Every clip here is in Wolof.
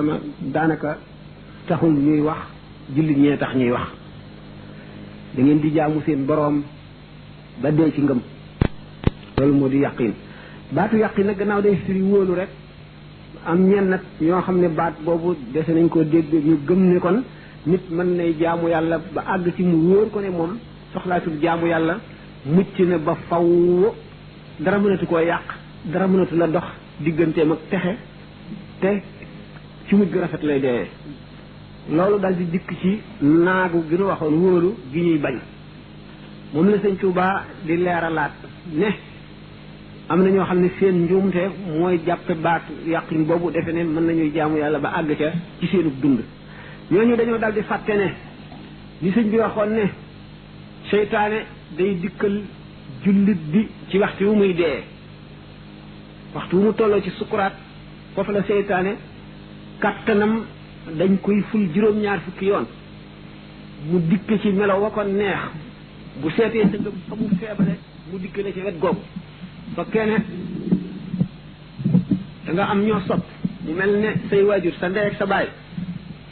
ma daanaka taxul ñuy wax jullit ñee tax ñuy wax dangeen di jaamu seen boroom ba dee ci ngëm loolu moo di yàqin baatu yàqin nag gannaaw day firi wóolu rek am ñenn nag ñoo xam ne baat boobu dese nañ ko dégg ñu gëm ne kon nit mën nay jaamu yàlla ba àgg ci mu wóor ko ne moom soxlaatul jaamu yàlla mucc na ba faw dara mënatu koo yàq dara mënatu la dox digganteem ak texe te ci mujj gi rafet lay deewee loolu daal di dikk ci naagu gi nu waxoon wóolu gi ñuy bañ moom la sëñ Tuubaa di leeralaat ne am na ñoo xam ne seen njuumte mooy jàppe baatu yàqin boobu defe ne mën nañuy jaamu yàlla ba àgg ca ci seenub dund ñooñu dañoo daal di fàtte ne li sëñ bi waxoon ne seytaane day dikkal jullit bi ci waxtu wu muy dee waxtu wu mu tolloo ci sukuraat foofu la seytaane kattanam dañ koy ful juróom-ñaar fukki yoon mu dikk ci melo wa ko neex bu seetee sa mu feebale mu ci wet googu fa kene da nga am ñoo sopp mu mel ne say waajur sa ndey ak baay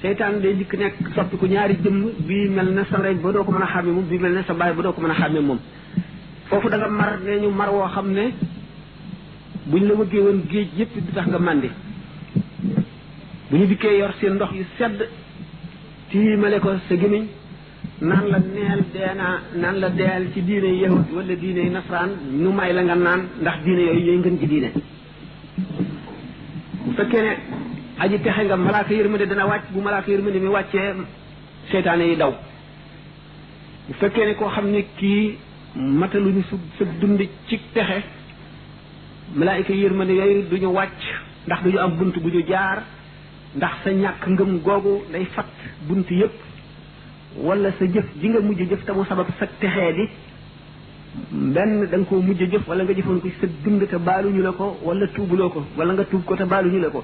seytaan day dikk nekk soppi ku ñaari jëmm bii mel ne sa ndey ba ko mën a xàmmee moom bii mel ne baay ba doo ko mën a xàmmee moom foofu da nga mar woo xam ne buñ la wëggee woon géej yëpp di tax nga màndi bu ñu dikkee yor seen ndox yi sedd tiimale ko sa gémmiñ naan la neel deenaa naan la deel ci diine yahud wala diine nasaraan ñu may la nga naan ndax diine yooyu ñooy ngën ci diine bu fekkee ne aji texe nga malaaka yërmande dana wàcc bu malaaka yërmande mi wàccee seytaane yi daw bu fekkee ne koo xam ne kii mataluñu su sa dund ci texe malaayika yërmande yooyu duñu wàcc ndax duñu am bunt bu ñu jaar ndax sa ñàkk ngëm googu day fatt bunt yépp wala sa jëf ji nga mujj jëf te mu sabab sa texee di benn da nga koo mujj jëf wala nga jëfoon ko ci sa dund te ñu la ko wala tuubuloo ko wala nga tuub ko te baaluñu la ko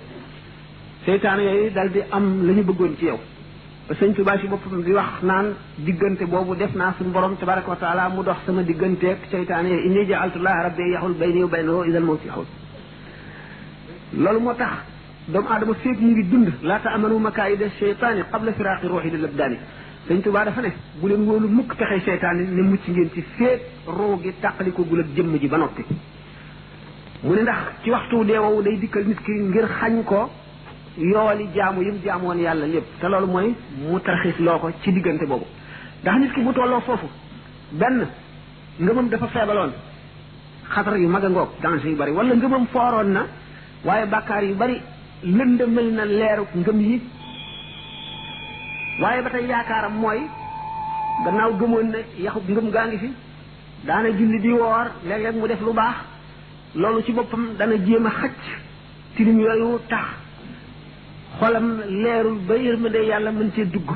seytaan yooyu daal di am la ñu bëggoon ci yow ba sëñ Tuubaa ci boppam di wax naan diggante boobu def naa suñu borom tabaraka wa taala mu dox sama digganteeg seytaan yooyu inni jaaltullaah rabbi yaxul bayni wa baynahu idal mawti xawt loolu moo tax دوم ادم فيك نيغي دوند لا تامنوا مكايد الشيطان قبل فراق الروح الى الابدان سيني توبا دا فني بولين وولو موك تخي شيطان ني موت نين تي فيك روغي تاخليكو غول جيم جي بانوتي مون ناخ تي وقتو ديوو داي ديكل مسكين غير خاني كو يولي جامو يم جامون يالا ليب تا لول موي مو ترخيص لوكو تي ديغنتي بوبو دا خنيس كي بو تولو فوفو بن ngeumam dafa febalon khatar yu maga ngok danger yu bari wala ngeumam foron lëndëmal na leeruk ngëm yi waaye ba tey yaakaaram mooy gannaaw gëmoon na yaxub ngëm gaa ngi fi daana julli di woor léeg-léeg mu def lu baax loolu ci boppam dana jéem a xëcc tilim yooyu tax xolam leerul ba yërmande yàlla mën cee dugg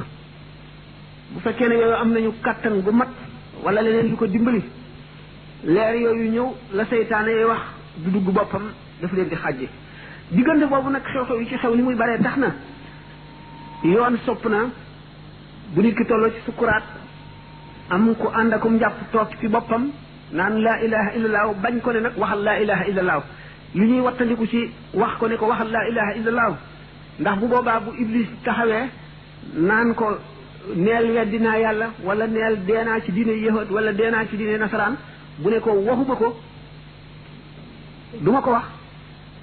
bu fekkee ne yooyu am nañu kàttan gu mat wala leneen lu ko dimbali leer yooyu ñëw la seytaane yi wax du dugg boppam daf leen di xàjji diggante boobu nag xew-xew yi ci xew ni muy baree tax na yoon sopp na bu nit ki tolloo ci sukuraat am ko ànd akum njàpp toog ci boppam naan laa ilaha illallah bañ ko ne nag waxal laa ilaha illallah li ñuy wattandiku ci wax ko ne ko waxal laa ilaha illallah ndax bu boobaa bu iblis taxawee naan ko neel weddi naa yàlla wala neel deenaa ci diine yahud wala deenaa ci diine nasaraan bu ne ko waxuma ko duma ko wax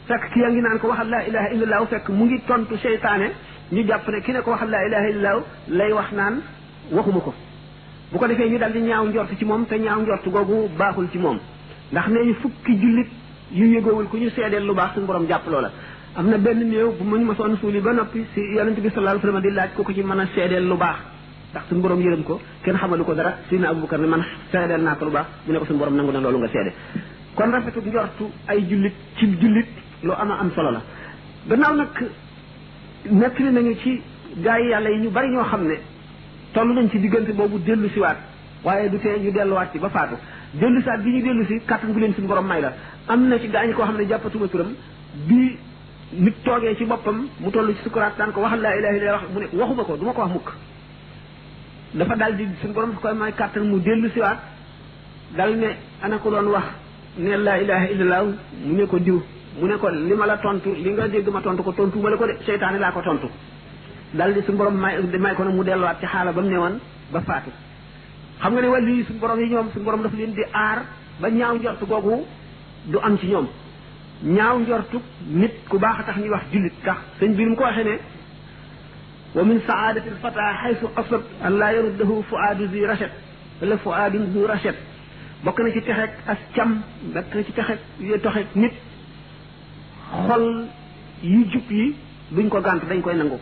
fekk ki yaa ngi naan ko waxal laa ilaha illallah fekk mu ngi tontu seytaane ñu jàpp ne ki ne ko waxal laa ilaha illallah lay wax naan waxuma ko bu ko defee ñu dal di ñaaw njort ci moom te ñaaw njort googu baaxul ci moom ndax nee ñu fukki jullit yu yëgoowul ku ñu seedeel lu baax suñu borom jàpp loola am na benn néew bu muñ mosoon suuli ba noppi si yonente bi sallallahu alayhi wasallam di laaj ko ko ci mën a seedeel lu baax ndax suñu borom yërëm ko kenn xamalu ko dara sidina abubakar ne man seedeel naa ko lu baax mu ne ko borom na loolu nga seede kon rafetu njortu ay jullit jullit lu ama am solo la gannaaw nag nettali nañu ci gaa yi yàlla yi ñu bari ñoo xam ne toll nañ ci diggante boobu dellu siwaat waaye du tee ñu delluwaat ci ba faatu dellu siwaat bi ñu dellu si kàttan gu leen suñu borom may la am na ci gaa ñi koo xam ne jàppatuma turam bi nit toogee ci boppam mu toll ci sukuraat daan ko waxal laa ilaha illa wax mu ne waxuma ko du ko wax mukk dafa dal di suñu borom koy may kàttan mu dellu siwaat dal ne ana ko doon wax ne ko diw mu ne ko li ma la tontu li nga dégg ma tontu ko tontu ma la ko de seytaane laa ko tontu dal di suñu borom may may ko ne mu delluwaat ci xaala ba mu ne woon ba faatu xam nga ne wàllu yi suñu borom yi ñoom suñu borom dafa leen di aar ba ñaaw njortu googu du am ci ñoom ñaaw njortu nit ku baax tax ñuy wax jullit tax sëñ bi mu ko waxee ne wa min saadati alfata xaysu qasat an laa yaruddahu fuaadu zi rachet wala fuaadun zu rachet bokk na ci texeeg as cam bokk na ci texeeg toxeeg nit xol yu jub yi duñ ko gànt dañ koy nangu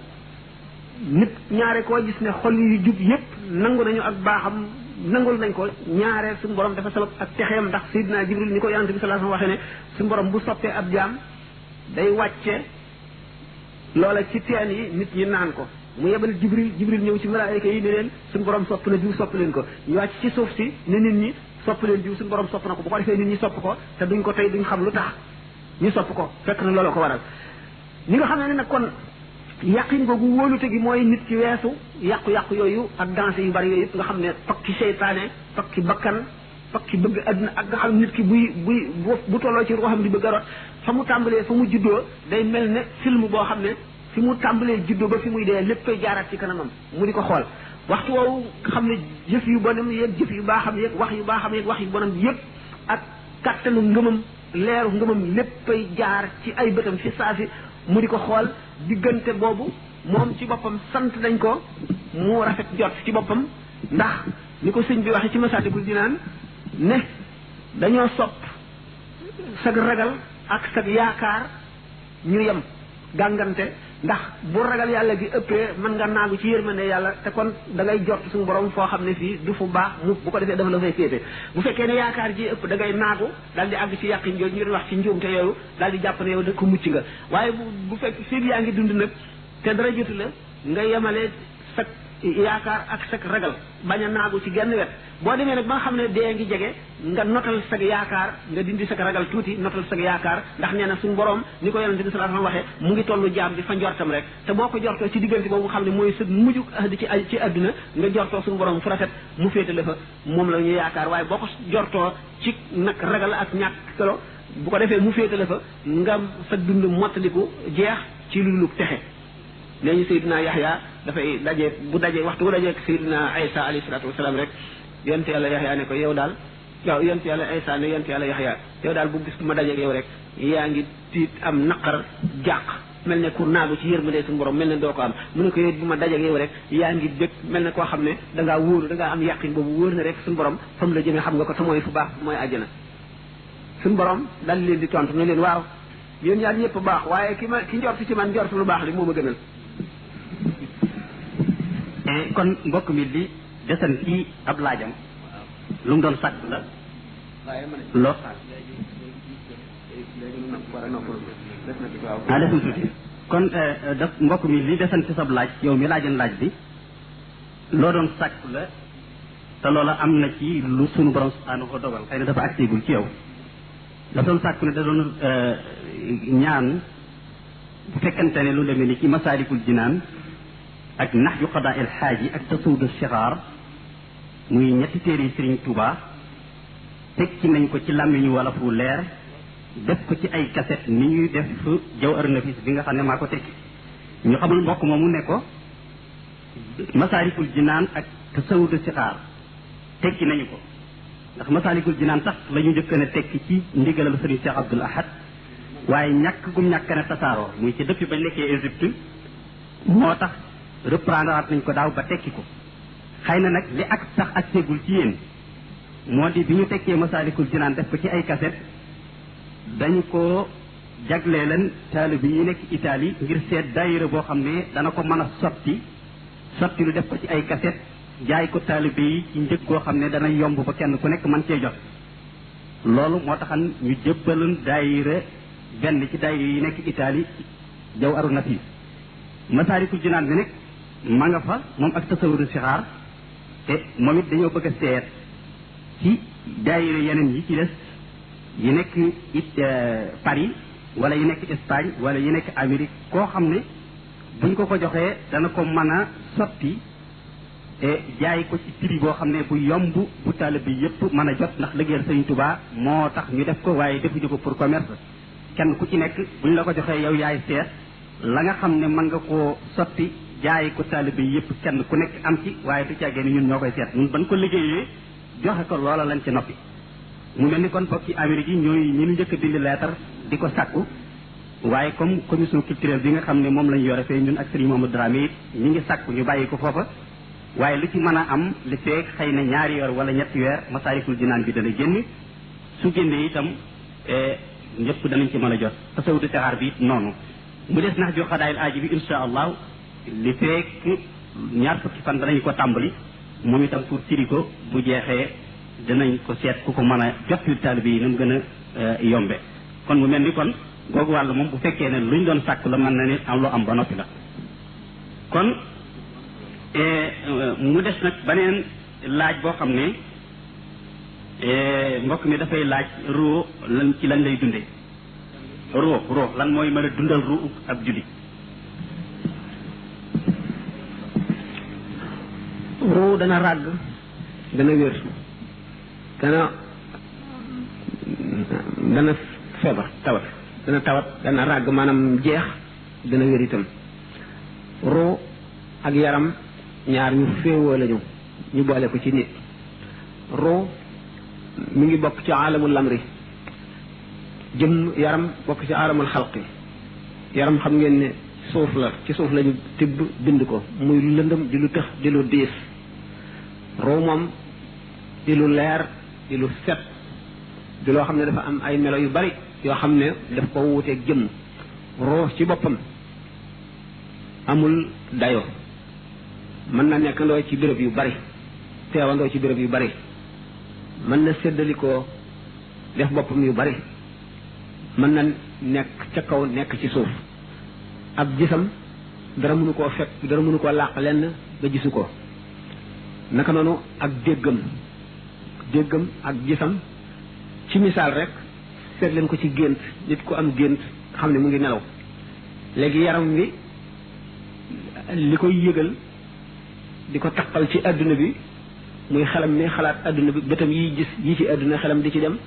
nit ñaare koo gis ne xol yu jub yépp nangu nañu ak baaxam nangul nañ ko ñaare su borom dafa sabab ak texeem ndax Seydina Jibril ni ko yonante bi sallallahu alayhi waxee ne suñu bu soppee ab jaam day wàcce loola ci teen yi nit ñi naan ko mu yebal Jibril Jibril ñëw ci malaayika yi ne leen suñu borom sopp na diw sopp leen ko ñu wàcc ci suuf si ne nit ñi sopp leen diw suñu borom sopp na ko bu ko defee nit ñi sopp ko te duñ ko tey duñ xam lu tax ñu sopp ko fekk na looloo ko waral ñi nga xam ne nag kon yàqin googu wóolute gi mooy nit ki weesu yàqu-yàqu yooyu ak danse yu bari yooyu yëpp nga xam ne pakki seytaane pakki bakkan pakki bëgg àdduna ak nga nit ki buy buy bu tolloo ci ruuxam di bëgg a rot fa mu tàmbalee fa mu juddoo day mel ne film boo xam ne fi mu tàmbalee juddoo ba fi muy dee léppay jaaraat ci kanamam mu di ko xool waxtu woowu nga xam ne jëf yu bonam yeeg jëf yu baaxam yeeg wax yu baaxam yeeg wax yu bonam yëpp ak kattanu ngëmam leeru ngëmam léppay jaar ci ay bëtam fi saafi mu di ko xool diggante boobu moom ci boppam sant dañ ko mu rafet jot ci boppam ndax ni ko sëñ bi waxee ci masaalikul jinaan ne dañoo sopp sag ragal ak sag yaakaar ñu yem gàngante ndax bu ragal yàlla gi ëppee man nga naagu ci yërmande yàlla te kon da ngay jot suñu borom foo xam ne fii du fu baax mu bu ko defee dafa la fay féete bu fekkee ne yaakaar ji ëpp dangay ngay naagu daal di àgg ci yàqin jooju ñu doon wax ci njuumte yooyu daal di jàpp ne yow da ko mucc nga waaye bu bu fekk fii yaa ngi dund nag te dara jotu la nga yemale sa yaakaar ak sag ragal bañ a naagu ci genn wet boo demee nag ba nga xam ne dee ngi jege nga notal sag yaakaar nga dindi sag ragal tuuti notal sag yaakaar ndax nee na suñu borom ni ko yonente bi sallallahu alayhi wasallam waxee mu ngi tollu jaam bi fa njortam rek te boo ko jortoo ci diggante boobu xam ne mooy sag mujj ci ci àdduna nga jortoo suñu borom fu rafet mu féete fa moom la ñu yaakaar waaye boo ko jortoo ci nag ragal ak ñàkk solo bu ko defee mu féete la fa nga sa dund mottaliku jeex ci lu lu texe léegi Seydina Yaxya dafay daje bu daje waxtu bu dajeeg Seydina Aysa alayhi salaatu wasalaam rek yonent yàlla Yaxya ne ko yow daal waaw yonent yàlla Aysa ne yonent yàlla Yaxya yow daal bu gis bu ma dajeeg yow rek yaa ngi tiit am naqar jàq mel ne ku naagu ci yërmande suñu borom mel ne doo ko am mu ne ma dajeeg yow rek yaa ngi bëgg mel ne koo xam ne da ngaa wóoru da ngaa am yàqin boobu wóor na rek suñu borom fa mu la jëmee xam nga ko te mooy fu baax mooy àjjana suñu borom daal leen di tontu ne leen waaw yéen ñaar ñëpp baax waaye ki ma ki njortu ci man njortu lu baax li moo ma gënal kon mbokk mi di desan ci ab laajam lu mu doon sàkk la loo ah des na tuuti kon eh, daf mbokk mi li desan ci sab laaj yow mi laajan laaj bi loo doon sàkk la te loola am na ci lu sunu borom subhanahu wa dogal xëy dafa agseegul ci yow dafa doon sàkku ne da doon eh, ñaan bu fekkante ne lu demee ni ci masaalikul jinaan ak nax yu xadaa el xaaji ak tasuudu sixaar muy ñetti téere sëriñ tuba ci nañ ko ci làmmiñu wala fu leer def ko ci ay cassette ni ñuy def jaw ar nafis bi nga xam ne maa ko tekki ñu xamul mbokk moomu ne ko masalikul jinaan ak tasawudu sixaar tekki nañu ko ndax masalikul jinaan sax la ñu njëkk ne tekki ci ndigalal sëriñ cheikh abdul ahad waaye ñàkk gum ñàkk ne tasaaroo muy ci depuis bañ nekkee égypte moo tax reprendre waat nañ ko daaw ba tekki ko xëy na nag li ak sax ak tegul ci yéen moo di bi ñu tekkee masaalikul jinaan def ko ci ay kaset dañu ko jaglee leen taali bi yi nekk Italie ngir seet daayira boo xam ne dana ko mën a sotti sotti lu def ko ci ay kaset jaay ko taalibe yi ci njëg goo xam ne dana yomb ba kenn ku nekk man cee jot loolu moo taxan ñu jëbbaloon daayira benn ci daayira yi nekk Italie jaw aru nafiis masaalikul jinaan bi nekk ma nga fa moom ak tasawuru sixaar te moom it dañoo bëgg a seet ci daayira yeneen yi ci des yi nekk it euh, Paris wala yi nekk Espagne wala yi nekk Amérique koo xam ne buñ ko ko joxee dana ko mën a sotti te jaay ko ci prix boo xam ne bu yomb bu taalibe bi yëpp mën a jot ndax liggéeyal Sëriñ tubaa moo tax ñu def ko waaye defuñu ko pour commerce kenn ku ci nekk buñ la ko joxee yow yaay seet la nga xam ne mën nga ko sotti jaay ko taalibe yëpp kenn ku nekk am ci waaye du ni ñun ñoo koy seet ñun ban ko liggéeyee joxe ko loola lañ ci noppi mu mel ni kon bokk ci Amérique yi ñooy ñi ñu njëkk a bind leetar di ko sàkku waaye comme commission culturelle bi nga xam ne moom lañu yore fee ñun ak Serigne Mamadou Dramé it ñu ngi sàkku ñu bàyyi ko foofa waaye lu ci man a am li feek xëy na ñaari weer wala ñetti weer Masaalikul Jinaan bi dana génn su génnee itam eh, ñëpp danañ ci mën a jo xadaayil aaji bi li feek ñaar fukki fan danañ ko tàmbali moom itam pour firi ko bu jeexee danañ ko seet ku ko mën a jot li taalibe yi nu mu gën a eh, yombe kon mu mel ni kon googu wàll moom bu fekkee ne lu luñ doon sàkk la mën na ni am loo am ba noppi la kon eh, mu des nag beneen laaj boo xam ne eh, mbokk mi dafay laaj ruu lan ci lan lay dunde ruu ruu lan mooy mën a dundal ruu ab jullit Roh dana rag, dana wér dana dana feebar tawat dana tawat dana rag manam jeex dana wér itam ruu ak yaram ñaar ñu féewoo lañu ñu boole ko ci nit ruu mi ngi ci lamri jëm yaram bokk ci aalamul xalqi yaram xam ngeen ne suuf la ci suuf lañu tibb bind ko muy lëndëm di lu di lu diis ruu moom di lu leer di lu set di loo xam ne dafa am ay melo yu bari yoo xam ne daf ko wuuteeg jëm ruu ci boppam amul dayo mën na nekkandoo ci béréb yu bari teewandoo ci béréb yu bari mën na séddalikoo def boppam yu bari mën na nekk ca kaw nekk ci suuf ab gisam dara mënu koo fekk dara mënu koo làq lenn ba gisu ko naka noonu ak déggam déggam ak gisam ci misaal rek seet leen ko ci gént nit ku am gént xam ne mu ngi nelaw léegi yaram wi li koy yëgal di ko taqal ci àdduna bi muy xelam mi xalaat àdduna bi bëtam yiy gis yi ci àdduna xelam di ci dem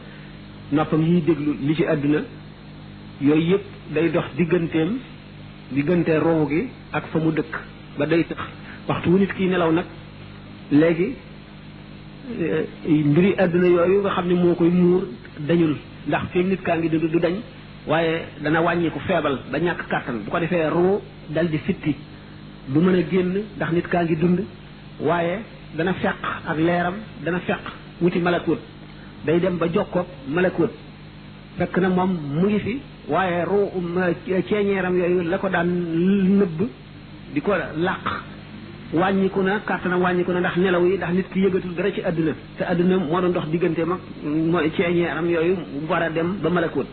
noppam yiy déglu li ci àdduna yooyu yëpp day dox digganteem diggante roowu gi ak fa mu dëkk ba day tax waxtu wu nit kiy nelaw nag léegi euh, mbiri àdduna yooyu nga xam ne moo koy muur dañul ndax fii nit kaa ngi dund du dañ waaye dana wàññiku feebal ba ñàkk kàttan bu ko defee ruu dal di fitti bu mën a génn ndax nit kaa ngi dund waaye dana feq ak leeram dana feq wuti malakoot day dem ba jokkoog malakoot fekk na moom mu ngi fi waaye ruu ceeñeeram yooyu la ko daan nëbb di ko làq wàññiku na kàttanam wàññiku na ndax nelaw yi ndax nit ki yëgatul dara ci àdduna te àdduna moo doon ndox diggante mag mooy ci ñeeram yooyu war a dem ba malakoot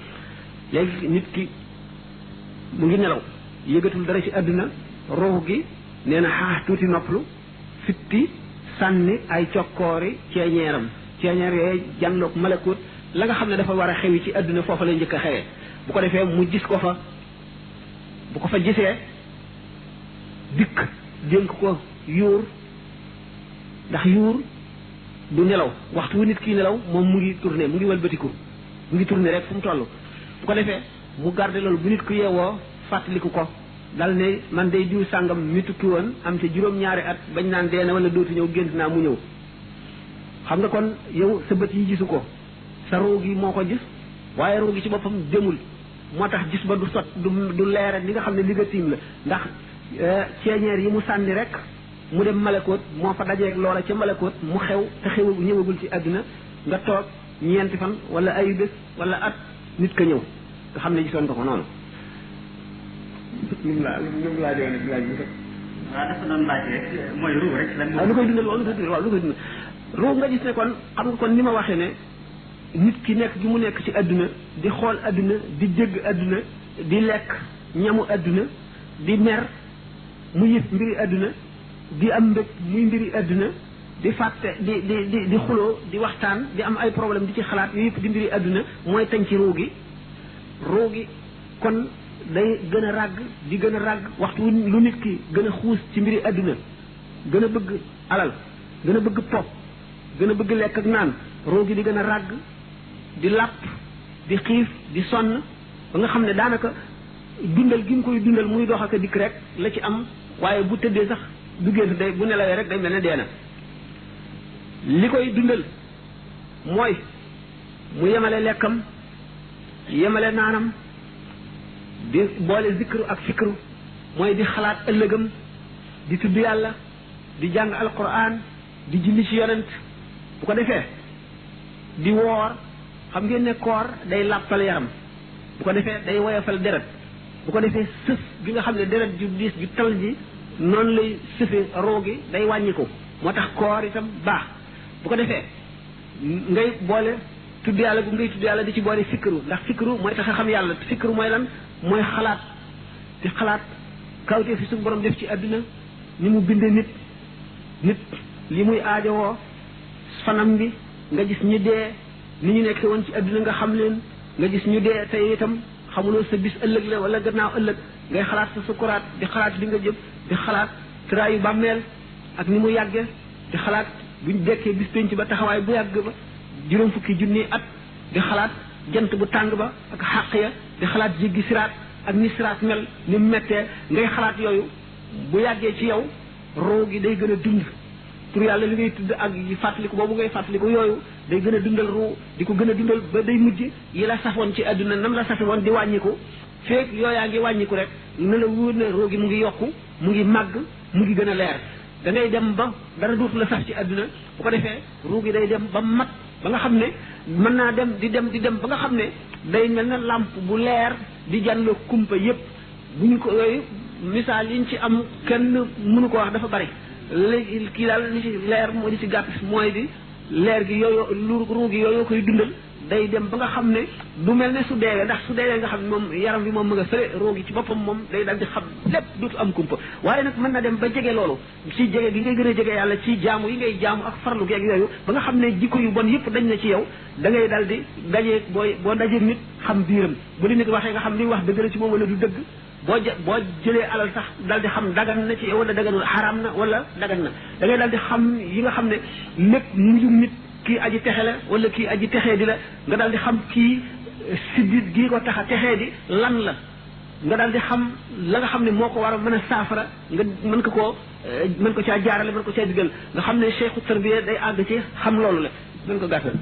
léegi nit ki mu ngi nelaw yëgatul dara ci àdduna ruux gi nee na xaax tuuti nopplu fitti sànni ay cokkoori ceñeeram ceeñeer yooyu jànloog malekot la nga xam ne dafa war a xewi ci àdduna foofa la njëkk a xewee bu ko defee mu gis ko fa bu ko fa gisee dikk dénk ko yuur ndax yuur du nelaw waxtu wu nit kii nelaw moom mu ngi tourné mu ngi walbatiku mu ngi tourné rek fu mu toll bu ko defee mu garde loolu bu nit ku yeewoo fàttaliku ko dal ne man day diw sàngam mi tukki woon am te juróom-ñaari at bañ naan dee na wala dootu ñëw génn naa mu ñëw xam nga kon yow sa bët yi gisu ko sa ruu gi moo ko gis waaye ruu gi ci boppam demul moo tax gis ba du sot du du leere li nga xam ne li tiim la ndax Euh, ceeñeer yi mu sànni rek mu dem malakoot moo fa dajeeg loola ca malakoot mu xew te xew ñëwagul ci àddina nga toog ñeenti fan wala ayu bés wala at nit ka ñëw nga xam ne gisoon nga noonu. nu mu mu laajoon rek laaj bi waaw dafa doon laaj rek mooy ah, kon xam kon ni ma waxee ne nit ki nekk ki mu nekk ci àdduna di xool àdduna di jëgg àdduna di lekk ñamu àdduna di mer. mu yëg mbiri àdduna di am mbëg muy mbiri àdduna di fàtte di di di xuloo di waxtaan di am ay problème di ci xalaat yooyu yëpp mbiri àdduna mooy tañ ci ruu gi ruu kon day gën a ràgg di gën a ràgg waxtu lu nit ki gën a xuus ci mbiri àdduna gën a bëgg alal gën a bëgg pop gën a bëgg lekk ak naan roo gi di gën a ràgg di làpp di xiif di sonn ba nga xam ne daanaka dundal gi mu koy dundal muy dox ak a dikk rek la ci am waaye bu tëddee sax du génn day bu nelawee rek day mel ne dee na li koy dundal mooy mu yemale lekkam yemale naanam di boole zikru ak fikru mooy di xalaat ëllëgam di tudd yàlla di jàng alquran di julli ci yonent bu ko defee di woor xam ngeen ne koor day làppal yaram bu ko defee day woyofal deret bu ko defee sëf gi nga xam ne deret ju diis ju tal ji noonu lay sëfe roo gi day wàññiku moo tax koor itam baax bu ko defee ngay boole tudd yàlla bu ngay tudd yàlla di ci boole fikru ndax fikru mooy tax a xam yàlla fikru mooy lan mooy xalaat di xalaat kawtee fi suñu borom def ci àdduna ni mu bindee nit nit li muy aajowoo fanam bi nga gis ñu dee ni ñu nekkee woon ci àdduna nga xam leen nga gis ñu dee tey itam xamuloo sa bis ëllëg la wala gannaaw ëllëg ngay xalaat sa sukuraat di xalaat li nga jëm di xalaat tiraayu bàmmeel ak ni mu yàggee di xalaat buñ dekkee bis penc ba taxawaay bu yàgg ba juróom fukki junni at di xalaat jant bu tàng ba ak xàq ya di xalaat jéggi siraat ak ni siraat mel ni mu mettee ngay xalaat yooyu bu yàggee ci yow roo gi day gën a dund pour yàlla li ngay tudd ak yi fàttaliku boobu ngay fàttaliku yooyu day gën a dundal ruu di ko gën a dundal ba day mujj yi la safoon ci àdduna nam la safe woon di wàññiku feeg yooyaa ngi wàññiku rek ne la wóor ne ruu gi mu ngi yokku mu ngi màgg mu ngi gën a leer dangay ngay dem ba dara duutu la sax ci àdduna bu ko defee ruu gi day dem ba mat ba nga xam ne mën naa dem di dem di dem ba nga xam ne day mel na làmp bu leer di jàll kumpa yépp bu ñu ko yooyu misaal yi ñu ci am kenn mënu ko wax dafa bari léegi kii daal li ci leer moo di ci gàtt mooy bi leer gi yooyu lu ruu gi yooyu koy dundal day dem ba nga xam ne du mel ne su deewee ndax su deewee nga xam ne moom yaram bi moom mu nga fële ruu gi ci boppam moom day daal di xam lépp duutu am kumpa waaye nag mën na dem ba jege loolu ci jege gi ngay gën a jege yàlla ci jaamu yi ngay jaamu ak farlu geeg yooyu ba nga xam ne jikko yu bon yëpp dañ na ci yow da ngay daal di dajee booy boo dajee nit xam biiram bu li nit waxee nga xam li wax dëgg la ci moom wala du dëgg boo jë boo jëlee alal sax dal di xam dagan na ci wala daganul xaraam na wala dagan na da ngay dal di xam yi nga xam ne lépp mujum nit kii aji texe la wala kii aji texee di la nga dal di xam kii siddit gii ko tax a texee di lan la nga dal di xam la nga xam ne moo ko war a mën a saafara nga mën ko koo mën ko caa jaarale mën ko caa digal nga xam ne cheikhu tarbiya day àgg ci xam loolu la mën ko gàttal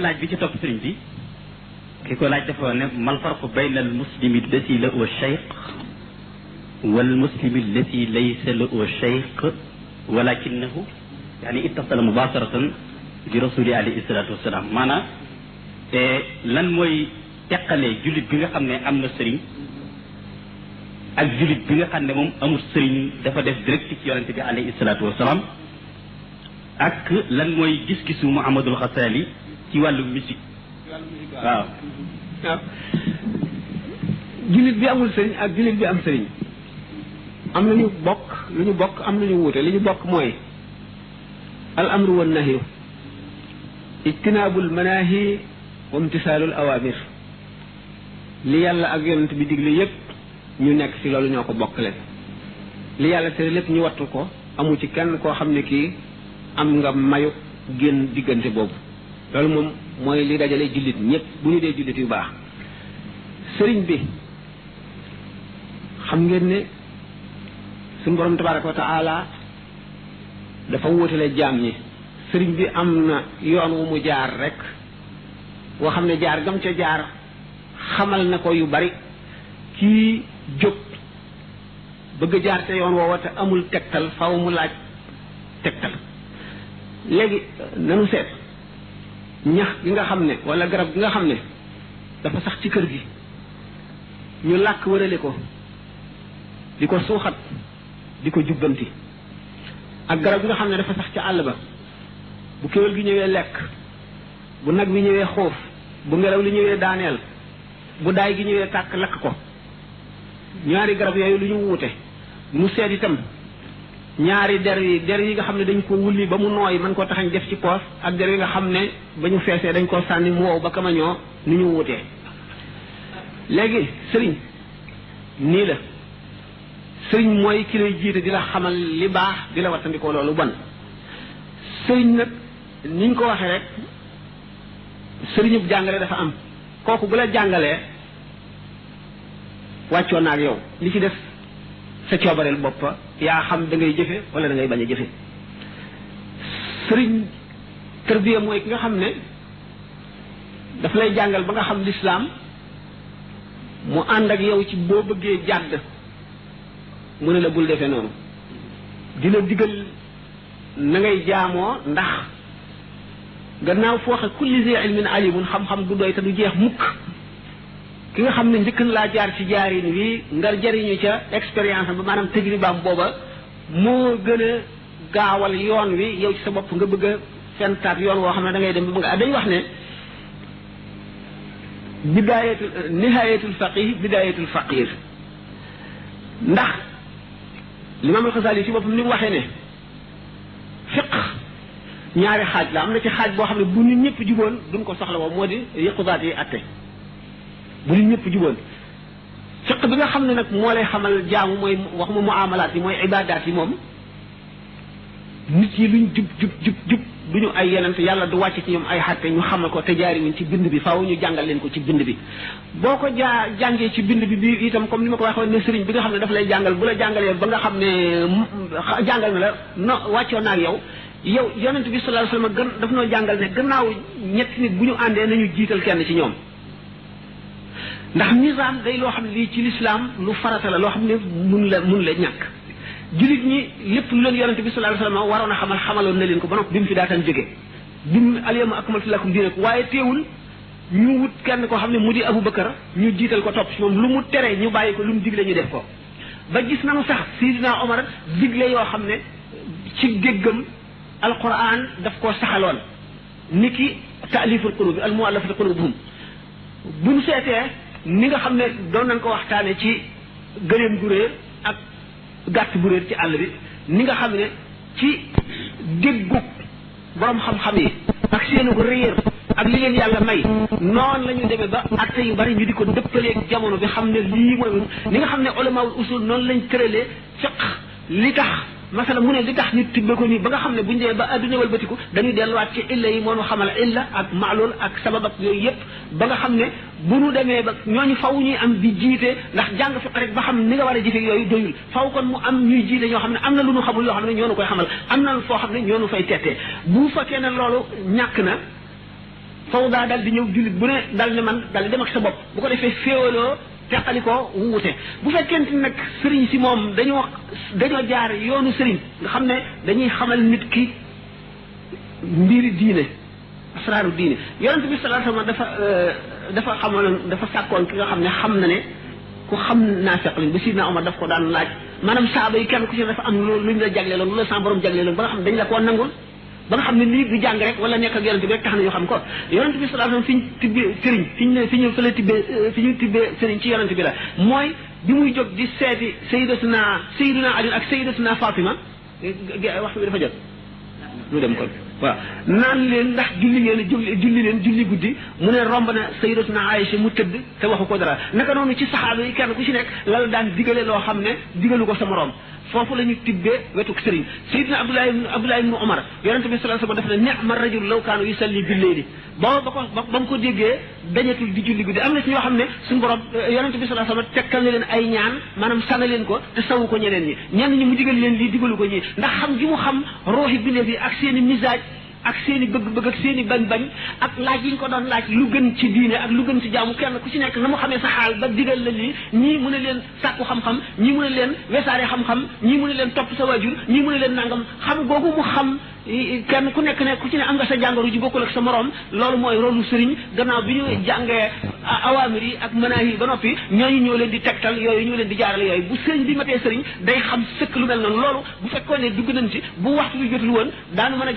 beneen laaj bi ci topp sëriñ bi ki ko laaj dafa ne mal farqu bayna al muslimi allati lahu cheikh wal muslimi allati laysa lahu cheikh walakinahu yani ittasala mubasaratan bi rasuli alayhi salatu wasalaam maanaam lan mooy teqalee jullit bi nga xam ne am na sëriñ ak jullit bi nga xam ne moom amul sëriñ dafa def direct ci yonente bi alayhi salatu wasalaam ak lan mooy gis-gisu Muhammadul Xasaali ci wàllu musique waaw waaw bi amul sëriñ ak jullit bi am sëriñ am na ñu bokk lu ñu bokk am na ñu wuute li ñu bokk mooy al amru wan nahyu ijtinaabul manaahi wa imtisaalul awaamir li yàlla ak yonent bi digle yépp ñu nekk ci loolu ñoo ko bokkale li yàlla tere lépp ñu wattu ko amul ci kenn koo xam ne kii am nga mayu génn diggante boobu loolu moom mooy li dajale jullit ñëpp bu ñu dee jullit yu baax sëriñ bi xam ngeen ne suñu borom tabaraka wa taala dafa wóotale jaam ñi sëriñ bi am na yoon wu mu jaar rekk woo xam ne jaar gam ca jaar xamal na ko yu bari kii jóg bëgg jaar te yoon woowa te amul tegtal faw mu laaj tegtal léegi nanu seet ñax gi nga xam ne wala garab gi nga xam ne dafa sax ci kër gi ñu làkk wërale ko di ko suuxat di ko jubbanti ak garab gi nga xam ne dafa sax ci àll ba bu kéwél gi ñëwee lekk bu nag bi ñëwee xóof bu ngelaw li ñëwee daaneel bu daay gi ñëwee tàkk lakk ko ñaari garab yooyu lu ñu wuute mu seet itam ñaari der yi der yi nga xam ne dañ ko wulli ba mu nooy mën ko taxañ def ci poos ak der yi nga xam ne ba ñu feesee dañ koo sànni mu wow ba kamañoo ni ñu wutee léegi sëriñ nii la sëriñ mooy ki lay jiite di la xamal li baax di la wattandikoo loolu bon sëriñ nag niñ ko waxee rek sëriñub jàngale dafa am kooku bu la jàngalee wàccoon naa ak yow li ci def sa coobareel boppa yaa xam dangay ngay jëfe wala dangay ngay bañ a jëfe sëriñ tërbiya mooy ki nga xam ne daf lay jàngal ba nga xam lislaam mu ànd ak yow ci boo bëggee jàdd mu ne la bul defe noonu dina digal na ngay jaamoo ndax gannaaw fooxe kulli zi ali alimun xam-xam du doy te du jeex mukk ki nga xam ne njëkk laa jaar ci jaarin wi nga jariñu ca expérience ba maanaam tajribaam booba moo gën a gaawal yoon wi yow ci sa bopp nga bëgg a fentaat yoon woo xam ne da ngay dem ba nga dañ wax ne bidaayatul nihaayatul faqih bidaayatul faqir ndax limaam ci bopp ni mu waxee ne fiq ñaari xaaj la am na ci xaaj boo xam ne bu nit ñëpp juboon duñ ko soxla woo moo di yëqudaat yi atte bu nit ñëpp juboon fiq bi nga xam ne nag moo lay xamal jaamu mooy wax ma muamalaat yi mooy ibadaat yi moom nit yi luñ jub jub jub jub du ñu ay yeneen yàlla du wàcc ci ñoom ay xatte ñu xamal ko te jaari ñu ci bind bi faaw ñu jàngal leen ko ci bind bi boo ko jaa jàngee ci bind bi bi itam comme ni ma ko waxee ne sëriñ bi nga xam ne dafa lay jàngal bu la jàngalee ba nga xam ne jàngal na la no wàccoo naag yow yow yonent bi sallallahu alayhi wasallam gën daf noo jàngal ne gannaaw ñetti nit bu ñu àndee nañu jiital kenn ci ñoom ndax nizam day lo xamni li ci l'islam lu farata la lo xamni mun la mun la ñak julit ñi lépp lu leen yaronte bi sallallahu alayhi wasallam warona xamal xamalon na leen ko ba noppi fi daatan jóge bim mu alyawma akmaltu lakum dinak waye teewul ñu wut kenn ko xamni mudi abou bakkar ñu jital ko top ci mom lu mu tere ñu bàyyi ko lu mu digle ñu def ko ba gis nanu sax sidina omar digle yo xamne ci déggam alquran daf ko saxalon niki taaliful qulubi al muallafati qulubuhum bu ñu ni nga xam ne doon nañ ko waxtaane ci gëléem gu réer ak gàtt bu réer ci àll bi ni nga xam ne ci déggu borom xam-xam yi ak ko réer ak li leen yàlla may noonu la ñu demee ba atte yu bari ñu di ko dëppaleeg jamono bi xam ne lii mooy ni nga xam ne ulamaaul usul noonu lañ tëralee fiq li tax masala mu ne li tax ñu tibbe ko nii ba nga xam ne buñ dee ba adduna walbatiku dañuy delluwaat ci illa yi moo nu xamal illa ak maalul ak sabab ak yooyu yépp ba nga xam ne bu nu demee ba ñooñu faw ñuy am di jiite ndax jàng fiq rek ba xam ni nga war a jiite yooyu doyul faw kon mu am ñuy jiite ñoo xam ne am na lu nu xamul yoo xam ne ñoo nu koy xamal am na foo xam ne ñoo nu fay tettee bu fekkee ne loolu ñàkk na faw daa dal di ñëw jullit bu ne dal ne man dal dem ak sa bopp bu ko defee féewaloo teqalikoo wuute bu fekkente nag sëriñ si moom dañoo dañoo jaar yoonu sëriñ nga xam ne dañuy xamal nit ki mbiri diine asraaru diine yonente bi salaa sama dafa dafa xamaloon dafa sàkkoon ki nga xam ne xam na ne ku xam naafiq lañ ba sidna omar daf ko daan laaj maanaam saaba yi kenn ku si dafa am lu luñ la jagleeloon lu la sa borom jagleeloon ba nga xam dañ la koo nangul ba nga xamni ne lii di jàng rek wala nek ak yonent bi rek taxna na ñu xam ko yonent bi sallallahu alayhi wasallam fi ñu tibbee sëriñ fi fiñu fi ñu fële tibbee fiñu ñu tibbee ci yonent bi la mooy bi muy jóg di seeti sayyidatuna sayyiduna ali ak sayyidatuna fatima waxtu bi dafa jot ñu dem kon waaw naan leen ndax julli ngeen julli julli leen julli guddi mu ne romb na sayyidatuna Aïcha mu tëdd te waxu ko dara naka noonu ci saxaaba yi kenn ku ci nekk lal daan digale loo xam ne ko sa morom foofu la ñu tibbee wetuk sëriñ Seydina Abdoulaye Abdoulaye ibnu Omar yonente bi sallallahu alayhi wa def na ni'ma rajul law kaanu yusalli bil layli ba ba ko ba mu ko déggee dañatul di julli guddi am na ci yoo xam ne suñu borom euh, yonente bi sallallahu alayhi wa tekkal na leen ay ñaan maanaam sana leen ko te sawu ko ñeneen ñi ñenn ñi mu digal leen lii digalu ko ñi ndax xam gi mu xam rooxi bindee bi ak seeni misaaj ak seeni i bëgg-bëgg ak seen i bañ-bañ ak laaj yi ñu ko doon laaj lu gën ci diine ak lu gën ci jaamu kenn ku ci nekk na mu xamee sa xaal ba digal la lii ñii mu ne leen sàkku xam-xam ñii mu ne leen wesaare xam-xam ñii mu ne leen topp sa waajur ñii mu ne leen nangam xam googu mu xam kenn ku nekk ne ku ci ne am nga sa jàngoro ji bokkul ak sa morom loolu mooy rolu sëriñ gannaaw bi ñu jàngee awaamir yi ak mënaay yi ba noppi ñooñu ñoo leen di tegtal yooyu ñoo leen di jaarale yooyu bu sëriñ bi matee sëriñ day xam sëkk lu mel noonu loolu bu fekkoon ne dugg nañ ci bu waxtu bi jotul woon daanu mën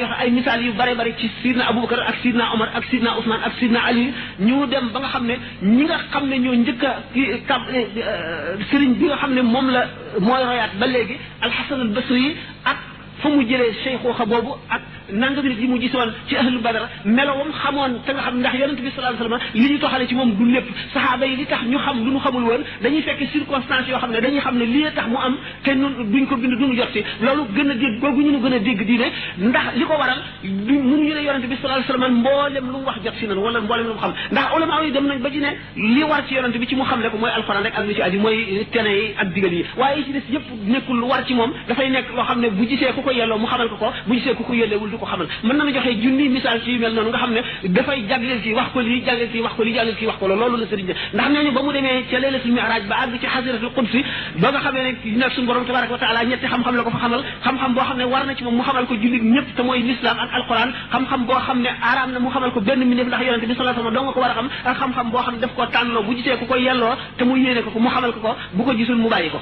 a yu bare bare ci sidna Abubakar ak sidna Omar ak sidna Ousmane ak sidna Ali ñu dem ba nga xam ne ñi nga xam ne ñoo njëkk a ki kam eh, eh, sëriñ bi nga xam ne moom la mooy royaat ba léegi alxasan al basri yi ak fu mu jëlee cheikhuxa boobu ak nangam nit yi mu gisoon ci ahlu badara melowam xamoon te nga xam ndax yonent bi sallallahu alayhi wasallam li ñu toxale ci moom du lépp saxaaba yi li tax ñu xam lu ñu xamul woon dañuy fekk circonstance yoo xam ne dañuy xam ne lii tax mu am te nun duñ ko bind duñu jot si loolu gën a dégg googu ñu nu gën a dégg diine ndax li ko waral du mënuñu ne yonent bi sallallahu alayhi wasallam mboolem lu mu wax jot si nan wala mboolem lu mu xam ndax ulama yi dem nañ ba ci ne li war ci yonent bi ci mu xam ne ko mooy alquran rek ak li ci aju mooy tene yi ak digal yi waaye ci des yëpp nekkul lu war ci moom dafay nekk loo xam ne bu gisee ku ko yelloo mu xamal ko ko bu gisee ku ko yellewul du ko xamal mën na ma joxe junni misaal ci yu mel noonu nga xam ne dafay jagleel fii wax ko lii jagleel fii wax ko lii jagleel fii wax ko la loolu la sëriñ bi ndax nee ñu ba mu demee ca leelatul mi'raj ba àgg ci xasiratul qudsi ba nga xamee ne dina suñu borom tabaraka wa taala ñetti xam-xam la ko fa xamal xam-xam boo xam ne war na ci moom mu xamal ko jullit ñëpp te mooy l'islam ak alquran xam-xam boo xam ne araam na mu xamal ko benn mindeef ndax yonente bi sallallahu alayhi wasallam doo nga ko war a xam ak xam-xam boo xam ne daf ko tànnloo bu gisee ku ko yelloo te mu yéene ko ko mu xamal ko ko bu ko gisul mu bàyyi ko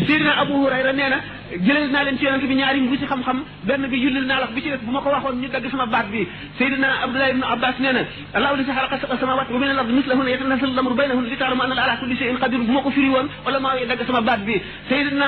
سيدنا أبو هريرة نينا jëlal naa leen ci yonent bi ñaari mbuusi xam-xam benn bi jullil naa la bi ci def bu ma ko waxoon ñu dagg sama baat bi Seydina Abdoulaye ibn Abbas nee na allahu li saxalaqa sab'a samawati wa min al-ardi mislahunna yatanazalu al-amru baynahunna li taalamu anna ala kulli shay'in qadir bu ma ko firi woon wala maa ngi dagg sama baat bi Seydina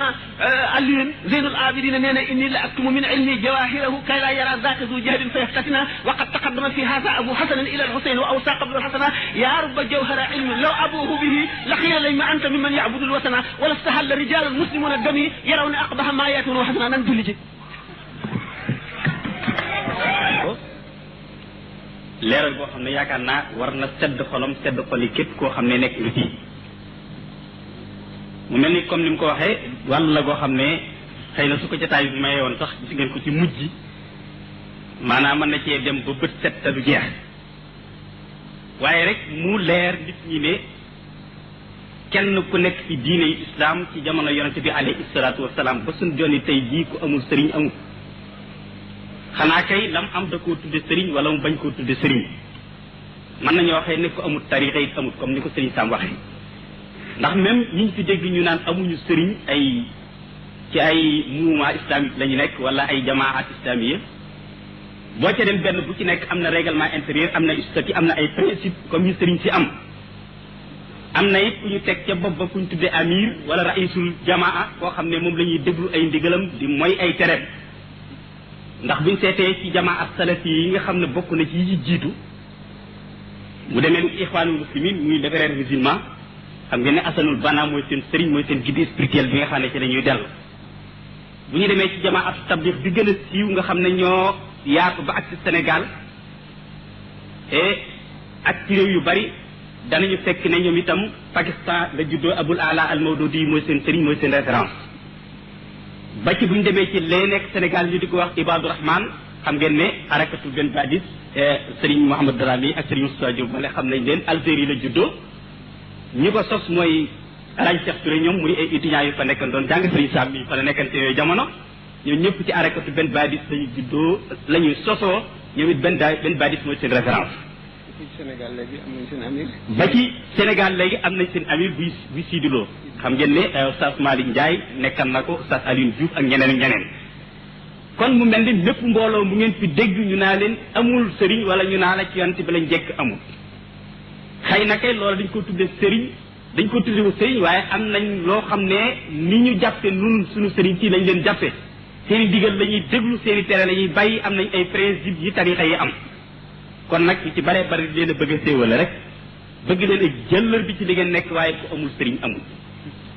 Alioune Zeynul Abidina nee na inni la aktumu min ilmi jawahirahu kay laa yara zaaka zu jahdin fa yaftatina wa qad taqaddama fi hadha abu hasanin ila al-husayn wa awsa qabla al-hasana ya rubba jawhara ilmin law abuhu bihi laqiya lay ma anta mimman ya'budu al-watana wa la istahalla rijalun muslimuna dami yarawna aqbaha maa yeetu wax naa nan julli leeral boo xam ne yaakaar naa war na sedd xolam sedd xol képp koo xam ne nekk nga fii mu mel ni comme ni mu ko waxee wàll la goo xam ne xëy na su ko jotaay bi maye woon sax gis ngeen ko ci mujj maanaam mën na cee dem ba bët set du jeex waaye rek mu leer nit ñi ne kenn ku nekk ci diine yi islaam ci jamono yonente bi alayhi salaatu wasalaam ba suñ joni tey jii ku amul sëriñ amul xanaa kay lam am da koo tudde sëriñ wala mu bañ koo tudde sëriñ mën nañoo waxee ne ko amul tarixa it amul comme ni ko sëriñ Sam waxee ndax même ñi ñu fi dégg ñu naan amuñu sëriñ ay ci ay mouvement islamique lañu ñu nekk wala ay jamaat islamiya boo ca dem benn bu ci nekk am na règlement intérieur am na statut am na ay principe comme ñu sëriñ si am am na it ku ñu teg ca bopp ba ku ñu tuddee amir wala raisul jamaa koo xam ne moom lañuy ñuy déglu ay ndigalam di mooy ay tereem ndax buñ seetee ci jamaa ak salafi yi nga xam ne bokk na ci yi jiitu mu demee ni ixwaanul muslimin muy xam ngeen ne asanul bana mooy seen sëriñ mooy seen guide spirituel bi nga xam ne ci la ñuy dellu bu ñu demee ci jamaa ak tabligh bi gën a siiw nga xam ne ñoo yaatu ba ak ci Sénégal et ak ci réew yu bari danañu fekk ne ñoom itam Pakistan la juddoo Abul Ala al Mawdudi mooy seen sëriñ mooy seen référence ba ci bu ñu demee ci lee nekk Sénégal ñu di ko wax Ibadu Rahman xam ngeen ne arakatul benn badis eh, sëriñ Mouhamed Darami ak sëriñ Moussa Diop bale xam nañ leen Algérie la juddoo ñu ko sos mooy Alaaji Cheikh Touré ñoom muy ay étudiants yu fa nekkoon doon jàng sëriñ Sam yi fa la nekkante yooyu jamono ñoom ñëpp ci arakatu benn badis lañu juddoo la ñuy sosoo ñoom it benn benn badis mooy Sénégal léegi am nañ seen amir. ba ci Sénégal léegi am nañ seen amir buy buy siidiloo xam ngeen ne euh, Oustaz Malick Ndiaye nekkan na ko Oustaz Alioune ak ñeneen ak ñeneen. kon mu mel ni lépp mbooloo mu ngeen fi dégg ñu naa leen amul sëriñ wala ñu naa la ci yonent bi lañ jekk amul. xëy na kay loolu dañ ko tuddee sëriñ dañ ko tuddee wu waaye am nañ loo xam ne ni ñu jàppe nun suñu sëriñ ci lañ leen jàppe seen i digal la ñuy déglu seen i tere la bàyyi am nañ ay principe yi tarixa yi am. kon nag ci bare bari leen bëgg a rek bëgg leen a jëllër bi ci li ngeen nekk waaye ku amul sëriñ amul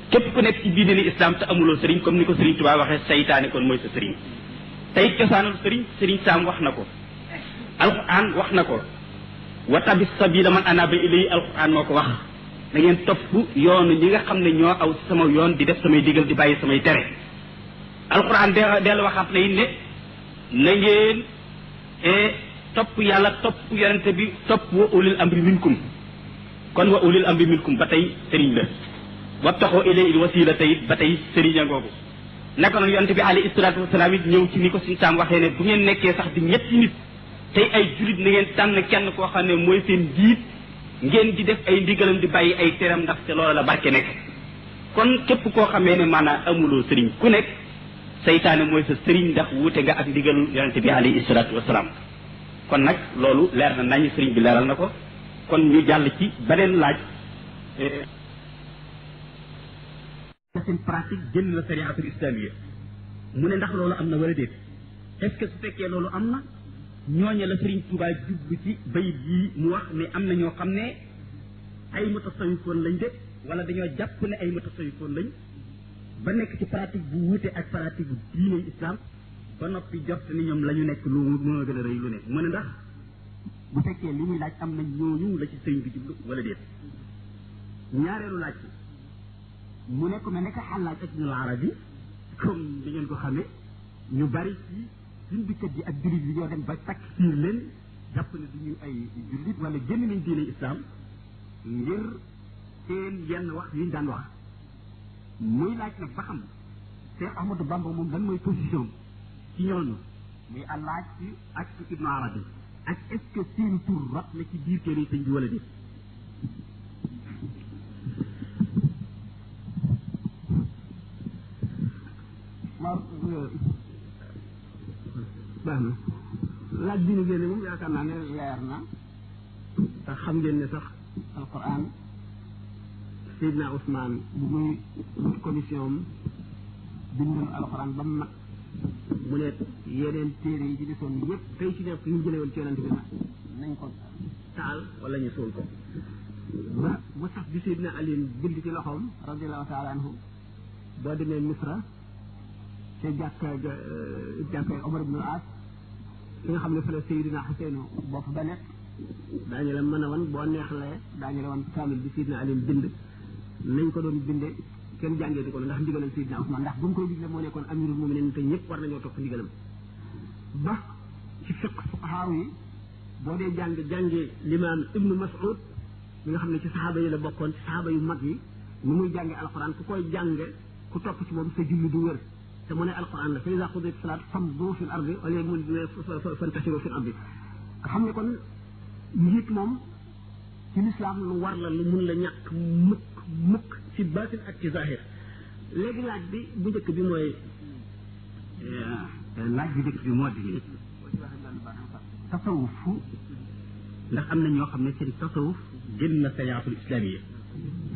képp ku nekk ci biir diine islam te amuloo sëriñ comme ni ko sëriñ Tuubaa waxee seytaane kon mooy sa sëriñ tey cosaanul sëriñ sëriñ saam wax na ko alquran wax na ko wa tabi sabila man anaba ilay alquran moo ko wax da ngeen topp yoon ñi nga xam ne ñoo aw sama yoon di def samay diggal di bàyyi samay tere alquran de dellu waxaat na eh, topp yàlla topp yonente bi topp wa ulil amri minkum kon wa ulil amri minkum ba tey sëriñ la wabtaxoo ilay il wasila tey ba tey sëriñ a ngoogu naka noonu yonente bi alayhi salaatu wasalaam it ñëw ci ni ko suñu saam waxee ne bu ngeen nekkee sax di ñetti nit tey ay julit na ngeen tànn kenn koo xam ne mooy seen jiit ngeen di def ay ndigalam di bàyyi ay teram ndax te loola la barke nekk kon képp koo xamee ne maanaam amuloo sëriñ ku nekk seytaane mooy sa sëriñ ndax wuute nga ak ndigalu yonente bi alayhi salaatu kon nag loolu leer na nañu sëriñ bi leeral na ko kon ñu jàll ci beneen laaj seen pratique génn la sariatul islamiyya mu ne ndax loolu am na wala déet est su fekkee loolu am na ñooñe la sëriñ Tuubaa jublu ci bayit yi mu wax ne am na ñoo xam ne ay mutasawifoon lañ de wala dañoo jàpp ne ay mutasawifoon lañ ba nekk ci pratique bu wuute ak pratique bu diine islam ba noppi jot ni ñoom la ñu nekk lu mën a gën a rëy lu nekk mu ne ndax bu fekkee li ñuy laaj am na ñooñu la ci sëñ bi jublu wala déet ñaareelu laaj bi mu ne ko ne nekk xàllaaj ak ñu laara bi comme da ngeen ko ñu bari ci bindikat yi ak jullit yi ñoo dem ba takk fiir leen jàpp ne du ñu ay jullit wala génn nañ diine islam ngir seen yenn wax yuñ daan wax muy laaj nag ba xam Cheikh Ahmadou Bamba moom lan mooy position ci ñooñu muy allaaj ci ak ci ibnu ak est ci biir kër bi wala déet euh, baax na laaj bi ñu génne moom yaakaar naa ne leer na ndax xam ngeen ne sax alquran Seydina Ousmane bu muy commission am bindoon alquran ba mag mu ne yeneen téere yi ci desoon yëpp tey ci nekk yu ci yonent bi nag nañ ko taal wala ñu suul ko ba ba sax bi Seydina Aliin bind ci loxoom radiallahu taala anhu boo demee Misra ca jàkka euh, jàkka Omar ibnul As fi nga xam ne fële Seydina Xuseynu bopp ba nekk daañu la mën a wan boo neexlee daañu la wan kaamil bi Seydina Aliin bind nañ ko doon binde kenn jàngee ko ndax ndigalal Seydina Ousmane ndax bu mu koy digle moo nekkoon amirul muminin te ñëpp war nañoo topp ndigalam ba ci fiq fuqahaaw yi boo dee jàng jàngee limaam ibnu mas'ud mi nga xam ne ci saxaaba yi la bokkoon ci saxaaba yu mag yi ni muy jàngee alquran ku koy jànge ku topp ci moom sa julli du wér te mu ne alquran la fa ida qudiyat salaat famdu fi l ardi wala mu ne fantasiru fi l ardi xam ne kon njiit moom ci lislaam lu war la lu mun la ñàkk mukk mukk ci baatin ak ci zahir léegi laaj bi bu njëkk bi mooy laaj bi njëkk bi moo di tasawuf ndax am na ñoo xam ne seen tasawuf génn na sayaatul islamiyya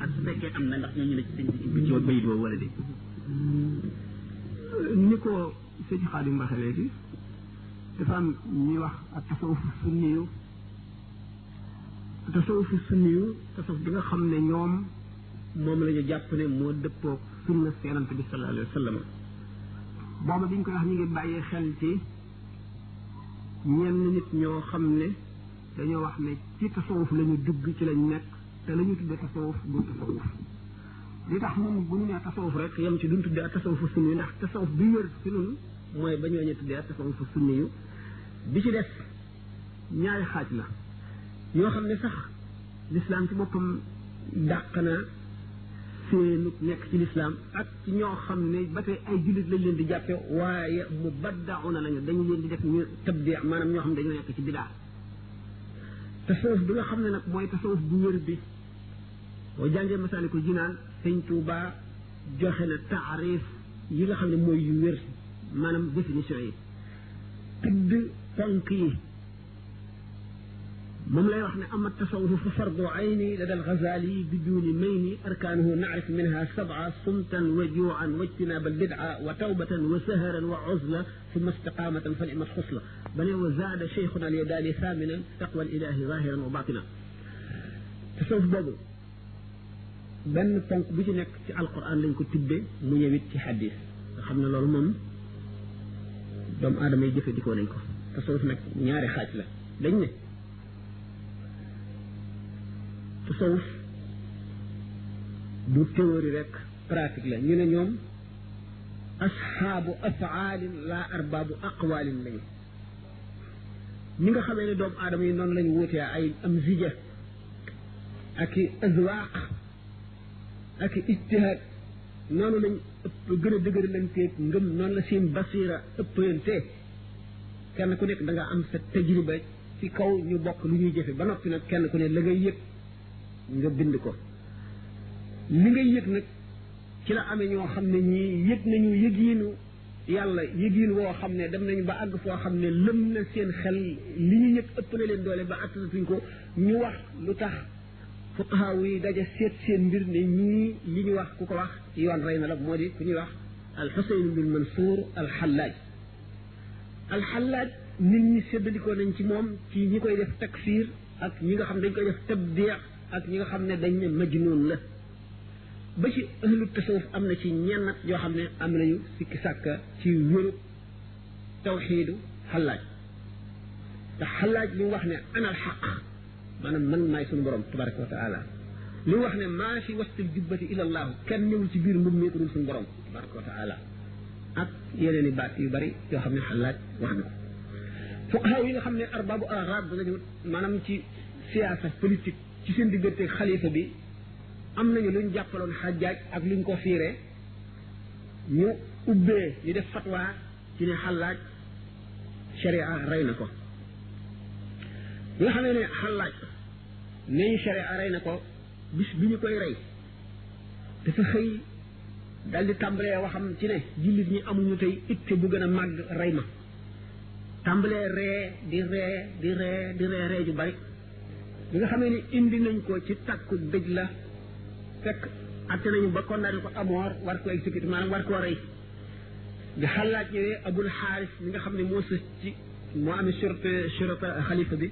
ak su fekkee am na ndax ñooñu la ci sëñ bi ci bayit woo wala de ni ko sëñ xaadim waxe léegi dafa am ñuy wax ak tasawuf sunniyu tasawuf sunniyu tasawuf bi nga xam ne ñoom moom la jàpp ne moo dëppoo sunna si yonante bi sallallahu alayhi wa sallam booba biñ koy wax ñu ngi bàyyi xel ci ñenn nit ñoo xam ne dañoo wax ne ci tasawuf la ñu dugg ci lañ nekk te la ñu tuddee tasawuf du tasawuf li tax moom bu ñu tasawuf rek yem ci duñ tuddee ak tasawafu sunni yu ndax tasawuf bi wér ci nun mooy ba ñoo ñu tuddee ak tasawafu sunni yu bi ci def ñaari xaaj la yoo xam ne sax lislaam ci boppam dàq na séenug nekk ci lislaam ak ñoo xam ne ba tey ay jullit lañ leen di jàppe waaye mu baddaaw na lañu dañu leen di def ñu tabdi maanaam ñoo xam ne dañoo nekk ci bidaa tasawuf bi nga xam ne nag mooy tasawuf bu wér bi boo jàngee masaalikul jinaan sëñ Tuuba joxe na taarif yi nga xam ne mooy yu wér maanaam définition yi tudd ponk moom lay wax ne ama tasawufu fa fardu ayni lada alghazali bijuuni mayni arkaanuhu naarif minha sabca sumtan wa juucan wa ijtinaaba albidca wa tawbatan wa saharan wa cuzla ثم استقامة فنعم الخصلة بل وزاد شيخنا اليداني ثامنا تقوى الإله ظاهرا وباطنا تصوف بابو benn ponk bu ci nekk ci alquran lañ ko tibbe mu ñëwit ci xadis nga xam ne loolu moom doomu aadama yi jëfandikoo nañ ko tasawuf nag ñaari xaaj la dañ ne تصوف دو تيوري ريك براتيك لا ني نيوم اصحاب افعال لا ارباب اقوال لي ميغا خاوي ني دوم ادم يي نون لا نيووتي اي ام زيجه اكي ازواق اكي اجتهاد نون لا نيو غنا دغر لنتي نغم نون لا سين بصيره اوبنتي كان كو نيك داغا ام سا تجربه في كاو ني بوك لو ني جيفي با نوبي نك كان كو ني لا غاي ييب nga bind ko li ngay yëg nag ci la amee ñoo xam ne ñii yëg nañu yëgiinu yàlla yëgiin woo xam ne dem nañ ba àgg foo xam ne lëm na seen xel li ñu yëg ëpp na leen doole ba attanatuñ ko ñu wax lu tax fuqahaaw yi daja seet seen mbir ne ñii li ñu wax ku ko wax yoon rey na la moo di ku ñuy wax alxusayn bin mansour alxallaaj alxallaaj nit ñi séddalikoo nañ ci moom ci ñi koy def takfir ak ñi nga xam dañ koy def tabdiq ak ñi nga xam ne dañ ne majnun la ba ci ahlu tasawuf am na ci ñenn yoo xam ne am nañu sikki sàkka ci wérub tawxiidu xallaaj te xallaaj li wax ne anal xaq maanaam man maay sunu borom tabaraka wa taala li wax ne maa fi wastal jubbati ila allah kenn ñëwul ci biir mbub mee dul sunu borom tabaraka wa taala ak yeneen i baat yu bari yoo xam ne xallaaj wax na ko fuqaha yi nga xam ne arbaabu araab danañu maanaam ci siyaasa politique ci seen diggante xalifa bi am nañu luñ jàppaloon xajaaj ak luñ ko fiire ñu ubbee ñu def fatwa ci ne xallaaj sharia rey na ko bi nga xamee ne xallaaj ne ñu sharia rey na ko bis bi ñu koy rey dafa xëy dal di tàmbalee waxam ci ne jullit ñi amuñu tey itte bu gën a màgg rey ma tàmbalee ree di ree di ree di ree ree ju bari bi nga xam ne ni indi nañ ko ci takku dëj la fekk atte nañu ba condamné ko amoor war ko exécuté maanaam war koo rey bi xalaat ñëwee abul xaaris li nga xam ne moo sës ci moo amee surte surte xalifa bi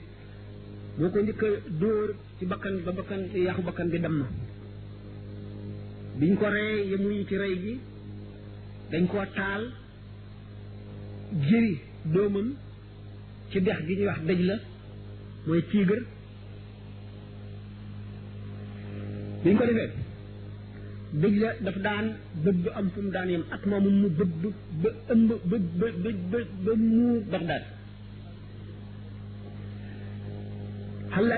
moo ko njëkk a dóor ci bakkan ba bakkan yàqu bakkan bi dem na biñ ko mu yemuñu ci rey gi dañ koo taal jëri doomam ci dex gi ñuy wax dëj la mooy tiigër bi ñu ko defee dëj la daf daan bëgg am fu mu daan yem at moomu mu bëgg ba ëmb ba ba ba ba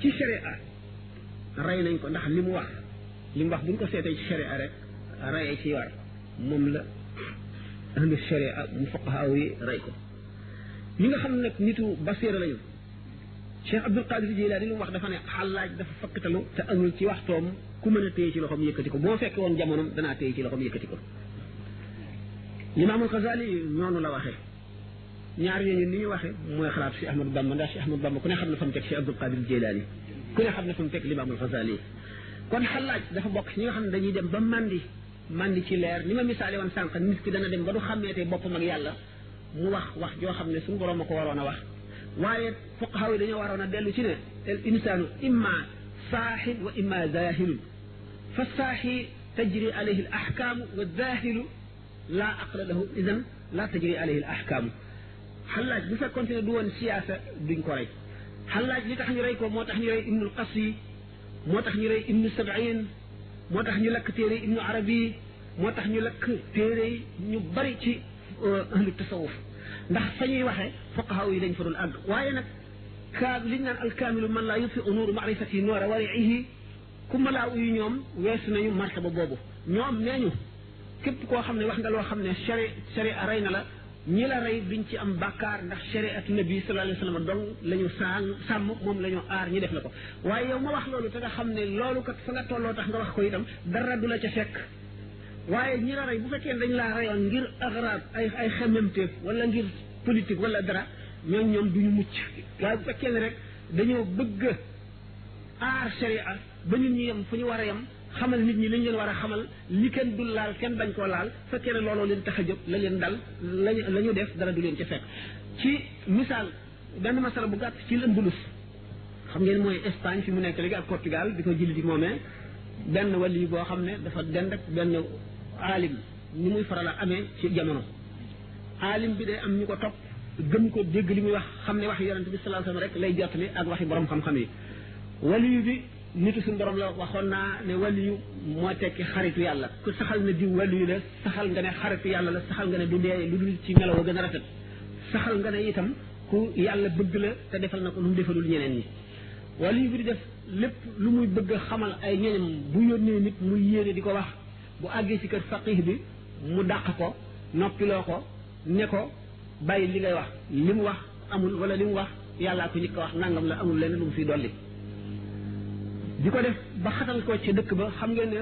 ci sharia rey nañ ko ndax li mu wax li mu wax bu ñu ko seetee ci sharia rek reyee ci war moom la ahlu sharia mu fuqahaa yi rey ko ñi nga xam nag nitu basiira lañu cheikh abdul qadir jilani lu wax dafa ne xalaaj dafa fakkatalu te amul ci waxtoom ku mën a téye ci loxoom yëkkati ko boo fekke woon jamonom danaa téye ci loxoom yëkkati ko limaamul xasali noonu la waxee ñaar yooyu ni ñu waxee mooy xalaat si ahmad bamba ndax si ahmad bamba ku ne xam na fa mu teg cheikh abdul qadir jilani ku ne xam na fa mu teg limaamul xasali kon xalaaj dafa bokk si ñi nga xam ne dañuy dem ba mandi mandi ci leer ni ma misaale woon sànq nit ki dana dem ba du xàmmeete boppam ak yàlla mu wax wax joo xam ne suñu borom a ko waroon a wax waaye fuqahaw yi dañoo waroon a dellu ci ne al insaanu imma saaxin wa imma zaahilun fa saaxi tajri alayhi al ahkaamu wa zaahilu laa aqla lahu idan laa tajri alayhi al ahkaamu xallaaj bu fekkonte ne du woon siyaasa duñ ko rey xallaaj li tax ñu rey ko moo tax ñu rey ibnul qasi moo tax ñu rey ibnu sabain moo tax ñu lakk téere ibnu arabi moo tax ñu lakk téere ñu bari ci ahlu tasawuf ndax fa ñuy waxee fuqaha yi dañ fa doon àgg waaye nag kaab li naan alkaamilu man laa yutfi unuuru maarifati noora wariihi ku malaa uyu ñoom weesu nañu martaba boobu ñoom neñu ñu képp koo xam ne wax nga loo xam ne chari chari rey na la ñi la rey duñ ci am bàkkaar ndax chariatu nabi sallallahu alayhi wa sallam dong la ñu saan sàmm moom la ñu aar ñi def la ko waaye yow ma wax loolu te nga xam ne loolu kat fa nga tolloo tax nga wax ko itam dara du la ca fekk waaye ñi la rey bu fekkee dañ laa reyoon ngir agrab ay ay xemmemteef wala ngir politique wala dara ñoom ñoom duñu mucc waaye bu fekkee ne rek dañoo bëgg aar sharia ba nit ñi yem fu ñu war a yem xamal nit ñi li leen war a xamal li kenn dul laal kenn bañ koo laal fekkee ne looloo leen tax a jóg la leen dal lañu la ñu def dara du leen ca fekk ci misaal benn masala bu gàtt ci Andalus xam ngeen mooy Espagne fi mu nekk léegi ak Portugal di ko jëli di moomee benn wàll yi boo xam ne dafa dend ak benn alim ni muy farala amé ci jamono alim bi day am ñuko top gëm ko dégg li muy wax xamné wax yaronte bi sallallahu salaa sallam rek lay jottali ak waxi borom xam-xam yi waliyu bi nitu sun borom la waxoon naa ne waliyu mo tekki xaritu yàlla ku saxal ne di waliyu la saxal nga ne xaritu yàlla la saxal nga ne du dee lu ci meloo gën rafet saxal nga ne itam ku yàlla bëgg la te defal na lu defalul ñeneen ñi waliyu bi di def lépp lu muy bëgg xamal ay ñeneen bu yónnee nit muy yéene diko wax bu àggee ci kër faqih bi mu dàq ko noppiloo ko ne ko bàyyi li ngay wax li mu wax amul wala li mu wax yàllaa ko njëkk a wax nangam la amul leneen lu mu fiy dolli di ko def ba xatal ko ci dëkk ba xam ngeen ne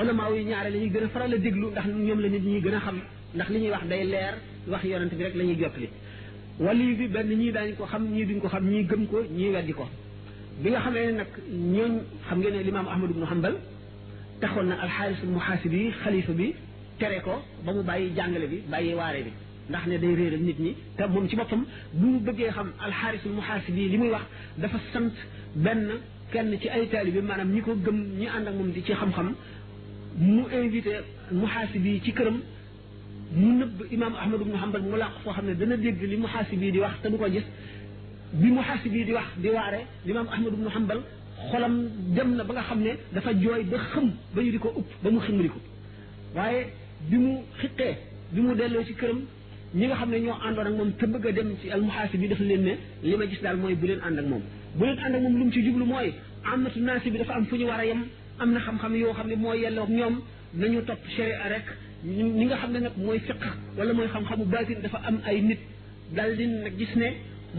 ulama yi ñaare la ñuy gën a faral déglu ndax ñoom la nit ñi gën a xam ndax li ñuy wax day leer wax yonent bi rek la ñuy jottali wali bi benn ñii daañu ko xam ñii duñ ko xam ñii gëm ko ñii weddi ko bi nga xamee ne nag ñooñ xam ngeen ne limaam Ahmad ibnu Hanbal taxoon na alxaarisul muhaasibi xalifa bi tere ko ba mu bàyyi jàngale bi bàyyi waare bi ndax ne day réeral nit ñi te moom ci boppam bu mu bëggee xam alxaarisul muhaasibi li muy wax dafa sant benn kenn ci ay taalibe maanaam ñi ko gëm ñi ànd ak moom di ci xam-xam mu invité muhaasibi ci këram mu nëbb imaam ahmad ibnu hambal mu làq foo xam ne dana dégg li muhaasibi di wax te du ko gis bi muhaasibi di wax di waare limaam ahmad ibnu hambal xolam dem na ba nga xam ne dafa jooy ba xam ba ñu di ko upp ba mu ximriku waaye bi mu xiqee bi mu delloo ci këram ñi nga xam ne ñoo àndoon ak moom te bëgg a dem ci al almuhaasib bi dafa leen ne li ma gis daal mooy bu leen ànd ak moom bu leen ànd ak moom lu mu ci jublu mooy amatu naasi bi dafa am fu ñu war a yem am na xam-xam yoo xam ne mooy yelloo ak ñoom nañu topp chéri rek ñi nga xam ne nag mooy fiq wala mooy xam-xamu baatin dafa am ay nit dal di nag gis ne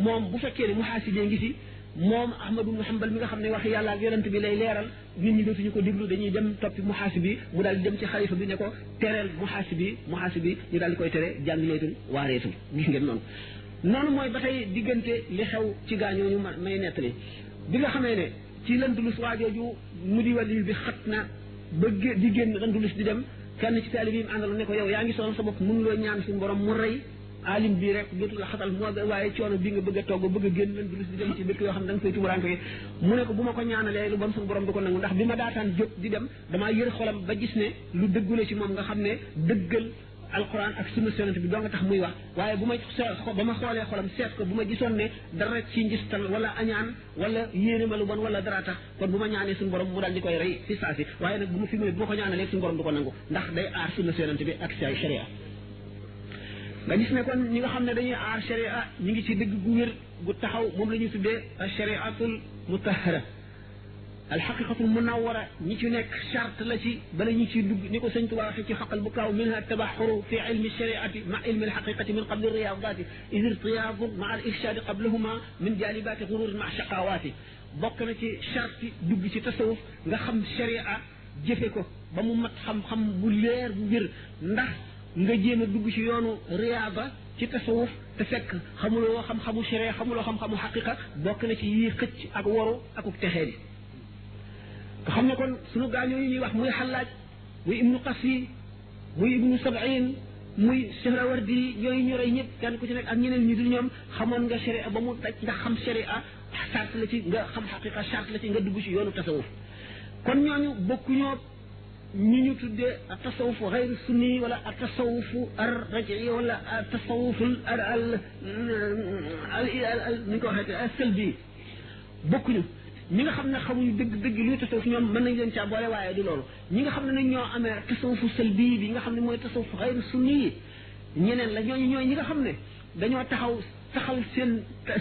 moom bu fekkee ne muhaasibee ngi si moom Ahmadu ibn Hanbal mi nga xam ne wax yàlla ak yonent bi lay leeral nit ñi dootuñu ko déglu dañuy dem toppi muhaasibi mu daal di dem ci xalifa bi ne ko tereel muhaasibi muhaasibi ñu daal di koy tere jàngileetul waareetul gis ngeen noonu. noonu mooy ba tey diggante li xew ci gaañoo ñu may nettali bi nga xamee ne ci lëndulus waa jooju mu di wàllu bi xat na ba di génn lëndulus di dem kenn ci taalibe yi mu àndal ne ko yow yaa ngi sonal sa bopp mënuloo ñaan suñu borom mu rey. alim bii rek jotul la xatal moo waaye coono bëgg a togg bëgg a génn lan di dem ci dëkk yoo xam ne da nga fay tumuraanke yi mu ne ko bu ma ko ñaanalee lu bon suñu borom ne lu dëggule ci moom nga xam ne dëggal bi doo nga tax muy wax waaye bu ma ba ma xoolee xolam seet ko gisoon ne dara ci njistal wala añaan wala yéene ma lu bon wala dara tax kon bu ma ñaanee suñu borom mu daal di koy rey fi saasi waaye nag bu ma fi mu ne bu ma ko ñaanalee suñu borom du ko nangu ndax day aar sunna yonent bi ak say sharia nga gis ne kon ñi nga xam ne dañuy aar sharia ñi ngi ci dëgg gu wér gu taxaw moom la ñuy tuddee ashariatul mutahara alxaqiqatul munawara ñi ci nekk charte la ci bala ñu ciy dugg ni ko sëñ tuba waxe ci xaqal bu kaaw minha tabaxuru fi ilmi shariati ma ilmi alxaqiqati min qabli riyadati id irtiyadu ma al irshadi qablahuma min jalibati gururi ma shaqawati bokk na ci charte dugg ci tasawuf nga xam sharia jëfe ko ba mu mat xam-xam bu leer bu wér ndax nga jéem a dugg ci yoonu riyaaba ci tasawuf te fekk xamuloo xam-xamu siree xamuloo xam-xamu xaqiqa bokk na ci yii xëcc ak waru akuk texee di nga xam ne kon sunu gaañoo yi ñuy wax muy xallaaj muy ibnu qasi muy ibnu sabain muy sehrawardi ñooyu ñu rey ñëpp kenn ku ci nekk ak ñeneen ñu dul ñoom xamoon nga sharia ba mu daj nga xam sharia charte la ci nga xam xaqiqa charte la ci nga dugg ci yoonu tasawuf kon ñooñu bokkuñoo ñi ñu tuddee tasawufu xayru sunni wala tasawufu ar raj'i wala tasawufu al al al ni ko waxee al salbi bokkuñu ñi nga xam ne xamuñu dëgg dëgg luy tasawuf ñoom mën nañ leen caa boole waaye du loolu ñi nga xam ne nag ñoo amee tasawufu salbi bi nga xam ne mooy tasawufu xayru sunni yi ñeneen la ñooñu ñooy ñi nga xam ne dañoo taxaw taxal seen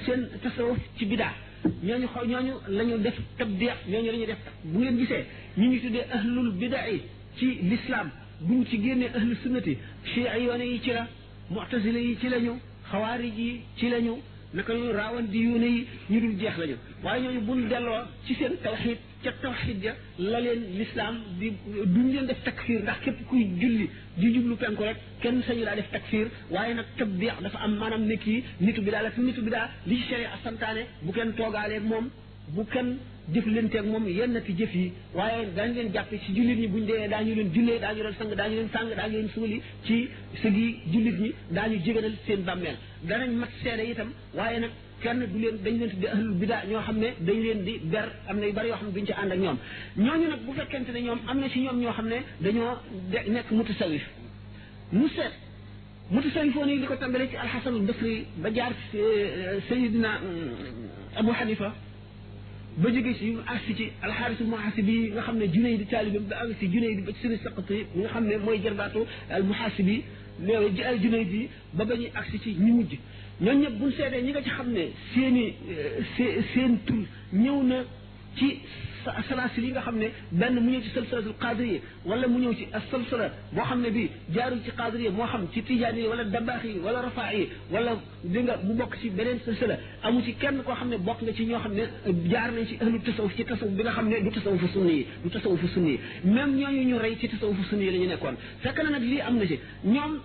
seen tasawuf ci bidaa ñooñu xaw ñooñu la ñu def tabdiya ñooñu la ñu def bu ngeen gisee ñu ngi tuddee ahlul bida'i ci l'islam buñ ci génnee ahlul sunnati chiiyoone yi ci la mu'tazila yi ci la ñu xawaarij yi ci la ñu naka noonu raawan di yuune yi ñu dul jeex lañu waaye ñooñu bul delloo ci seen tawxid ca tawxid ja la leen lislaam di duñ leen def takfir ndax képp kuy julli di jublu penku rek kenn sañu daa def takfir waaye nag tabbiix dafa am maanaam nekk yi nitu bi daal la fi nitu bi daa li ci sharia santaane bu kenn toogaalee moom bu kenn jëflanteeg moom yenn ci jëf yi waaye daañu leen jàppe ci julit ñi buñ dee dañu leen julé dañu leen sang dañu leen sang dañu leen suuli ci sëgi julit ñi dañu jéganal seen bammel danañ mat séré itam waye nak kenn du leen dañ leen tudde ahlul bida ño xamné dañ leen di ber amna yu bari yo xamné buñ ci ànd ak ñoom ñooñu nak bu fekkente ñom amna ci ñom ño xamné dañoo nekk mutasawif mu mutasawif woni liko tambalé ci al-hasan al basri ba jaar ci sayyidina abu hanifa ba jige ci yu agsi ci al alxaarisu muhasibi nga xamne junay di talib bi ba ci junay di ba sëriñ saqati nga xamne moy jarbatu al muhasibi léew ji al junay di ba ba ñuy ci ñu mujj ñoom ñëpp buñu seetee ñi nga ci xamne seeni seen i seen ñëw na ci salaas yi nga xam ne benn mu ñëw ci salsalatul qadriya wala mu ñëw ci salsala boo xam ne bi jaarul ci qadriya moo xam ci tijaan yi wala dabaax yi wala rafaa yi wala di nga mu bokk ci beneen salsala amu ci kenn koo xam ne bokk nga ci ñoo xam ne jaar nañ ci ahlu tasawuf ci tasawuf bi nga xam ne du tasawufu sunni yi du tasawufu sunni yi même ñooñu ñu rey ci tasawufu sunni yi la ñu nekkoon fekk na nag lii am na ci ñoom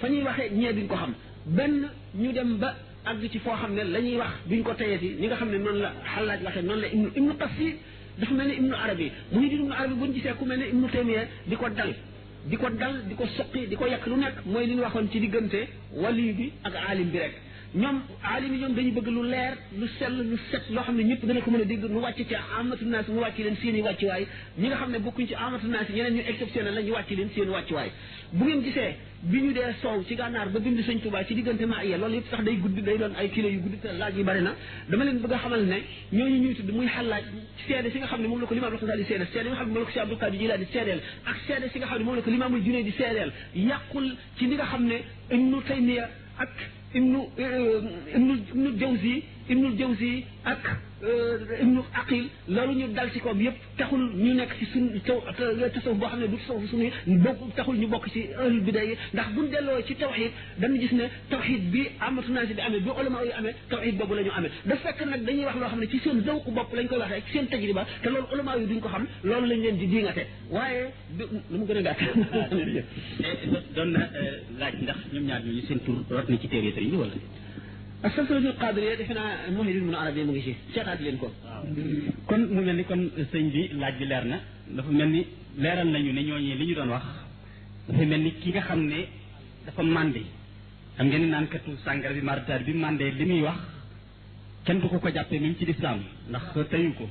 fa ñuy waxee ñee duñ ko xam benn ñu dem ba àgg ci foo xam ne la ñuy wax duñ ko tayeti ni nga xam ne noonu la xalaaj waxee noonu la ibnu ibnu qasir dafa mel ne ibnu arabi muy di ibnu arabi buñ gisee ku mel ne ibnu taymiya di ko dal di ko dal di ko soqi di ko yàq lu nekk mooy li ñu waxoon ci diggante wali bi ak aalim bi rek ñoom aalim yi ñoom dañu bëgg lu leer lu sell lu set loo xam ne ñëpp dana ko mën a dégg nu wàcc ci amatu mu wàcc leen seen i wàccuwaay ñi nga xam ne bokkuñ ci amatu naas ñeneen ñu exceptionnel la ñu wàcc leen seen wàccuwaay bu ngeen gudd day doon ay kilo yu gudd ne ñooñu ñuy tudd muy xalaaj seede si nga ne moom la ko limaam Abdul Xaadir nga xam ne di seedeel yàqul ci li nga xam ne Ibnu Taymiya ak ibnu nous euh, nous, jawzi ibnu jawzi ak Euh, ibnu aqil loolu ñu dal ci koom yëpp taxul ñu nekk ci suñ taw tasawuf boo xam ne du tasawuf suñu bokk taxul ñu bokk ci ahlul yi ndax buñ delloo ci tawxid dañu gis ne tawxid bi amatu naasi bi amee bi ulama yu amee tawxid boobu la ñu amee da fekk nag dañuy wax loo xam ne ci seen zawq bopp lañ koy waxee rek seen tajriba te loolu ulama yu duñ ko xam loolu lañ leen di diingate waaye lu mu gën a gàtt eh, doon na eh, laaj ndax ñoom ñaar ñooñu seen tur ci téere sëriñ bi wala ak silsilatul qaadiriya defe naa Muhyiddin leen ko. kon mu mel ni kon sëñ bi laaj bi leer na dafa mel ni leeral nañu ne ñooñee li ñu doon wax dafa mel ni ki nga xam ne dafa màndi xam ngeen ni naan katu sàngara bi martaar bi màndee li muy wax kenn du ko ko jàppee même ci lislaam ndax teyu ko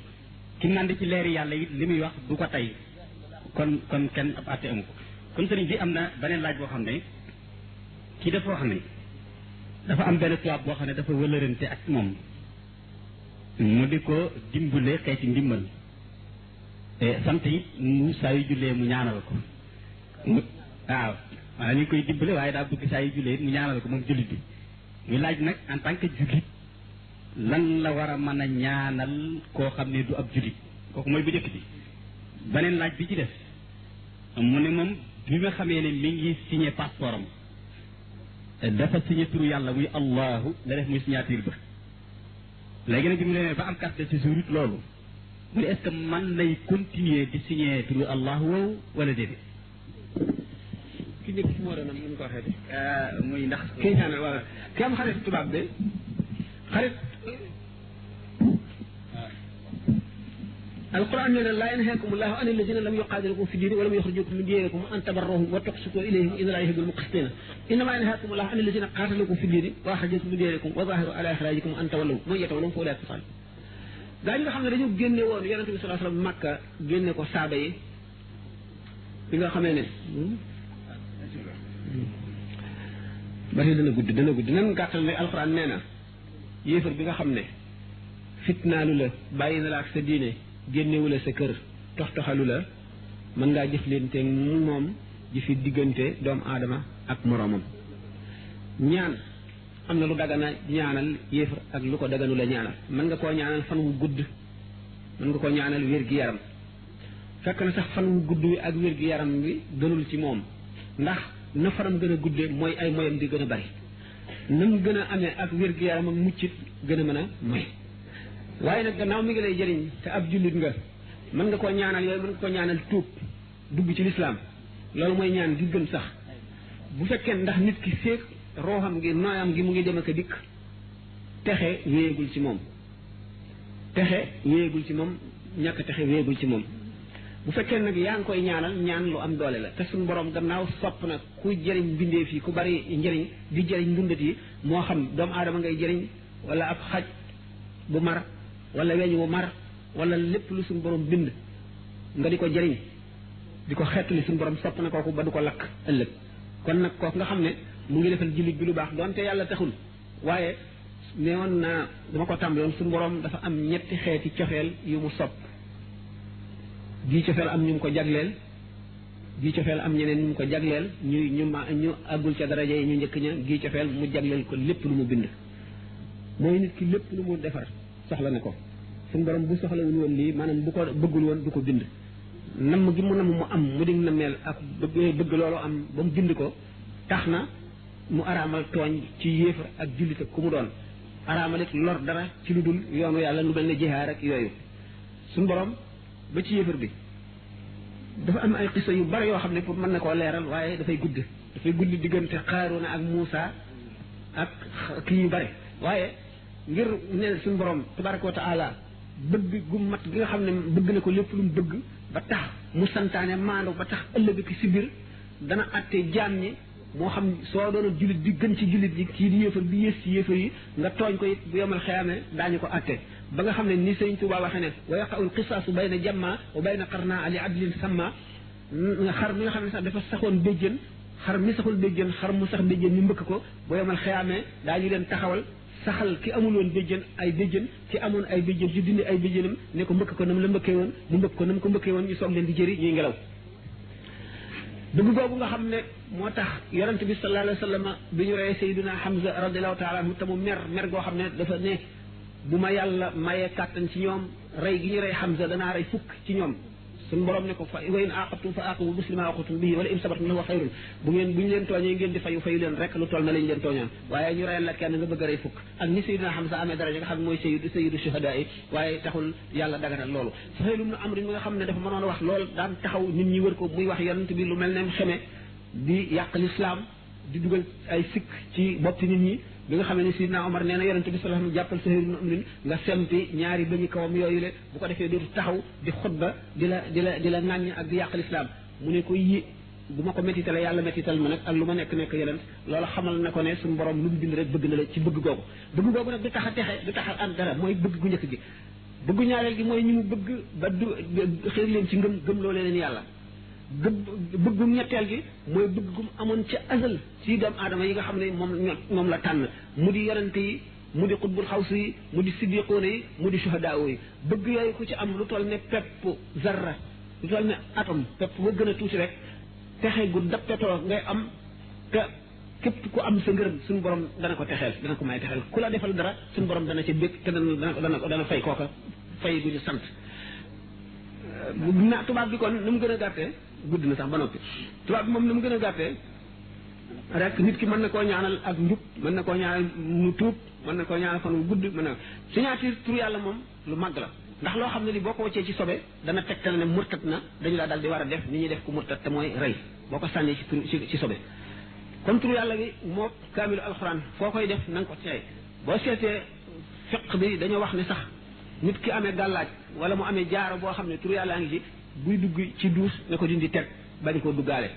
ki màndi ci leeri yàlla it li muy wax du ko tey kon kon kenn ab àtte amu ko kon sëriñ bi am na beneen laaj boo xam ne kii dafa wax ne. dafa am benn tubaab boo xam ne dafa wëlërante ak moom mu di ko dimbale xeeti ndimbal sant yi mu saa yu jullee mu ñaanal ko waaw waaw ñu koy dimbale waaye daa bëgg saa yu jullee mu ñaanal ko moom jullit bi muy laaj nag en tant que jullit lan la war a mën a ñaanal koo xam ne du ab jullit kooku mooy bu njëkk bi beneen laaj bi ci def mu ne moom bi nga xamee ne mi ngi signé passeport am dafa signé turu yàlla muy allahu la def muy signature ba léegi nag bi mu demee ba am loolu mu ne est-ce que man nay continuer di signé turu allahu woowu wala déedéet ki nekk si Morana mu ko waxee de euh, muy ndax kay ñaanal wala ki am xarit tubaab de xarit القرآن يقول لا ينهاكم الله عن الذين لم يقاتلوكم في الدين ولم يخرجوكم من دينكم أن تبروهم وتقسطوا إليهم إن الله يحب المقسطين إنما ينهاكم الله عن الذين قاتلوكم في الدين وأخرجوكم من دينكم وظاهروا على إخراجكم أن تولوا من يتولون فأولئك الصالحون gaa ñi nga xam ne dañu génne woon yonente bi salaa sallam màkka génne ko saaba yi bi nga xamee ne bari dana gudd dana gudd nan gàttal ne alxuraan nee na yéefar bi nga génnewu sa kër toxtoxalu la mën ngaa jëflante mu moom jëfi diggante doomu adama ak moroomam ñaan am na lu dagana ñaanal yéefar ak lu ko daganu la ñaanal mën nga koo ñaanal fan wu gudd mën nga koo ñaanal wér-gi-yaram fekk na sax fan wu gudd wi ak wér-gi-yaram wi gënul ci moom ndax na faram gën a guddee mooy ay moyam di gën a bari na mu gën a amee ak wér-gi-yaram ak muccit gën a mën a moy waaye nag gannaaw mi ngi lay jëriñ te ab jullit nga mën nga koo ñaanal yooyu mën nga koo ñaanal tuub dugg ci lislaam loolu mooy ñaan gi gën sax bu fekkee ndax nit ki séeg rooxam gi nooyam gi mu ngi dem ak a dikk texe wéyegul ci moom texe wéyegul ci moom ñakk texe wéyegul ci moom bu fekkee nag yaa ngi koy ñaanal ñaan lu am doole la te suñu boroom gannaaw sopp na ku jëriñ mbindeef yi ku bari njëriñ di jëriñ mbindeef yi moo xam doomu aadama ngay jëriñ wala ab xaj bu mar wala weñ wu mar wala lépp lu suñ boroom bind nga di ko jëriñ di ko xeetali suñu borom sopp na kooku ba du ko lakk ëllëg kon nag kooku nga xam ne mu ngi defal jullit bi lu baax donte yàlla taxul waaye ne woon naa dama ko tàmbaloon suñu borom dafa am ñetti xeeti cofeel yu mu sopp gii cofeel am ñu mu ko jagleel gii cofeel am ñeneen ñu mu ko jagleel ñu ñu ma ñu àggul ca daraja yi ñu njëkk ña gii cofeel mu jagleel ko lépp lu mu bind mooy nit ki lépp lu defar soxla ne ko suñu borom bu soxlawul woon lii maanaam bu ko bëggul woon du ko bind namm gi mu namm mu am mu di nammeel ak bëgg loolu am ba mu bind ko tax na mu araamal tooñ ci yéefar ak jullite ku mu doon araamal it lor dara ci lu dul yoonu yàlla lu mel ne jihaar ak yooyu suñ borom ba ci yéefar bi dafa am ay xisa yu bari yoo xam ne pour mën na koo leeral waaye dafay gudd dafay gudd diggante xaaruuna ak Muusa ak kii yu bari waaye ngir neel sun borom tabaraka wa taala bëgg gu mat gi nga xamne bëgg na ko lépp lu mu bëgg ba tax mu santane maandu ba tax ëllëg ci sibir dana atte jamni mo xam so doona julit di gën ci julit di kii di yéefar bi yées ci yéefar yi nga togn ko yit bu yomal xiyamé daañu ko atte ba nga xamne ni sëñ tuba waxe ne wa yaqul qisaasu bayna jamma wa bayna qarna ali adlin samma nga xar mi nga xam sax dafa saxoon béjjën xar mi saxul béjjën xar mu sax béjjën ñu mbëk ko bu yomal xiyamé dañu leen taxawal saxal ki amul woon béjjën ay béjjën ki amoon ay béjjën yu dindi ay béjjënam ne ko mbëkk ko nam la mbëkkee woon mu mbëkk ko nam ko mbëkkee woon ñu soog leen di jëri ñuy ngelaw dugg googu nga xam ne moo tax yonent bi sallallahu alayhi wa sallam bi ñu reyee Seydina Hamza radiallahu taala anhu te mu mer mer goo xam ne dafa ne bu ma yàlla mayee kàttan ci ñoom rey gi ñu rey Hamza danaa rey fukk ci ñoom suñu borom ne ko fa wa in aaqabtum fa aaqibu muslima aqabtum bihi wala in sabartum lahu xayrun bu ngeen bu leen tooñee ngeen di fayu fayu leen rek lu toll na lañ leen tooñaan waaye ñu reyal la kenn nga bëgg a rey fukk ak ni sayyidina Hamza amee daraja nga xam ne mooy sayyidu sayyidu shuhada yi waaye taxul yàlla daganal loolu Suhayl ibn Amr mi nga xam ne dafa mënoon a wax lool daan taxaw nit ñi wër ko muy wax yonent bi lu mel ne xeme nit ñi bi nga xamee ne Sidna Omar nee na yonente bi sallallahu alayhi wasallam jàppal sahiirul mu'min nga sempi ñaari bëñu kawam yooyu le bu ko defee di taxaw di xutba di la di la di la ŋàññ ak di yàq lislaam mu ne ko yi bu ma ko méttitale yàlla méttital ma nag ak lu ma nekk nekk yeneen loolu xamal ne ko ne suñu borom lu mu bind rek bëgg na la ci bëgg googu bëgg googu nag du tax a texe du tax a am dara mooy bëgg gu njëkk gi bëgg ñaareel gi mooy ñu mu bëgg ba du xëy leen ci ngëm gëm loo yàlla bëggum ñetteel gi mooy bëggum amoon ci azal ci doomu aadama yi nga xam ne moom moom la tànn mu di yonente yi mu di xutbul xawsi yi mu di siddiqoona yi mu di suhadaawo yi bëgg yooyu ku ci am lu toll ne pepp zarra lu toll ne atom pepp ba gën a tuuti rek texe gu dappetoo ngay am te képp ku am sa ngërëm suñu borom dana ko texeel dana ko may texeel ku la defal dara suñu borom dana ci bég te dana dana dana fay kooka fay gu ñu sant na tubaab bi kon nu mu gën a gàttee gudd na sax ba noppi tubaab bi moom ni mu gën a gàttee rek nit ki mën na koo ñaanal ak njub mën na koo ñaanal mu tuub mën na koo ñaanal fan wu gudd mën na signature tur yàlla moom lu mag la ndax loo xam ne li boo ko waccee ci sobe dana tegtal ne murtat na dañu laa daal di war a def ni ñuy def ku murtat te mooy rey boo ko sànnee ci tur ci sobe comme tur yàlla gi moo kaamilu alxuraan foo koy def na ko tey boo seetee fiq bi dañoo wax ne sax nit ki amee gàllaaj wala mu amee jaaro boo xam ne tur yàllaa ngi ci buy dugg ci duus na ko dindi teg bañ koo duggaale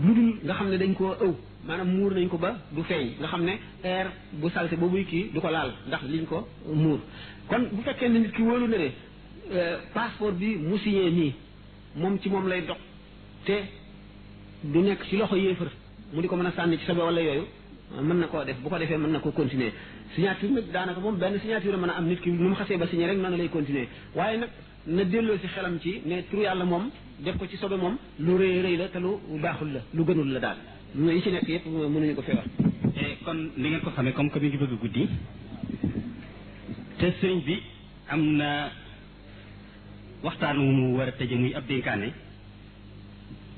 lu dul nga xam ne dañ koo ëw maanaam muur nañ ko ba du feeñ nga xam ne air bu salté boobuy kii du ko laal ndax liñ ko muur kon bu fekkee ne nit ki wóolu ne ne euh, passeport bi mu signé nii moom ci moom lay dox te du nekk ci loxo yéefar mu di ko mën a sànni ci sobe wala yooyu mën na koo def bu ko defee mën na ko continuer signature nag daanaka moom benn signature mën a am nit ki nu mu xasee ba signé lay continuer na delloo ci xelam ci ne turu yàlla moom def ko ci sobe moom lu rëy rëy la te lu baaxul la lu gënul la daal mu yi ci nekk yëpp mënuñu ko feewal eh, kon li ngeen ko xamee comme que mi ngi bëgg guddi te bi am na waxtaan mu war a tëje muy ab dénkaane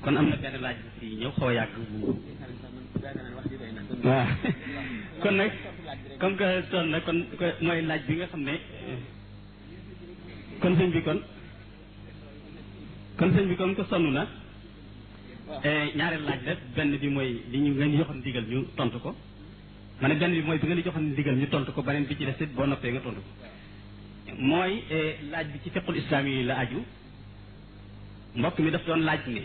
kon am laaj bu ñëw xaw a yàgg waaw kon nag comme que toll na kon mooy laaj bi nga xam ne kon sëñ bi kon kon sëñ bi kon ko sonn na eh, ñaareel laaj la benn bi mooy li ñu ngeen joxoon ndigal ñu tontu ko ma ne benn bi mooy bi ngeen joxoon ndigal ñu tontu ko beneen bi ci des it boo noppee nga tontu ko mooy eh, laaj bi ci fiqul islaam yi la aju mbokk mi daf doon laaj ni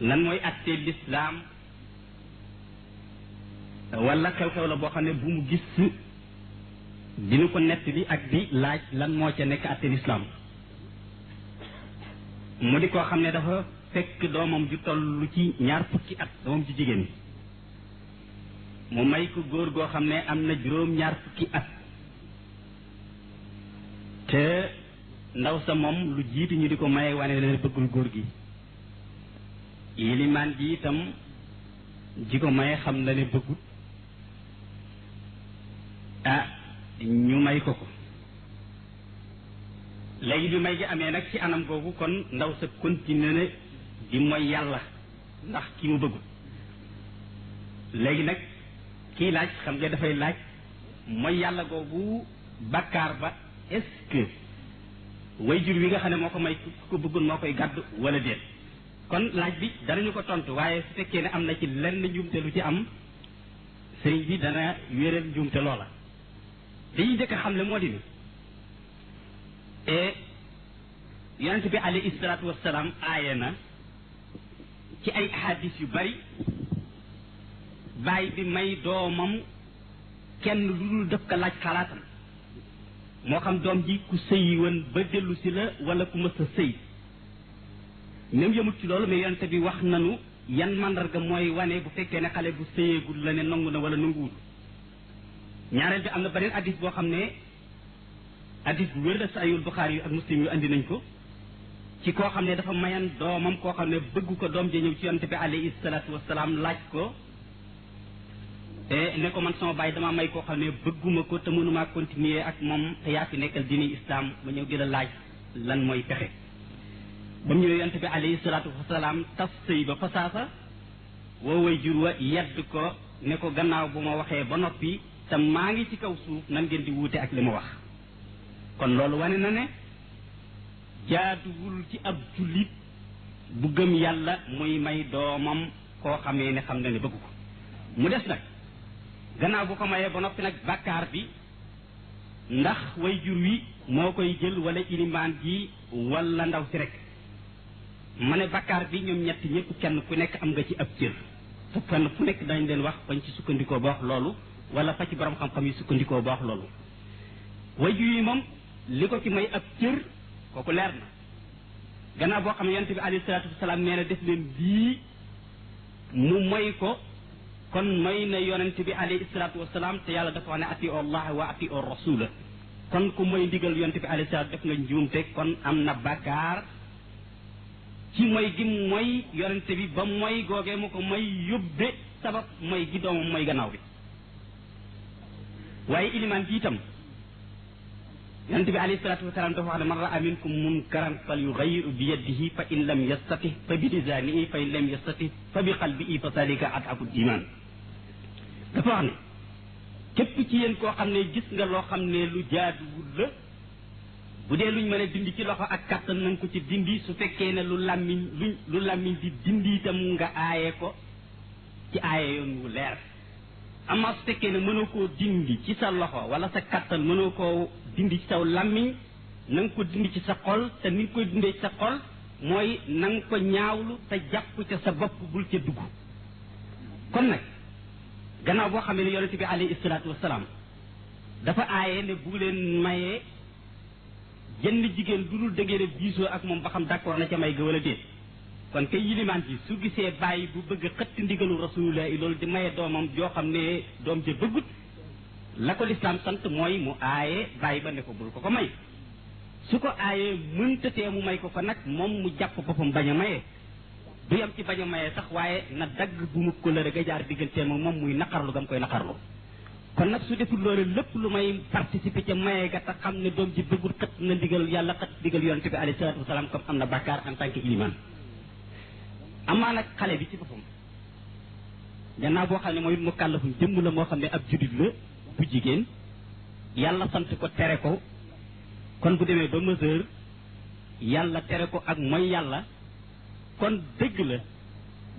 lan mooy àttee lislaam wala xew-xew la boo xam ne bu mu gis dinu ko nett bi ak di laaj lan moo ca nekk àtte lislaam mu di ko xam ne dafa fekk doomam ju tollu ci ñaar fukki at doomam ju jigéen mu may ko góor goo xam ne am na juróom ñaar fukki at te ndaw sa moom lu jiitu ñu di ko maye wane leen bëggul góor gi yilimaan ji itam ji ko maye xam na ne bëggut ah, ñu may ko ko léegi bi may gi amee nag ci anam googu kon ndaw sa continué na di mooy yàlla ndax ki mu bëggu léegi nag kii laaj xam nga dafay laaj mooy yàlla googu bakkaar ba est-ce que wi nga xam ne moo ko may ko bëggoon moo koy gàddu wala déet kon laaj bi danañu ko tontu waaye su fekkee ne am na ci lenn njuumte lu ci am sëriñ bi dana wéral njuumte loola dañuy jëkk xam ne moo di ni eh, yonent bi alayhi salaatu wasalaam aaye na ci ay ahadis yu bari baay bi may doomam kenn lu dul def ko laaj xalaatam moo xam doom ji ku sëyi woon ba dellu si la wala ku mës a sëy même yëmut ci loolu mais yonent bi wax nanu yan màndarga mooy wane bu fekkee ne xale bu sëyeegul la ne nangu na wala nanguwul ñaareel bi am na beneen addis boo xam ne addis bu wér la saayul Buxaari yu ak muslim yu andi nañ ko ci koo xam ne dafa mayan doomam koo xam ne bëgg ko doom ja ñëw ci yonte bi alayhi salaatu wasalaam laaj ko te eh, ne ko man sama bàyyi damaa may koo xam ne bëgguma ko te mënumaa continuer ak moom te yaa fi nekkal diini islam ma ñëw di laaj lan mooy pexe ba mu ñëwee yonte bi alayhi salaatu wasalaam tas sëy ba fasaasa woo jur wa yedd ko ne ko gannaaw bu ma waxee ba noppi te maa ngi ci kaw suuf nan ngeen di wuute ak li wax kon loolu wane na ne jaaduwul ci ab julit bu gëm yàlla muy may doomam koo xamee ne xam na ne bëgg ko mu des nag gannaaw bu ko mayee ba noppi nag bàkkaar bi ndax way jur wi moo koy jël wala ilimaan gi wala ndaw si rek ma ne bàkkaar bi ñoom ñett ñëpp kenn ku nekk am nga ci ab jël fu kenn fu nekk dañ leen wax bañ ci sukkandikoo ba wax loolu wala fa ci borom xam-xam yi sukkandiko bax loolu waju yi mom liko ko ci may ak cër koku leer na gannaaw boo xam ne ali sallallahu alayhi wasallam wasalaam def leen bi mu may ko kon may na yonente bi alayhi salaatu wasalaam te yalla dafa ne allah wa ar rasul kon ku digal ndigal yonte bi alayhi salaatu def nga njuumte kon amna bakar ci moy gi moy yonente bi ba moy goge mu ko moy yubbe sabab moy gi doomam moy gannaaw bi waaye ilimaan ji itam yonent bi alayhi salatu wasalaam dafa wax ne man raa minkum munkaran fal yugayiru bi yadihi fa in lam yastati fa bi lisanihi fa in lam yastati fa bi qalbihi fa salika adhaku iman dafa wax ne képp ci yéen koo xam ne gis nga loo xam ne lu jaaduwul la bu dee luñ mën a dindi ci loxo ak kàttan nañ ko ci dindi su fekkee ne lu làmmiñ luñ lu làmmiñ di dindi itam nga aaye ko ci aaye yoon wu leer ama su fekkee ne mënoo koo dindi ci sa loxo wala sa kàttan mënoo koo dindi ci saw làmmiñ na nga ko dindi ci sa xol te ni nga dindee ci sa xol mooy na ko ñaawlu te jàpp ca sa bopp bul ca dugg kon nag gannaaw boo xamee ne yonente bi alayhi salaatu wasalaam dafa aaye ne bu leen mayee jënd jigéen du dul dëgg diisoo ak moom ba xam d'accord na ca may ga wala kon kay yilimaan ji su gisee bàyyi bu bëgg xëtt ndigalu rasulullah loolu di maye doomam joo xam ne doom ja bëggut la ko lislaam sant mooy mu aaye bàyyi ba ne ko bul ko ko may su ko aayee mëntatee mu may ko ko nag moom mu jàpp boppam bañ a maye du yam ci bañ a maye sax waaye na dagg bu mu kóllëre ga jaar digganteem ak moom muy naqarlu gam koy naqarlu kon nag su deful loolu lépp lu may participer ca maye ga te xam ne doom ji bëggul xët na ndigal yàlla xët ndigal yonent bi alayhi salaatu wasalaam comme am na bàkkaar en tant amaa nag xale bi ci boppam gannaaw boo xam ne mooy mu kàllafum jëmm la moo xam ne ab judit la bu jigéen yàlla sant ko tere ko kon bu demee ba mesure yàlla tere ko ak mooy yàlla kon dëgg la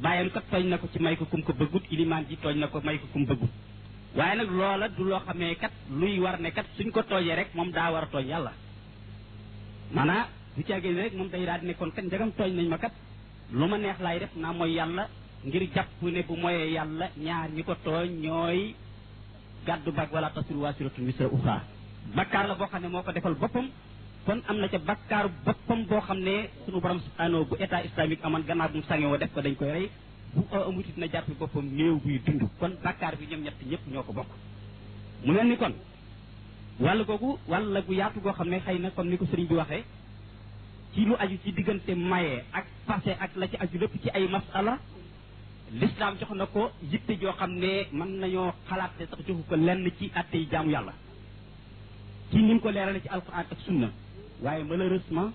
bàyyam kat tooñ na ko ci may ko kum ko bëggut ilimaan ji tooñ na ko may ko kum bëggut waaye nag loola du loo xamee kat luy war ne kat suñ ko tooñee rek moom daa war a tooñ yàlla maanaa du caagee rek moom day daal di ne kon kat njagam tooñ nañ ma kat lu ma neex laay def naa mooy yàlla ngir jàpp ne bu moyee yàlla ñaar ñi ko tooñ ñooy gàddu bag wala tasir waasiratun wisra uxraa bakkaar la boo xam ne moo ko defal boppam kon am na ca bakkaar boppam boo xam ne sunu borom subhaanahu bu état islamique amoon gannaaw bu mu sàngewoo def ko dañ koy rey bu amutit na jàppe boppam néew buy dund kon bakkaar bi ñoom ñett ñëpp ñoo ko bokk mu ne ni kon wàll googu wàll gu yaatu goo xam ne xëy na comme ni ko sëriñ bi waxee ci lu aju ci diggante maye ak passé ak la ci aju lépp ci ay masala l'islam jox na ko yitte joo xam ne mën nañoo xalaat ne sax joxu ko lenn ci atte yi jaamu yàlla ci ni ko leerale ci alquran ak sunna waaye malheureusement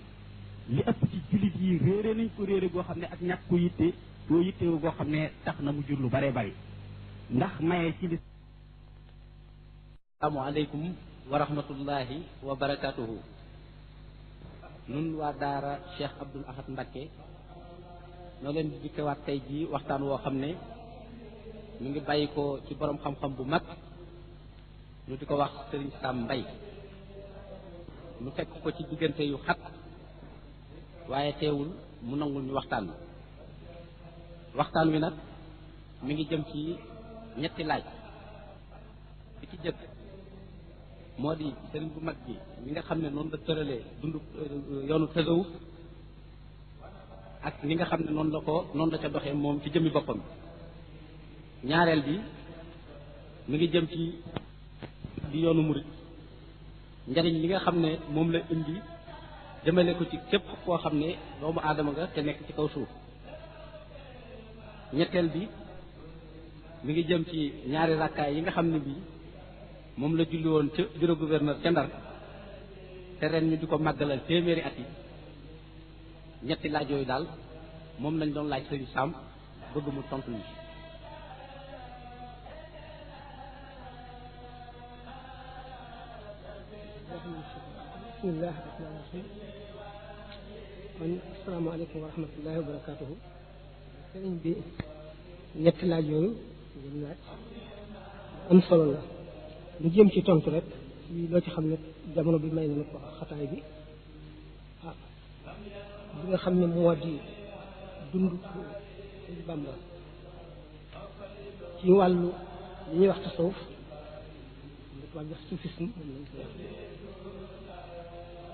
li ëpp ci jullit yi réere nañ ko réere goo xam ne ak ñàkk ko yitte doo yitte goo xam ne tax na mu jur lu bare bari ndax maye ci li salaamu aleykum wa rahmatullahi wa barakatuhu nun waa daara Cheikh Abdoul Ahad Mbacké ñoo leen di dikkewaat tey jii waxtaan woo xam ne mu ngi bàyyi ko ci boroom xam-xam bu mag ñu di ko wax Serigne Sam Mbaye ñu fekk ko ci diggante yu xat waaye teewul mu nangul ñu waxtaan wi waxtaan wi nag mu ngi jëm ci ñetti laaj bi ci jëkk moo di sëriñ bu mag bi nga xam ne noonu la tëralee dund euh, yoonu ak ni nga xam ne noonu la ko noonu la ca doxee moom ci jëmmi boppam ñaareel bi mi ngi jëm ci di yoonu murit njariñ li nga xam ne moom la indi jëmale ko ci képp koo xam ne doomu aadama nga te nekk ci kaw suuf ñetteel bi mu ngi jëm ci ñaari rakkaay yi nga xam ne bii moom la julli woon ca bureau gouverneur ca Ndar te ñu di ko màggalal téeméeri at yi ñetti laaj daal moom lañ doon laaj sëñ Sam bëgg mu tontu ñu bismillah rahmaan rahim man am solo la lu jëm ci tontu rek lo ci xamne jamono bi may na ko xataay bi bi ah, nga xamne ne moo di dund bamba ci walu li ñi wax tasawuf wàll wax soufisme moom lañ koy wax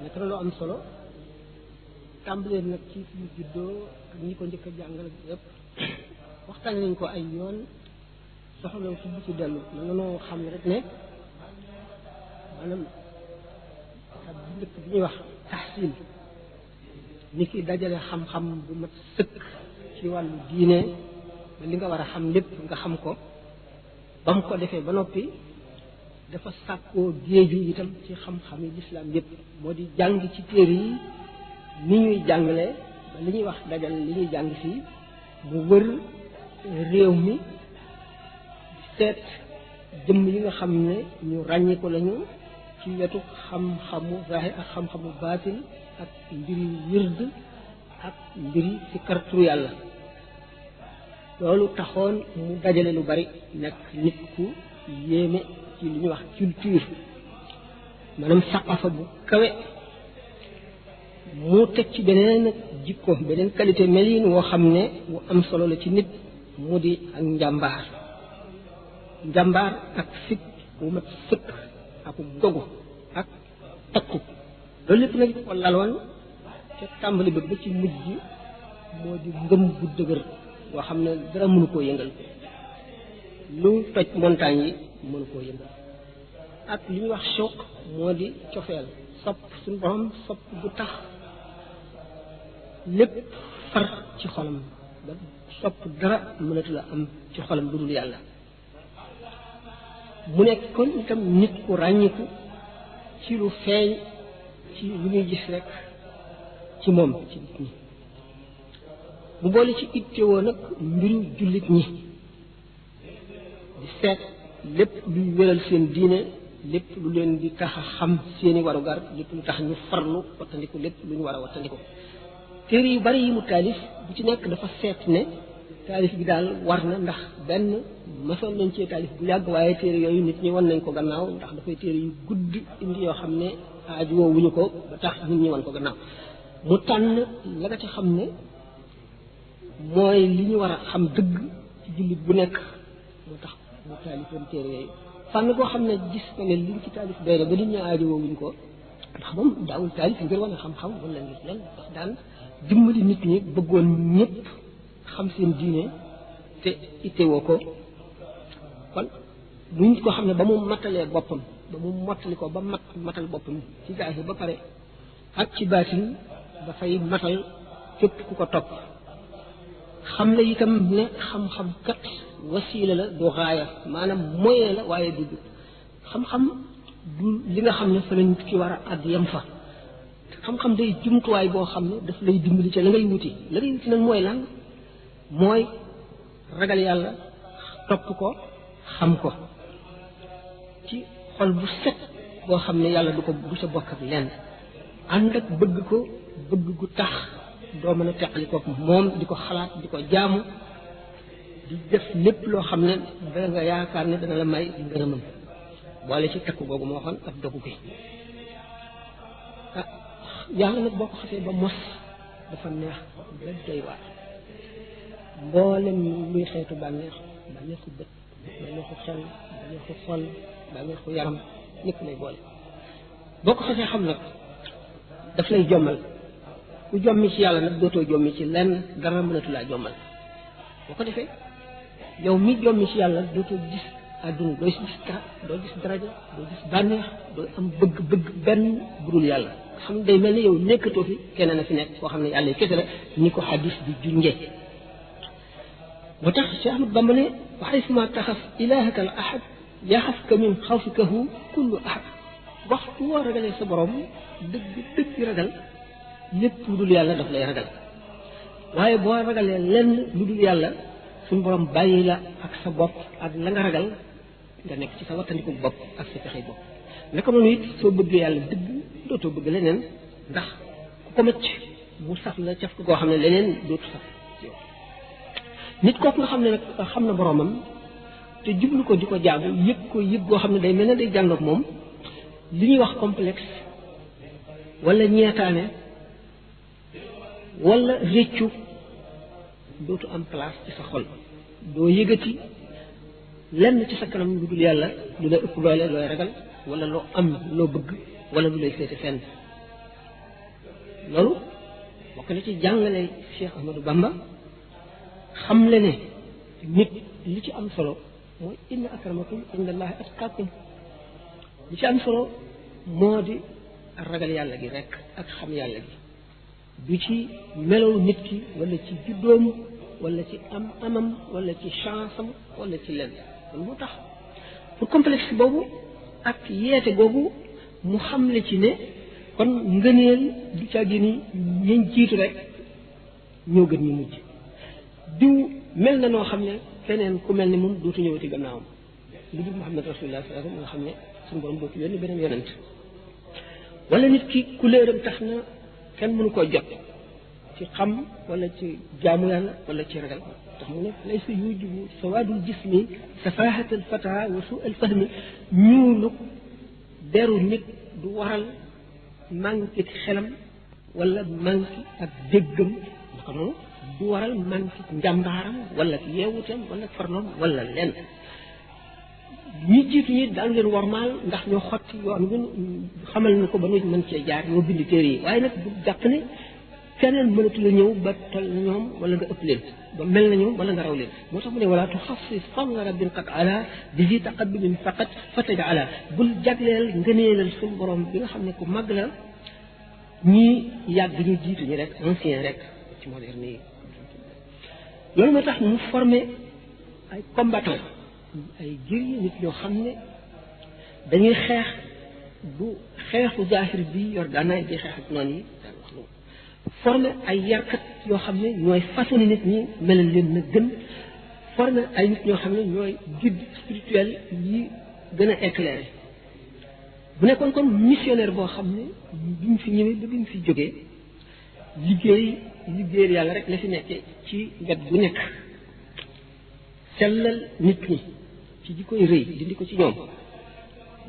nekk lo am solo tambale nak ci suñu juddoo ak ñi ko ñëk jangal yépp ak yëpp waxtaan nañ ko ay yoon soxla ci bu ci dellu la nga noo xam rek ne maanaam xat bu njëkk bi ñuy wax taxsin ni ki dajale xam-xam bu sëkk ci wàllu diine ba li nga war a xam lépp nga xam ko ba ko defee ba noppi dafa sàkkoo géeju itam ci xam-xam yi lislaam yépp moo di jàng ci téere yi ni ñuy jàngale ba li ñuy wax dajale li ñuy jàng fii mu wër réew mi seet jëmm yi nga xam ne ñu ràññiku lañu ci wetu xam-xamu zahir ak xam mbiri wird ak mbiri si karturu yàlla loolu taxoon mu dajale lu bari nekk nit ku yéeme ci li ñuy wax culture maanaam saqafa bu kawe mu teg ci beneen jikko beneen qualité melin woo xam ne wu am solo la ci nit mu di ak njàmbaar njàmbaar ak sikk wu mat sëkk ak dogu ak takku loolu lépp nag ko laloon won ci tambali bëgg ci mujj modi ngëm bu deugër boo xamne dara mënu ko yëngal lu toj montagne yi mënu ko yëngal ak li wax choc modi ciofel sop sun borom sop bu tax lepp far ci xolam ba sopp dara mënatu la am ci xolam lu yalla mu nekk kon itam nit ku ràññiku ci lu feeñ ci lu ñuy gis rekk ci moom ci nit ñi mu boole ci ittewoo nag mbiru jullit ñi di seet lépp luy wéral seen diine lépp lu leen di tax a xam seeni warugar lépp lu tax ñu farlu wattandiku lépp lu ñu war a wattandiku téere yu bari yi mu taalif bu ci nekk dafa seet ne taalif bi daal war na ndax benn mësoon nañ cee taalif bu yàgg waaye téere yooyu nit ñi wan nañ ko gannaaw ndax dafay téere yu gudd indi yoo xam ne aaju ko ba tax nit ñi ko gannaaw mu xam ne mooy li ñu war a xam dëgg ci bu nekk moo tax mu taalifoon téere koo xam ne gis na ne liñ ci taalif doy ko ndax moom daawul taalif ngir wane xam-xam wala ngir leen ndax daan dimbali nit ñi bëggoon ñëpp xam seen diine te itteewoo ko kon duñ ko xam ne ba mu mattalee boppam ba mu mottali ko ba mat matal boppam ci jaasi ba pare ak ci baatin dafay matal képp ku ko topp xam ne itam ne xam-xam kat wasiila la du raaya maanaam moyen la waaye du xam-xam du li nga xam ne fa lañ ki war a àgg fa xam-xam day jumtuwaay boo xam ne daf lay dimbali ca la ngay wuti la ngay wuti nag mooy lan mooy ragal yàlla topp ko xam ko ci xol bu set boo xam ne yàlla du ko du sa bokk ak lenn ànd ak bëgg ko bëgg gu tax doo mën a teqali ko moom di ko xalaat di ko jaamu di def lépp loo xam ne da nga yaakaar ne dana la may ngërëmam boole ci takku googu moo xam ak dogu gi ah yàlla nag boo ko xasee ba mos dafa neex ba doy waar mboolem luy xeetu bànneex bànneexu bët bànneexu xel bànneexu xol bànneexu yaram ñëpp lay boole boo ko xasee xam nag daf lay jommal ku jommi ci yàlla nag dootoo jommi ci lenn dara laa jommal boo ko defee yow mi jommi yàlla dootoo gis àdduna doo gis dara doo gis daraja doo gis bànneex doo am bëgg-bëgg benn budul yàlla xam day mel ni yow nekkatoo fi keneen a fi nekk koo xam ne yàlla kese la ni ko xadis di junjee وتخ شيخ بامبلي وحيث ما تخف الهك الاحد يخفك من خوفكه كل احد وقت هو رجل سبرم دك دك رجل لب لدول يالا دف لي رجل واي بو رجل لن لدول يالا سن برم بايلا اك سبب اك لنغ رجل دا نيك سي سوات نيكو بوب اك سي خي بوب نكو نوني سو بوب يالا دك دوتو بوب لنين داخ كوكو مچ مو صاف لا تشاف كو خامل لنين دوتو صاف nit kooku nga xam ne nag xam na boromam te jublu ko di ko jaamu yépp ko yëg goo xam ne day mel ne day jàndoog moom li ñuy wax complexe walla ñeetaane wala réccu dootu am place ci sa xol doo yëgati lenn ci sa kanam lu dul yàlla lu lay ëpp doole ragal wala loo am loo bëgg wala lu lay féete fenn loolu bokk na ci jàngale Cheikh Ahmadou Bamba xam le ne nit li ci am solo mooy inna akramakum indallahi atqakum li ci am solo moo di ragal yàlla gi rekk ak xam yàlla gi du ci melow nit ki wala ci juddoom wala ci am amam wala ci chance am ci lenn kon moo tax pour complexe boobu ak yeete boobu mu xam le ci ne kon ngëneel du càggi ni ñañ jiitu rek ñoo gën ñu mujj diw mel na noo xam ne keneen ku mel ni moom dootu ñëwati gannaawam lu dul Muhammad rasulullah sallallahu alayhi nga xam ne suñu borom dootu yónni beneen yonent wala nit ki couleuram tax na kenn mënu koo jot ci xam wala ci jaamu yàlla wala ci ragal tax mu ne laysa yujibu sawaadul jismi safahatal fata wa su al fahmi ñuulu deru nit du waral manque xelam wala manque ak déggam naka noonu du waral man ci njàmbaaram wala ci yeewuteem wala farloom wala lenn ñi jiitu ñi daan leen warmaal ndax ñoo xotti yoon wi xamal na ko ba nu mën cee jaar ñoo bind téere yi waaye nag bu jàpp ne keneen mënatu la ñëw ba tal na ñoom wala nga ëpp leen ba mel na ñoom wala nga raw leen moo tax mu ne wala tuxassis fadla rabbin qad ala bi fi taqabbulin faqat fataja ala bul jagleel ngëneelal suñu borom bi nga xam ne ku mag la ñii yàgg ñu jiitu ñi rek ancien rek ci moderne yi loolu moo tax mu formé ay combattant ay guerrier nit ñoo xam ne dañuy xeex bu xeexu zahir bi yor gànnaay di xeex ak noonu yi daan wax loolu formé ay yarkat yoo xam ne ñooy façonné nit ñi melal leen na gën formé ay nit ñoo xam ne ñooy guide spirituel yi gën a éclairé bu nekkoon kon missionnaire boo xam ne bi mu fi ñëwee ba bi mu fi jógee liggéey liggéeyal yàlla rek la fi nekkee ci wet gu nekk sellal nit ñi ci ji koy rëy dindi ko ci ñoom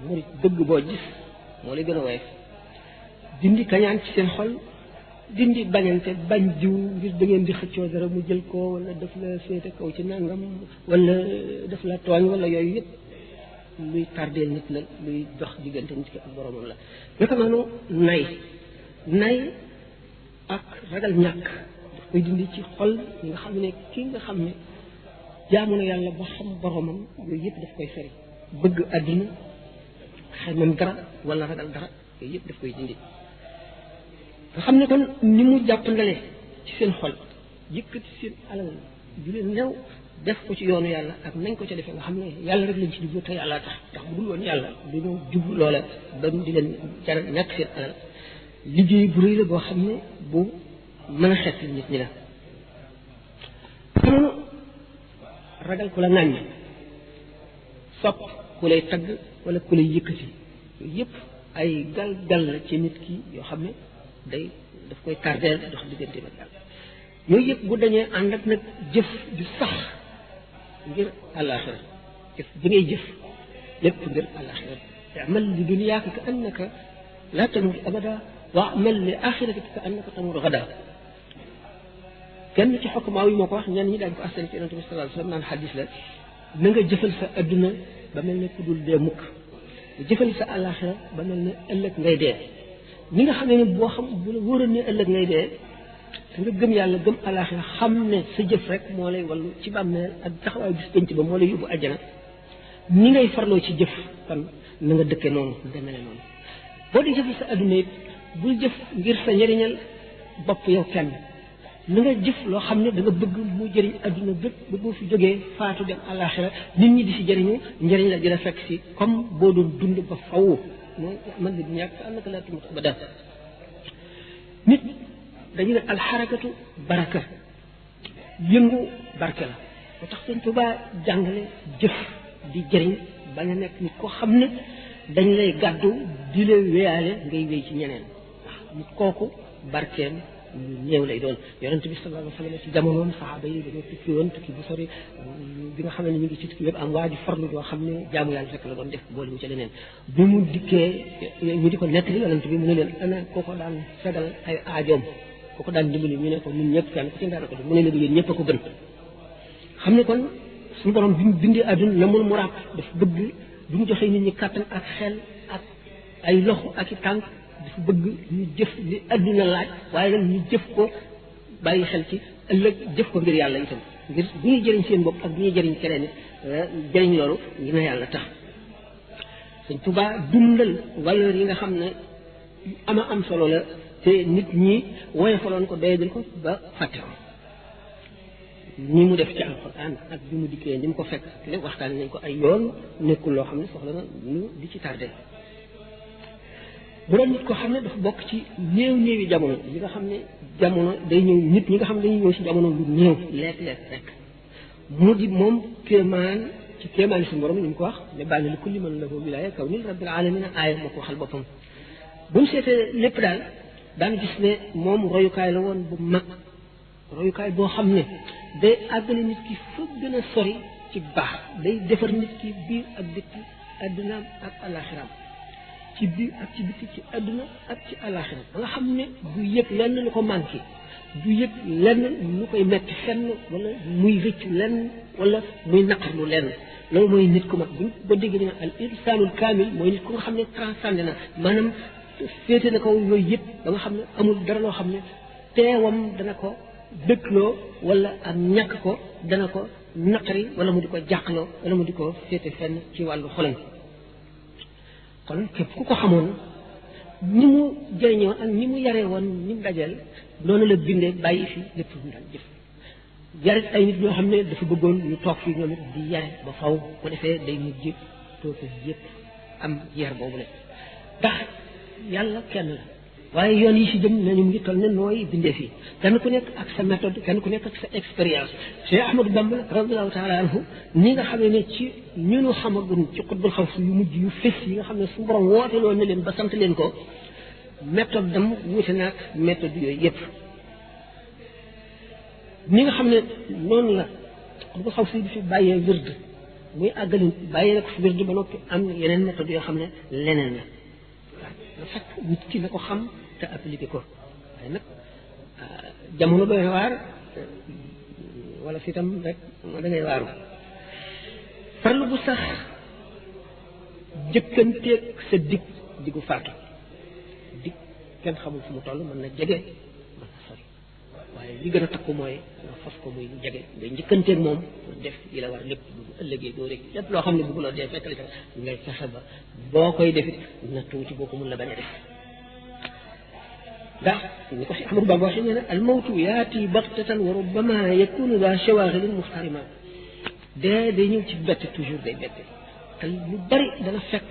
murit dëgg boo gis moo lay gën a woyof dindi kañaan ci seen xol dindi bañante bañ jiw ngir dangeen di xëccoo dara mu jël ko wala daf la féete kaw ci nangam wala daf la tooñ wala yooyu yëpp luy tardeel nit la luy dox diggante nit ki ak boromam la naka noonu nay nay ak ragal ñàkk daf koy dindi ci xol yi nga xam ne kii nga xam ne jaamu na yàlla ba xam boromam yooyu yëpp daf koy sori bëgg àddina xemam dara wala ragal dara yooyu yëpp daf koy dindi nga xam ne kon ni mu jàppandalee ci seen xol yëkkati seen alal ju leen néew def ko ci yoonu yàlla ak nañ ko ca defee nga xam ne yàlla rek lañ ci jublu te yàlla tax ndax bu dul woon yàlla du ñu jublu loola ba di leen jaral ñàkk seen alal liggéey bu rëy la boo xam ne bu mën a xeet nit ñi la xanoonu ragal ko la ŋàññ sopp ku lay tagg wala ku lay yëkkati yooyu yëpp ay gal gal la ci nit ki yoo xam ne day daf koy tardeel dox diggante ak yàlla yooyu yëpp bu dañee ànd nag jëf ju sax ngir àllaaxira jëf ji ngay jëf lépp ngir àllaaxira amal li duniyaaka ka annaka laa tanul abada واعmal li axiratika ka annaka tamuutu gadan kenn ci xokkumaaw yi moo ko wax ñenn ñi daañu ko askan ci yonent bi sallallahu alayhi wasallam naan xadis la na nga jëfal sa adduna ba mel ne ku dul dee mukk jëfal sa àllaaxira ba mel ne ëllëg ngay dee ni nga xam ne boo xam bu la wóoral ne ëllëg ngay dee te nga gëm yàlla gëm àllaaxira xam ne sa jëf rek moo lay wallu ci bàmmeel ak taxawaay bis penc ba moo lay yóbbu àjjana ni ngay farloo ci jëf kon na nga dëkke noonu demee noonu boo di jëfal sa adduna it bu jëf ngir sa njëriñal bop yow kenn na nga jëf lo xamne da nga bëgg mu jëriñ aduna bëgg bu bu fi joggé faatu dem àllaaxira nit ñi di ci jëriñu njëriñ la jëra fekk ci comme bo doon dund ba faw mo man di ñak am la tu ba abada nit dañu al-harakatu baraka yëngu barke la moo tax sëñ Tuubaa jàngale jëf di jëriñ ba nga nek nit ko xamne dañ lay gaddu di la wéyalé ngay wéy ci ñeneen kooku barkeem lu néew lay doon yonent bi sallallahu alayhi wa sallam ci jamonoom saxaaba yi dañoo tukki woon tukki bu sori bi nga xam ne ñu ngi ci am waa ji farlu joo xam ne jaamu yàlla rek la doon def boole wu ca leneen bi mu dikkee ñu di ko nettali yonent bi mu ne leen ana kooko daan fegal ay aajoom kooko daan dimbali ñu ne ko ñun ñëpp kenn ci ndaara ko mu ne leen yéen ñëpp a ko gën xam ne kon suñu borom bi mu bindee àdduna yamul mu ràpp daf bëgg bi mu joxee nit ñi kàttan ak xel ak ay loxo ak i tànk bëgg ñu jëf li àdduna laaj waaye nag ñu jëf ko bàyyi xel ci ëllëg jëf ko ngir yàlla itam ngir bu ñuy jëriñ seen bopp ak bu ñuy jëriñ keneen it jëriñ loolu ngir na yàlla tax sëñ Tuba dundal valeur yi nga xam ne ama am solo la te nit ñi woyofaloon ko doyadal ko ba fàtte ko ni mu def ci alquran ak bi mu dikkee ni mu ko fekk waxtaan nañ ko ay yoon nekkul loo xam ne soxla na ñu di ci tardé bu doon nit ko xam ne dafa bokk ci néew néewi jamono yi nga xam ne jamono day ñëw nit ñi nga xam ne dañuy ñëw si jamono lu néew leet leet rek mu di moom kéemaan ci kéemaan suñu borom ni mu ko wax ne bàyyi li kulli man lahu wilaaya kaw ni rabbil alamina aaya moo ko waxal boppam bu mu seetee lépp daal daan gis ne moom royukaay la woon bu mag royukaay boo xam ne day àggale nit ki fa gën a sori ci baax day defar nit ki biir ak dëkk addinaam ak alaxiraam ci biir ak ci biti ci àdduna ak ci alaxira nga xam ne du yëg lenn lu ko manqué du yëg lenn lu koy metti fenn wala muy rëccu lenn wala muy naqarlu lenn loolu mooy nit ku mag buñ ba dégg ne al insanul kaamil mooy nit ku nga xam ne transcendé na maanaam féete na ko yooyu yëpp da nga xam ne amul dara loo xam ne teewam dana ko dëkkloo wala am ñàkk ko dana ko naqari wala mu di ko jàqloo wala mu di ko féete fenn ci wàllu xolam kon ku ko xamoon ni mu jëriñoo ak ni mu yaree woon ni mu dajeel noonu la bindee bàyyi fi lépp mu daan jëf yare ay nit ñoo xam ne dafa bëggoon ñu toog fii ñoom it di yare ba faw ko defee day mujj toog yëpp am yar boobu la ndax yàlla kenn la waaye yoon yi si jëm nañu mu ngi toll ne nooy bindee fii kenn ku nekk ak sa méthode kenn ku nekk ak sa expérience Cheikh Ahmadou Bamba radiallahu taala anhu ni nga xam ne ci ñunu xamagun ci xutbul xaw yu mujj yu fés yi nga xam ne su borom woote loolu ne leen ba sant leen ko méthode dam wuute naag méthode yooyu yëpp ni nga xam ne noonu la xutbul xaw si bi fi bàyyee wird muy àggali bàyyee na ko fi wird ba noppi am yeneen méthode yoo xam ne leneen la fekk nit ki na ko xam te appliqué ko waaye nag ah, jamono doy na waar wala fi tam rek da ngay waaru farlu bu sax jëkkanteeg sa dig digu faatu dig kenn xamul fu mu toll mën na jege waaye li gën a takku mooy nga fas ko muy jege ngay njëkkanteeg moom def yi la war lépp bu ëllëgee doo rek lépp loo xam ne bëgg loo dee fekk la ca ngay fexe ba boo koy defit na tuuti boo ko mun la bañ a def لا ربما حينها الموت ياتي بغتة وربما يكون ذا شواغل محرمة دا دي نيو تبت تجور دي بيت قال مبري دا نفك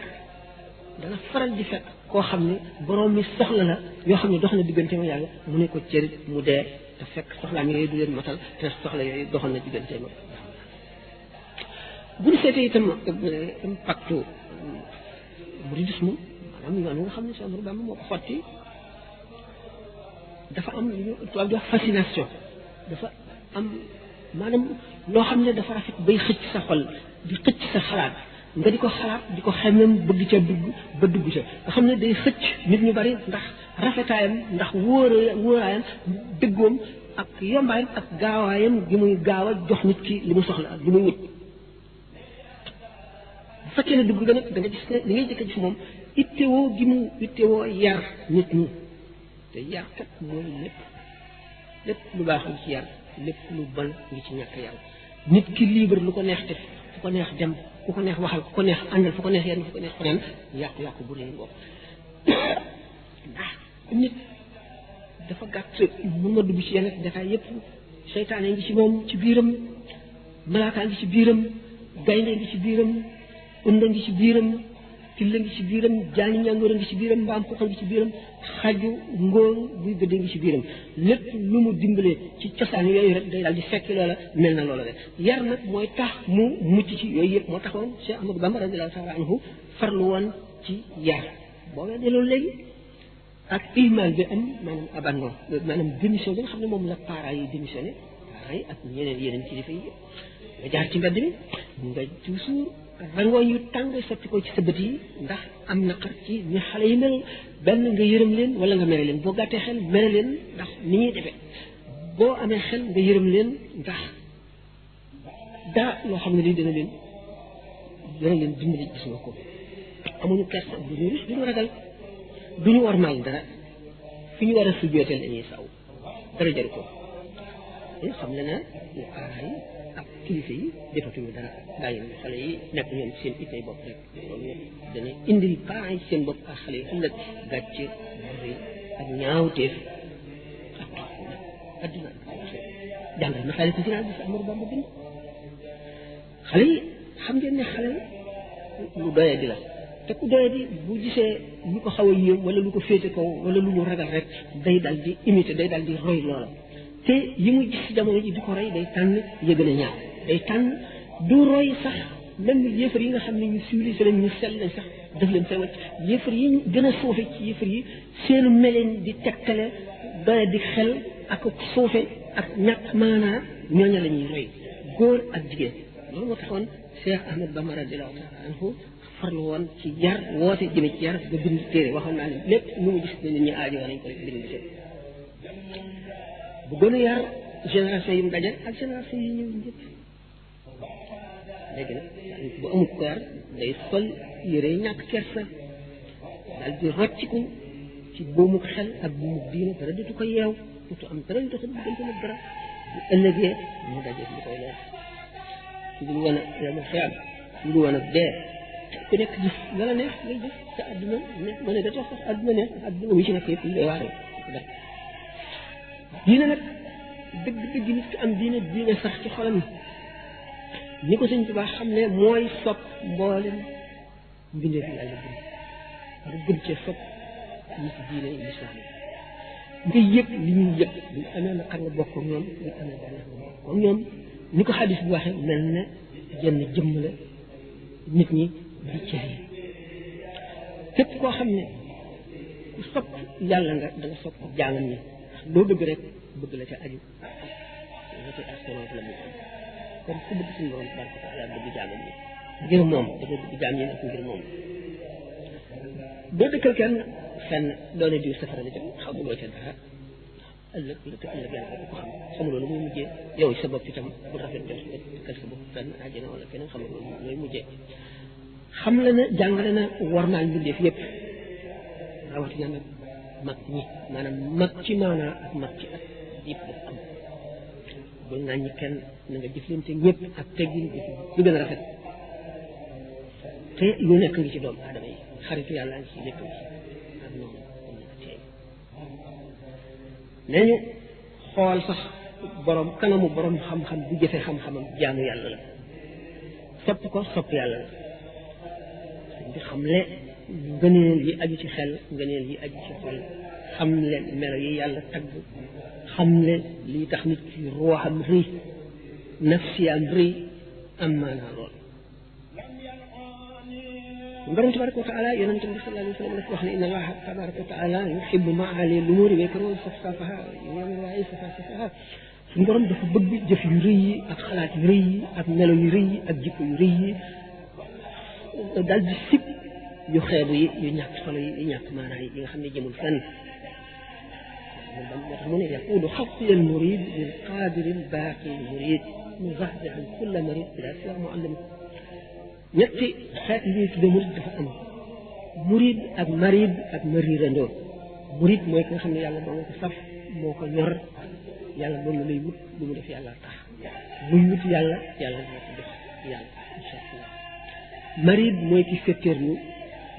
دا نفرن دي فك كو خمني برومي سخلا لا يو خمني دخلنا دي بنتي مياه موني كو تيري مدي تفك سخلا مياه دي دي مطل تنس سخلا يو دخلنا دي بنتي مياه بني سيتي تم امباكتو بريد اسمو مرامي وانو خمني سيان ربما مو خطي dafa am lu ñu tubaab dafa am loo xam ne dafa rafet bay xëcc sa xol di xëcc sa xalaat nga di ko xalaat di ko xemem bëgg ca dugg ba dugg ca nga xam ne day xëcc nit ñu bari ndax rafetaayam ndax wóor wóoraayam dëggoom ak yombaayam ak gaawaayam gi muy gaaw a jox nit ki li mu soxla ak li muy wut bu fekkee dugg nga nag da nga gis ne li ngay jëkk a gis moom ittewoo gi mu ittewoo yar nit ñi te yar kat lépp lu baax ngi ci yar lépp lu bon ngi ci ñàkk yar nit ki libre lu ko neex def fu ko neex dem fu ko neex waxal fu ko neex àndal fu ko neex yenn fu ko neex xoneen yàqu-yàqu bu réy boobu ndax nit dafa gàtt mën nga dugg ci yenn détail yépp seytaane ngi ci moom ci biiram malaakaa ngi ci biiram gaynde ngi ci biiram unda ngi ci biiram tilla ngi ci biiram jaani ñàngoor a ngi ci biiram mbaam xuuxa ngi ci biiram xaju ngóon buy bëddee ngi ci biiram lépp lu mu dimbalee ci cosaan yooyu rek day daal di fekk loola mel na loola rek yar nag mooy tax mu mucc ci yooyu yëpp moo taxoon Cheikh Ahmadou Bamba radiyallahu taala anhu farlu woon ci yar boo weddee loolu léegi ak iman bi am maanaam abandon maanaam démission bi nga xam ne moom la parents yi démissionné ak ñeneen yeneen ci dafay nga jaar rangoñ yu tàng sotti ko ci sa bët yi ndax am naqar ci ñi xale yi mel benn nga yërëm leen wala nga mere leen boo gàttee xel mere leen ndax ni ñuy defee boo amee xel nga yërëm leen ndax daa loo xam ne lii dina leen dana leen dimbali gis nga ko amuñu kersa duñu rus duñu ragal duñu warmaal dara fi ñu war a sujjootee lañuy saw dara jaru ko eh, xam ne na ñu aaraay ak kilifa yi defatuñu dara bàyyi nañu xale yi nekk ñoom seen itay bopp rek dana indil parents seen bopp ak xale yi ëllëg gàcce xale yi lu doye di la te ku doye bu gisee lu ko xaw a yéem wala lu ko féete kaw wala lu mu ragal rek day dal di imité day dal di roy loola te yi muy gis ci jamono ji di ko rey day tànn ya ñaar day tànn du roy sax même yéefar yi nga xam ne ñu civilisé lañ ñu sell lañ sax def leen fay wàcc yéefar yi ñu gën a suufe ci yéefar yi seenu meleen di tegtale doye di xel ak soofe ak ñàkk maanaa ñooña la ñuy roy góor ak jigéen loolu moo taxoon cheikh ahmed bamba radiallahu taala anhu farlu woon ci jar woote jëme ci jar ba bind téere waxoon naa ne lépp lu mu gis ne nit ñi aajo nañ ko rek bind bu gën a yar génération yi mu dajal ak génération yi ñëw yëpp léegi nag bu amul ko yar day sol yére ñàkk kersa daal di rocciku ci buumu xel ak buumu diine dara dutu ko yeew dutu am dara dutu diggante nag dara bu ëllëgee mu dajeeg li koy leer ci lu wane yamu xiyam ci lu wane dee ku nekk gis la la neex ngay def te àdduna ne ma ne da tax sax àdduna neex àdduna wi ci nekk yëpp lay waaree dara diine nag dëgg dëgg nit ki am diine diine sax ci xolam yi ni ko sëñ Tuubaa xam ne mooy sopp mboolem nga ñi ko xadis bu waxee mel ne ñi képp koo xam ne ku sopp yàlla danga sopp jaalam ñi loo bëgg rek bëgg la ca aju wati assurance la muy am kon ku bëgg suñu borom tabaraka taala bëgg jaamam yi ngir moom dafa bëgg jaam yi nekk ngir moom doo dëkkal kenn fenn doone diw safara la jëm xamuloo ca dara ëllëg la te ëllëg yàlla ko xam xamuloo lu muy mujjee yow sa bopp itam bu rafet jot nga dëkkal sa bopp fenn àjjana wala keneen xamuloo looy mujjee xam la ne jàngale na war naa mbindeef yépp rawatina nag mag ñi maanaam mag ci maanaa ak mag ci at yëpp daf am ñi kenn na jëflante ñëpp ak teggin bi lu gën a rafet te lu nekk ngi ci doomu aadama yi xaritu yàlla ngi ci nekk ngi ak noonu am na teey ñu xool sax borom kanamu borom xam-xam bu jëfe xam-xamam jaamu yàlla la sopp ko sopp yàlla la suñ bi xamle ngëneel yi aju ci xel ngëneel yi aju ci xol xam leen melo yi yàlla tagg xam leen lii tax nit ki ruuxam rëy nafsiyam rëy am maanaa lool borom tabaraka wa taala yonent bi sallallahu alayhi wa sallam wax ne inna allaha tabaraka wa taala yuhibbu maali lumuri wa yakrahu safsafaha yamuru wa isafa safaha suñu borom dafa bëgg jëf yu rëy yi ak xalaat yu rëy yi ak melo yu rëy yi ak jikko yu rëy yi daal di sib يخيب ينيك صلى ينيك ما نهي إن خمي جم الفن يقول حقيا المريد للقادر الباقي المريد مزهد عن كل مريد في الأسلاء معلم نتي خاتلي كده مريد فأنا مريد أب مريد أب مريد أنا مريد ما يكون خمي يلا ما يكون صف ما يكون ير يلا ما يلي يوت بدون في الله تا يوت يلا يلا ما يكون يلا إن شاء الله مريد ما يكون سكرني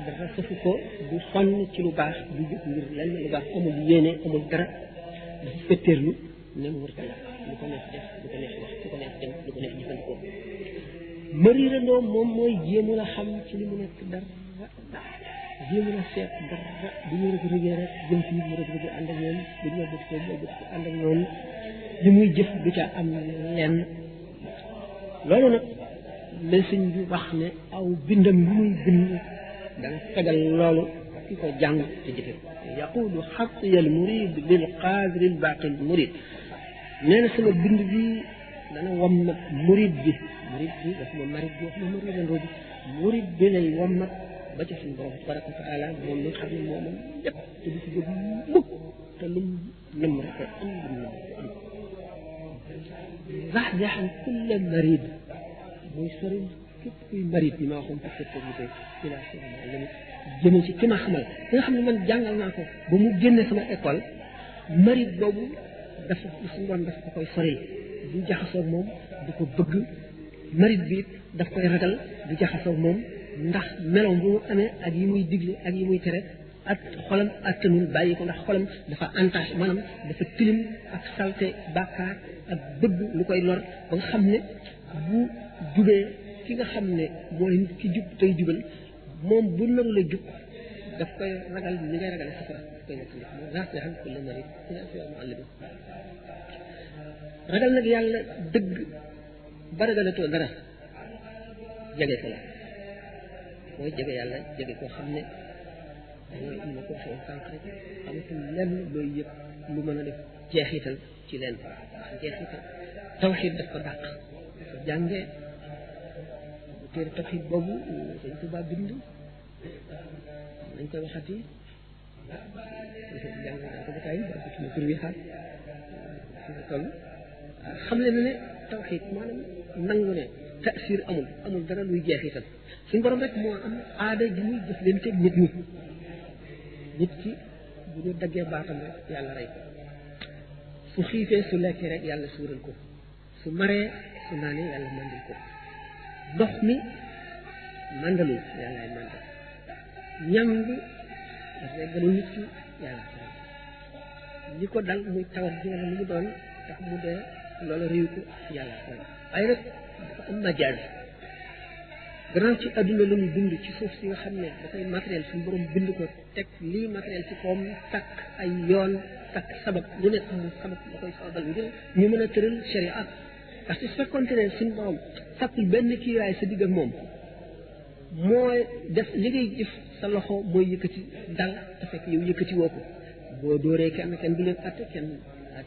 dara sëfu ko du sonn ci lu baax du jub ngir lenn lu baax amul yéene amul dara dafa fetteerlu ne mu wërta lu ko neex def lu ko neex wax lu ko neex dem lu ko neex jëfandikoo mërirandoo moom mooy jéemu la xam ci li mu nekk dara jéemu la seet dara bu ñu rëg rëgee rek jëm fii mu rëg rëgee ànd ak ñoom bu ñu ànd ak ñoom li muy jëf du ca am lenn loolu nag sëñ bi wax ne aw bindam bi muy bind يقول حطي المريد بالقادر الباقي المريد نانا سما بند بي دانا وام مريد بي مريد بي اسمو مريد بي اسمو مريد بي مريد بي لن وام با تي سن بروم تبارك وتعالى موم لي خامي موم ييب تي دي سي بي بوك تا لوم نم رك زحزح كل المريض ويسرد képp kuy bi maa xom fak ko mute ila sma lami ki ma xamal ki nga xam ne man jàngal naa ko ba mu génne sama école marit boobu dafa suñu borom dafa ko koy soril du jaxasoo moom du ko bëgg marit bi daf koy ragal du jaxasoo moom ndax meloom bu mu amee ak yi muy digle ak yi muy tere ak xolam attanul bàyyi ko ndax xolam dafa entaché maanaam dafa tilim ak salte bàkkaar ak bëgg lu koy lor ba nga xam ne bu jubee ki nga xam ne mooy nit ki jub tey jubal moom bu naru la jub daf koy ragal xam ko nag yàlla dëgg ba dara jege ko la mooy jege yàlla jege koo xam ne mooy ñu ma ko waxee sànq lenn looy yëpp lu mën a def jeexital ci leen ndax daf ko dàq jàngee téere tawxiid boobu sëñ Tuubaa bind nañ koy waxati jàng naa ko ba tey xam leen ne tawxiid nangu ne taasir amul amul dara luy jeexital suñ borom rek moo am aada ji muy jëf leen teg nit ñi nit ki bu ñu daggee baatam rek yàlla rey ko su xiifee su lekkee rek yàlla suural ko su maree su naanee yàlla mandil ko dox mi màndalu yàllaay màndal ñam bi daf reggalu nit ki yàlla li ko dal muy tawat doon tax mu dee loolu réew ko yàlla waaye nag ci àdduna lu ñu dund ci suuf si nga xam ne dafay matériel suñu borom bind ko teg lii matériel ci koom takk ay yoon takk sabab lu nekk mu sabab da koy sababal ngir ñu mën a tëral sharia parce que su fekkoonte ne suñu borom sàkkul benn kiiraay sa digg ak moom mooy def li ngay jëf sa loxo mooy yëkkati dal te fekk yow yëkkati ko boo dóoree kenn kenn du leen àtte kenn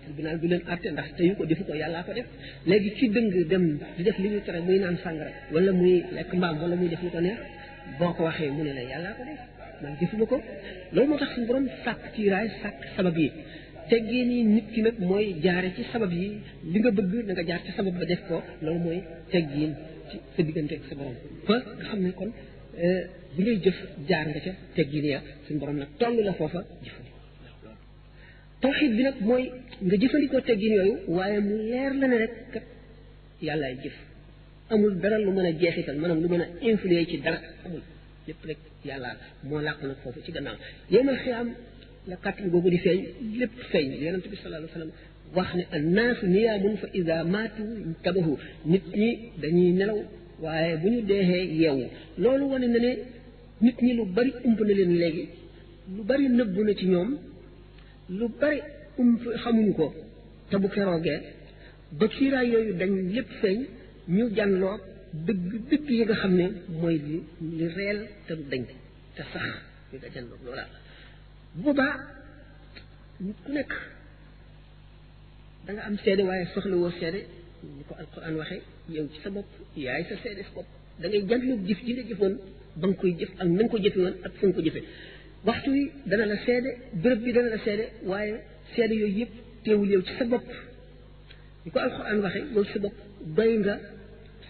tribunal du leen àtte ndax teyu ko defu ko yàllaa ko def léegi ci dëng dem di def li ñu tere muy naan sàngara wala muy lekk mbaam wala muy def lu ko neex boo ko waxee mu ne la yàllaa ko def man jëfuma ko loolu moo tax suñu borom sàkk kiiraay sàkk sabab yi teggin yi nit ki nag mooy jaare ci sabab yi li nga bëgg na nga jaar ci sabab ba def ko loolu mooy teggin ci sa diggante ak sa ba nga xam ne kon euh, bi ngay jëf jaar nga ca teggin ya suñ borom nag toll la foofa jëfandikoo tawxiid bi nag mooy nga jëfandikoo teggin yooyu waaye mu leer la ne rek yàllaay jëf amul dara lu mën a jeexital maanaam lu mën a influer ci dara amul lépp rek yàlla moo làq nag foofu ci gannaaw yéen a xiyam la kàttan googu di feeñ lépp feeñ yonent bi sallallahu alayhi wa sallam wax ne an naasu niyaamun fa ida maatu tabahu nit ñi dañuy nelaw waaye bu ñu deexee yeewu loolu wane na ne nit ñi lu bari ump na leen léegi lu bari nëbbu na ci ñoom lu bari ump xamuñu ko te bu keroogee ba kiiraay yooyu dañ lépp feeñ ñu jànloo dëgg dëgg yi nga xam ne mooy li li réel te du dañ te sax ñu nga jànloo loolaa bubaa nit ku nekk da nga am seede waaye soxla woo seede ni ko alquran waxe yow ci sa bopp yaay sa seede sa bopp da ngay jàntlu jëf ji nga jëfoon ba nga koy jëf ak na nga ko jëfe woon ak fa nga ko jëfe waxtu yi dana la seede béréb bi dana la seede waaye seede yooyu yëpp teewul yow ci sa bopp ni ko alquran waxe yow ci sa bopp doy nga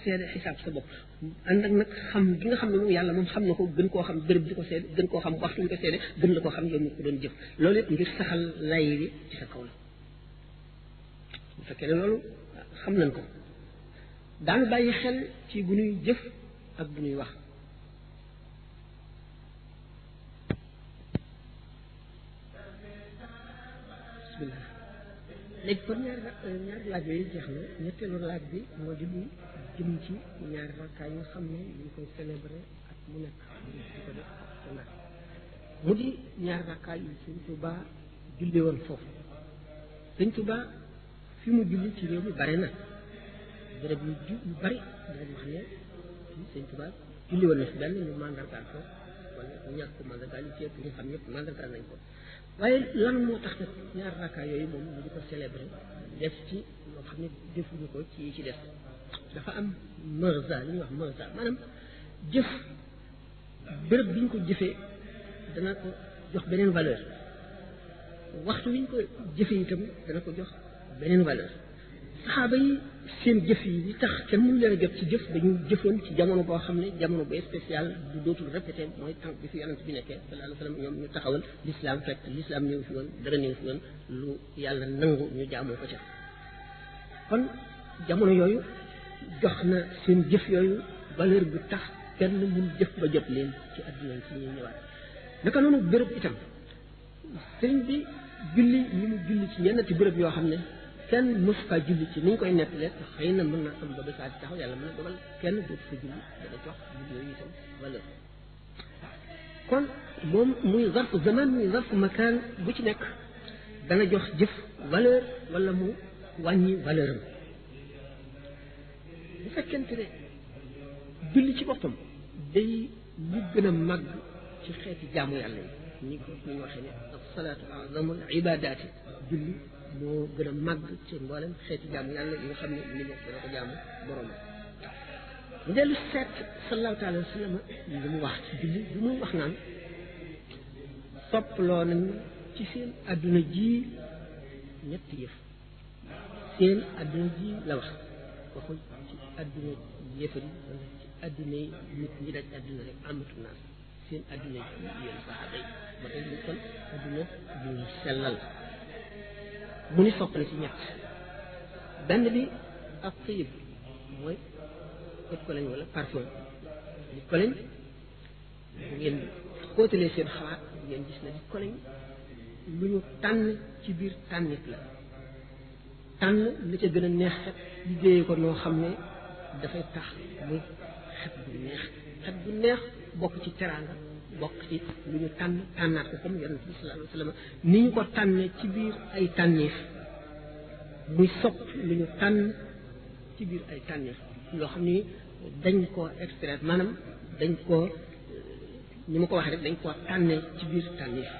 seede xisaab sa bopp ànd ak nag xam bi xam ne moom yàlla moom xam na ko gën koo xam béréb di ko seede gën koo xam waxtu bi ko seede gën la ko xam yow mi ko doon jëf loolu yëpp ngir saxal lay bi ci bu fekkee ne loolu xam ko daanu bàyyi bu ñuy jëf ak bu ñuy jeex na ñetteelu laaj bi moo di ci ñaari rakka nga xam ne ñu ngi koy célébrer di ko def te yu sëñ Tuba julli woon foofu sëñ Tuba fi mu julli ci réew mi bare na béréb yu ju yu bari dinañ wax ne ñu mandargaal ko wala ñu ñàkk ko mandargaal yu ñu xam ñëpp mandargaal nañ ko waaye lan moo tax nag ñaar rakka yooyu moom ñu di ko célébrer def ci loo xam ne defuñu ko ci yi ci def dafa am marza li ñuy wax marza maanaam jëf béréb bi ñu ko jëfee dana ko jox beneen valeur waxtu wi ñu ko jëfee itam dana ko jox beneen valeur saxaaba yi seen jëf yi li tax kenn mënu leen a jot ci jëf dañu jëfoon ci jamono boo xam ne jamono bu spécial du dootul répété mooy temps bi fi yonent bi nekkee sallallahu alayhi wa sallam ñoom ñu taxawal l'islam fekk l'islam ñëw fi woon dara ñëw fi woon lu yàlla nangu ñu jaamoo ko ca kon jamono yooyu jox na seen jëf yooyu valeur bu tax kenn mun jëf ba jot leen ci àdduna si ñuy ñëwaat naka noonu béréb itam sëriñ bi julli li mu julli ci ñennati béréb yoo xam ne kenn mës faa julli ci ni koy nettalee te xëy na mën na am ba bésaa yàlla mën na dogal kenn dootu fa julli dana jox julli kon moom muy zarf zaman muy zarf makaan bu ci nekk dana jox jëf valeur wala mu wàññi valeur bu fekkente ne julli ci boppam day lu gën a màgg ci xeeti jaamu yàlla yi ñi ko ñu waxee ne ak salaatu azamul ibadaati julli moo gën a màgg ci mboolem xeeti jaamu yàlla yi nga xam ne li nekk dana ko jaamu borom mu dellu seet sallallahu taala wa sallam li mu wax ci julli li muy wax naan topploo nañ ci seen àdduna ji ñett yëf seen àdduna ji la wax waxul ci adduna yéefar yi wala adduna yi nit ñi daj adduna rek amatu naa seen adduna yi yéen saxaaba yi ba tey ñu kon adduna bu sellal mu ni sopp na ci ñett benn bi ak tayib mooy pot ko lañ wala parfum di ko ngeen xóotalee seen xalaat ngeen gis na di ko lu ñu tànn ci biir tànnit la tan li ca gën a neex liggéeyee ko noo xam ne dafay tax muy xet bu neex xet bu neex bokk ci teranga bokk ci lu ñu tànn tànnaat ko comme yonent bi sallallahu alayhi wa sallam ni ñu ko tànne ci biir ay tànneef muy sopp lu ñu tànn ci biir ay tànneef loo xam ni dañ koo extraire maanaam dañ koo ni ma ko waxee rek dañ koo tànne ci biir tànneef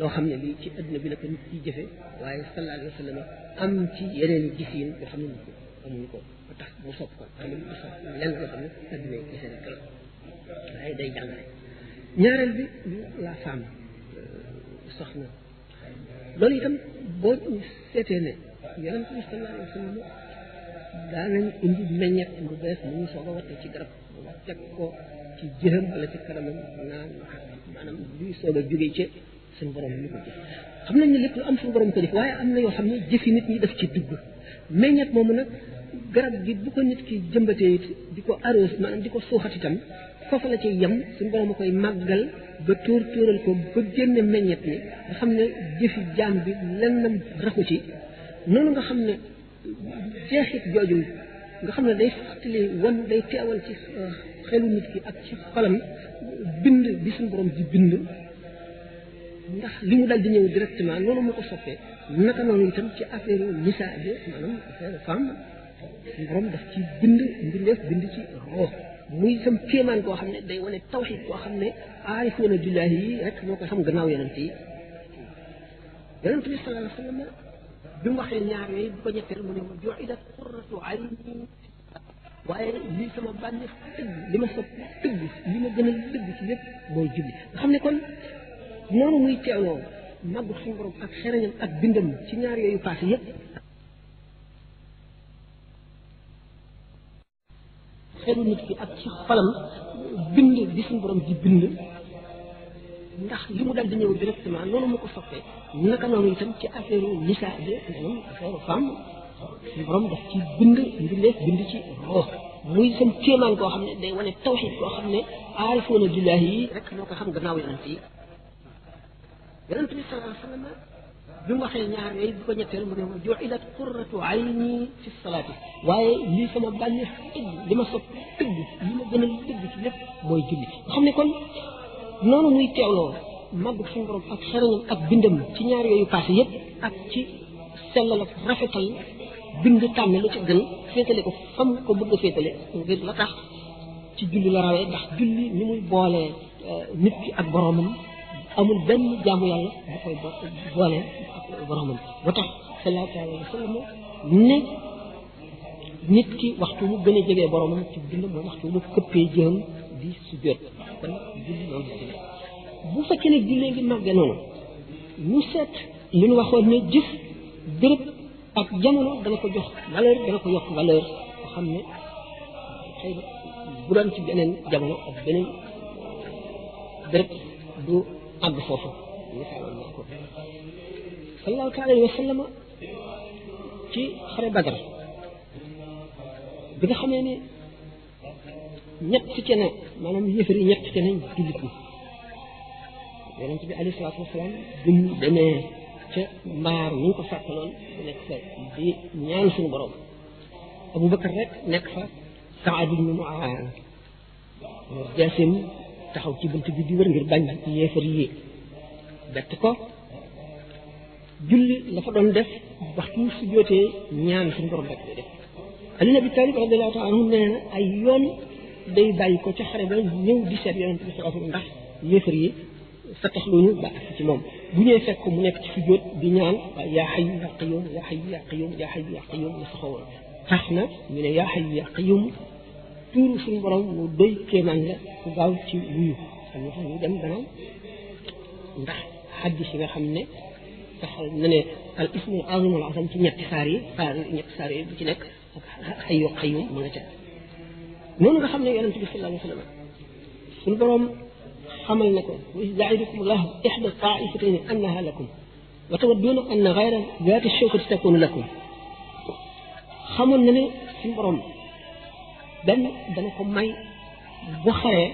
loo xam ne lii ci adduna bi la ko nit ciy jëfe waaye sallallahu alayhi wa sallam ci yeneen gisiin yoo xam ne nit ko amuñu ko ba tax ko xam ne mu sopp xam ne adduna yi gisee rek la waaye day jàngale bi la femme euh, soxna boo seetee ne yonent bi sallallahu alayhi wa sallam daanañ indi meññet bu bees mu ci garab teg ko ci jërëm wala ci kanamam naan maanaam luy soog a jógee ci suñ borom ñu ko jëf xam nañ ne lépp lu am suñu borom ko jëf waaye am na yoo xam ne jëfi nit ñi daf ci dugg meññet moomu nag garab gi bu ko nit ki jëmbatee it di ko arrose maanaam di ko suuxat itam foofu la ci yem suñ borom a koy màggal ba tuur tuural ko ba génne meññet ni nga xam ne jëfi jaam bi lennam raxu ci noonu nga xam ne jeexit jooju nga xam ne day fàttali wan day teewal ci xelu nit ki ak ci xolam bind bi suñ borom ji bind ndax li mu dal di ñëw directement loolu moo ko soppee naka noonu itam ci affaire misaal maanaam affaire femme borom daf ci bind mbindeef bind ci roox muy sam kéemaan koo xam ne day wane tawxid koo xam ne aarifuuna billaahi yi rek ñoo koy xam gannaaw yonent yi yonent bi sallallahu alayhi wa sallam bi ne kon noonu muy teewloo màggut suñu borom ak xereñam ak bindam ci ñaar yooyu paase yépp xelu nit ki ak ci xolam bind bi suñu borom di bind ndax li mu dal di ñëw directement noonu mu ko soppee naka noonu itam ci affaire nisaa bi maanaam affaire femme suñu borom daf ci bind mbindeef bind ci muy seen kéemaan koo xam ne day wane tawxid koo xam ne aarifoona billaahi yi rek ñoo ko xam gannaaw yonent yi yonent bi salaa sallam bi mu waxee ñaar yooyu bu ko ñetteel mu ne ma juxilat qurratu ayni fi salaati waaye lii sama bànneex tëgg li ma sopp tëgg li ma gën a tëgg ci lépp mooy julli nga xam ne kon noonu muy teewloo màggu suñu borom ak xerañam ak bindam ci ñaar yooyu passé yépp ak ci sellal ak rafetal bind tànn lu ci gën féetale ko fam ko bëgg a féetale ngir la tax ci julli la rawee ndax julli ni muy boolee nit ki ak boromam amul benn jaamu yàlla bu koy boole boromam ba tax sallallahu alayhi wa sallam ne nit ki waxtu mu gën a jege boromam ci dund mooy waxtu mu këppee jëm di sujjóot kon julli noonu la demee bu fekkee ne jullee ngi màgge noonu ñu seet li ñu waxoon ne jëf béréb ak jamono dana ko jox valeur dana ko yokk valeur nga xam ne xëy na bu doon ci beneen jamono ak beneen béréb du أقصصه صلى الله عليه وسلم في خري بدر بدا خميني نيت يعني سي كنا مانام يفر نيت كنا جولي كو يعني يلان عليه الصلاه والسلام دم دمي تي مار نيو فاتلون نيك سي دي نيان سون بروم ابو بكر نيك فا سعد بن معاذ جاسم taxaw ci bunt bi di wër ngir bañ ci yéfer yi bett ko julli la fa doon def wax ci su jotee ñaan suñu borom rek def ali nabi talib radhiyallahu taala anhu neena ay yoon day bay ko ci xare ba ñëw di set yoon ci sallallahu ndax yéfer yi sa tax luñu ba ci mom bu ñe fekk mu nekk ci su sujjóot di ñaan ya hayy ya qayyum ya hayy ya qayyum ya hayy ya qayyum qayum la saxawoon tax ñu ne yaa xay yaa qayum tour suñu borom mu doy kéemaan la ku gaaw ci wuyu xam nga ñu dem dana ndax hadis yi nga xam ne taxal na ne al ismu al azim al azam ci ñetti saar yi saar ñetti saar yi bu ci nekk ak xayu xayum mu nga ca noonu nga xam ne yonente bi sallallahu alayhi wasallam sallam suñu borom xamal na ko wa zaidukum lahu ihda taifatayn annaha lakum wa tawaddun anna ghayra ذات الشوكة تكون لكم xamoon na ne suñu borom benn dana ko may bu xaree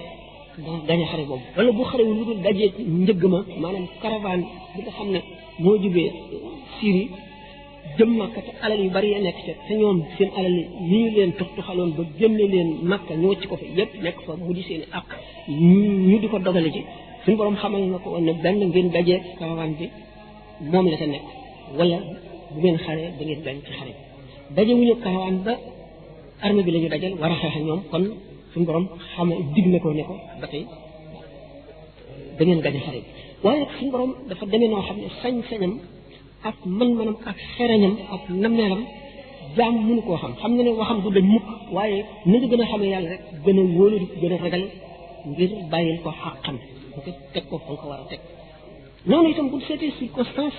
dana gañe xare boobu wala bu xarewul lu dul dajee njëgg ma maanaam caravane bi nga xam ne moo jubee Syrie jëm Makka te alal yu bari ya nekk ca te ñoom seen alal yi ñu leen tux tuxaloon ba génne leen Makka ñu wacc ko fa yépp nekk fa mu di seen ak ñu di ko dogale ci suñ borom xamal na ko woon ne benn ngeen dajee caravane bi moom la ca nekk wala bu ngeen xaree da ngeen gañ ci xare bi dajewuñu caravane ba armée bi la ñu dajal war a xeex ak ñoom kon suñu borom xam dig na ko ne ko ba tey da ngeen gañe xare bi waaye suñu borom dafa demee noo xam ne sañ-sañam ak man-manam xam xam na ne waxam du dañ mukk waaye na gën a xamee yàlla rek gën a a ragal ko teg ko fa nga ko war a teg noonu itam bu seetee circonstance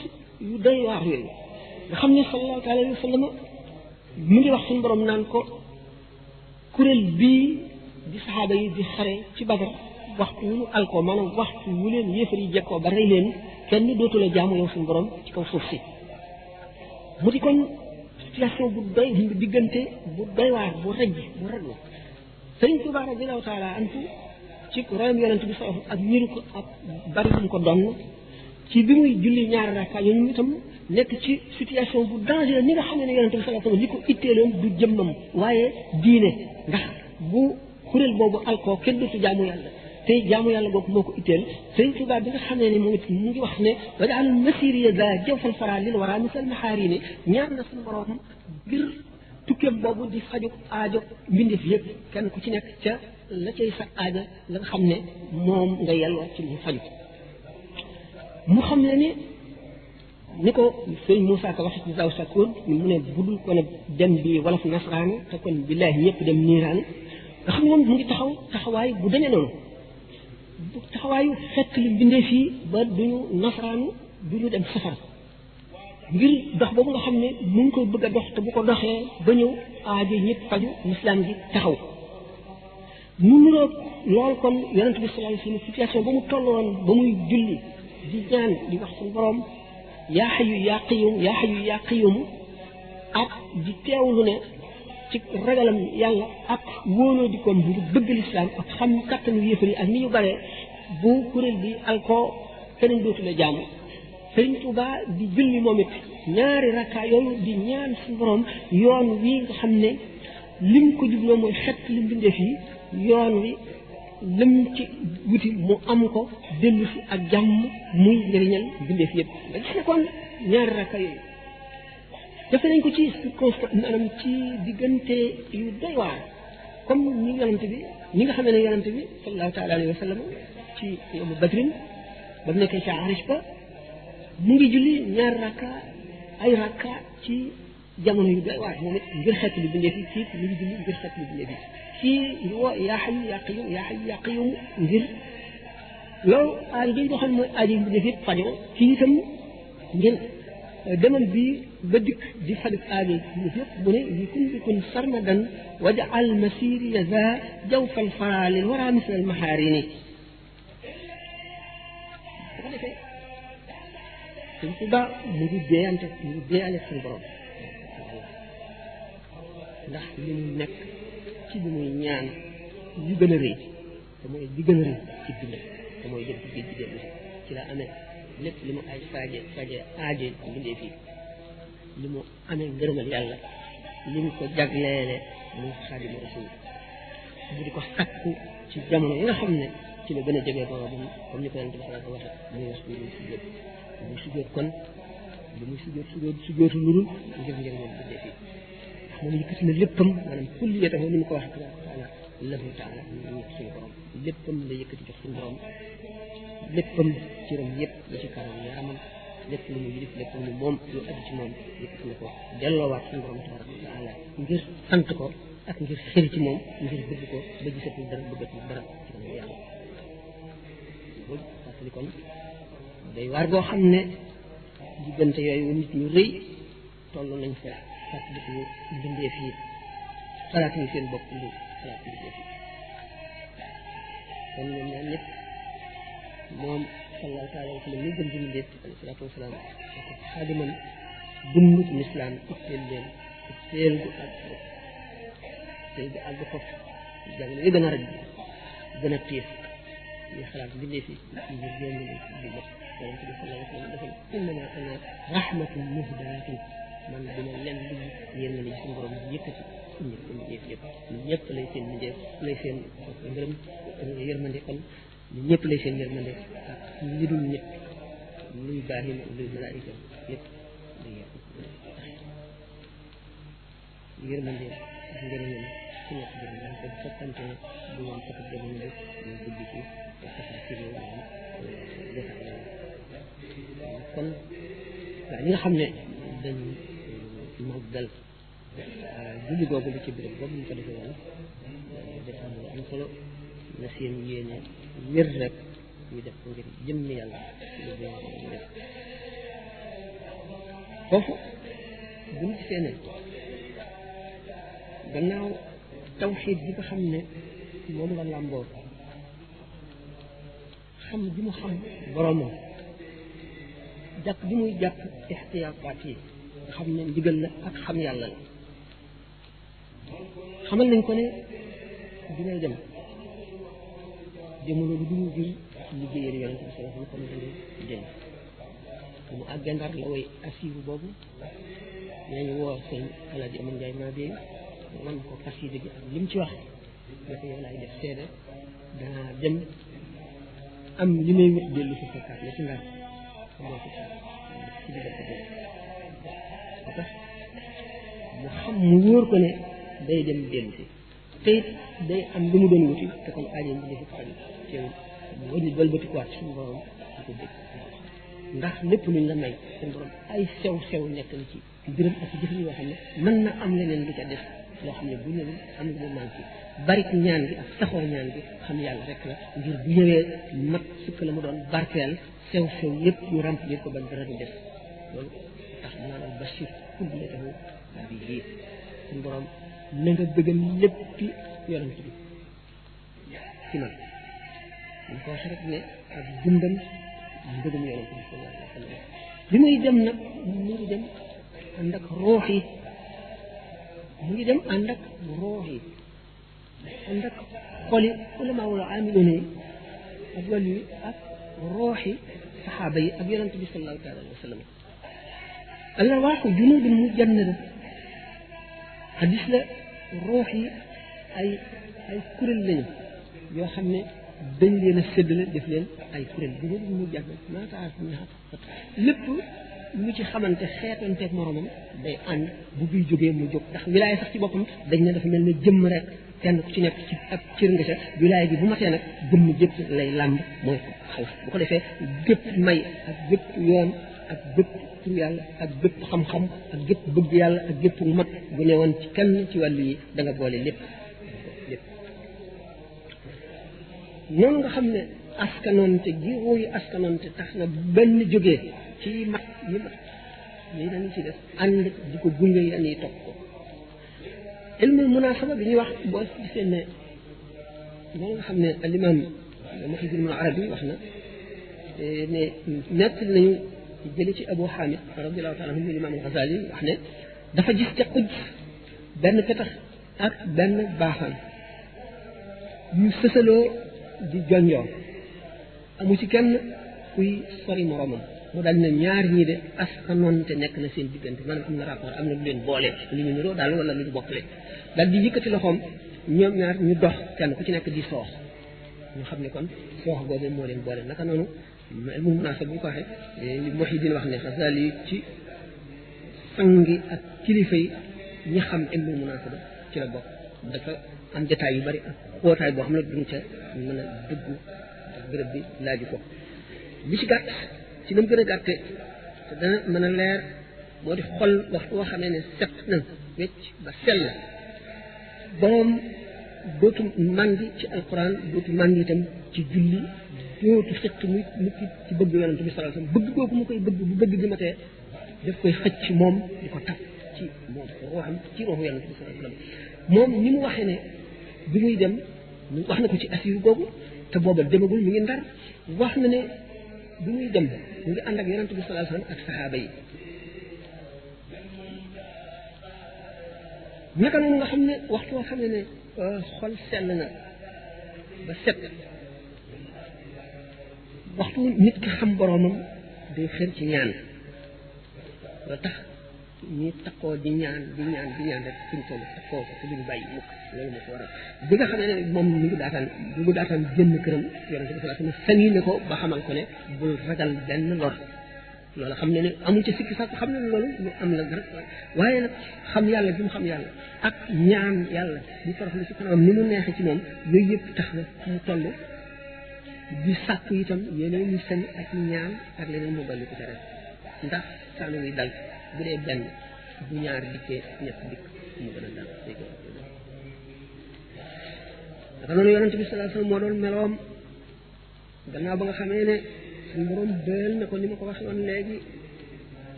yu doy waar yooyu nga xam ne sallallahu alayhi wa mu ngi wax suñu borom naan ko kuréel bii di saxaaba yi di xare ci Badar waxtu wu ñu alko waxtu wu leen yéefar yi jekkoo ba rey leen kenn dootu la jaamu yow suñu borom ci kaw suuf si mu di kon situation bu doy diggante bu doy waar bu rëj bu rëju Sëriñ Tuubaa radiyallaahu taala anhu ci royam yonent ko ak bari ñu ko donn ci bi muy julli ñaari rakka yooyu itam nekk ci situation bu dangereux ni nga xam ne ne yonent bi sax li ko itteeloon du jëmmam waaye diine ndax bu kuréel boobu alkoo kenn dootu jaamu yàlla te jaamu yàlla googu moo ko itteel sëriñ Tuubaa bi nga xamee ne mu ngi mu ngi wax ne wajal masiriya za jawfal fara lil wara misal maxaari ne ñaan na suñu borom ngir tukkeem boobu di faju aajo mbindeef yëpp kenn ku ci nekk ca la cay sa aajo la nga xam ne moom nga yelloo ci mu faju mu xam ne ni ni ko sëriñ Moussa Ka waxee ci Zaw Sakoor mu ne budul ko ne dem bi wolof nasaraani te kon billaahi ñëpp dem niiraan nga xam ne moom mu ngi taxaw taxawaay bu demee noonu taxawaayu fekk li bindee fii ba duñu nasaraanu duñu dem safar ngir dox boobu nga xam ne mu ngi koy bëgg a dox te bu ko doxee ba ñëw aajo ñëpp faju lislaam gi taxaw mu niroog lool kon yonent bi sallallahu alayhi wasallam ba mu tolloon ba muy julli di ñaan di wax suñu borom ya xayu yaa qayum yaa xayu yaa qayum ak di teewlu ne ci ragalam yàlla ak wóoloo di koom ngir bëgg lislaam ak xam kattanu yéefar yi ak ni ñu baree bu kuréel bi alkoo keneen dootu la jaamu sëriñ Tuuba di julli moom it ñaari rakka yooyu di ñaan su borom yoon wi nga xam ne lim ko jubloo mooy xet li mbindeef yi yoon wi lëm ci wuti mu am ko dellu ak jàmm muy njëriñal bindeef yëpp nga gis ne kon ñaari rakka yooyu def ko ci circonstance maanaam ci diggante yu doy waar comme ñi yonante bi nga xamee ne yonante bi sallallahu taala alayhi wa sallam ci yowmu badrin ba mu nekkee ca arish ba mu ngi julli ñaar rakka ay rakka ci jamono yu doy waar moom it ngir xeet li bindeef yi ci mu ngi julli ngir xeet li bindeef yi في هو يحي يقيم يحي يقيم ذر لو ان دي دخل مو ادي دي في فاجو كي تم ذر دمن بي بدك دي فلك ادي دي بني دي كل كل سرمدا وجعل المسير يذا جوف الفال ورا مثل المحارين سنتبا مدي دي انت دي على سنبرو نحن نك ci li muy ñaan li gën a rëy te mooy li gën a rëy ci dundam te mooy jëm ci géej gi dellu si la amee lépp li mu aaj faaje faaje aaje mbindee fii li mu amee ngërëmal yàlla li mu ko jagleele muy xaadimu rasul mu di ko xàkku ci jamono yi nga xam ne ci la gën a jege boroomam comme ni ko yonent bi sallallahu alayhi wa sujjóot kon li muy sujjóot sujjóotu lu dul ngir ngir moom bindee fii moom yëkkati na léppam maanaam kulliyatahu ni mu ko waxee tabaraka taala lahu taala moom suñu borom léppam la yëkkati jox suñu borom léppam ciram yëpp la ci karam yaramam lépp lu mu yilif lépp mu moom lu aju ci moom yëkkati ko delloowaat suñu borom tabaraka taala ngir sant ko ak ngir xëri ci moom ngir bëgg ko ba gisatul dara bëggatul dara ci kanam yàlla boobu fàttali kon day waar goo xam ne diggante yooyu nit ñu rëy toll nañ fa fàttaliku bindee fii xalaat yi seen bopp li xalaat bindee fii kon ñoom ñaan ñëpp moom sallallahu taala wa sallam ñu gën ci mbindeef alayhi salaatu wasalaam ak xaadiman dund ci lislaam itteel leen itteel gu ak tey gu àgg fof jamono yi gën a raj gën a tiis ñu xalaat bindee fi ñu génn leen ci mbindeef yonente bi sallallahu alayhi wa sallam defal innama ana rahmatun muhdaatun man dina len lu yeen ni ci borom yëkëti ñepp ñepp ñepp ñepp lay seen def lay seen ngërëm yërmande kon ñepp lay seen yermande ak ñi dul ñepp luy baaxi luy malaika di lay yermande yërmande ñu ci ñepp di ñu ko soppante bu won ko gën ñu def ñu dugg ci taxaw ci ñu defal kon ñi nga xamne dañu مفضل جولي بابو لكي برم بابو مفضل كي برم دفع مو أنخلو نسيان يين يرزك يدفع مجر جمي الله فوفو بنت سينا بناو توحيد جيبا خمنا مولو غلام بور خم جمو خم برامو جاك جمو جاك احتياطاتي xam ne ndigal la ak xam yàlla la xamal nañ ko ne dina dem demoon lu dul ngir liggéeyal yonente bi sallallahu alayhi wa sallam mu àggee ndar la way asiru boobu nañu woo sëñ Alaaji Aman Njaay maa bee man ko kasida gi ak lim ci wax ne ko yow laay def seede danaa dem am li may wut dellu fekkaat la ci ndar moo ko ci ba mu xam mu wóor ko ne day dem dellu si te day am lu mu doon wuti te kon aajo bi dafa faj teewul mu wëññi wëlbatikuwaat suñu borom di ko ndax lépp luñ la may ay sew sew nekk na ci mbiram ak jëf yoo xam ne mën na am leneen li ca def loo xam ne bu ñëwee am na lu manqué bari ñaan gi ak saxoo ñaan gi xam yàlla rek la ngir bu ñëwee mat sukk la mu doon barkeel sew sew yëpp ñu remplir ko ba dara du def tax dana bashir kulliyatahu habihi sun borom na nga bëggal léppi yonent bi ci man mu ko wax rek ne ak dundam mbëggum yonent bi sallallahu alayhi wa sallam bi muy dem nag mu ngi dem ànd ak roox yi mu ngi dem ànd ak roox yi ànd ak xoli ulama wala amilone yi ak wàllu yi ak roox yi saxaaba yi ak yonent bi sallallahu alayhi wa sallam النواحي جنود مجندة حديث لا روحي أي أي كرل لين yoo xam ne dañ leen a séddale def leen ay kuréel bu ngeen mu jàgg maa taas naat lépp ñu ci xamante xeetanteeg moromam day ànd bu buy jógee mu jóg ndax wilaay sax ci boppam dañ ne dafa mel ne jëmm rek kenn ku ci nekk ci ab cër nga ca wilaay bi bu matee nag jëmm jëpp lay làmb mooy ko xalaat bu ko defee gépp may ak gépp yoon ak bépp tur yàlla ak bépp xam yàlla ak mat bu ne ci kenn ci wàllu yi da nga boole lépp lépp noonu nga xam ne askanonte gi wooyu askanonte tax na benn jógee ci mat yi mat yi dañu ci def ànd di ko gunge yan yi ñuy wax boo ne loolu wax na eh, nett nañu ci jëli ci Abu Hamid radiyallahu taala dafa gis ca benn petax ak benn baaxaan ñu sësaloo di jonjoo amu ci kenn kuy sori moroomam mu daal ne ñaar ñii de askanoonte nekk na seen diggante maanaam am na rapport am na lu leen boole lu ñu niroo daal wala lu ñu bokkale daal di yëkkati loxoom ñoom ñaar ñu dox kenn ku ci nekk di soox ñu xam ne kon soox googu moo leen boole naka noonu almuhim bu ko waxee li wax yi dina wax ne xasaali ci sangi ak kilifa yi ñi xam ilmul munasaba ci la bokk dafa am jataay yu bari ak xóotaay boo xam ne duñ ca mën a dugg ndax béréb bi laaju ko li ci gàtt ci lam gën a gàtte te dana mën a leer moo di xol waxtu woo xamee ne set na wecc ba sell borom dootu mandi ci alquran dootu mandi itam ci julli yootu fekk nit nit ki ci bëgg yonent bi sallallahu alayhi wasallam bëgg googu mu koy bëgg bu bëgg di matee daf koy xëcc moom di ko taf ci moom ruuxam ci ruuxu yonent bi sallallahu alayhi wasallam moom ni mu waxee ne bi muy dem wax na ko ci asiru googu te booba demagul mi ngi ndar wax na ne bi muy dem mu ngi ànd ak yonent bi sallallahu alayhi wasallam ak saxaaba yi naka noonu nga xam ne waxtu woo xam ne ne xol sell na ba set waxtu nit ki xam boroomam day xër ci ñaan loo tax ñi takkoo di ñaan di ñaan di ñaan rek takkoo ko te duñ bàyyi mukk loolu moo ko waral bi nga xam ne moom mi ngi daataan mi ngi daataan génn këram ko ba xamal ko ne bul ragal benn lor loolu xam ne ne amul ci sikki sàkk xam am la rek xam yàlla bi mu xam yàlla ak ñaan yàlla ñu toroxlu ci kanamam ci moom yooyu yëpp tax na mu toll di sàkk itam yeneen i sañ ak ñaan ak leneen mu dolli ko ca ren ndax sànni wi dal bu dee benn bu ñaar dikkee ñett dikk mu gën a dal day gën a dal dafa bi sallallahu alayhi wasallam moo doon meloom gannaaw ba nga xamee ne suñu borom bël na ko ni ma ko waxee woon léegi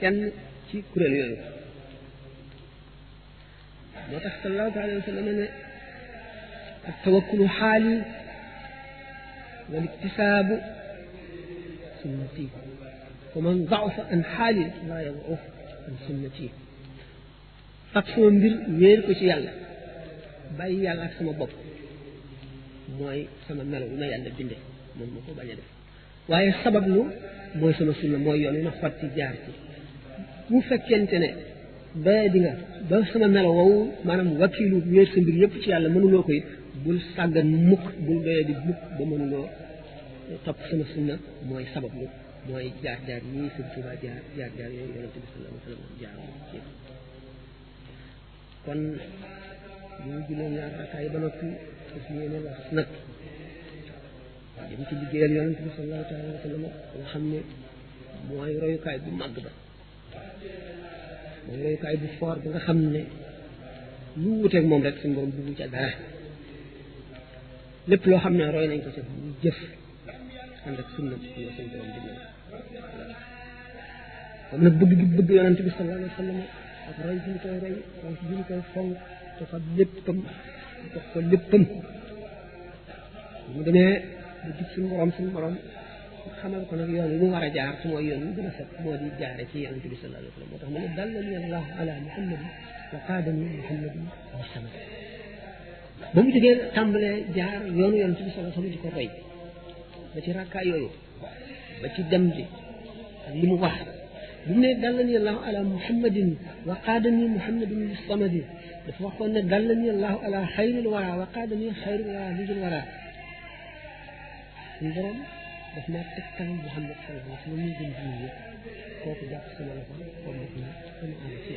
kenn ci kuréel yooyu moo tax sallallahu alayhi wasallam ne ak xaali والاكتساب سنتي ومن ضعف أن حال لا يضعف عن سنتي تقفو ندير وير كوشي باي يالا سما بوب موي سما ملو ما يالا بيندي مون مكو باجا ديف واي سبب موي سما سنة موي يوني ما جارتي بو فكنتني با ديغا سما ملو وو مانام وكيلو وير سندير ييب سي يالا منو لوكوي بول ساغان موك بول دايدي موك با منو لو topp sama sunna mooy sabab lu mooy jaar jaar yi sun tuba jaar jaar jaar yooyu yonente bi sallallahu alayhi wa sallam jaar ci kon ñu julee ñaar rakkaay ba noppi fas yéene wax nag dem ci liggéeyal yonente bi sallallahu alayhi wa sallam nga xam ne mooy royukaay bu mag ba mooy royukaay bu for ba nga xam ne lu wuteeg moom rek suñu borom dugg ca dara lépp loo xam ne roy nañ ko ca jëf ànd ak sunnat yi seen borom di ñëw kon nag bëgg gi bëgg yonent bi sallallahu alayhi wa sallam ak roy bi ñu koy roy fonk bi ñu koy fonk te fa léppam jox ko léppam mu demee ba gis suñu borom suñu borom xamal ko nag yoon yi mu war a jaar su mooy yoon yi gën a set moo di jaare ci yonent bi sallallahu alayhi wa sallam moo tax mu ne dallani allahu ala muhammadin wa qaadani muhammadin bi sama ba mu jógee tàmbalee jaar yoonu yonent bi sallallahu alayhi wa sallam di ko roy ba ci rakka yooyu ba ci dem bi ak li mu wax bu mu ne dallani allahu ala muhammadin wa qaadani muhammadin lissamadi dafa waxoon ne dallani allahu ala xayril wara wa qaadani xayril wara lijil wara suñu borom daf naa tegtal muhammad sallallahu alayhi wa sallam ñu gën jiw yëpp kooku jàpp sama loxo kon def naa sama ànd ci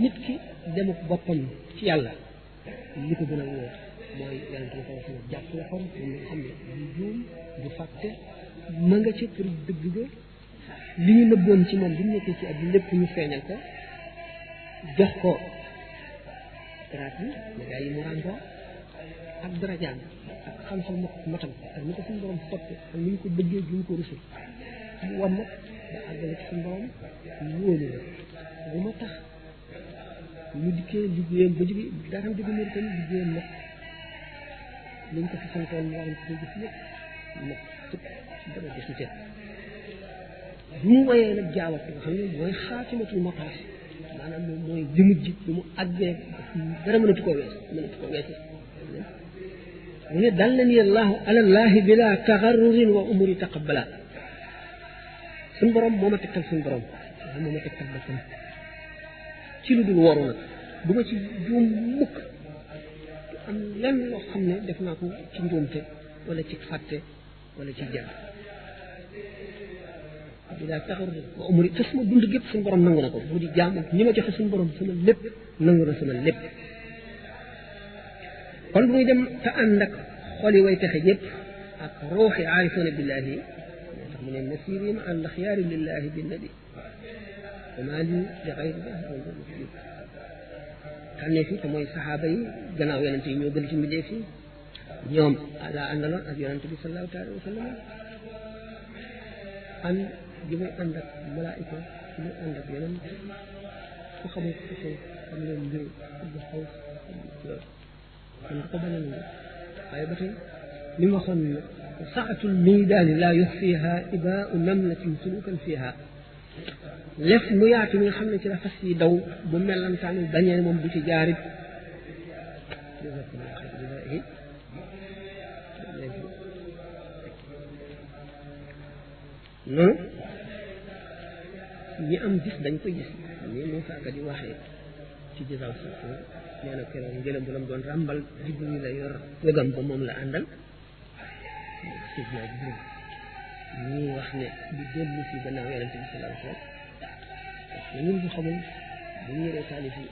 nit ki demuk boppam ci yàlla li ko gën a wóor mooy yàlla dina ko wax jàpp na kon moom xam ne du juum du fàtte ma nga ci kër dëgg ga li ñu nëbboon ci moom bi mu nekkee ci at lépp ñu feeñal ko jox ko raat bi ma gaa yi mu ràngoo ak darajaam ak xam-xam matam ak ni ko suñu borom ak ñu ko ñu ko rusul mu ba àggale ci suñu borom wóolu la bu ma tax ñu dikkee liggéeyam ba jóge dara liggéeyam nag لم تكن سنة أن يعلم كتن جسلي ما تبقى تبقى جسلي تبقى بمو ويا نجاوة تبقى موي خاتمة المطاس معنى موي دمج بمو أجي درى من تقوى ويس من تقوى ويس ويدلني الله على الله بلا تغرر وأمر تقبلا سنبرم موما تكن سنبرم موما تكن بسن تلو دل ورونة بمو تجوم مكتب am lenn loo xam ne def naa ko ci njuumte wala ci fàtte wala ci jàll bila taxarud wa umri te suma dund gépp suñu borom nangu na ko bu di jaam ak ñi ma joxe suñu borom sama lépp nangu na sama lépp kon bu muy dem te ànd ak xoli way texe yépp ak ruuxi aarifoona billahi moo tax mu ne nasirim al xiyaaru lillahi bi nabi wa maa li li xayri tànneef yi te mooy saxaaba yi gannaaw yonent yi ñoo gën ci mbindeef yi ñoom laa àndaloon ak yonent bi sallallahu taala wa sallam ànd gi muy ànd ak malaayika gi muy ànd ak yonent ku xamul ku xew xam leen mbir bu xaw kon ko bañ a nangu waaye ba tey li ma waxoon ne saatul miidaani laa yuxfiiha ibaa namlatin sulukan fiiha lef mu yaatu mi nga xam ne ci la fas yi daw bu mellantaanu dañee moom du ci jaarit non ñi am gis dañ ko gis ni ka di waxee ci jësal safu bu doon la yor ba moom la ñuy wax ne di dellu si gannaaw yonente bi sallallahu alayhi wasallam wax na ñun ñu xamul bu ñu yoree taalif yi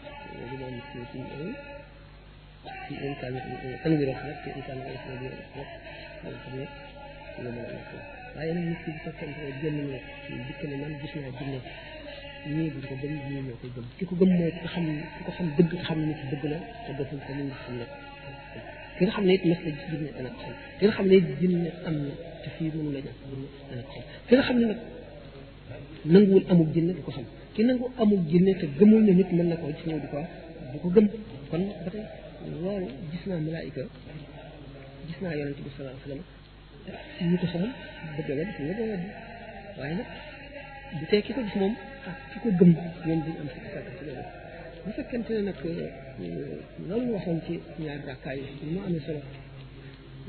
ñu doon ci ci ci imkaan tanwir wax nag te imkaan ay fi di wax wala xam ne lu mën a nekk waaye nag nit ki bu fekkente ne génn na ci dikk ne man gis naa jinne ñii duñ ko gëm ñii ñoo koy gëm ki ko gëm mooy ki ko xam ki ko xam dëgg xam ni ci dëgg la te dëggul ko ñu xam nag غير حملية مثل جديد أنا أتحل غير حملية جنة أمن تفيدون ولا جنة أنا أتحل غير حملية نعو الأمو جنة كفن كنا نعو أمو جنة كجمل من نت منك وجسنا دكوا دكوا جم فن بتاعي وار جسنا ملاك جسنا يا نبي صلى الله عليه وسلم متصل بجوار بجوار بجوار وين بتاعي كده جسمه كده جم يندي أمسك كده لا bu fekkente ne nag loolu ñu waxoon ci ñaari rakkaay yi ni mu amee solo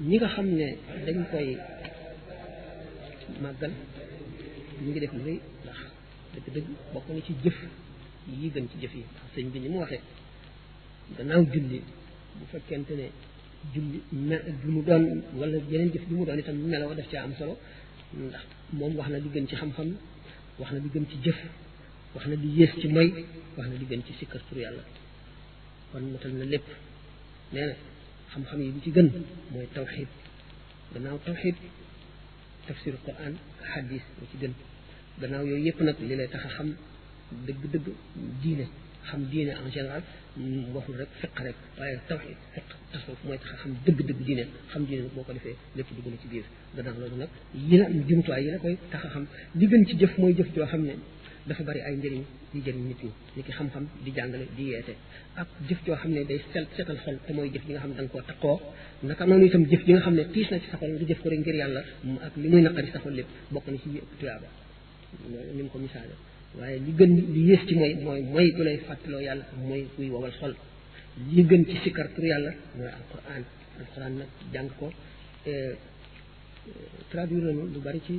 ñi nga xam ne dañ koy màggal ñu ngi def lu ndax dëgg-dëgg bokk na ci jëf yi gën ci jëf yi sëñ bi ni mu waxee gannaaw julli bu fekkente ne julli me lu mu doon wala yeneen jëf lu mu doon itam meloo def caa am solo ndax moom wax na li gën ci xam-xam wax na li gën ci jëf wax na li yées ci moy wax na li gën ci sikkar tur yàlla kon matal na lépp neena xam-xam yi bi ci gën moy tawhid gannaaw tawhid tafsir quran hadith bu ci gën gannaaw yoy yep nak li lay tax xam deug deug diine xam diine en général waxul rek fiq rek waye tawhid fiq tasawuf moy tax xam deug deug diine xam diine boko defé lépp dugg na ci biir gannaaw lolu nak yi la jumtuwaay yi la koy tax xam li gën ci jëf moy jëf jo xamne dafa bari ay njëriñ di jëriñ nit ñi ni ki xam-xam di jàngale di yeete ak jëf joo xam ne day sel setal xol te mooy jëf ji nga xam ne da nga koo takkoo naka noonu itam jëf nga xam ne tiis na ci sa xol nga jëf ko rek ngir yàlla ak li muy naqari sa xol lépp bokk na ci ëpp tuyaaba ni mu ko misaale waaye li gën li yées ci mooy mooy mooy ku lay fàttaloo yàlla mooy kuy wowal xol li gën ci sikkar pour yàlla mooy alquran alquran nag jàng ko euh, euh, traduire nañu lu bari ci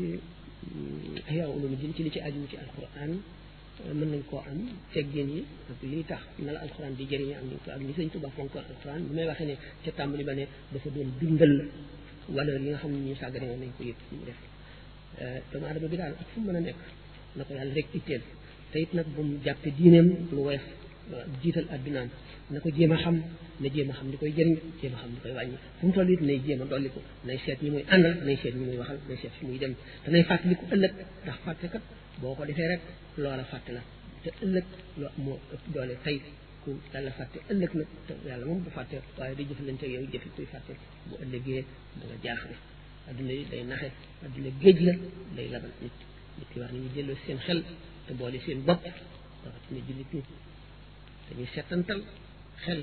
Ihya mm, Ulumuddin ci li ci aju ci alquran euh, mën nañ koo am teggin yi ak liy tax na la alquran di jëriñu am nañ ko ak li Sëñ Tuubaa fonk alquran bu may waxee ne ca tàmbali ba ne dafa doon dundal valeur yi nga xam ne ñu sàggane woon nañ ko yëpp mu def euh, doomu aadama bi daal ak fu mën a nekk na ko yàlla rek itteel te it nag bu mu jàppe diineem lu woyof euh, jiital addinaam na ko jéem a xam na jéem a xam li koy jëriñ jéem a xam li koy wàññi fu mu toll it nay jéem a dolliku nay seet ñi muy àndal nay seet ñi muy waxal nay seet fi muy dem te nay fàttaliku ëllëg ndax fàtte kat boo ko defee rek loola fàtte la te ëllëg loo moo ëpp doole tey ku yàlla fàtte ëllëg nag te yàlla moom bu fàtte waaye day jëfalante yow jëfi kuy fàtte bu ëllëgee da nga jaaxle adduna yi day naxe adduna géej la day labal nit nit ki war nañu delloo seen xel te boole seen bopp rawatina jullit ñi dañuy settantal fenn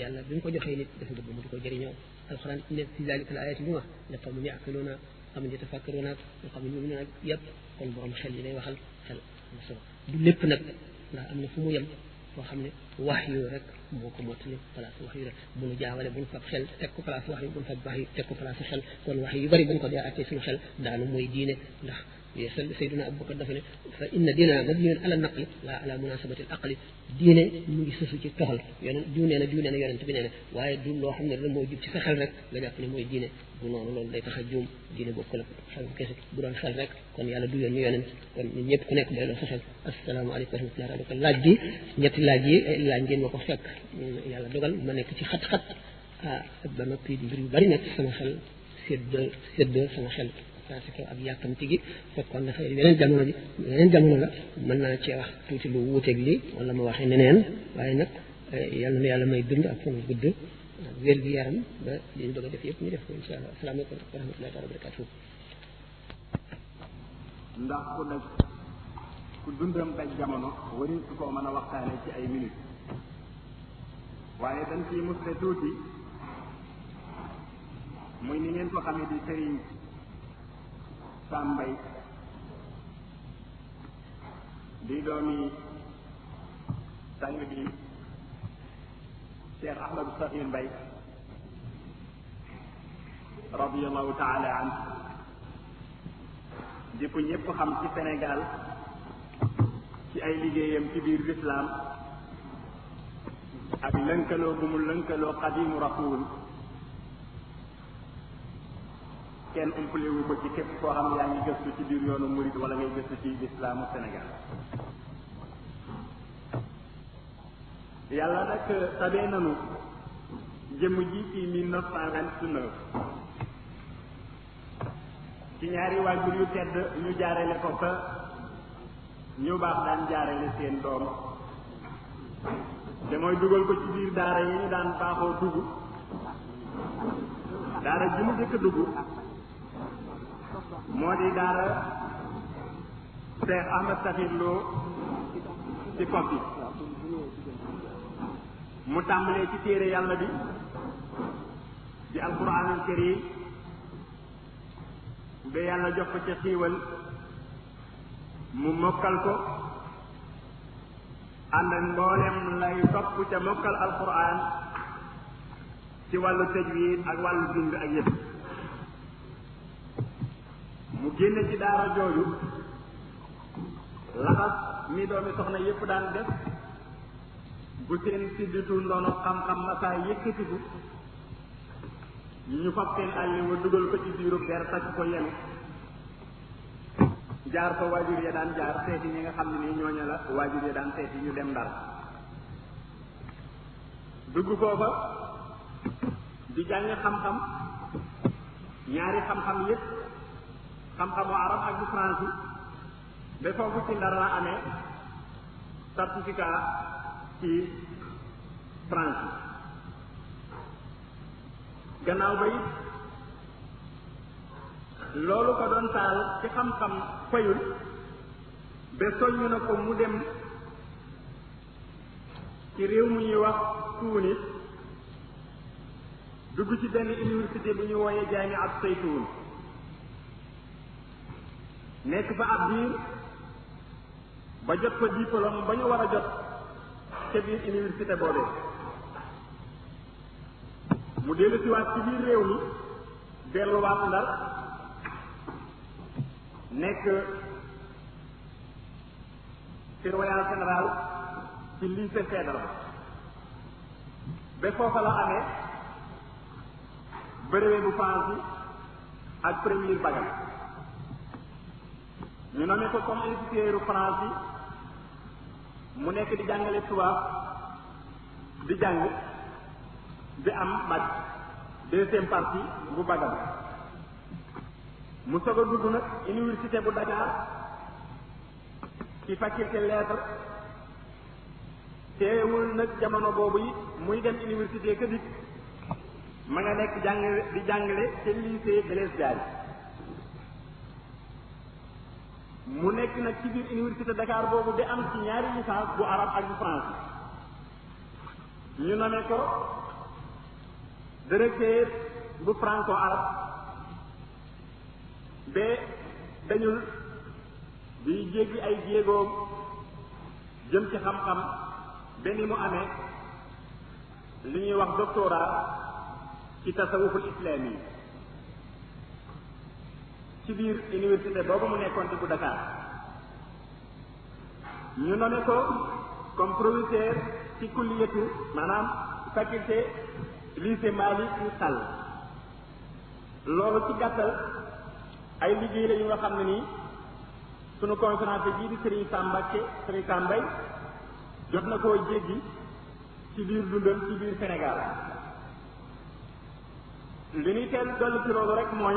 yàlla bi mu ko joxee nit def nga ba mu di ko jëriñoo alxuraan ne fi zalika la ayati luma la qawmin yaqiluuna qawmin yatafakkaruuna wa qawmin yuminuuna ak yëpp kon borom xel yi lay waxal xel am solo du lépp nag ndax am na fu mu yem foo xam ne wax yu rek moo ko mottali place wax yu rek bu nu jaawale bu nu fab xel teg ko place wax yu bu nu fab wax yu teg ko place xel kon wax yu bari bu ñu ko dee àttee suñu xel daanu mooy diine ndax يسمي سيدنا أبو بكر دفن فإن دينا مبني على النقل لا على مناسبة العقل دينا مي سوسو كي تخل يعني دوني أنا دوني أنا يرن تبين أنا واي دون لو حمد الرمو يجيب تسا خل رك لجا قلي موي دينا بنان الله لي تخجوم دينا بوكل خل كيسك بران خل رك كون يالا دو يرن يرن كون نيب كنك بيلو سخل السلام عليكم ورحمة الله وبركاته لاجي نيب لاجي إلا نجين وكو فك يالا دوغل مني كتي خط خط آه، أبا نطيد بري بري نت سمخل سيد سيد سمخل ci kaw ak yàkkamti gi fekkoon dafa yeneen jamono ji yeneen jamono la mën naa cee wax tuuti lu wuuteeg lii wala ma waxee neneen waaye nag eh, yàlla na yàlla may dund ak fan gudd ak wér gi yaram ba li ñu a def yëpp ñu def ko insha allah asalaamaaleykum wa rahmatullahi taala wa barakatuh ndax ku jamono warit su koo mën a waxtaane ci ay minutes waaye dañ ciy mus tuuti muy ni ko xamee di sëriñ mbay di doomi sang bi Cheikh Ahmadou Sakhir Mbaye radiallahu taala an di ku xam ci Sénégal ci ay liggéeyam ci biir lislaam ak lënkaloo bu mu lënkaloo xadimu rasul kenn umpale wu ko ci képp koo xam ne yaa ngi gëstu ci biir yoonu murid wala ngay gëstu ci lislaamu Sénégal yàlla nag tabee nanu jëmm ji ci mille neuf cent vingt-neuf ci ñaari waajur yu tedd ñu jaarale ko fa ñu baax daan jaarale seen doom te mooy dugal ko ci biir daara yi ñu daan baaxoo dugg daara ji mu jëkk dugg moo di daara Cheikh Ahmed Safir ci kopp yi mu tàmbalee ci téere yàlla bi di alquranul karim ba yàlla jox ko ci xiiwal mu mokkal ko ànd ak mboolem lay topp ca mokkal alquran ci wàllu tajwid ak wàllu bind ak yëpp mu génne ci daara jooju laxas mi doomi soxna yépp daan def bu seen sidditu ndono xam-xam masaa yëkkatiku ñu fab seen àlli wa dugal ko ci biiru der ko yenu jaar ko waajur ya daan jaar seeti ñi nga xam ne nii ñooña la waajur ya daan seeti ñu dem ndar dugg foofa di jàng xam-xam ñaari xam-xam yépp xam-xamu arab ak bu français ba foofu ci ndar amee certificat ci français gannaaw ba loolu ko doon taal ci xam-xam fayul ba soññu na ko mu dem ci réew mu ñuy wax Tunis dugg ci benn université bu ñu wooyee jaami ab saytuun nekk fa ab biir ba jot fa diplôme ba ñu war a jot ca biir université boobee mu dellu si waat ci biir réew mi ndar nekk surveillant général ci lycée fédéral ba foofa la amee brevet bu France ak premier bagal ñu nommé ko comme bi mu nekk di jàngale tubaab di jàng di am mag deuxième partie bu bagal mu soog a dugg nag université bu Dakar ci faculté lettres teewul nag jamono boobu yi muy dem université Québec ma nga nekk jàng di jàngale ci lycée Blaise Diagne mu nekk nag ci biir université Dakar boobu di am ci ñaari licence bu arabe ak bu français ñu name ko directeur bu franco arabe ba dañul di jéggi ay jéegoom jëm ci xam-xam ba mu amee li ñuy wax doctorat ci tasawuful islami ci biir université boobu mu nekkoon di bu Dakar ñu nommé ko comme professeur ci kulliyatu maanaam faculté lycée Malick Sall loolu ci gàttal ay liggéey la yu nga xam ne nii sunu conférence bii di Serigne Sambacké Serigne Sambay jot na ko jéggi ci biir dundam ci biir Sénégal li ñuy teel dolli ci rek mooy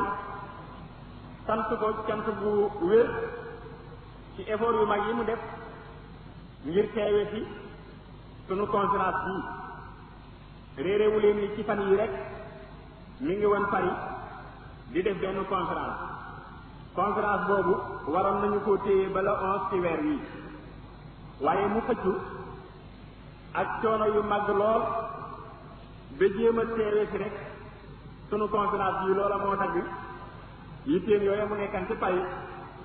sant ko cant bu wér ci effort yu mag yi mu def ngir teewe fi sunu conférence bi réeréwu leen ci fan yi rek mu ngi woon Paris di def benn conférence conférence boobu waroon nañu koo téye ba la onze ci weer wi waaye mu xëccu ak coono yu mag lool ba jéem a teewe rek sunu conférence bi loola moo tagg yitteem yooyu mu nekkan ci pay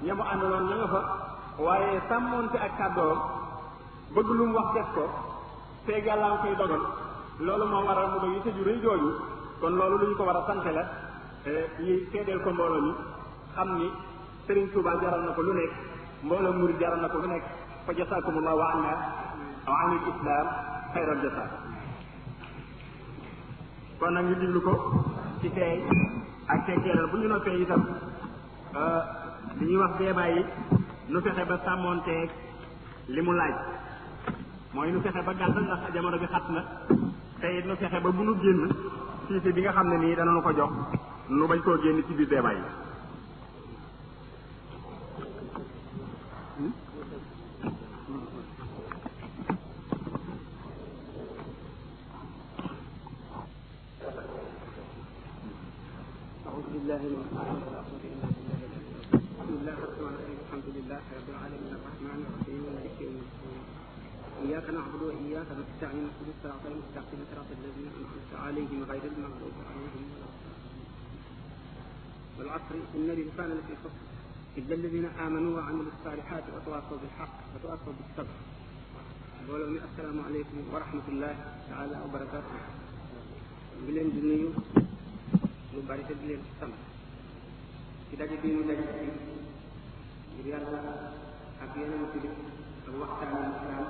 ña mu àndaloon anu ña nga fa waaye sàmmoonte ak kàddoom bëgg lu mu wax def ko feeg yàlla koy dogal loolu moo waral mu doon yitte ju rëy jooju kon loolu lu ñu ko war a sante la ñuy eh, iya, iya, iya, seedeel ko mbooloo mi xam ni sëriñ tuuba jaral na ko lu nekk mbooloo muri jaral na ko lu nekk fa wa anna wa anil islam xayral jasa kon nag ñu diglu ko ci teey ak teggeeral bu ñu noppee itam euh, li ñuy wax débat yi nu fexe ba sàmmoonteeg li mu laaj mooy nu fexe ba gàttal ndax jamono bi xat na te it nu fexe ba bu nu génn siise bi nga xam ne nii dana nu ko jox nu bañ koo génn ci biir débat yi أعوذ بالله من الشيطان الرجيم بسم الله الرحمن الرحيم الحمد لله رب العالمين الرحمن الرحيم مالك يوم الدين إياك نعبد وإياك نستعين اهدنا الصراط المستقيم صراط الذين أنعمت عليهم غير المغضوب عليهم والعصر إن الإنسان لفي خسر إلا الذين آمنوا وعملوا الصالحات وتواصوا بالحق وتواصوا بالصبر بقول السلام عليكم ورحمة الله تعالى وبركاته بالإنجليزية لبارك الليل في السماء إذا جدي jadi إذا الله أبينا مثلك الوقت عن الإسلام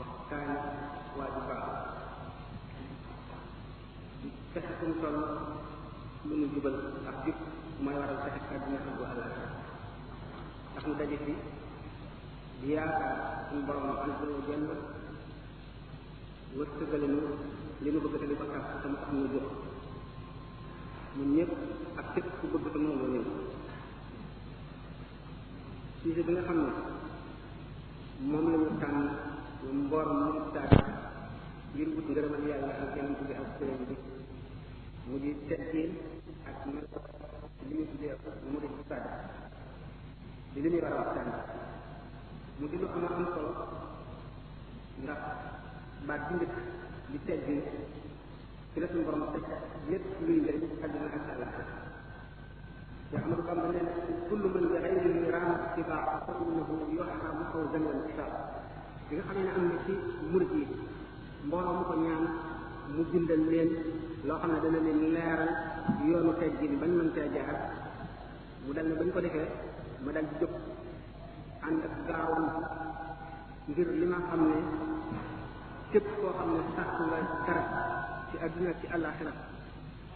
وقتان واجبان saxat mu toll lu mu jubal ak jub mooy waral saxat àdduna ak bu àllaaxira ndax mu daje fi ñun ñëpp ak képp ku bëgg te mën nga ñëw sujet bi nga xam ne moom la tànn ñu mu mu di teggin ak mel di sàdd di war a waxtaan mu di lu am am solo ndax baat bi njëkk di teggin Kita informal يدخل الجنة أجر عسى يعمل قبل كل من بغير الميراث اتباع فإنه يحرم فوزا وانتصارا li nga xamee ne am na ci murid yi mbooloo mu ko ñaan mu bindal leen loo xam ne dana leen leeral yoonu teggin bañ mën cee jaar mu dal ne bañ ko defee ma dal di jóg ànd ak gaawam ngir li ma xam koo xam ne sàkk nga dara ci àdduna ci àllaaxira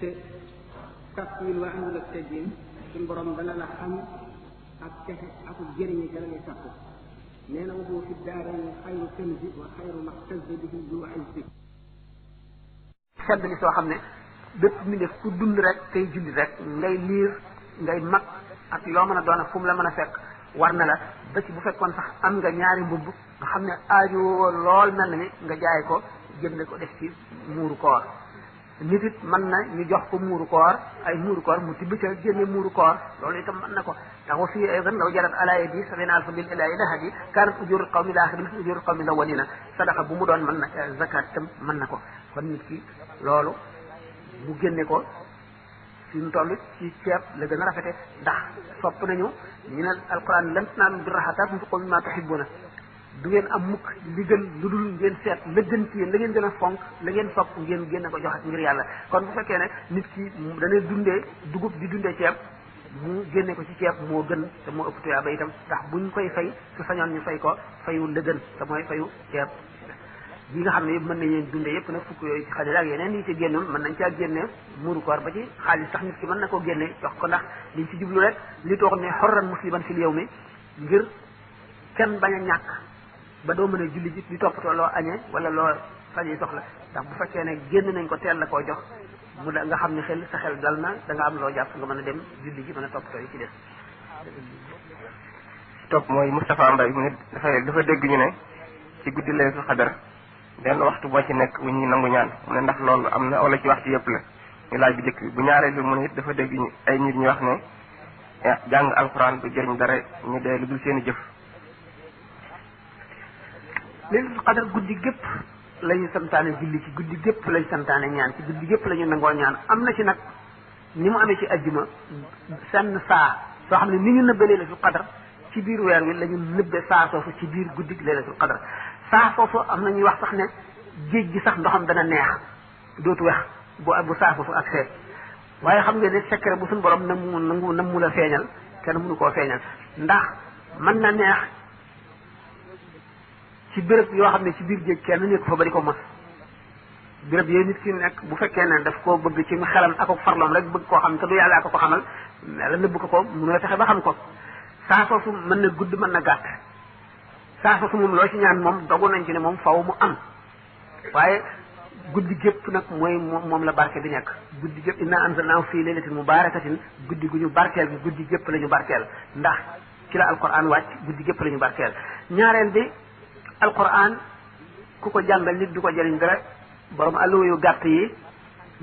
te tàkkwin waa amul ak teggin suñ borom dana la xam ak texe ak jëriñi ca la ngay sàkku nee na waxu fi daareen xayru kanzi wa xayru maxtaz bihi du soo xam ne bépp mi def ku dund rek tey julli rek ngay liir ngay mag ak loo mën a doon ak la mën a fekk war na la ba ci bu fekkoon sax am nga ñaari mbubb nga xam ne aaju lool mel na nga jaay ko jënd ko def ci muuru koor nit it mën na ñu jox ko muuru koor ay muuru koor mu tibb ca génne muuru koor loolu itam mën na ko ndax wa fii aydan law jarat alaaya bi sabina alfa bil ilahi lahadi kanat ujurul qawmi laaxirin fi ujurul qawmi lawalina sadaqa bu mu doon mën na zakat itam mën na ko kon nit ki loolu bu génne ko fi mu toll ci ceeb la gën a rafete ndax sopp nañu ñu ne alquran lan tanaalu birra hattaa tunfiqu mimmaa tuhibbuuna du ngeen am mukk li gën lu dul ngeen seet la gën ci yéen la ngeen gën a fonk la ngeen sopp ngeen génne ko joxe ngir yàlla kon bu fekkee ne nit ki danay dundee dugub di dundee ceeb mu génne ko ci ceeb moo gën te moo ëpp tuyaaba itam ndax ñu koy fay su sañoon ñu fay ko fayu la gën te mooy fayu ceeb yi nga xam ne yëpp mën nañ nañu dundee yëpp nag fukk yooyu ci xajale ak yeneen yi ci génnul mën nañ caa génne muuru koor ba ci xaalis sax nit ki mën na koo génne jox ko ndax liñ ci jublu rek li toox ne xorran musliman fil yow mi ngir kenn bañ ba doo mën a julli ji di toppatoo loo añee wala loo fajee soxla ndax bu fekkee ne génn nañ ko teel la koo jox mu da nga xam xel sa xel dal na da nga am loo jàpp nga mën a dem julli ji mën a toppatoo yi ci des top mooy Moustapha Mbaye mu ne dafa dafa dégg ñu ne ci guddi lay xadar benn waxtu boo ci nekk wu ñuy nangu ñaan mu ne ndax loolu am na wala ci waxtu yépp la ñu laaj bi jëkk bi bu ñaareel bi mu ne dafa dégg ay nit ñu wax ne eh, jàng alquran bu jëriñ dara ñu dee lu dul seen jëf laylatul qadar guddi gépp la ñu santaane julli ci guddi gépp la ñu santaane ñaan ci guddi gépp la ñu nangoo ñaan am na ci nag ni mu amee ci ajjuma seen saa soo xam ne ni ñu nëbbee laylatul qadar ci biir weer wi la ñu nëbbee saa soosu ci biir guddi laylatul qadar saa soosu am na ñuy wax sax ne géej gi sax ndoxam dana neex dootu wex bu bu saa soosu ak see waaye xam nga ne secret bu suñu borom na mu na mu la feeñal kenn mënu koo feeñal ndax mën na neex ci béréb yoo xam ne ci biir géej kenn nekk fa ba di ko mos béréb yooyu nit ki nekk bu fekkee ne daf koo bëgg ci xelam ak farloom rek bëgg koo xam te du yàlla ak ko xamal la nëbb ko ko mënula fexe ba xam ko saa soosu mën na gudd mën na gàtt saa soosu moom loo ci ñaan moom dogu nañ ci ne moom faw mu am waaye guddi gépp nag mooy moom la barke bi nekk guddi gépp inna anzalnaahu fii laylatin mubarakatin guddi gu ñu barkeel gi guddi gépp la ñu barkeel ndax ci la alquran wàcc guddi gépp la ñu barkeel ñaareel bi alquran ku ko jàngal nit duko ko dara borom alluwa yu gatt yi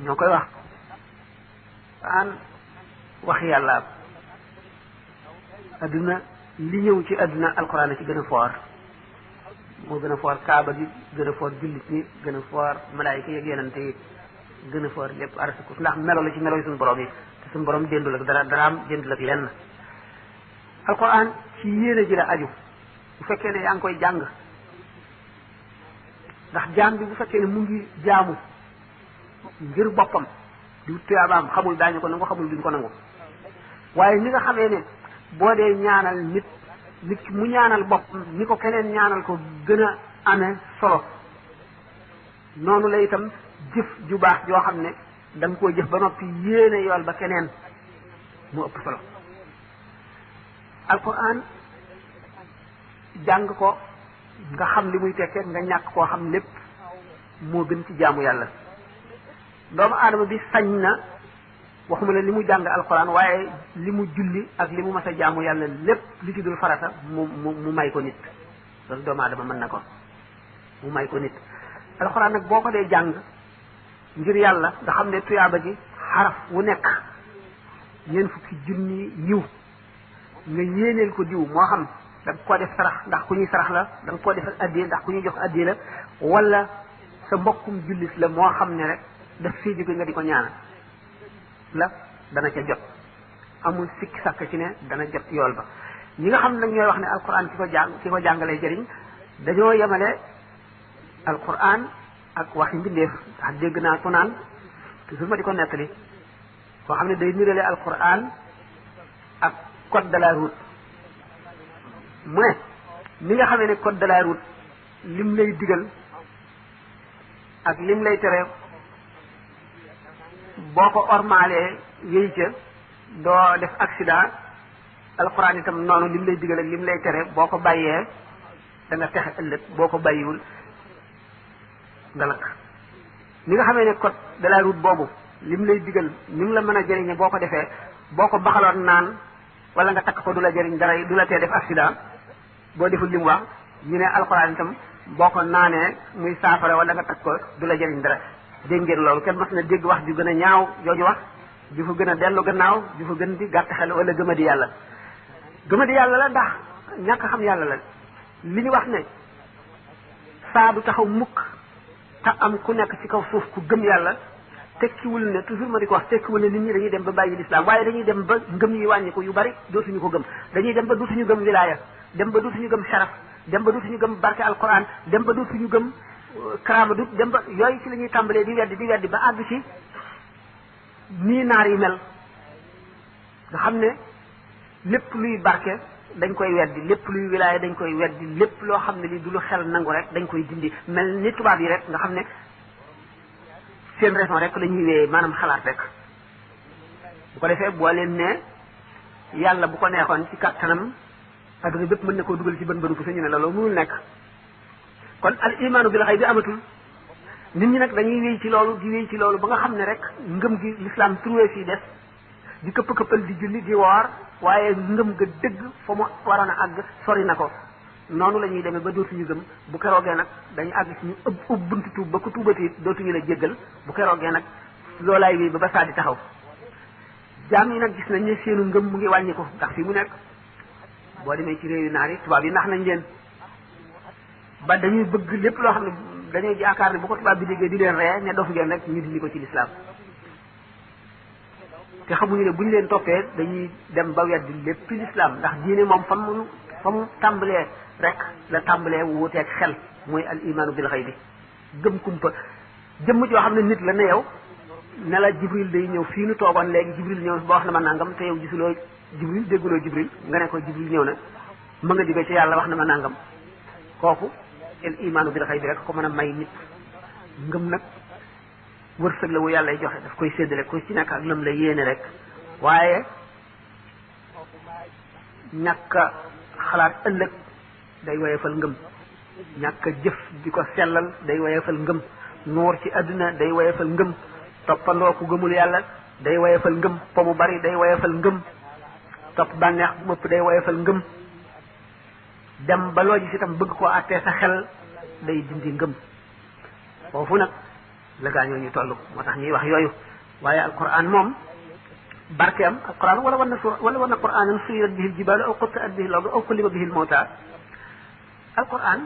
ñokoy wax an wax yalla aduna li ñew ci aduna alquran ci gëna a foor moo gën foor kaaba gi gëna a foor jullit ñi gën a foor malaayika yeeg yenante yi gëna a lepp lépp arasikus ndax melo la ci melo suñu borom yi te borom ak dara am ak lenn alquran ci yene ji la aju bu yang ne koy ndax jaam bi bu fekkee ne mu ngi jaamu ngir boppam di wut tuyaabaam xamul daañu ko nangu xamul duñ ko nangu waaye ni nga xamee ne boo dee ñaanal nit nit ki mu ñaanal bopp ni ko keneen ñaanal ko gën a amee solo noonu la itam jëf ju baax joo xam ne da nga koo jëf ba noppi yéene yool ba keneen mu ëpp solo alquran jàng ko nga xam li muy tekkee nga ñàkk koo xam lépp moo gën ci jaamu yàlla doomu aadama bi sañ na waxuma la li mu jàng alxuraan waaye li mu julli ak li mu mas a jaamu yàlla lépp li ci dul farata mu mu may ko nit loolu doomu aadama mën na ko mu may ko nit alxuraan nag boo ko dee jàng ngir yàlla nga xam ne tuyaaba ji xaraf wu nekk ñeent fukki junni yiw nga yéeneel ko diw moo xam da nga koo def sarax ndax ku ñuy sarax la da nga koo defal addiya ndax ku ñuy jox addiya la sa mbokkum jullit la moo xam ne rek daf fii jóge nga di ko ñaanal la dana ca jot amul sikki sàkk ci ne dana jot yool ba ñi nga xam nag ñooy wax ne alquran ki ko jàng ki jàngalee jëriñ dañoo yemale alquran ak waxi mbindeef ndax dégg naa ko naan toujours ma di ko nettali koo xam ne day nirale alquran ak code de la mu ne ni nga xamee ne code de la lim lay digal ak lim lay tere boo ko ormaalee yéy doo def accident alxuraan itam noonu lim lay digal ak lim lay tere boo ko bàyyee da nga texe boo ko bàyyiwul nga lakk ni nga xamee ne code de la route boobu lim lay digal ni mu la mën a jëriñe boo ko defee boo ko baxaloon naan wala nga takk ko du la jëriñ dara du la tee def accident boo deful li mu wax ñu ne alxuraan itam boo ko naanee muy saafara wala nga takk ko du la jëriñ dara dégg ngeen loolu kenn mas na dégg wax ju gën a ñaaw jooju wax ju fa gën a dellu gannaaw ju fa gën di gàtt xel walla gëma di yàlla gëma di yàlla la ndax ñàkk xam yàlla la li ñu wax ne saa du taxaw mukk te am ku nekk ci kaw suuf ku gëm yàlla tekkiwul ne toujours ma di ko wax tekkiwul ne nit ñi dañuy dem ba bàyyi lislaam waaye dañuy dem ba ngëm yi wàññi yu bari dootuñu ko gëm dañuy dem ba dootuñu gëm wilaaya dem ba dootuñu gëm saraf dem ba dootuñu gëm barke alquran dem ba dootuñu gëm karaama du dem ba yooyu ci la ñuy tàmbalee di weddi di weddi ba àgg ci nii naar yi mel nga xam ne lépp luy barke dañ koy weddi lépp luy wilaaya dañ koy weddi lépp loo xam ne li du lu xel nangu rek dañ koy dindi mel ni tubaab yi rek nga xam ne seen raison rek la ñuy wéyee maanaam xalaat rek bu ko defee boo leen ne yàlla bu ko neexoon ci kattanam aduna bépp mën na koo dugal ci bën bënu pusa ñu ne la loolu mënul nekk kon al imaanu bil xay bi amatul nit ñi nag dañuy wéy ci loolu di wéy ci loolu ba nga xam ne rek ngëm gi l'islam trouvé fii des di këpp këppal di julli di woor waaye ngëm ga dëgg fa mu waroon a àgg sori na ko noonu la ñuy demee ba dootuñu gëm bu keroogee nag dañu àgg si ñu ëpp ëpp buntu tuub ba ku tuubati dootuñu la jéggal bu keroogee nag loolaay wéy ba ba saa di taxaw jaam yi nag gis nañ ne seenu ngëm mu ngi wàññi ko ndax fii mu nekk boo demee ci réew yu naar yi tubaab yi nax nañ leen ba dañuy bëgg lépp loo xam ne dañuy jaakaar ne bu ko tubaab bi déggee di leen ree ne dof ngeen rek ñu dindi ko ci lislaam te xamuñu ne bu ñu leen toppee dañuy dem ba weddi lépp ci lislaam ndax diine moom fa mu fa mu tàmbalee rek la tàmbalee teg xel mooy al imaanu bil xaybi gëm kumpa jëmm joo xam ne nit la ne yow ne la jibril day ñëw fii nu toogoon léegi jibril ñëw ba wax na ma nangam te yow gisuloo jibril dégguloo jibril nga ne ko jibril ñëw na ma nga jóge ci yàlla wax na ma nangam kooku el imaanu bil xay bi rek ko mën a may nit ngëm nag wërsëg la wu yàlla joxe daf koy séddale ko ci nekk ak lëm la yéene rek waaye ñàkk a xalaat ëllëg day woyefal ngëm ñàkk jëf di ko sellal day woyefal ngëm nuur ci àdduna day woyefal ngëm toppandoo ku gëmul yàlla day woyefal ngëm po mu bari day woyefal ngëm topp bànneex mëpp day woyofal ngëm dem ba loo gis itam bëgg koo àttee sa xel day dindi ngëm foofu nag la gaa ñooñu toll moo tax ñuy wax yooyu waaye alquran moom barke am alquran wala wan na su wala wan na quranan suyirat bihi jibalu aw qutti'at bihi lardu aw kullima bihi almawta alquran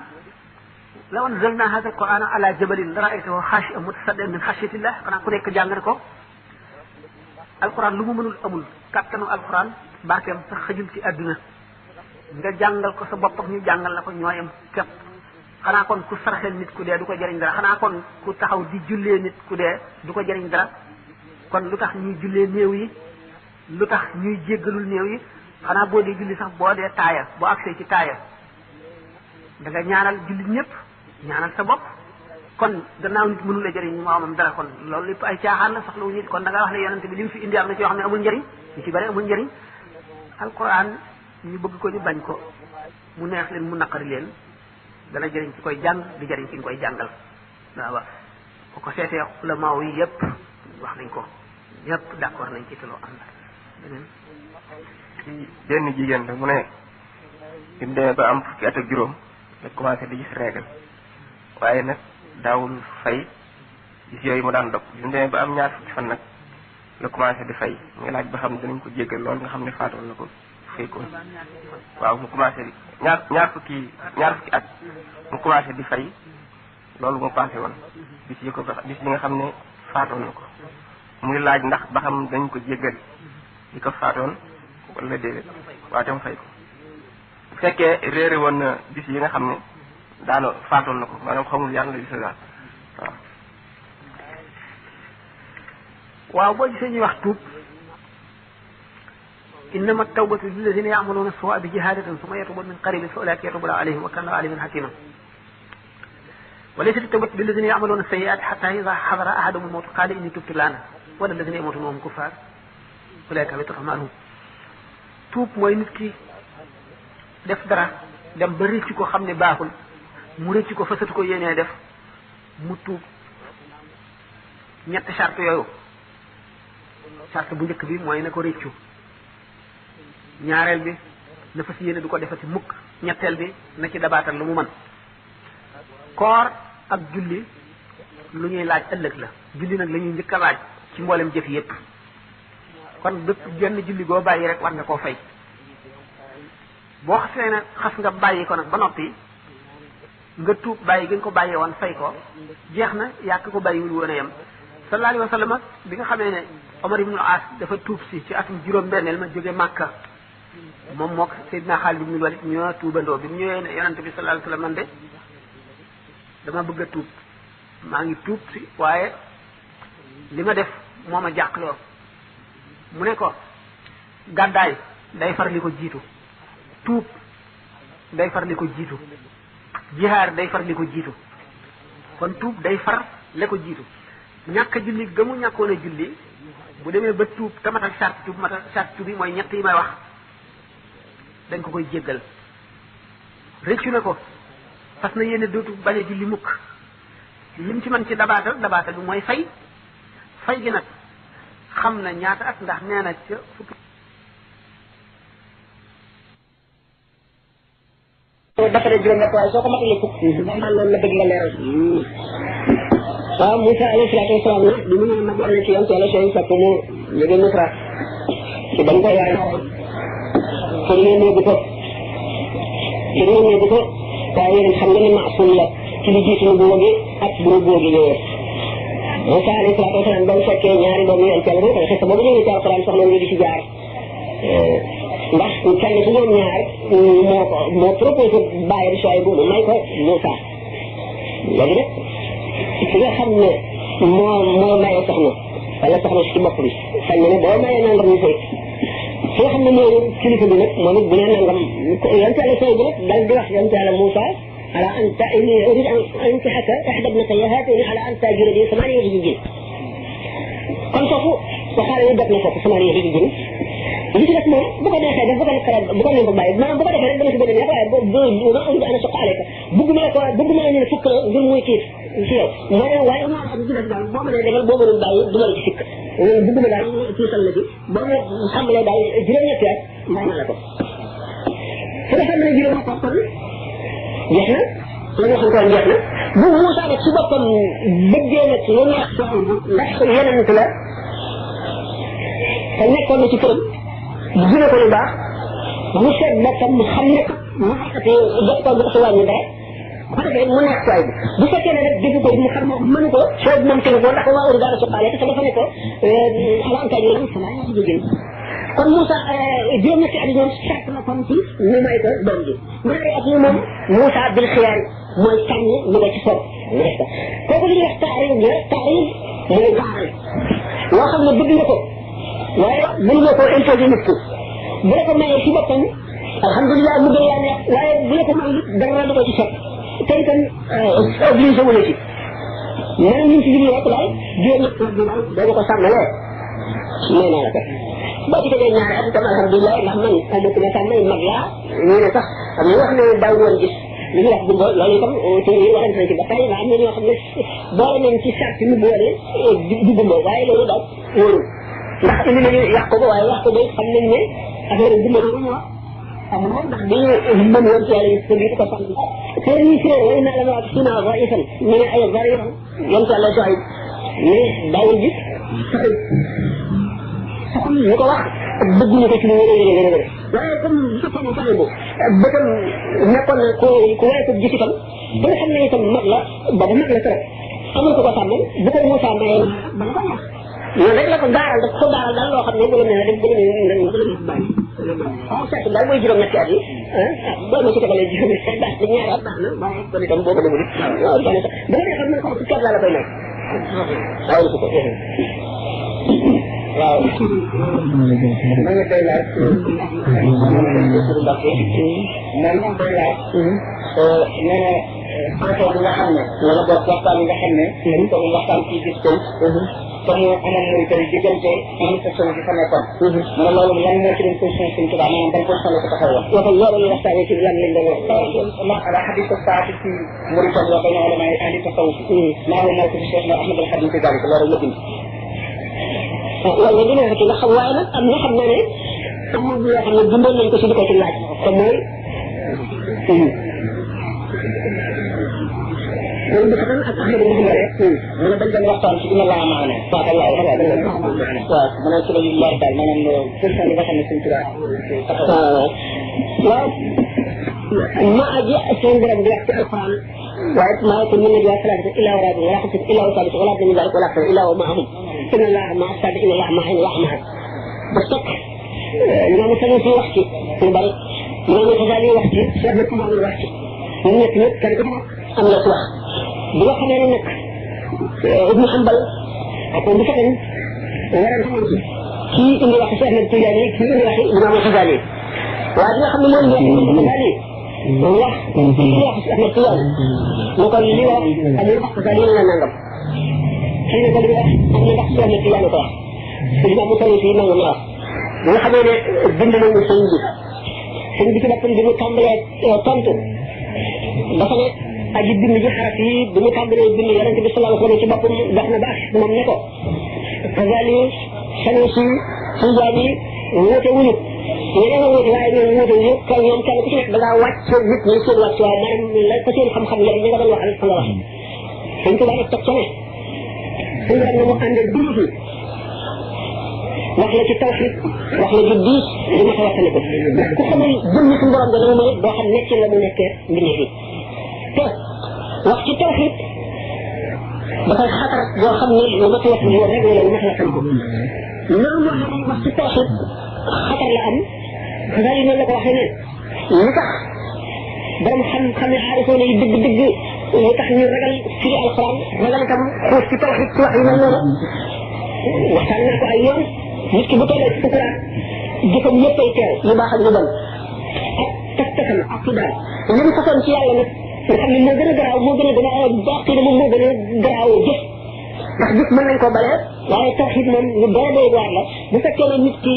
law anzalna hada alqurana ala jabalin la ra'aytahu xaashi'an mutasaddi'an min xashyatillah xanaa ku nekk jàng na ko alquran lu mu mënul amul kattanu alquran barkeem sax xajul ci aduna nga jangal ko sa bop boppam ñu jangal la ko ñooyam kep xana kon ku saraxel nit ku de du ko jariñ dara xana kon ku taxaw di julle nit ku de du ko jariñ dara kon lutax tax ñuy jullee néew yi lutax tax ñuy jéggalul neew yi xana bo de julli sax bo de taaya bo agsee ci taaya da nga ñaanal julli ñepp ñaanal sa bop kon gannaaw nit mënu la jëriñ maamam dara kon loolu lepp ay caaxaan la sax lu wuñu kon da nga wax la yonente bi lim fi indi am na ci yoo xam amul njëriñ ci bari amul njëriñ alquran ñu bëgg ko ñu bañ ko mu neex leen mu naqari leen dana jëriñ ci koy jàng di jëriñ ci ñu koy jàngal waaw bu ko seetee ulama yi yépp wax nañ ko ñépp d'accord nañ ci te am la beneen benn jigéen la mu ne bi ba am fukki at juróom la commencé di gis règle waaye nag daawul fay gis yooyu mu daan dog bi ba am ñaar fukki fan nag la commencé di fay nga laaj ba xam ne dinañ ko jéggal loolu nga xam ne faatoon na ko fekkoon waaw mu commencé di ñaar ñaar fukki ñaar fukki ak mu commencé di fay loolu mu passé woon bis yi ko bis yi nga xam ne faatoon na ko muy laaj ndax ba xam dañ ko jéggal di ko faatoon wala déedéet waaye tam fay ko bu fekkee réere woon na bis yi nga xam ne daana faatoon na ko maanaam xamul yàlla la bisa waaw waaw boo gisee ñuy wax tuub innama tawbatu lillazina ya'maluna su'a bi jahalatin summa yatubu min qaribin fa ulaika yatubu llahu alayhim wa kana llahu aliman hakiman وليست التوبة للذين يعملون السيئات حتى إذا حضر أحدهم الموت قال إني تبت الآن ولا الذين يموتون وهم كفار أولئك حبطت أعمالهم tuub mooy nit ki def dara dem ba rëcc ko xam ne baaxul mu rëcc ko fasatu ko yéenee def mu tuub ñetti charte yooyu sart bu njëkk bi mooy na ko réccu ñaareel bi na si yéene du ko defati mukk ñetteel bi na ci dabaatal lu mu man koor ak julli lu ñuy laaj ëllëg la julli nag lañuy ñuy njëkk a laaj ci mboolem jëf yépp kon bépp genn julli goo bàyyi rek war nga koo fay boo xasee ne xas nga bàyyi ko nag ba noppi nga tuub bàyyi gi ko bàyyee woon fay ko jeex na yàq ko bàyyiwul woon a yem sallallahu alayhi bi nga xamee ne omar ibn as dafa tupsi. si ci atum juróom benel ma jóge màkka moom moo ko sayidna xaalid ibn walid ñoo tuubandoo bi mu ñëwee ne yonante bi sallallahu alayhi wasallam de dama bëgg a tuub maa ngi tuub si waaye def moo ma jàqloo mu ne ko gàddaay day far li ko jiitu tuub day far li ko jiitu jihaar day far li ko jiitu kon tuub day far le ko jiitu ñàkk julli gëmu ñàkkoon julli bu demee ba tuub te matal sart tuub matal sart tuub yi mooy ñett yi may wax dañ ko koy jéggal rëccu na ko fas na yéene dootu bañ julli mukk lim ci mën ci dabaatal dabaatal bi mooy fay fay gi nag xam na ñaata at ndax nee na ca soo ko matalee fukk mm-hmm. moom waaw Moussa alayhi salaatu wasalaam nag bi mu nee mag am na ci yoon teel a sooy fekk mu jóge Misra ci dañ koy yaay pour ñu néegu ko pour ñu néegu ko waaye yéen xam nga ni maasum la ci li jiitu nu boogi ak bu nu boogi ñëwee Moussa alayhi salaatu wasalaam ba mu fekkee ñaari doomu yoon teel a xis boobu ñëwee ci alxuraan sax loolu di ci jaar ndax kenn ci ñoom ñaar moo ko moo proposé bàyyam Suwaybu mu may ko Moussa léegi nag ki nga xam ne moo moo maye soxna wala soxna si bopp bi xam ne boo maye nangam ñu fay ki nga xam ne mooy kilifa bi nag moom it bu ne nangam yonte yàlla sooy bu nag dal di wax yonte yàlla Moussa على أن إني أريد أن أنكحك إحدى ابنتي هاتين على أن تأجر لي ثمانية هجين. كم فوق وقال لي بدك نفس ثمانية هجين. li ci def moom bu ko neexee def bu ko neexee bu ko neexee bu bàyyi maanaam bu ko defee rek dama si bëgg neex waaye boo boo ma am ana soqaale ko bëgg maa ko bëgg maa ñu ne fukk la ngir muy kiif ci yow waaye waaye ma xam dugal daal boo mënee demal boo mënul bàyyi dugal ci sikk dugal daal tuusal la ci boo ma xamalee daal juróom ñetti at may na la ko su nga xam ne juróom ñetti at kon jeex na la nga xam kon jeex na bu Moussa nag su boppam bëggee nag lu neex soxna ndax yenent la te nekkoon na ci këram gina ko lu baax mu seet boppam xam ne mu xasati boppam bu ko si wàññi dara bu defee mu neex waay bi bu fekkee ne nag defu ko bi xam moom mënu ko soo moom téléphone ndax waa Urga su xaalee te dafa ne ko ala antaaj yi sama yaa jógee kon Moussa euh, juróom-ñetti at ñoom sart na kon ci ñu may ko doom ji ñaari at yi moom Moussa bil xiyaar mooy tànn li nga ci sopp kooku li ñuy wax taarib la taarib mooy gaaral loo xam ne bëgg nga ko waaye mën nga koo imposé nit ki bu la ko mayee si boppam alhamdulilah mu gën yaa neex waaye bu la ko may dara la ko ci sopp tey kan euh, obligé wu na ci leneen ñu ngi si jublu rek daal génn kër gi daal dañu ko sàmmalee nee naa la ko boo ci tegee ñaari at itam alhamdulilah ndax man amatuma sàmmay mag laa ñu ne sax am na wax ne daaw woon gis li ñu wax gumba loolu itam tey euh, yi waxante na ci ba tey am na ñoo xam ne boole nañ ci sart ñu boole euh, di gumba waaye loolu daal wóorul ndax indi nañu yàq ko ba waaye wax ko ba xam nañ ne affaire gumba loolu ñu wax من يرجع للسبيل فقال سيري سيري وإن لم أكون ضعيفا من أي ضريرا يرجع لا تعيد من باول جيت ñu ko wax ak bëgg ñu ko ci lu wéré wéré wéré waaye comme su sama sama bu bëggam nekkoon na ku ku wéy ko gis itam ba nga xam ne itam mag la ba bu mag la trop amul ko ko sàmmal bu ko mu sàmmalee ba ko wax noonu rek la ko gaaral daf ko gaaral daal loo xam ne bu la nee rek bu la nee rek bu la nee bàyyi. waaw seetlu daal mooy juróom-ñetti at yi. ah boo ma si tegalee juróom-ñetti at baax na ñaari at baax na waaye kon itam boo ko demee. waaw waaw bu ko defee mën ko wax la la koy may. waaw ko ko. waaw. ma nga koy laaj. ma nga koy laaj. nee na fonto bi nga xam ne wala boog waxtaan yi nga xam ne dañ ko doon waxtaan ci gis kon te mu amal ñu tey diggante administration bi fa nekkoon mu ne loolu lan moo ci doon position suñ tubaab maanaam ban position la ko taxawoo waxu loolu ñu waxtaanee ci lan lañ doon masala hadis saati ci muritan wa bañ ulama yi ahli tasawuf maalu moo ko ci cheikh na ahmad al hadim ci dalik loolu la bind wala dina ci nga xam waaye nag am na xam ne ne amul bu yoo xam ne dundal nañ ko si di ko ci laaj te mooy loolu dafa am ak xëy na mu dimbale. mu ne dañ doon waxtaan ci inna laa maana. waaw waaw waaw waaw dañ doon waxtaan. waaw mu ne ci la ñuy lor daal maanaam pour que nga xam ne suñ tubaab. waaw waaw. maa ji seen borom di wax ci alquran. waaye maa ngi ko mën a di wax salaatu illaa wala wala xam si illaa wala wala dañu daal wala xam illaa wa maahum. inna laa maa sabi inna laa maa wax maa. ba toog ñoom tamit suñu wax ci lu bari. ñoom itamit wax ci. wax ci. ñun ñëpp ñëpp kenn ku am na wax bu nga xamee ne nag euh, Ibnu Hanbal ak bu fekkoon werante nañ ci kii indi wax Cheikh Ahmed Tidiane kii indi wax Ibnu Ahmed Tidiane waaye nga xam ne moom mooy wax li wax ak li la nangam kii ne ko li wax ak li wax Cheikh Ahmed Tidiane ko wax sëñ bi mu toll fii wax bi nga xamee ne bind nañu sëñ bi sëñ bi ci boppam bi mu tàmbalee euh, tontu aji bind ji xaraf yi bu ñu tàmbalee bind yonente bi sallallahu alayhi wa sallam ci boppam dox na ba ak moom ne ko kazali sanu si sujaan yi wuute wuñu ñeneen a wuute waaye ñoom wuute wuñu kon ñoom kenn ku ci nekk da ngaa wàcc nit ñi seen wàcc waaye maanaam la ko seen xam-xam yam ñi nga doon wax rek fa nga wax dañ ko bàyyi toog sone suñ borom ne mu àndal dund fi wax la ci tawxid wax la ci diis li ma ko waxtaliko ku xamul jëmmi suñ borom ga la mu mën doo xam nekkin la mu nekkee mbindee fi الاحداث وقت تاخد مثلا خطر واخد من الوضع وفي الوضع الى المحل كمهم نعم وقت تاخد خطر الان فهذا يقول لك واحدين يتخ برم خم خم يحارسون يدق دق يتخ من الرجل سريع القرآن رجل كم خوش تتاخد تواحد من الوضع وحسن لك ايام يتكي بطولة تتكرا جسم يتكي يباخد جبل تتكي أقدار ينفصل في الله nga xam ne moo gën a garaaw moo gën a gën a baaxee ne moom moo gën a garaawoo jëf ndax jëf mën nañ ko balee waaye tawxiid moom lu doy doy waar a bu fekkee ne nit ki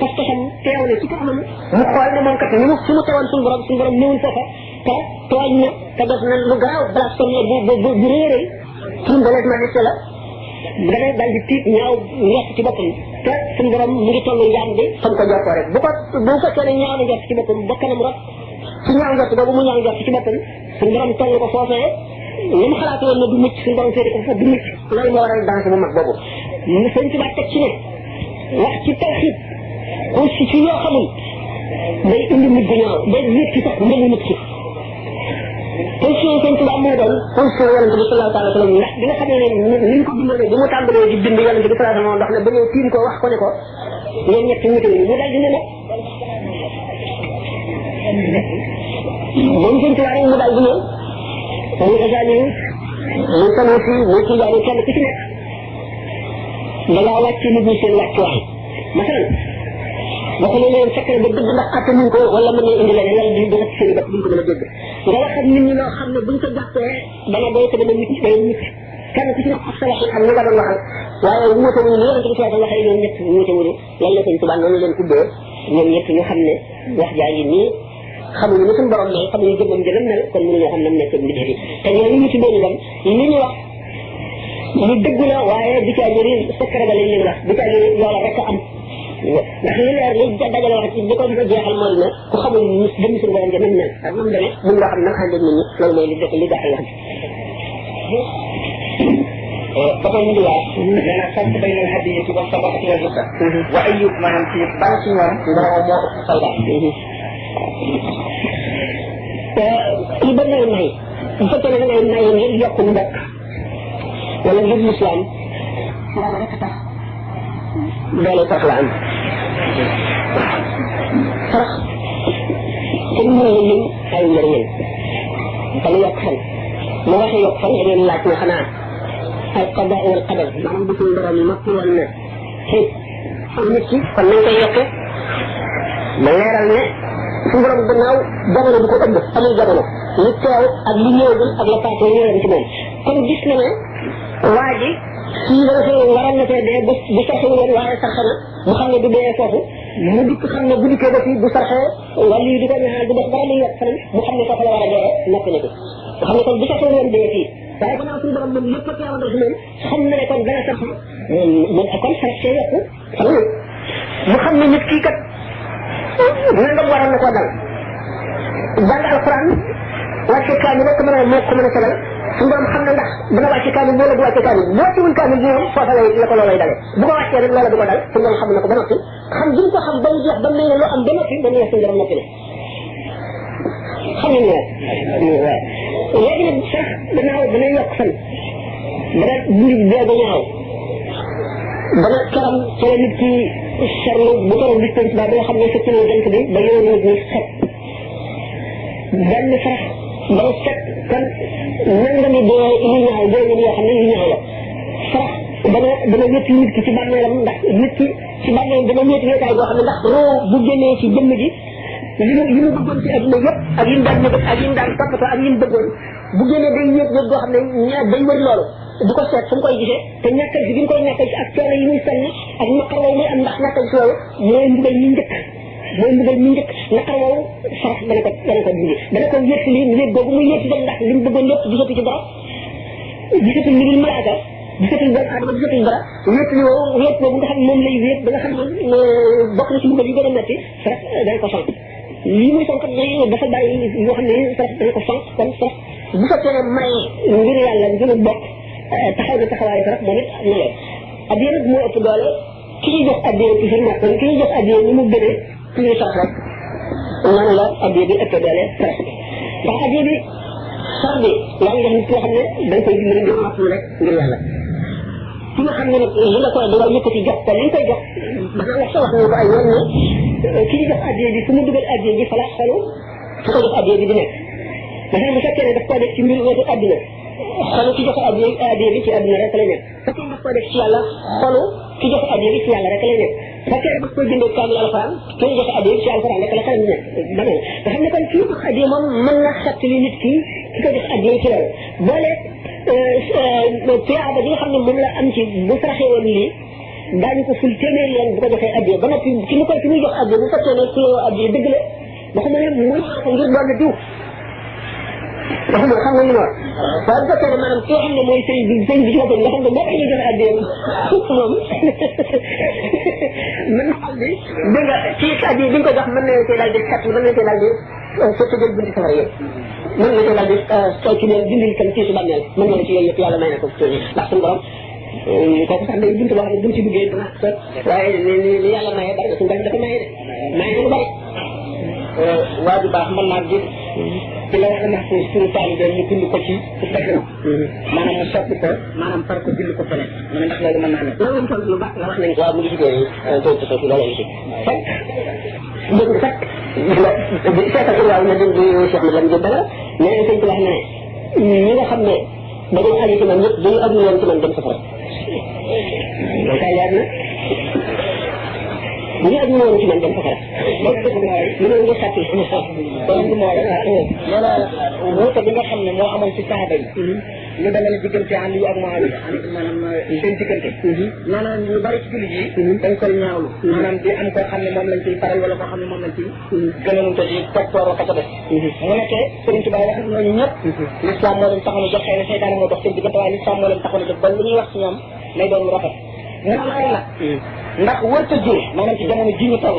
parce que xam teew na ci kanam mu xool ne moom kat ni mu fi mu teewoon suñu borom suñu borom ta foofa te tooñ na te def na lu garaaw blasphème la bu bu bu réeréy suñu borom ma nekk la dangay daal mu ngi toll yàgg bi xam ko jokkoo rek bu ko bu fekkee ne na njort su ñaaw njort boobu mu ñaaw njort ci boppam suñu borom toll ko foofee li mu xalaatee woon ne du mucc suñu borom féete ko fa du mucc loolu moo waral danse bu mag boobu mu sëñ ci baa teg ne wax ci tawxiid ko si ci yoo xamul day indi nit bu ñaaw day nit ki sax mbënd nit ki position sëñ Tuubaa moo doon position yonente bi sallallahu alayhi wa sallam ndax bi nga xamee ne ni ñu ko bindalee bi mu tàmbalee di bind yonente bi sallallahu ne ba ko ko moom jëm ci waare mu daal di ñëw ko wala mën nañ indi leneen yàlla di def seen a dégg nga wax ak nit ñi loo xam ne sa wax nga doon bi sallallahu alayhi wa sallam waxee ñoom ñett wuute wuñu lan la sëñ Tuubaa noonu leen ubbee ñu xam ne wax jaa ngi nii xamuñu ne suñu borom mel xamuñu jëmmam ji nam mel kon mënuñoo xam nam nekk ak mbindeef yi te ñooñu ñu tuddee itam li ñu wax lu dëgg la waaye bu caa jëri secret ba lañ leen wax bu caa jëri loola rek a am ndax li leer li dajale wax ci li ko jeexal mooy ne ku xamul jëmm suñu borom ja nam mel ak nam demee mën nga xam nag ànd ak nit ñi loolu mooy li dëgg li gàxal wax dafa ñu di waay. nee na sant bay leen xaj yi ci wàllu sabab ak ci wàllu sax. waaye yëpp maanaam ci ban ci ñoom. moo moo ëpp li ba lay may bu fekkee ne dangay may ngir yokk mbokk wala ngir lislaam yàlla rek tax doole tax la am tax te mën na lim ay njëriñam dana yokk fan mu waxee yokk fan da ngeen laaj ne xanaa al qada wal qadar maanaam bu suñu borom noppi woon na ci am nit ki kon nañ koy yokkee ma leeral ne suñu borom gannaaw jamono bu ko ëmb amul jamono li teew ak li ñëwagul ak la paase ñëwoon ci moom kon gis na ne waa ji fii dana fi waroon na fee dee bu bu saxee woon waaye sax na mu xam ne du dee foofu mu dikk xam ne bu dikkee ba fii bu saxee wala yi di ko ñaan du def dara lu yàq fanam mu xam ne foofu la war a dee nekk na fi nga xam ne kon bu saxee woon dee fii waaye gannaaw suñu borom moom lépp teew na fi moom xam na ne kon dana sax moom kon sax see yokku xam nga mu xam ne nit kii kat nangam waral na ko dal jàng alquran wàcce kaamil rek mën a moo ko mën a tegal suñu borom xam na ndax dina wàcce kaamil moo la du wàcce kaamil boo ci wul kaamil bi moom foofa lay la ko loolay dalee bu ko wàccee rek loola du ko dal suñu borom xam na ko ba noppi xam gi ko xam ba mu jeex ba mu ne loo am ba noppi ba mu ne suñu borom noppi na xam nañ ne waaw léegi nag sax danaa dana yokk fan dana dund bee ba ñaaw ba nga keroog ci la nit ba nga xam ne fekk na jant bi ba yow nit ñi xet benn sax ba mu set kon nangami boo yu ñaaw boo ngeen yoo ne yu ñaaw la sax dana dana wétti nit ki ci bàmmeelam ndax nit ki ci bàmmeelam dana wétti wéetaay ne ndax roo bu génnee ci jëmm ji ne ñaar du ko seet fu mu koy gisee te ñàkkal gi bi mu koy ñàkkal ci ak coono yi muy sonn ak naqar woowu muy am ndax ñàkkal ci loolu mooy mbugal mi njëkk mooy mbugal mi njëkk naqar woowu sarax dana ko dana ko dindi dana ko wéet li wéet boobu muy wéet dem mu ba nga xam ne euh, bokk na ci mbugal yu a metti sarax dana ko bokk taxaw na taxawaayu rek moom it mu ne addiya nag moo ëpp doole ki ñu jox addiya ci firma kon ki ñu jox addiya ni mu gënee ci ñuy sax rek noonu la addiya bi ëpp doole presque ndax addiya bi sax bi yaa ngi def nit koo xam ne dañ koy dimbali ngir xaatu rek ngir yàlla ki nga xam ne nag li la koy dugal yëkkati jox ko li koy jox ba nga wax sa wax ne ko ay yoon ne ki ñu jox addiya bi fu mu dugal addiya bi fa la xolu fu ko jox addiya bi di nekk ndax bu fekkee ne daf koo def ci mbir wootu àddina xolu ki joxe addi addi bi ci àdduna rek lay nekk fekkee daf ko def ci yàlla xolu ki joxe addi bi ci yàlla rek lay nekk fekkee daf koy bindee kaamil alxuraan kenn joxe addi ci alxuraan rek la xel nekk ba nga xam ne kon kii jox addi moom mën na xett li nit ki ki ko jox addi ci loolu boole euh, euh, tuyaaba bi nga xam ne moom la am ci bu saraxee woon lii daañu ko ful téeméer yoon bu ko joxee addi ba noppi ki mu koy ki muy jox addi bu fekkee ne ku addi dëgg la waxuma ne mu ngir doon diw dafa mën xam nga li ma wax waaye bu fekkee ne maanaam koo xam ne mooy sëñ bi sëñ bi ci boppam nga xam ne moo koy joxe àddiyam moom mën na xam ni dégg nga ci àddiya bi nga ko jox mën na cee daal na di sotti jël bunti safara yëpp na di socc leen dindil tam ci su bàmmeel mën na la ci yooyu yëpp yàlla na ko ndax suñu borom euh, kooku sax day buntu boo xam ne buñ ci duggee dana waaye ni yàlla maye na suñu borom dafa maye de na lu Euh, waa ju baax mën naa gis ci la nga xamante ni suñu taalibe mu bind ko ci ci fekk na maanaam mu soppi ko maanaam far ko bind ko feneen mu ne ndax loolu mën naa ne loolu tam lu baax la wax nañ waaw mu ngi jigéen doy ko sofi loolu ci fekk léegi fekk seetal ko waaw na dem bi Cheikh Mouhamed Diop Dara mais sëñ bi wax ne ñi nga xam ne dañuy aju ci man ñëpp dañu aju woon ci man dem safara loolu kay leer na bu ñu aju ma woon ci man dem safara. li ma ngi sàcc. kon li ma war a. maanaam wuute bi nga xam ne moo amoon ci saxaaba yi. lu dama ne diggante ànd yi ak Muawiya mm-hmm. maanaam euh, mm-hmm. seen diggante. Mm-hmm. maanaam ñu bari ci jullit yi. dañ koy ñaawlu. maanaam di am koo xam ne moom lañ ciy faral wala koo xam ne moom lañ ciy. gën a mënta di toppatoo ka ca des. mu nekkee Sëriñ Tuubaa wax nañu ñëpp. l'islam moo leen taxoon a jox xëy na seytaane moo dox seen diggante waaye l'islam moo leen taxoon a jox ba lu ñuy wax ci ñoom lay doon lu rafet. Nak may la ndax wërta jël maanaam ci jamono ji ñu taw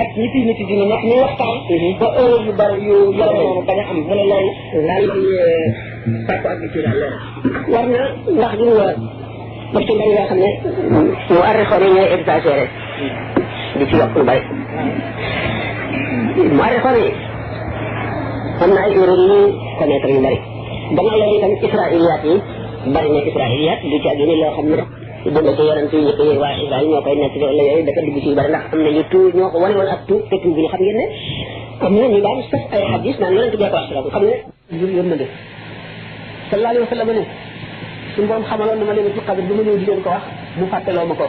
ak ñi fi nit dina ñak ñu waxtaan ba yu bari yu am mu ne loolu daal lañ sàkku ak ci daal leer war na ndax ñu war parce que dañ nga xam ne mu arrixoon ñooy exagéré di ci dëgg ci yonent yi ko waa Israël ñoo koy nekk la yooyu dafa dugg ci yu bari ndax am na ñu tuub ñoo ko wane woon ak tuub te tuub bi xam ngeen ne am na ñu daan sëf ay xadis naan yonent bee ko wax xam ne yón na de sallallahu alayhi wa sallam ne suñu borom xamaloon na ma leen ci xabir bi ma ñëw di leen ko wax mu fàttaloo ma ko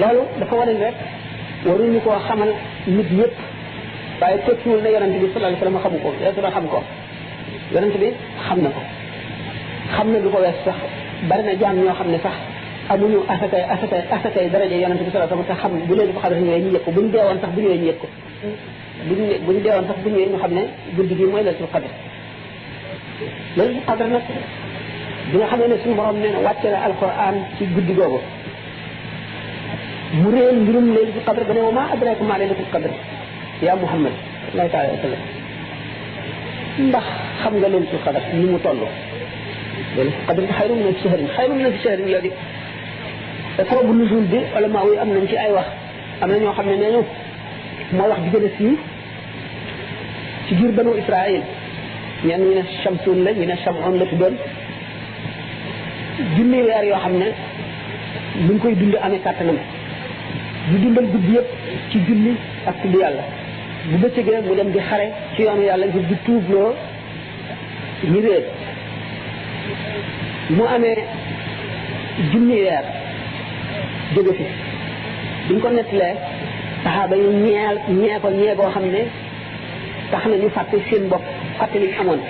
loolu dafa wane rek waruñu koo xamal nit ñëpp waaye tekkiwul na yonent bi sallallahu alayhi wa sallam xamu ko yonent xam ko yonent bi xam na ko xam na lu ko wees sax bari na jaam ñoo xam ne sax amuñu asaka asaka asaka yi daraja yonente bi salaa sama te xam bu leen ko xam ñëwee ñu yëg ko buñ deewoon sax bu ñëwee ñu yëg ko buñ buñ deewoon sax bu ñëwee ñu xam ne guddi gi mooy laylatul qadr laylatul qadr nag bi nga xamee ne suñu borom nee na wàcce na alquran ci guddi googu mu réel mbirum laylatul qadr ba ne wa maa adraaka maa laylatul qadr yaa muhammad sallallahu alayhi wa sallam ndax xam nga laylatul qadr ni mu toll laylatul qadr xayru min shahrin xayru min shahrin yow di sababu nuzul bi ulamaa yi am nañ ci ay wax am na ñoo xam ne nee ñu moo wax bi gën ci biir banu Israël ñenn ñu ne Shamsun la ñu ne Shamoon la tuddoon junni weer yoo xam ne lu ngi koy dund amee kàttanam bu dundal guddi yëpp ci julli ak tudd yàlla bu bëccëgee mu dem di xare ci yoonu yàlla ngir di tuubloo ñi réer mu amee junni weer jóge fi biñ ko nettalee saxaaba yi ñeel ñee ko ñee boo xam ne tax na ñu fàtte seen bopp fàtte liñ amoon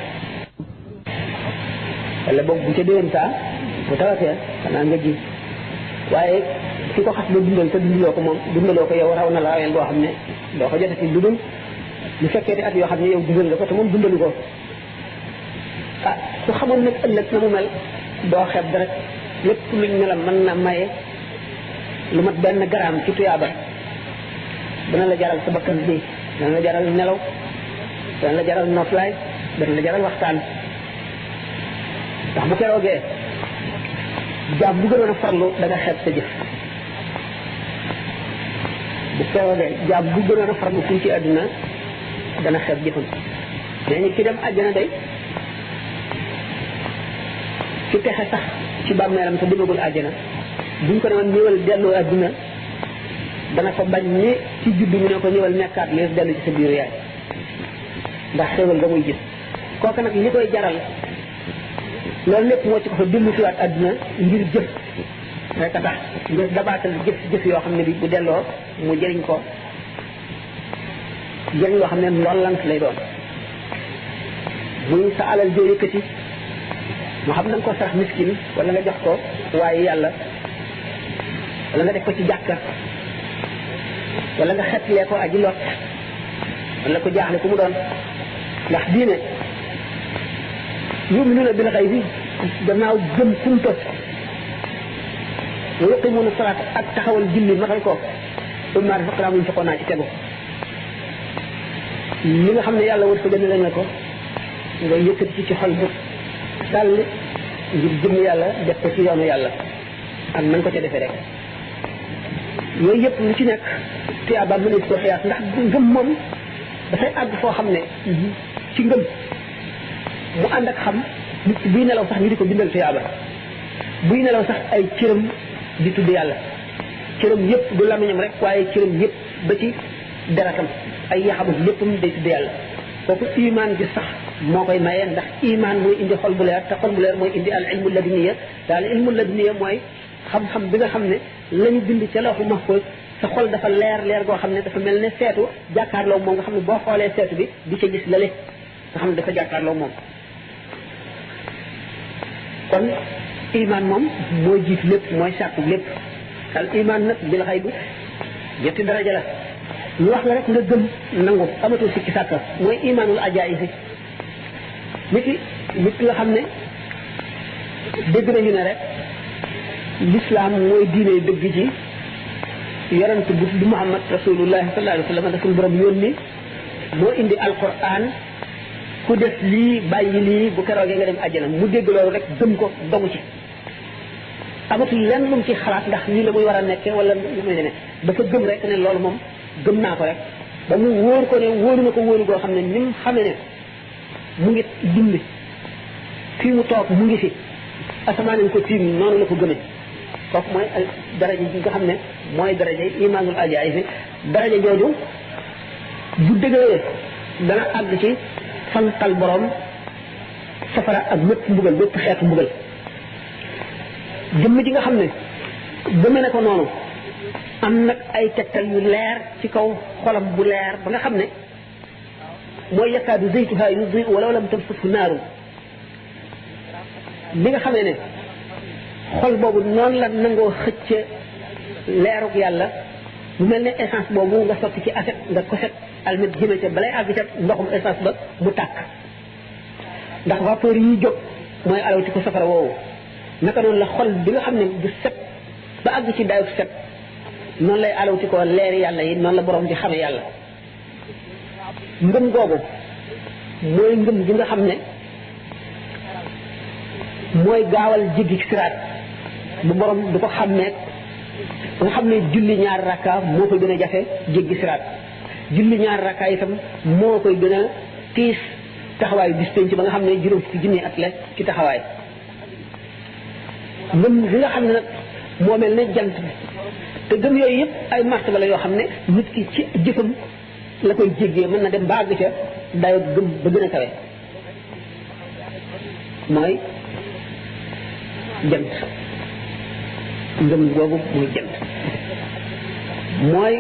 wala boog bu ca déwén saa bu tawatee xanaa nga ji waaye ki ko xas ba dundal te dundaloo ko moom dundaloo ko yow raw na la raween boo xam ne doo ko jotati lu dul lu fekkee te at yoo xam ne yow dundal nga ko te moom dundalu ko ah su xamoon nag ëllëg na mu mel doo xeeb dara lépp luñ melam mën na maye lu mat benn garaam ci tuyaaba dana la jaral sa bakkan bi dana la jaral nelaw dana la jaral noflaay dana la jaral waxtaan ndax bu keroogee jaam bu gënoon a farlu da nga xeeb sa jëf bu keroogee jaam bu gënoon a farlu fii ci àdduna dana xeeb jëfam nee ñu ki dem àjjana day ki texe sax ci bàmmeelam te demagul àjjana buñ ko ne woon ñëwal delloo adduna dana ko bañ ni ci juddu ñu ne ko ñëwal nekkaat lees dellu ci sa biiru yaay ndax xéwal nga gis kooku nag li koy jaral loolu lépp wocc ko fa dellu siwaat adduna ngir jëf rek a tax ngir dabaatal jëf yoo xam ne bi bu delloo mu jëriñ ko jëriñ yoo xam ne loolu lant lay doon muy sa alal joo yëkkati mu xam na nga ko sarax miskin wala nga jox ko waaye yàlla wala nga def ko ci jàkka wala nga xetlee ko aji lot wala ko jaaxle ku mu doon ndax diine yuminuna bil xaybi gannaaw gëm kumpa wa yuqimuna salaat ak taxawal julli matal ko umma rafaqra mun faqo naa ci tegu li nga xam ne yàlla wër ko gën la nga ko nga yëkkati ci xol bu sàll ngir jëm yàlla def ko ci yoonu yàlla ak nañ ko ca defee rek yooyu yëpp lu ci nekk tuyaaba mënees koo xiyaas ndax ngëm moom dafay àgg foo xam ne ci ngëm mu ànd ak xam nit ki buy nelaw sax ñu di ko bindal tuyaaba buy nelaw sax ay cëram di tudd yàlla cëram yëpp du lamiñam rek waaye cëram yëpp ba ci deratam ay yaxamam léppam day tudd yàlla kooku iman gi sax moo koy maye ndax iman mooy indi xol bu leer te xol bu leer mooy indi al ilmu ladiniya daal ilmu ladiniya mooy xam-xam bi nga xam ne lañu bind ca lawxu mahfuz sa xol dafa leer leer goo xam ne dafa mel ne seetu jàkkaarloo moom nga xam ne boo xoolee seetu bi di ca gis lale nga xam ne dafa jàkkaarloo moom kon iman moom moo jiit lépp mooy sàkku lépp al iman nag bi la xay bu ñetti daraja la ñu wax la rek nga gëm nangu amatul sikki sàkka mooy imanul ajaay si nit nit nga xam ne dégg ñu ne rek lislaam mooy diine dëgg ji yonent bu di muhammad rasulullahi sallallahu alayhi wa sallam dafa yoon yónni moo indi alquran ku def lii bàyyi lii bu keroogee nga dem àjjana mu dégg loolu rek gëm ko dogu ci amatul lenn lu mu ci xalaat ndax nii la muy war a nekke walla lu muy demee dafa gëm rek ne loolu moom gëm naa ko rek ba mu wóor ko ne wóoru na ko wóoru goo xam ne ni mu xamee ne mu ngi dund fii mu toog mu ngi fi asamaan ko tiim noonu la ko gëmee foofu mooy daraja ji nga xam ne mooy daraja imaanul ajaayib bi daraja jooju bu dëgëree dana àgg ci fanqal borom safara ak mépp mbugal mépp xeetu mbugal jëmm ji nga xam ne gëme na ko noonu am nag ay tegtal yu leer ci kaw xolam bu leer ba nga xam ne mooy yakaadu zaytuha yuddi walaw lam tamsashu naaru li nga xamee ne xol boobu noonu la nangoo xëcce leerug yàlla bu mel ne essence boobu nga sotti ci aset nga koset almit jëme ca balay àgg ca ndoxum essence ba mu tàkk ndax vapeur yi jóg mooy alawti ko safara woowu naka noonu la xol bi nga xam ne du set ba àgg ci dayug set noonu lay alawti ko leer yàlla yi noonu la borom di xame yàlla ngëm googu mooy ngëm gi nga xam ne mooy gaawal jiggi siraat bu borom du ko ne nga xam ne julli ñaar rakka moo koy gën a jafe jéggi siraat julli ñaar rakka itam moo koy gën a tiis taxawaayu bis penc ba nga xam ne juróom fukki junni at ci taxawaay gëm li nga xam ne nag moo mel ne jant bi te gëm yooyu yëpp ay martaba la yoo xam ne nit ki ci jëfam la koy jéggee mën na dem baag ca dayo gëm ba gën a kawe mooy jant ngëm googu muy jëm mooy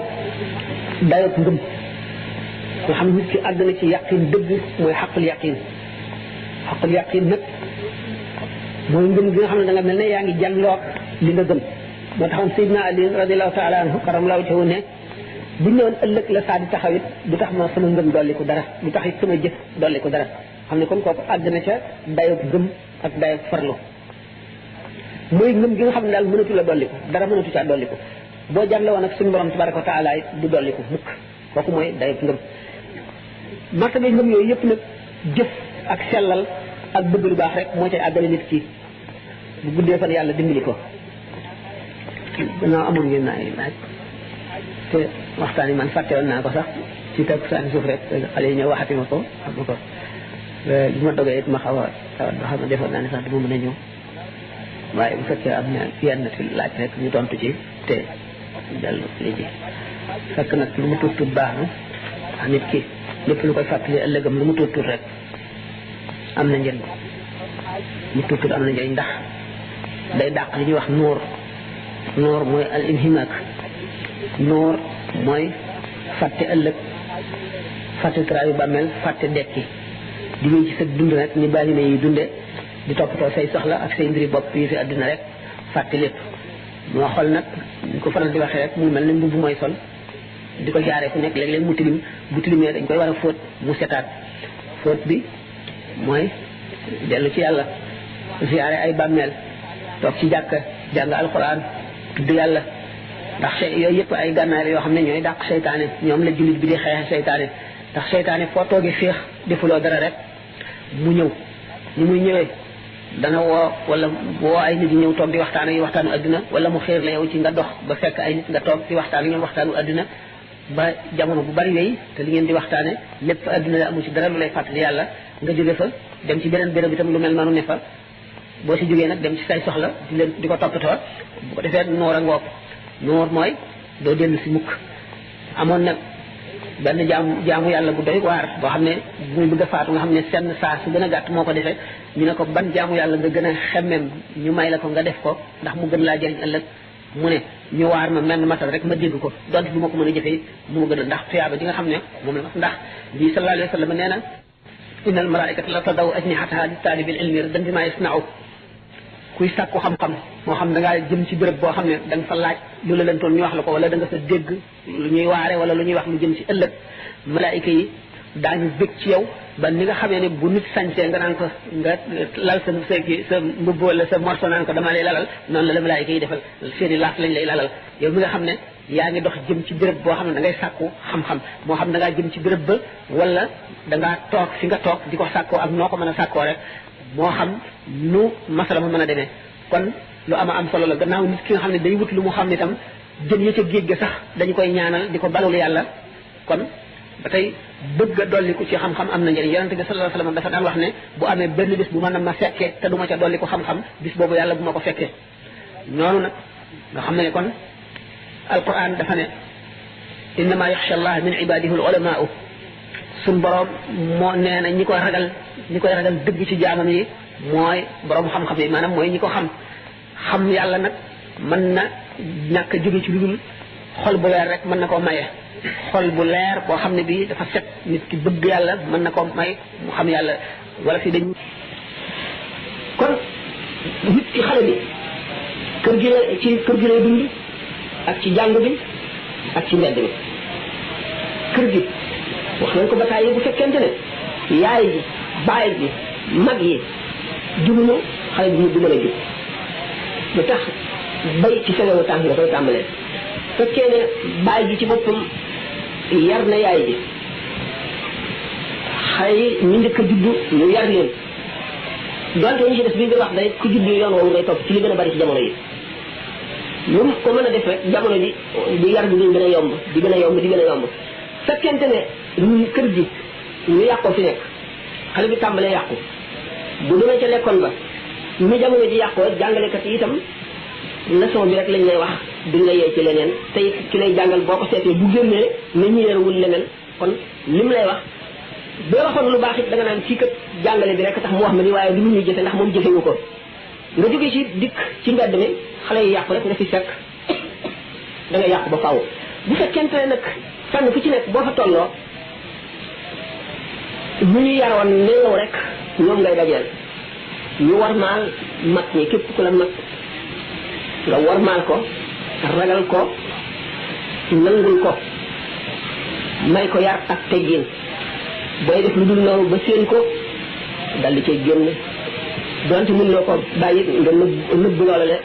dayot ngëm nga xam nit ki àgg na ci yaqin dëgg mooy xaqul yaqin xaqul yaqin nag mooy ngëm gi nga xam ne da nga mel ne yaa ngi jàlloog li nga gëm moo taxoon Seydina Ali radiallahu taala anhu karam laaw ci ne bu ñëwoon ëllëg la saa di taxaw it du tax ma sama ngëm dolli ko dara du tax it sama jëf dolli ko dara xam ne kon kooku àgg na ca dayob gëm ak dayob farlu mooy ngëm gi nga xam ne daal mënatu la dolliku dara mënatu caa dolliku boo jàlle woon ak suñu borom tabaraka wa taala it du dolliku mukk kooku mooy day ngëm martabe ngëm yooyu yëpp nag jëf ak sellal ak bëgg lu baax rek moo cay àggale nit ki bu guddee fan yàlla dimbali ko gannaaw amul ngeen naa ay laaj te waxtaan yi man fàtte woon naa ko sax ci takk saan suuf rek xale yi ñëw waxati ma ko xam ko li ma dogee it ma xaw a tawat ba xam ne defoon naa ne sax du ma mën a ñëw waaye bu fekkee am ñaan yenn laaj ñu tontu ci te dellu léegi fekk nag lu mu tuut tuut baax na ndax nit ki lépp lu koy fàttali ëllëgam lu mu tuut tuut rek am na njëriñ mu tuut tuut am na njëriñ ndax day dàq li ñuy wax noor noor mooy al inhimaak noor mooy fàtte ëllëg fàtte traayu bàmmeel fàtte dekki di wéy ci sa dund rek ni bàyyi na yi dunde di toppatoo say soxla ak say mbiri bopp yi fi àdduna rek fàtte lépp moo xol nag ñu ko faral di waxee rek muy mel ne mbubb mooy sol di ko jaaree fu nekk léeg-léeg mu tilim bu tilimee dañ koy war a fóot mu setaat fóot bi mooy dellu ci yàlla ziare ay bàmmeel toog ci jàkka jàng alquran tudd yàlla ndax yooyu yëpp ay gànnaar yoo xam ne ñooy dàq seytaane ñoom la julit bi di xeexe seytaane ndax seytaane foo toogee féex defuloo dara rek mu ñëw ni muy ñëwee dana woo wala woo ay nit ñëw toog di waxtaan ak waxtaanu àdduna wala mu xéer la yow ci nga dox ba fekk ay nit nga toog di waxtaan ñoom waxtaanu àdduna ba jamono bu bari wéy te li ngeen di waxtaane lépp àdduna la amu ci dara lu lay fàttali yàlla nga jóge fa dem ci beneen béréb itam lu mel noonu ne fa boo si jógee nag dem ci say soxla di leen di ko toppatoo bu ko defee noor ak ngoog noor mooy doo dellu si mukk amoon nag benn jaamu jaamu yàlla bu doy waar boo xam ne muy bëgg a faatu nga xam ne senn saa su gën a gàtt moo ko defee ñu ne ko ban jaamu yàlla nga gën a xemmem ñu may la ko nga def ko ndax mu gën laa jëriñ ëllëg mu ne ñu waar ma menn matal rek ma dégg ko donte bu ma ko mën a jëfee mu ma gën a ndax tuyaaba di nga xam ne moom la ndax bi sallallahu alayhi wa sallam nee na inna al malaikata la tadaw ajnihataha li taalibil ilmi dan bi ma yasnau kuy sàkku xam-xam moo xam da ngaa jëm ci béréb boo xam ne da fa laaj lu la lentoon ñu wax la ko wala da nga fa dégg lu ñuy waare wala lu ñuy wax lu jëm ci ëllëg malaayika yi daañu bég ci yow ba ni nga xamee ne bu nit sañsee nga naan ko nga lal sa sa kii sa mbubb wala sa morso naan ko dama lay lalal noonu la la malaayika yi defal seeni laaf lañ lay lalal yow mi nga xam ne yaa ngi dox jëm ci béréb boo xam ne dangay ngay sàkku xam-xam moo xam da ngaa jëm ci béréb ba wala da ngaa toog fi nga toog di ko sàkkoo ak noo ko mën a sàkkoo moo xam nu masala ma mën a demee kon lu am a am solo la gannaaw nit ki nga xam ne day wut lu mu xam ne itam jën ya ca géej ga sax dañu koy ñaanal di ko balul yàlla kon ba tey bëgg a dolli ko ci xam-xam am na njëriñ yonente bi sallallahu alayhi wasallam dafa daan wax ne bu amee benn bis bu mën a ma fekkee te du ma ca dolli ko xam-xam bis boobu yàlla bu ma ko fekkee noonu nag nga xam ne kon alquran dafa ne innama yaxsha allah min ibadihi al ulamaau suñ boroom moo nee na ñi koy ragal ñi koy ragal dëgg ci jaamam yi mooy boroom xam-xam yi maanaam mooy ñi ko xam xam yàlla nag mën na ñàkk jóge ci lu dul xol bu leer rek mën na koo maye xol bu leer boo xam ne bii dafa set nit ki bëgg yàlla mën na koo may mu xam yàlla wala fii dañ kon nit ki xale bi kër gi la ci kër gi lay dund ak ci jàng bi ak ci mbedd bi kër gi wax nañ ko ba tàyyi bu fekkente ne yaay ji baay ji mag yi jubuñu xale bi du mën a jub lu tax bay ci selewu tànk nga koy tàmbalee fekkee ne baay ji ci boppam yar na yaay ji xale yi ñu njëkk a juddu ñu yar leen donte ñu ci bii nga wax day ku juddu yoon woowu ngay topp ci li gën a bari ci jamono yi lu ko mën a def rek jamono ji di yar bi di gën a yomb di gën a yomb di gën a yomb fekkente ne kër gi ñu yàqoo fi nekk xale bi tàmbalee yàqu bu demee ca lekkoon ba ñu jamono ji yàqoo jàngalekat yi itam leçon bi rek lañu lay wax duñ la yee ci leneen tey ki lay jàngal boo ko seetee bu génnee nañu yeerewul leneen kon lim lay wax boo waxoon lu baax it da nga naan ci kat jàngale bi rek tax mu wax ma ni waaye du mu ñuy jëfe ndax moom jëfewu ko nga jógee ci dikk ci mbedd mi xale yi yàqu rek nga fi fekk da yàqu ba faaw. bu fekkente ne nag fànn fu ci nekk boo fa tolloo ñu ñu yaroon ne yow rek ñoom ngay dajeel ñu warmaal mag ñi képp ku la mag nga warmaal ko ragal ko nangul ko may ko yar ak teggin booy def lu dul noonu ba séen ko dal di cay génn donte mën loo ko bàyyi nga nëbb nëbb loolale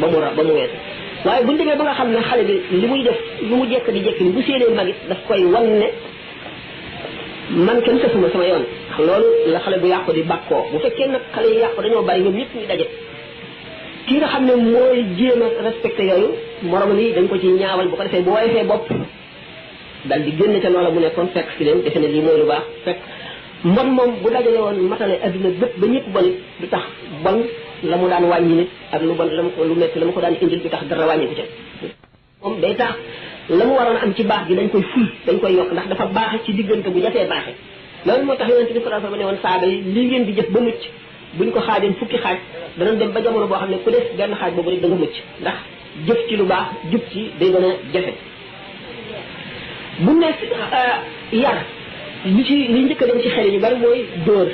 ba mu ra ba mu weesu waaye buñu demee ba nga xam ne xale bi li muy def lu mu jekk di jekk ni bu séenee magit daf koy wan ne man kenn sëfuma sama yoon loolu la xale bu yàqu di bàkkoo bu fekkee nag xale yi yàqu dañoo bàyyi ñoom ñëpp ñu daje ki nga xam ne mooy jéem a respecté yooyu moromam yi dañ ko ci ñaawal bu ko defee bu woyofee bopp dal di génn ca loola mu nekkoon fekk si leen defe ne lii mooy lu baax fekk mbon moom bu dajale woon matale adduna bépp ba ñëpp bon du tax bon la mu daan wàññi nit ak lu bon la mu ko lu métti la mu ko daan indil bi tax dara wàññi ko ca moom day tax la mu waroon am ci baax gi dañ koy ful dañ koy yokk ndax dafa baaxe ci diggante bu jafee baaxe loolu moo tax yonente bi sallallahu alayhi wa sallam ne woon saaba yi li ngeen di jëf ba mucc buñ ko xaajoon fukki xaaj danañ dem ba jamono boo xam ne ku des benn xaaj boobu rek da nga mucc ndax jëf ci lu baax jub ci day gën a jafe bu nekk yar li ci li njëkk a dem ci xel yi ñu bari mooy dóor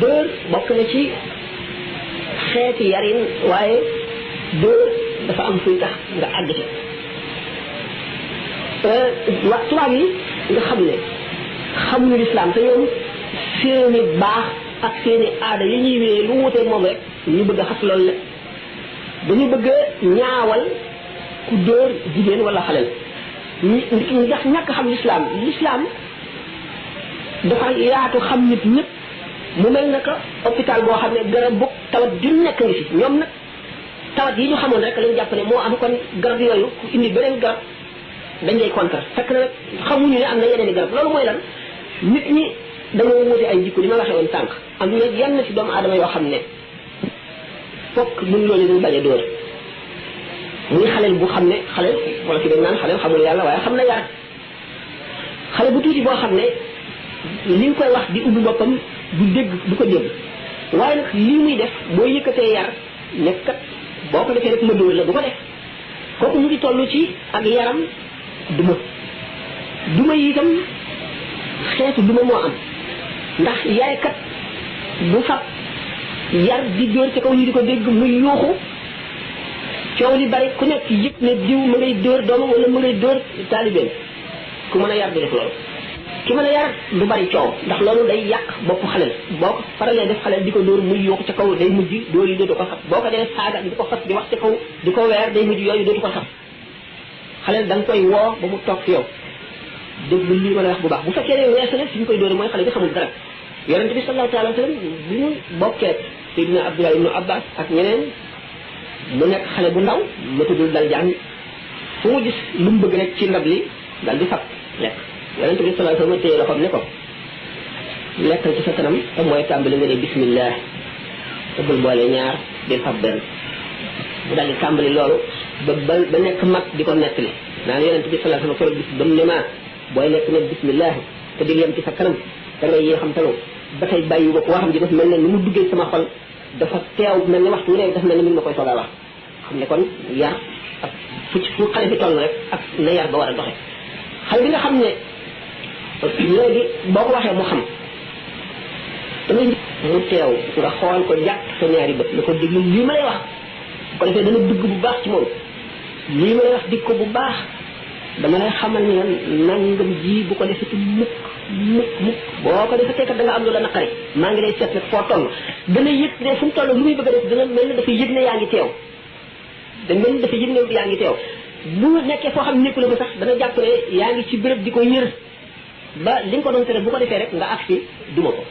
dóor bokk na ci xeeti yarin waaye dóor dafa am fuy tax nga àgg ci wa tubaab yi nga xam ne xamuñu lislaam te ñoom seeni baax ak seeni aada yi ñuy wéyee lu wutee moom rek ñu bëgg a xas loolu la dañu bëgg ñaawal ku dóor jigéen wala xalel ñi ndax ñàkk xam lislaam lislaam dafa yaatu xam nit ñëpp mu mel naka hôpital boo xam ne garab bu tawat di nekk ni fi ñoom nag tawat yi ñu xamoon rek lañu jàpp ne moo am kon garab yooyu ku indi beneen garab dañ lay contre fekk na nag xamuñu ne am na yeneen garab loolu mooy lan nit ñi dañoo wuti ay jikko li ma waxe woon tànk am na yenn ci doomu aadama yoo xam ne fokk mun loolu dañ bañ a dóor muy xaleel bu xam ne xaleel wala ci dañ naan xaleel xamul yàlla waaye xam na yar xale bu tuuti boo xam ne li koy wax di ubbi boppam du dégg du ko dégg waaye nag lii muy def boo yëkkatee yar nekk boo ko defee rek ma dóor la du ko def kooku mu ngi tollu ci ak yaram duma duma yi itam xeetu duma moo am ndax yaay kat bu fab yar di dóor ci kaw ñu di ko dégg mu yuuxu coow li bari ku nekk yëpp ne diw ma ngay dóor doomam wala ma ngay dóor taalibe ku mën a yar du def loolu ki mën a yar du bari coow ndax loolu day yàq boppu xalel boo ko faralee def xalel di ko dóor muy yokk ci kaw day mujj dóor yi dootu ko xas boo ko dee saaga di ko xas di wax ci kaw di ko weer day mujj yooyu dootu ko xas xalel da koy woo ba mu toog yow déglu lii mën a bu baax bu fekkee ne weesu ñu koy dóore mooy xale bi xamul dara yonente bi sallallahu taala wa sallam bi mu bokkee Seydina Abdullah ibnu Abbas ak ñeneen mu nekk xale bu ndaw ma tuddul dal jàng fu mu gis lu mu bëgg rek ci ndab li dal di fab yonent bi sallallahu alayhi wa sallam ne ko nekkal ci sa kanam te mooy tàmbali nga ne bismillah te bul boole ñaar di fab benn mu daal di tàmbali loolu ba ba ba nekk mag di ko nettali naan yonent bi sallallahu alayhi wa sallam bis ba mu ne maa booy nekk ne bismillah te di sa kanam da ngay yéexam talu ba tey bàyyi ko mu duggee sama xol dafa teew mel ne waxtu ne daf mel ne mi ma koy soogaa wax xam ne kon yar ak fu ci fu xale bi toll rek ak na yar ba war a doxe xale bi nga xam ne léegi boo ko waxee mu xam dangay mu teew nga xool ko jàpp sa ñaari bët na ko déglu lii ma lay wax ko defee dana dugg bu baax ci moom lii ma lay wax dig ko bu baax dama lay xamal ni lan nangam ji bu ko defati mukk mukk mukk boo ko defee kat da am lu la naqari maa ngi lay seet nag foo toll dana yëg ne fu mu toll lu muy bëgg a def dana mel ne dafa yëg ne yaa ngi teew da mel ne dafa yëg ne yaa ngi teew bu nekkee foo xam nekkul ma sax dana jàpp ne yaa ngi ci béréb di ko yër ba li nga ko doon tere bu ko defee rek nga agsi duma ko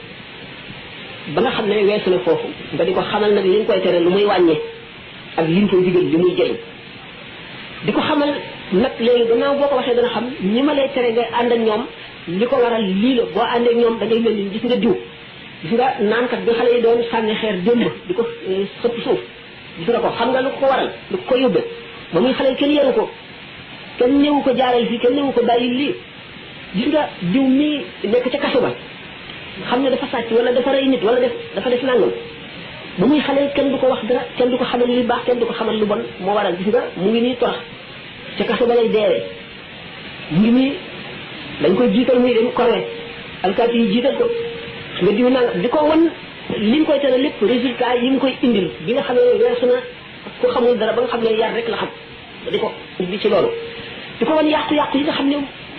ba nga xam ne weesu na foofu nga di ko xamal nag li nga koy tere lu muy wàññee ak li nga koy digal li muy jëriñ di ko xamal nag léegi gannaaw boo ko waxee dana xam ñi ma lay tere nga ànd ak ñoom li ko waral lii la boo àndee ñoom da ngay mel ni gis nga diw gis nga naankat bi xale yi doon sànni xeer démb di ko xëpp suuf gis nga ko xam nga lu ko waral lu ko yóbbee ba muy xale kenn yaru ko kenn néewu ko jaaral fii kenn néewu ko bàyyi lii gis nga diw mii nekk ca kaso ba xam ne dafa sàcc wala dafa rey nit wala def dafa def nangam bu muy xale kenn du ko wax dara kenn du ko xamal lu baax kenn du ko xamal lu bon moo waral gis nga mu ngi nii torax ca kaso ba lay mu ngi nii dañ koy jiital muy dem koré alkaati yi jiital ko nga diw nangam di ko wan li nga koy tere lépp résultat yi nga koy indil bi nga xam ne weesu na ku xamul dara ba nga xam ne yar rek la xam di ko ubbi ci loolu di ko wan yàqu-yàqu yi nga xam ne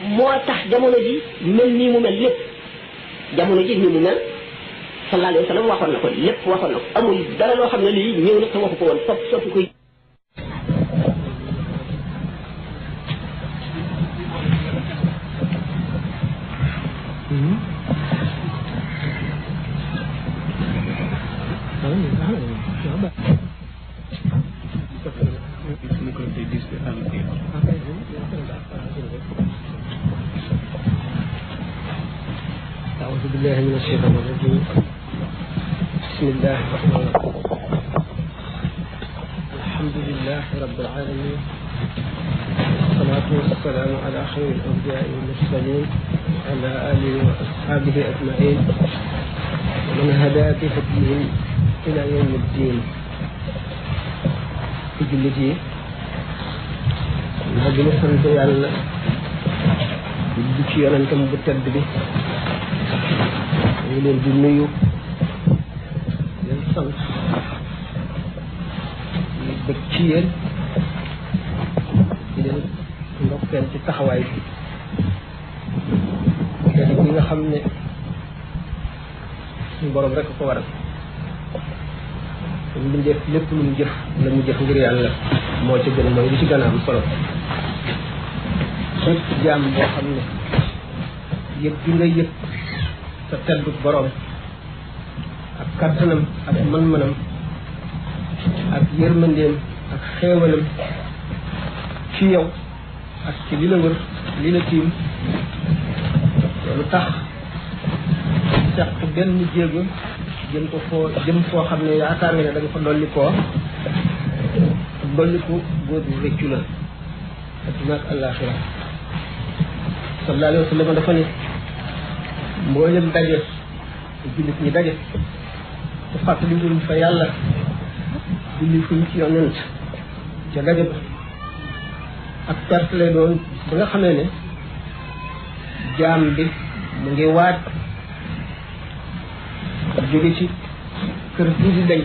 moo tax jamono ji mel nii mu mel lépp jamono ji ni mu mel sallallahu alayhi wa sallam waxoon na ko lépp waxoon na ko amul dara loo xam ne lii ñëw na te waxu ko woon sopp soppi koy Mm-hmm. أعوذ بالله من الشيطان الرجيم بسم الله الرحمن الرحيم الحمد لله رب العالمين والصلاة والسلام على خير الأنبياء والمرسلين على آله وأصحابه أجمعين ومن هدى بهديهم إلى يوم الدين جلدي maa gën a sant yàlla di ci yonentam bu ñu leen nuyu leen sant di bëgg ci yéen di leen ndokkeel ci taxawaay bi te bi nga xam ne suñu borom rek ko waral lu def lépp lu mu jëf la mu jëf ngir yàlla moo ci gën mooy li ci gën a am solo bépp jaam boo xam ne yëg gi nga yëg sa teddu borom ak kattanam ak mën-mënam ak yërmandeem ak xéewalam ci yow ak ci li la wër li la tiim loolu tax seq benn jéego jëm ko foo jëm foo xam ne yaakaar nga ne da nga fa dolli koo dolli ko góor bu rëccu la ak àllaaxira sallallahu alayhi wa sallam dafa ne mboolem daje jullit ñi daje te fàttali wuñ fa yàlla julli fuñ ci yonent ca daje ba ak perte lay doon ba nga xamee ne jaam bi mu ngi waaj jóge ci kër gi di dañ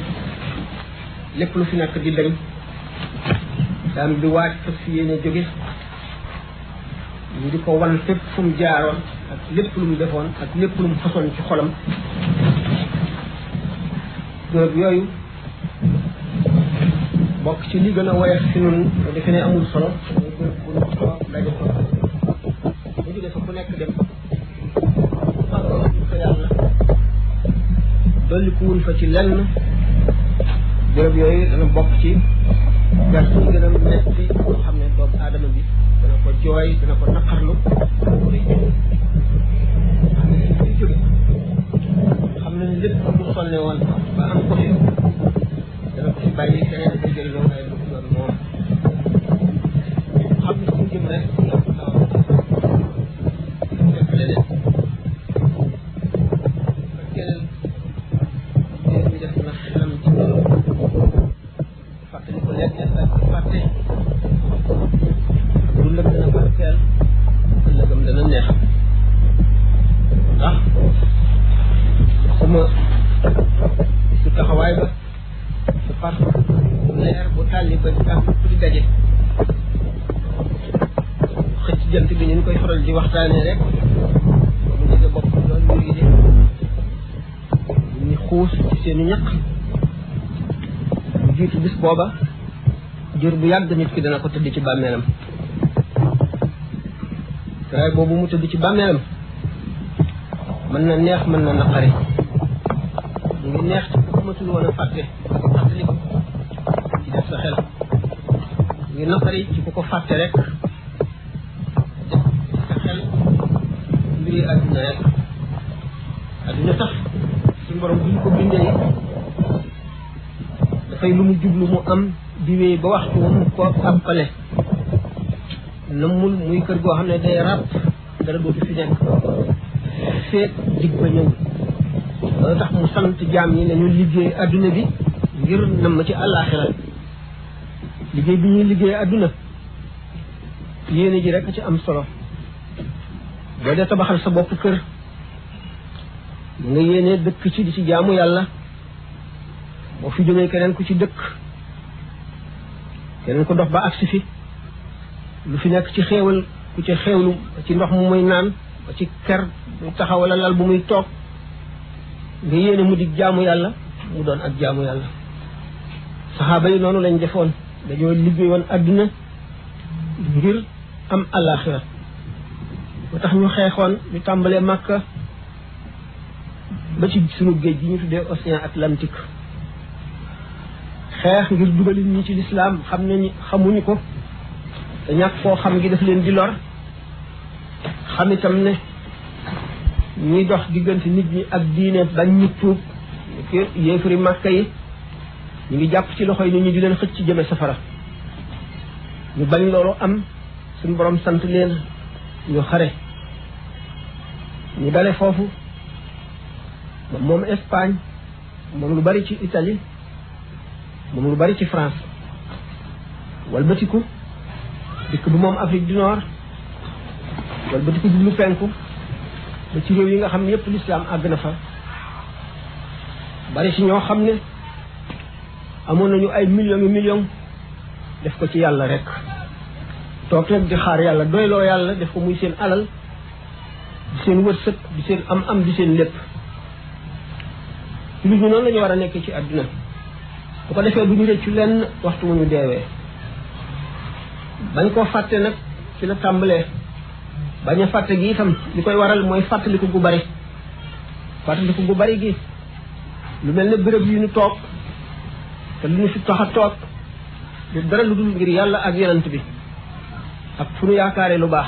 lépp lu fi nekk di dañ jaam bi waaj fas yéene jóge ñu di ko wan fépp fu mu jaaroon ak lépp lu mu defoon ak lépp lu mu fasoon ci xolam bërëb yooyu bokk ci li gën a woyof si nun defe ne amul solo mooy bërëb bu ñu ko daje ko bu jóge fa ku nekk dem fàggoo ñu ko yàlla dolli ko wun fa ci lenn bërëb yooyu dana bokk ci gar suñ gën a metti xam ne doomu aadama bi ko jooy dana ko naqarlu dana ko rëy xam ne dañuy jóge xam ne lépp bu sonne woon ba am ko fi dana ñaq bu jiitu bis booba jur bu yàgg nit ki dana ko tëdd ci bàmmeelam waaye boobu mu tëdd ci bàmmeelam mën na neex mën na naqari mu ngi neex ci ku matul woon a fàtte fàttali ko ci def sa xel mu ngi naqari ci ku ko fàtte rek dafay lu mu jublu mu am di wéy ba waxtu ko àppale namul muy kër goo xam ne day ràpp dara dootu fi nekk feet dig ba ñëw loolu tax mu sant jaam yi nañu liggéey àdduna bi ngir namm ci àllaaxira liggéey bi ñuy liggéey adduna yéene ji rek ci am solo boo dee tabaxal sa bopp kër nga yéene dëkk ci di ci jaamu yàlla bu fi jógee keneen ku ci dëkk keneen ku dox ba agsi fi lu fi nekk ci xéewal ku ci xéewlu ci ndox mu muy naan ba ci ker mu taxaw wala lal bu muy toog nga yéene mu di jaamu yàlla mu doon ak jaamu yàlla saxaaba yi noonu lañ defoon dañoo liggéey woon àdduna ngir am àllaaxira ba tax ñu xeexoon ñu tàmbalee màkka ba ci sunu géej gi ñu tuddee océan atlantique xeex ngir dugali ñi ci lislaam xam ne xamuñu ko te ñàkk foo xam gi daf leen di lor xam itam ne ñuy dox diggante nit ñi ak diine bañ ñu tuub yéefari màkka yi ñu ngi jàpp ci loxo yi nit ñu di leen xëcc ci jëme safara ñu bañ loolu am suñ borom sant leen ñu xare ñu dale foofu moom Espagne moom lu bari ci Italie moom lu bari ci France walbatiku dikk bu moom Afrique du Nord walbatiku jublu penku ba ci réew yi nga xam ne yëpp lislaam àgg na fa bari ci ñoo xam ne amoon nañu ay millions yu millions def ko ci yàlla rek toog rek di xaar yàlla doyloo yàlla def ko muy seen alal di seen wërsëg di seen am am di seen lépp lu ñu noonu lañu war a nekk ci àdduna bu ko defee bu ñu ci lenn waxtu mu ñu deewee bañ koo fàtte nag ci la tàmbalee bañ a fàtte gi tam li koy waral mooy fàttaliku gu bari fàttaliku gu bari gi lu mel ni bërëb yi ñu toog te lu ñu fi tax a toog du dara lu dul ngir yàlla ak yonent bi ak fu nu yaakaaree lu baax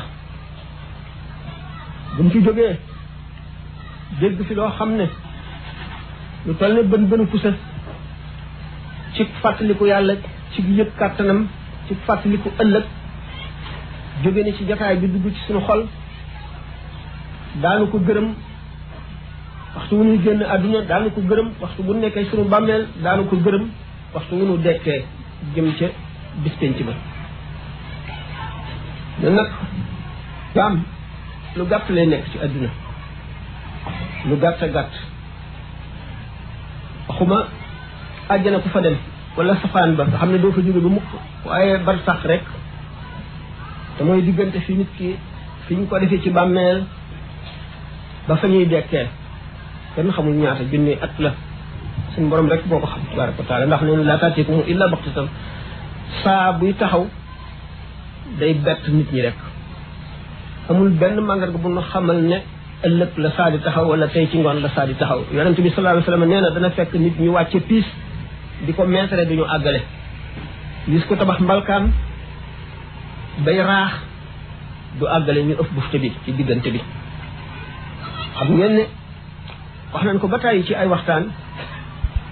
buñ fi jógee dégg fi loo xam ne lu toll ne bën bënu pusa ci fàttaliku yàlla ci yëg kàttanam ci fàttaliku ëllëg jóge na ci jataay bi dugg ci suñu xol daanu ko gërëm waxtu wu ñuy génn àdduna daanu ko gërëm waxtu bu nekkee suñu bàmmeel daanu ko gërëm waxtu wu ñu dekkee jëm ca bis penc ba ñun nag jaam lu gàtt lay nekk ci àdduna lu gàtt a gàtt waxuma aljana ku fa dem wala safaan ba xamne do fa jóge bu mukk waye bar sax rek da moy diggante fi nit ki fiñ ko défé ci bammel ba fa ñuy dékké kenn xamul ñaata jinné at la suñu borom rek boko xam tabaraka wa taala ndax leen la taati ko illa baqtasam sa bu taxaw day bett nit ñi rek amul benn mangar bu nu xamal ne ëllëg la saa di taxaw wala tey ci ngoon la saa di taxaw yonent bi sallallahu alayhi wa sallam nee dana fekk nit ñi wàcce piis diko ko duñu agalé gis ko tabax mbalkan bay raax du agalé ñu ëf bufte bi ci digënté bi xam ngeen ne wax nañ ko ba tàyyi ci ay waxtaan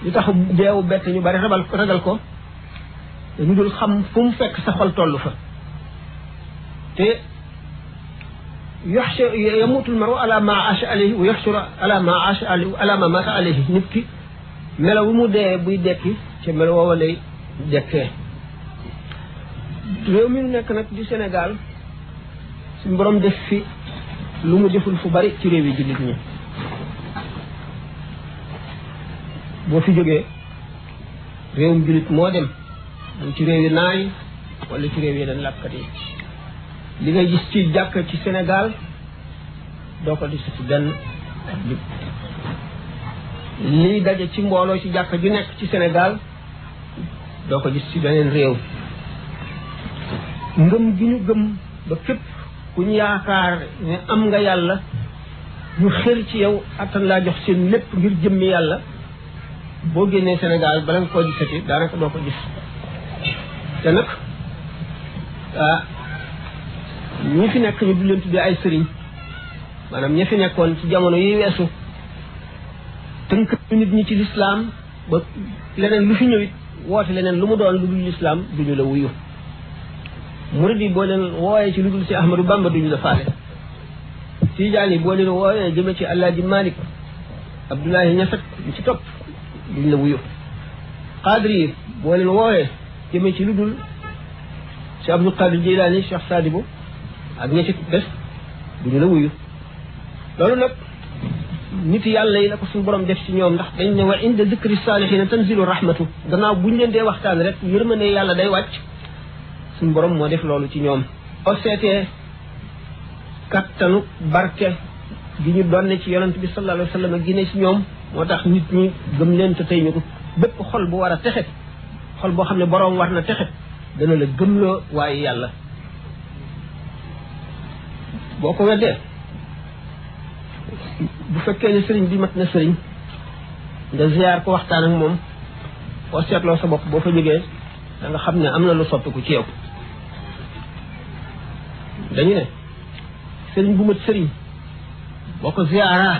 li tax deewu bett ñu bari rabal ragal ko ñu dul xam fu mu fekk sa xol tollu fa te yaxsha yamutul maru ala ma asha alayhi wa yaxshura ala ma asha alayhi ala ma mata alayhi nit melo wu mu dee buy dekki ci melo woowa lay dekkee réew mi nekk nag di Sénégal suñu borom def fi lu mu deful fu bari ci réew yi jullit ñi boo fi jógee réewum jullit moo dem am ci réew yi naar yi ci réew yi dañ làkkat li ngay gis ci jàkk ci Sénégal doo ko di suti benn ak lii daje ci mbooloo ci jàkka ju nekk ci senegaal doo ko gis ci beneen réew ngëm gi ñu gëm ba képp ku ñu yaakaar ne am nga yàlla ñu xër ci yow attan laa jox seen lépp ngir jëmmi yàlla boo génnee Sénégal bala nga koo gisati daanaka doo ko gis te nag ah ñi fi nekk ñu du leen tuddee ay sëriñ maanaam ñi fi nekkoon ci jamono yi weesu tënk nit ñi ci lislaam ba leneen lu fi ñëwit woote leneen lu mu doon lu dul lislaam duñu la wuyu murid yi boo leen wooyee ci lu dul si ahmadou bamba duñu la faale tijaan yi boo leen wooyee jëme ci alaaji malik abdoulahi ñasak ñu ci topp duñ la wuyu xaadir yi boo leen wooyee jëme ci lu dul si abdou qadir jilaani cheikh sadibu ak ña ci des duñu la wuyu loolu nag nit yàlla yi la ko suñu borom def ci ñoom ndax dañ ne wa inda zikri salihina tanzilu rahmatu gannaaw buñ leen dee waxtaan rek yërmande yàlla day wàcc suñu borom moo def loolu ci ñoom boo seetee kattanu barke gi ñu donne ci yonent bi sallallahu alayhi wa sallam gi ne ci ñoom moo tax nit ñi gëm leen te tey ñu ko bépp xol bu war a texe xol boo xam ne borom war na texe dana la gëmloo waaye yàlla boo ko weddee bu fekkee ne sëriñ bi mat na sëriñ nga ziar ko waxtaan ak moom boo seetloo sa bopp boo fa jógee da xam ne am na lu soppiku ci yow dañu ne sëriñ bu mat sëriñ boo ko ziaraa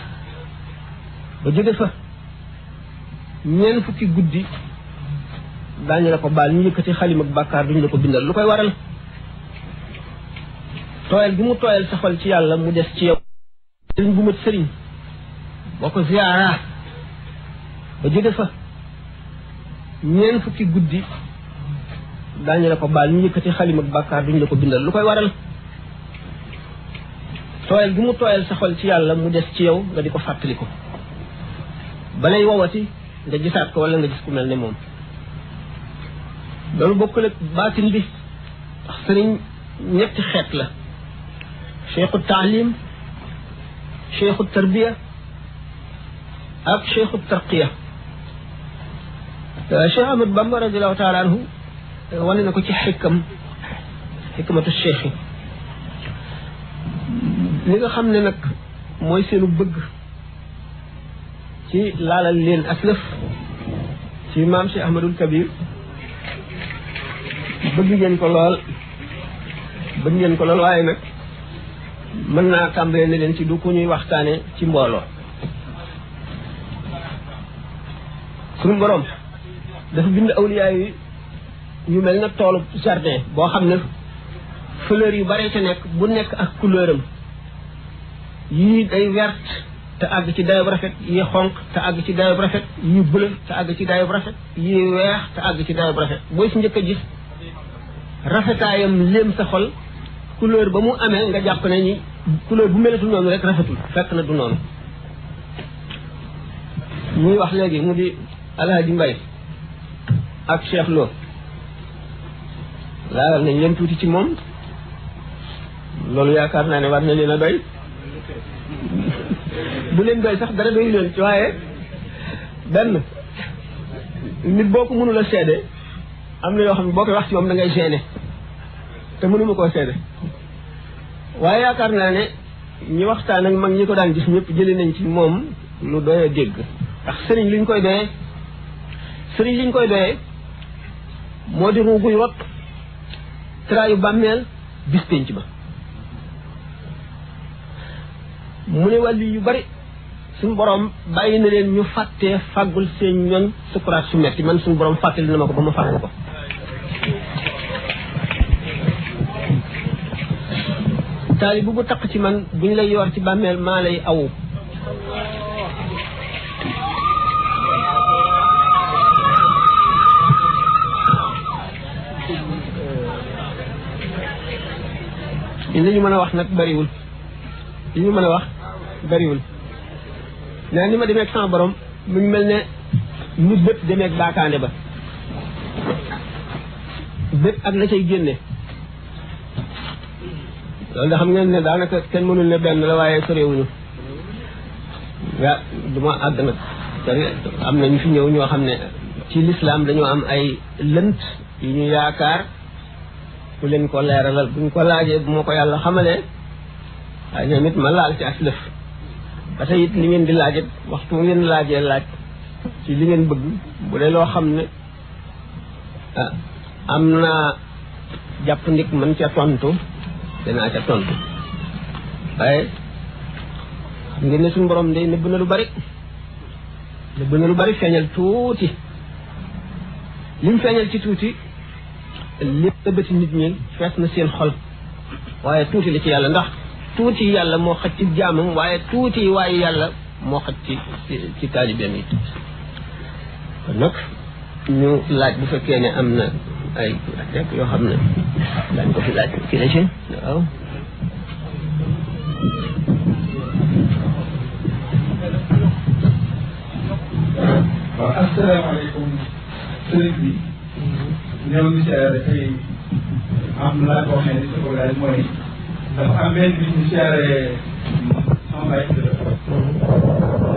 ba jóge fa ñeent fukki guddi daañu la ko baal ñu yëkkati xalim ak bàkkaar duñu la ko bindal lu koy waral tooyal gi mu tooyal sa ci yàlla mu des ci yow sëriñ bu mat sëriñ boo ko ziyaara ba jóge fa ñeen fukki guddi daañu la ko baal ñu yëkkati xalim ak bàkkaar duñu la ko bindal lu koy waral tooyal gi mu tooyal sa ci yàlla mu des ci yow nga di ko fàttali ko balay wowati nga gisaat ko wala nga gis ku mel ni moom loolu bokkul ak baatin bi ndax sëriñ ñetti xeet la cheikhu taalim شيخ التربية أب شيخ الترقية آه، شيخ عبد بامبا رضي الله تعالى عنه وانا كنت حكم حكمة الشيخ لذا خمنا لك مويسين بق تي لالا لين أسلف في مام شيخ أحمد الكبير بق جن كلال بق جن كلال وايه mën naa tàmbalee ne leen ci du ku ñuy waxtaane ci mbooloo suñu borom dafa bind awliyaa yi ñu mel na toolu jardin boo xam ne fleur yu bare ca nekk bu nekk ak couleur am yii day vert te àgg ci dayob rafet yi xonq te àgg ci dayob rafet yi bleu te àgg ci dayob rafet yi weex te àgg ci dayob rafet booy si njëkk a gis rafetaayam léem sa xol couleur ba mu amee nga jàpp ne ni couleur bu melatul noonu rek rafetul fekk na du noonu muy wax léegi mu di alhaji mbay ak Cheikh Lo laalal nañ leen tuuti ci moom loolu yaakaar naa ne war na leen doy bu leen doy sax dara doy leen ci waaye benn nit boo ko mënul a seede am na yoo xam ne boo koy wax ci moom da ngay gêné te mënuma koo seede waaye yaakaar naa ne ñi waxtaan ak mag ñi ko daan gis ñëpp jëli nañ ci moom lu doy a dégg ndax sëriñ liñ koy doyee sëriñ liñ koy doyee moo di ruuguy wat traayu bàmmeel bis penc ba mu ne yu bari borom bàyyi na ñu fàttee fàggul seen ñoon sukuraat su metti man borom fàttali na ma ba ma ko taali bu bu ci man buñ lay yor ci bàmmeel maa lay awu li ñu mën a wax nag bariwul li ñu mën a wax bariwul naa ni ma demee ak sama borom mu mel ne mu bët demee ak baakaande ba bët ak la cay génne loolu da xam ngeen ne daanaka kenn mënul ne benn la waaye sorewuñu wa du ma àgg nag sori am na ñu fi ñëw ñoo xam ne ci lislaam dañoo am ay lënt yu ñu yaakaar ku leen ko leeralal buñ ko laajee bu ma ko yàlla xamalee waaye ñoom it ma laal ci ak lëf parce que it li ngeen di laajit waxtu ngeen laajee laaj ci li ngeen bëgg bu dee loo xam ne ah, am naa jàpp ndik mën ca tontu danaa ca tontu waaye xam ngeen ne suñu borom day nëbb na lu bari nëbb na lu bari feeñal tuuti lim feeñal ci tuuti lépp tëbbati nit ñi fees na seen xol waaye tuuti la ci yàlla ndax tuuti yàlla moo xaj ci jaamam waaye tuuti waaye yàlla moo xaj ci ci taalibeem yi kon nag ñu laaj bu fekkee ne am na ấy chắc vô hầm rồi bạn có thể lại kia đấy chứ được không السلام عليكم سيدي ñoom siyaare tey am laa ko waxee ni sa bagage mooy dafa am benn bi ñu siyaare sama bàyyi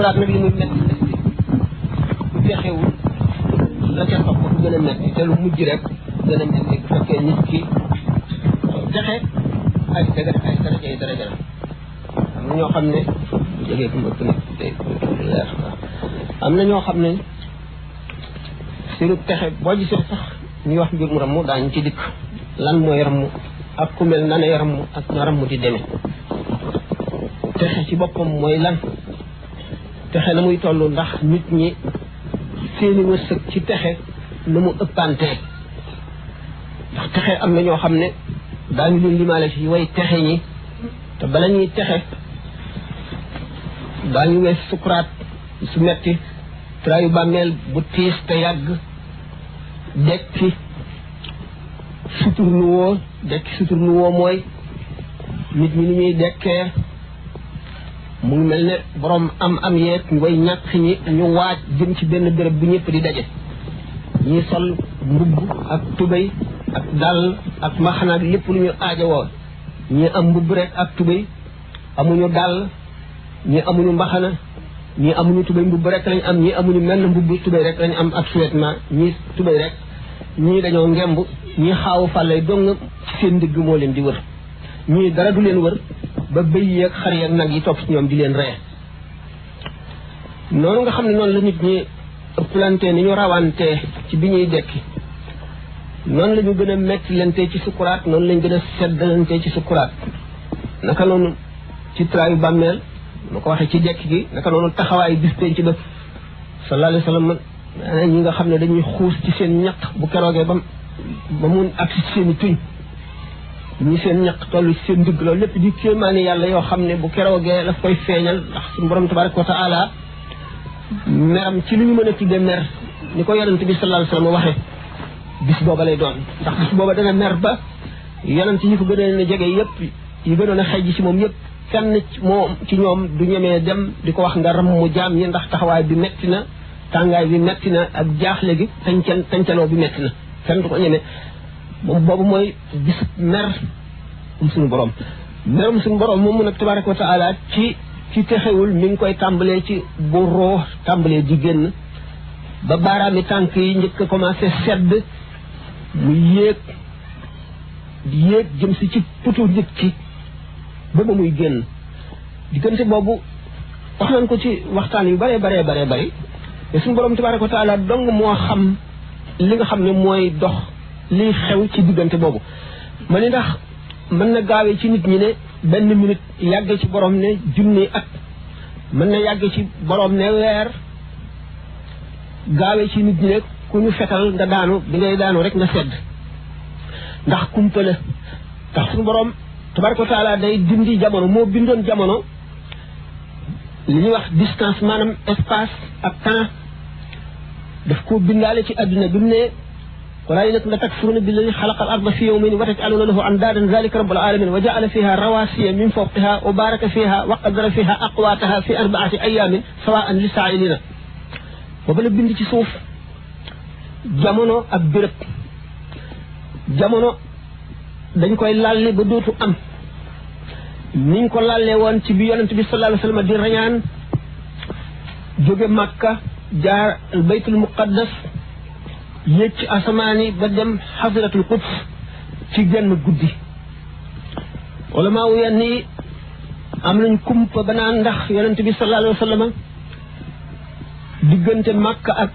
sukuraat bu fexewul la ca rek gën am na ñoo xam ne jógee ku am na ñoo xam ne seenu texe boo gisee sax ñuy wax mbir mu ramm daañu ci dikk lan mooy ramm ak ku mel nan ay ramm ak na ramm di demee texe ci boppam mooy lan texe na muy toll ndax nit ñi seeni wërsëg ci texe na mu ëppantee ndax texe am na ñoo xam ne daañu leen limaale ci way texe ñi te bala ñuy texe daañu wees sukuraat su metti trayu bàmmeel bu tiis te yàgg dekki suturlu woo dekki suturlu woo mooy nit ñi ni ñuy dekkee mu ngi mel ni boroom am am yeeg way ñàkk ñi ñu waaj jëm ci benn béréb bu ñëpp di daje ñi sol mbubb ak tubéy ak dàll ak maxanaak lépp lu ñu woon ñi am mbubb rek ak tubéy amuñu dàll ñi amuñu mbaxana ñi amuñu tubéy mbubb rek lañ am ñi amuñu menn mbubb tubéy rek lañ am ak sous-vêtement ñi tubéy rek ñii dañoo ngemb ñi xaawu fàllay dong seen ndigg moo leen di wër ñii dara du leen wër ba bëy yeeg xar yeeg nag yi topp ñoom di leen ree noonu nga xam ne noonu la nit ñi ëpplante ni ñu rawante ci bi ñuy dekki noonu la ñu gën a mettilante ci sukuraat noonu lañ gën a seddalante ci sukuraat naka noonu ci traayu bàmmeel nu ko waxee ci dekk gi naka noonu taxawaayu bis ci ba sallallahu alayhi wa sallam ñi nga xam ne dañuy xuus ci seen ñaq bu keroogee ba ba mun ak ci seen tuñ ñi seen ñak tollu seen digg loolu lépp di kéemaane yàlla yoo xam ne bu keroogee la koy feeñal ndax suñu borom tabaraka wa taala meram ci li ñu mën a tudde mer ni ko yonente bi sallallahu alayhi wasallam waxe bis booba lay doon ndax bis booba dana mer ba yonente yi ko gënoon na jege yépp yi gënoon a xej ci moom yépp kenn ci moom ci ñoom du ñemee dem di ko wax nga ram mu jaam yi ndax taxawaay bi metti na tàngaay bi metti na ak jaaxle gi tañcal tañcaloo bi metti na kenn du ko ñemee moom boobu mooy gis mer um suñu borom merum suñu borom moom mu nag tabaraka wa taala ci ci texewul mi ngi koy tàmbalee ci bu tàmbalee di génn ba baaraami tànk yi njëkk a commencé sedd mu yéeg yéeg jëm si ci putu nit ki ba muy génn diggante boobu wax nañ ko ci waxtaan yu bare bare bare bare te suñu borom tabaraka ko taala dong moo xam li nga xam ne mooy dox liy xew ci diggante boobu ma ni ndax mën na gaawee ci nit ñi ne benn minute yàgg ci boroom ne junni ak mën na yàgg ci boroom ne weer gaawee ci nit ñi ne ku ñu fetal nga daanu bi ngay daanu rek nga sedd ndax kumpa la ndax suñu borom tabaraka taala day dindi jamono moo bindoon jamono li ñuy wax distance maanaam espace ak temps daf koo bindaale ci àdduna bi ملائكة لتكفرون بالذي خلق الأرض في يومين وتجعلون له أندادا ذلك رب العالمين وجعل فيها رواسي من فوقها وبارك فيها وقدر فيها أقواتها في أربعة أيام سواء لسائلنا وبل بنتي سوف جامونو أبيرك جامونو دنج كوي لالي بدوتو أم نين كو لالي وان تبي يونن تبي صلى الله عليه وسلم دي ريان جوغي مكة جار البيت المقدس yéeg ci asamaani ba dem xasratul quds ci genn guddi wala maa wuyan ni am nañ kumpa ba ndax yonent bi sallallahu alayhi wa sallam diggante Makka ak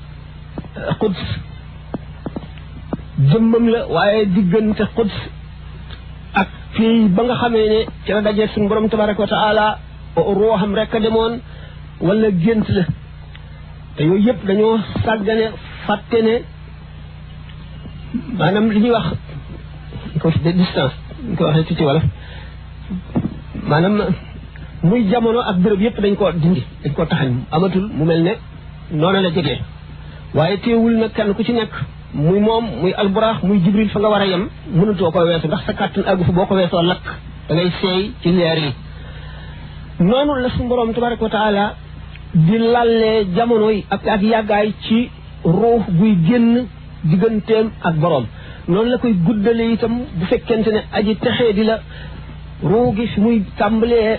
eh, Quds jëmmam la waaye diggante Quds ak fii ba nga xamee ne ci la dajee suñu borom tabaraka wa taala ruuxam rek a demoon wala gént la te yooyu yëpp dañoo sàggane fàtte ne maanam li ñuy wax ko de distance ñu ko ci ci wolof maanaam muy jamono ak béréb yëpp dañ ko dindi dañ koo taxañ mu mel ne noonu la jege waaye teewul nag kenn ku ci nekk muy moom muy alburaax muy jibril fa nga war a yem mënutoo ko weesu ndax sa kàttan àggu fa boo ko weesoo lakk da ngay seey ci leer yi noonu la suñu borom tabaraka wa taala di lallee jamono yi ak ak yàggaay ci ruux guy génn digganteem ak boroom noonu la koy guddale itam bu fekkente ne aji texee di la ruu gi fi muy tàmbalee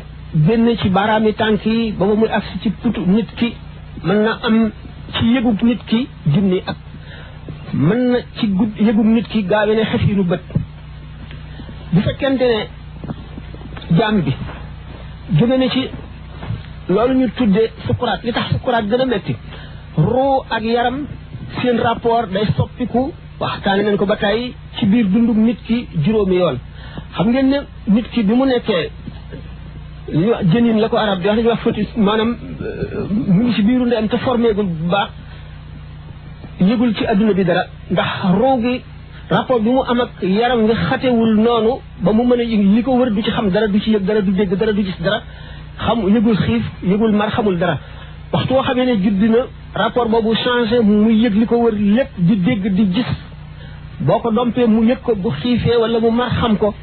génn ci baaraami tànk yi ba ba muy agsi ci putu nit ki mën na am ci yëgub nit ki junni ak mën na ci gudd yëgub nit ki gaawe ne xef yi nu bët bu fekkent ne jaam bi du jóge na ci loolu ñu tudde sukuraat li tax sukuraat gën metti ruu ak yaram seen rapport day soppiku waxtaane nañ ko ba tey ci biir dundum nit ki juróomi yoon xam ngeen ne nit ki bi mu nekkee li la ko arab di wax dañuy wax fœtus maanaam euh, mu ngi ci biiru ndeyam te formé gul bu baax yëgul ci adduna bi dara ndax ruu gi rapport bi mu am ak yaram nga xatewul noonu ba mu mën a yëg li ko war du ci xam dara du ci yëg dara du dégg dara du gis dara xam yëgul xiif yëgul mar xamul dara waxtu woo xamee ne juddi rapport boobu changé mu yëg li ko wër lépp di dégg di gis boo ko dompee mu yëg ko bu xiifee wala mu mar xam ko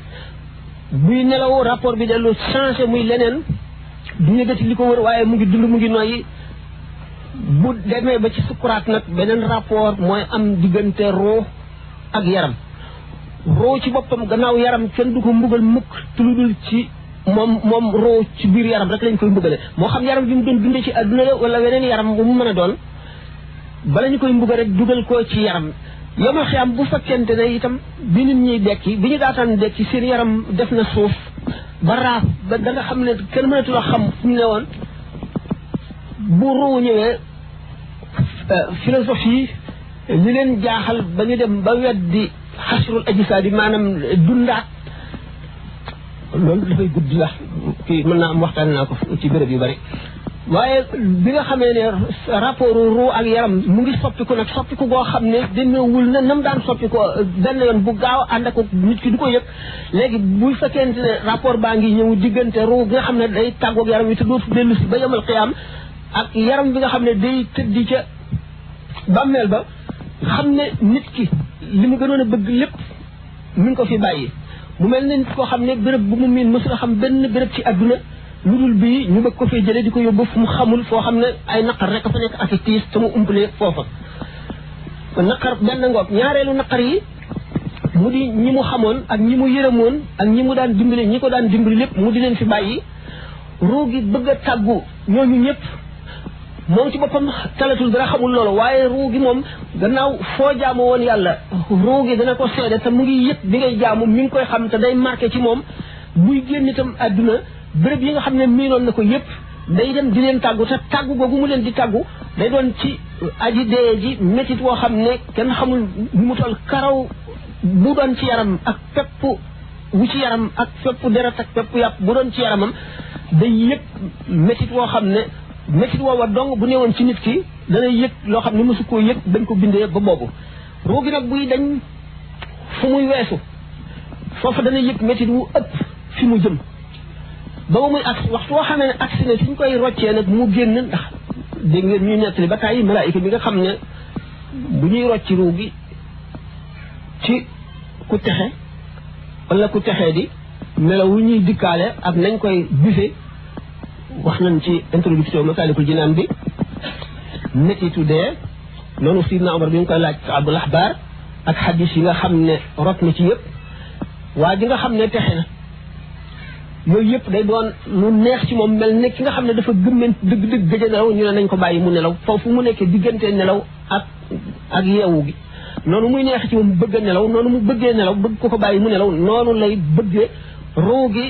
buy nelaw rapport bi dellu changé muy leneen du yëgati li ko wër waaye mu ngi dund mu ngi noyyi bu demee ba ci sukuraat nag beneen rapport mooy am diggante roo ak yaram roo ci boppam gannaaw yaram kenn du ko mbugal mukk tuludul ci moom moom roo ci biir yaram rek lañ koy mbugale moo xam yaram bi mu doon dundee ci adduna la wala weneen yaram bu mu mën a doon bala ñu koy mbugale rek dugal ko ci yaram yomal xiyam bu fekkente ne itam bi nit ñuy dekki bi ñu daataan dekki seen yaram def na suuf ba raaf ba da nga xam ne kenn mënatula xam fu ñu ne woon bu roo ñëwee euh, philosophie li leen jaaxal ba ñu dem ba weddi xasrul yi maanaam dundaat loolu dafay gudd wax kii mën naa am waxtaan naa ko ci béréb yu bari waaye bi nga xamee ne rapport ruu ak yaram mu ngi soppiku nag soppiku goo xam ne demeewul na nam daan soppiku benn yoon bu gaaw ànd ak nit ki du ko yëg léegi bu fekkente ne rapport baa ngi ñëw diggante ruu bi nga xam ne day tàggoog yaram wi te dootu dellu si ba yemal xiyaam ak yaram bi nga xam ne day tëddi ca bàmmeel ba xam ne nit ki li mu gënoon a bëgg lépp mi ngi ko fi bàyyi mu mel ne nit koo xam ne béréb bu mu miin mësul xam benn béréb ci àdduna lu dul bii ñu bëgg ko fee jëlee di ko yóbbu fu mu xamul foo xam ne ay naqar rek fa nekk ak tiis te mu umpalee foofa naqar benn ngoog ñaareelu naqar yi mu di ñi mu xamoon ak ñi mu yërëmoon ak ñi mu daan dimbali ñi ko daan dimbali lépp mu di leen fi bàyyi ruugi bëgg a tàggu ñooñu ñëpp moom ci boppam talatul dara xamul loolu waaye ruu gi moom gannaaw foo jaamu woon yàlla ruu gi dana ko seede te mu ngi yëpp bi ngay jaamu mi ngi koy xam te day marqué ci moom muy génn itam àdduna béréb yi nga xam ne miinoon na ko yëpp day dem di leen tàggu te tàggu googu mu leen di tàggu day doon ci aji dee ji métit woo xam ne kenn xamul nu mu toll karaw bu doon ci yaram ak pepp wu ci yaram ak pepp deret ak pepp yàpp bu doon ci yaramam day yëpp métit xam ne woow a dong bu newoon ci nit ki danay yëg loo xam ne mosu koo yëg dañ ko bindee ba boobu ruugi nag buy dañ fu muy weesu foofu danay yëg métit wu ëpp fi mu jëm ba ba muy agsi waxtu woo xamee ne agsi ne fi ñu koy roccee nag mu génn ndax dégg ngeen ñuy nettali ba tàyyi malaayika bi nga xam ne bu ñuy rocc ruu gi ci ku texe wala ku texee di melaw wu ñuy dikkaale ak nañ koy bise wax nañ ci introduction masalikul jinaan bi métitu dee noonu sidna omar bi nga koy laaj ci abdul ahbar ak hadis yi nga xam ne rot na ci yépp waa ji nga xam ne texe na yooyu yépp day doon lu neex ci moom mel ne ki nga xam ne dafa gëmmen dëgg dëgg gëj a nelaw ñu ne nañ ko bàyyi mu nelaw foofu mu nekkee diggante nelaw ak ak yeewu gi noonu muy neex ci moom bëgg a nelaw noonu mu bëggee nelaw bëgg ko ko bàyyi mu nelaw noonu lay bëggee roo gi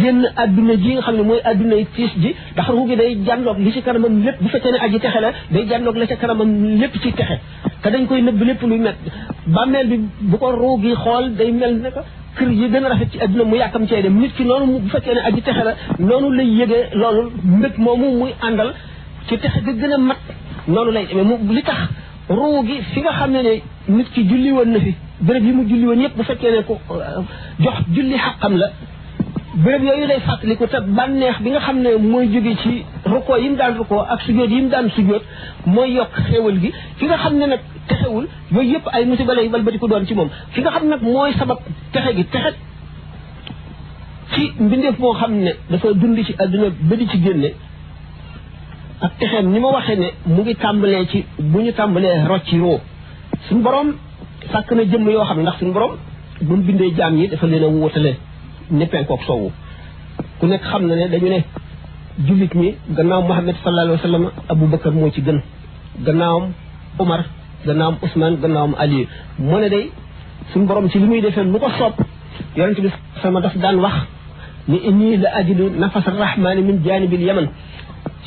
génn àdduna ji nga xam ne mooy àdduna yi tiis ji ndax ruu gi day jàndoog li ci kanamam lépp bu fekkee ne aji texe la day jàndoog la ca kanamam lépp ci texe te dañ koy nëbb lépp luy met bàmmeel bi bu ko ruu gi xool day mel ne ko kër yi gën a rafet ci àdduna mu yàkkam cee dem nit ki noonu bu fekkee ne aji texe la noonu lay yëgee loolu mbëg moomu muy àndal ci texe ga gën a mat noonu lay demee mu li tax ruu gi fi nga xam ne ne nit ki julli woon na fi béréb yi mu julli woon yëpp bu fekkee ne ko jox julli xaqam la béréb yooyu lay fàttaliku te bànneex bi nga xam ne mooy jóge ci rukkoo yi mu daan rukkoo ak sujjóot yi mu daan sujjóot mooy yokk xéewal gi fi nga xam ne nag texewul yooyu yëpp ay musiba lay balbatiku doon ci moom ki nga xam nag mooy sabab texe gi texe ci mbindeef boo xam ne dafa dund ci àdduna ba di ci génne ak texeem ni ma waxee ne mu ngi tàmbalee ci bu ñu tàmbalee rocci roo suñu borom sàkk na jëmm yoo xam ne ndax suñu borom bu mu bindee jaam yi dafa leen a wóotale ne penkook soowu ku nekk xam na ne dañu ne jullit ñi gannaaw Muhammad sallallahu alayhi wa sallam Abu Bakar moo ci gën gannaawam Umar gannaawam Ousmane gannaawam Ali mu ne day suñu borom ci li muy defee lu ko soob yonente bi sama daf daan wax ni inni la ajidu nafas rahmaani min jaanibil yaman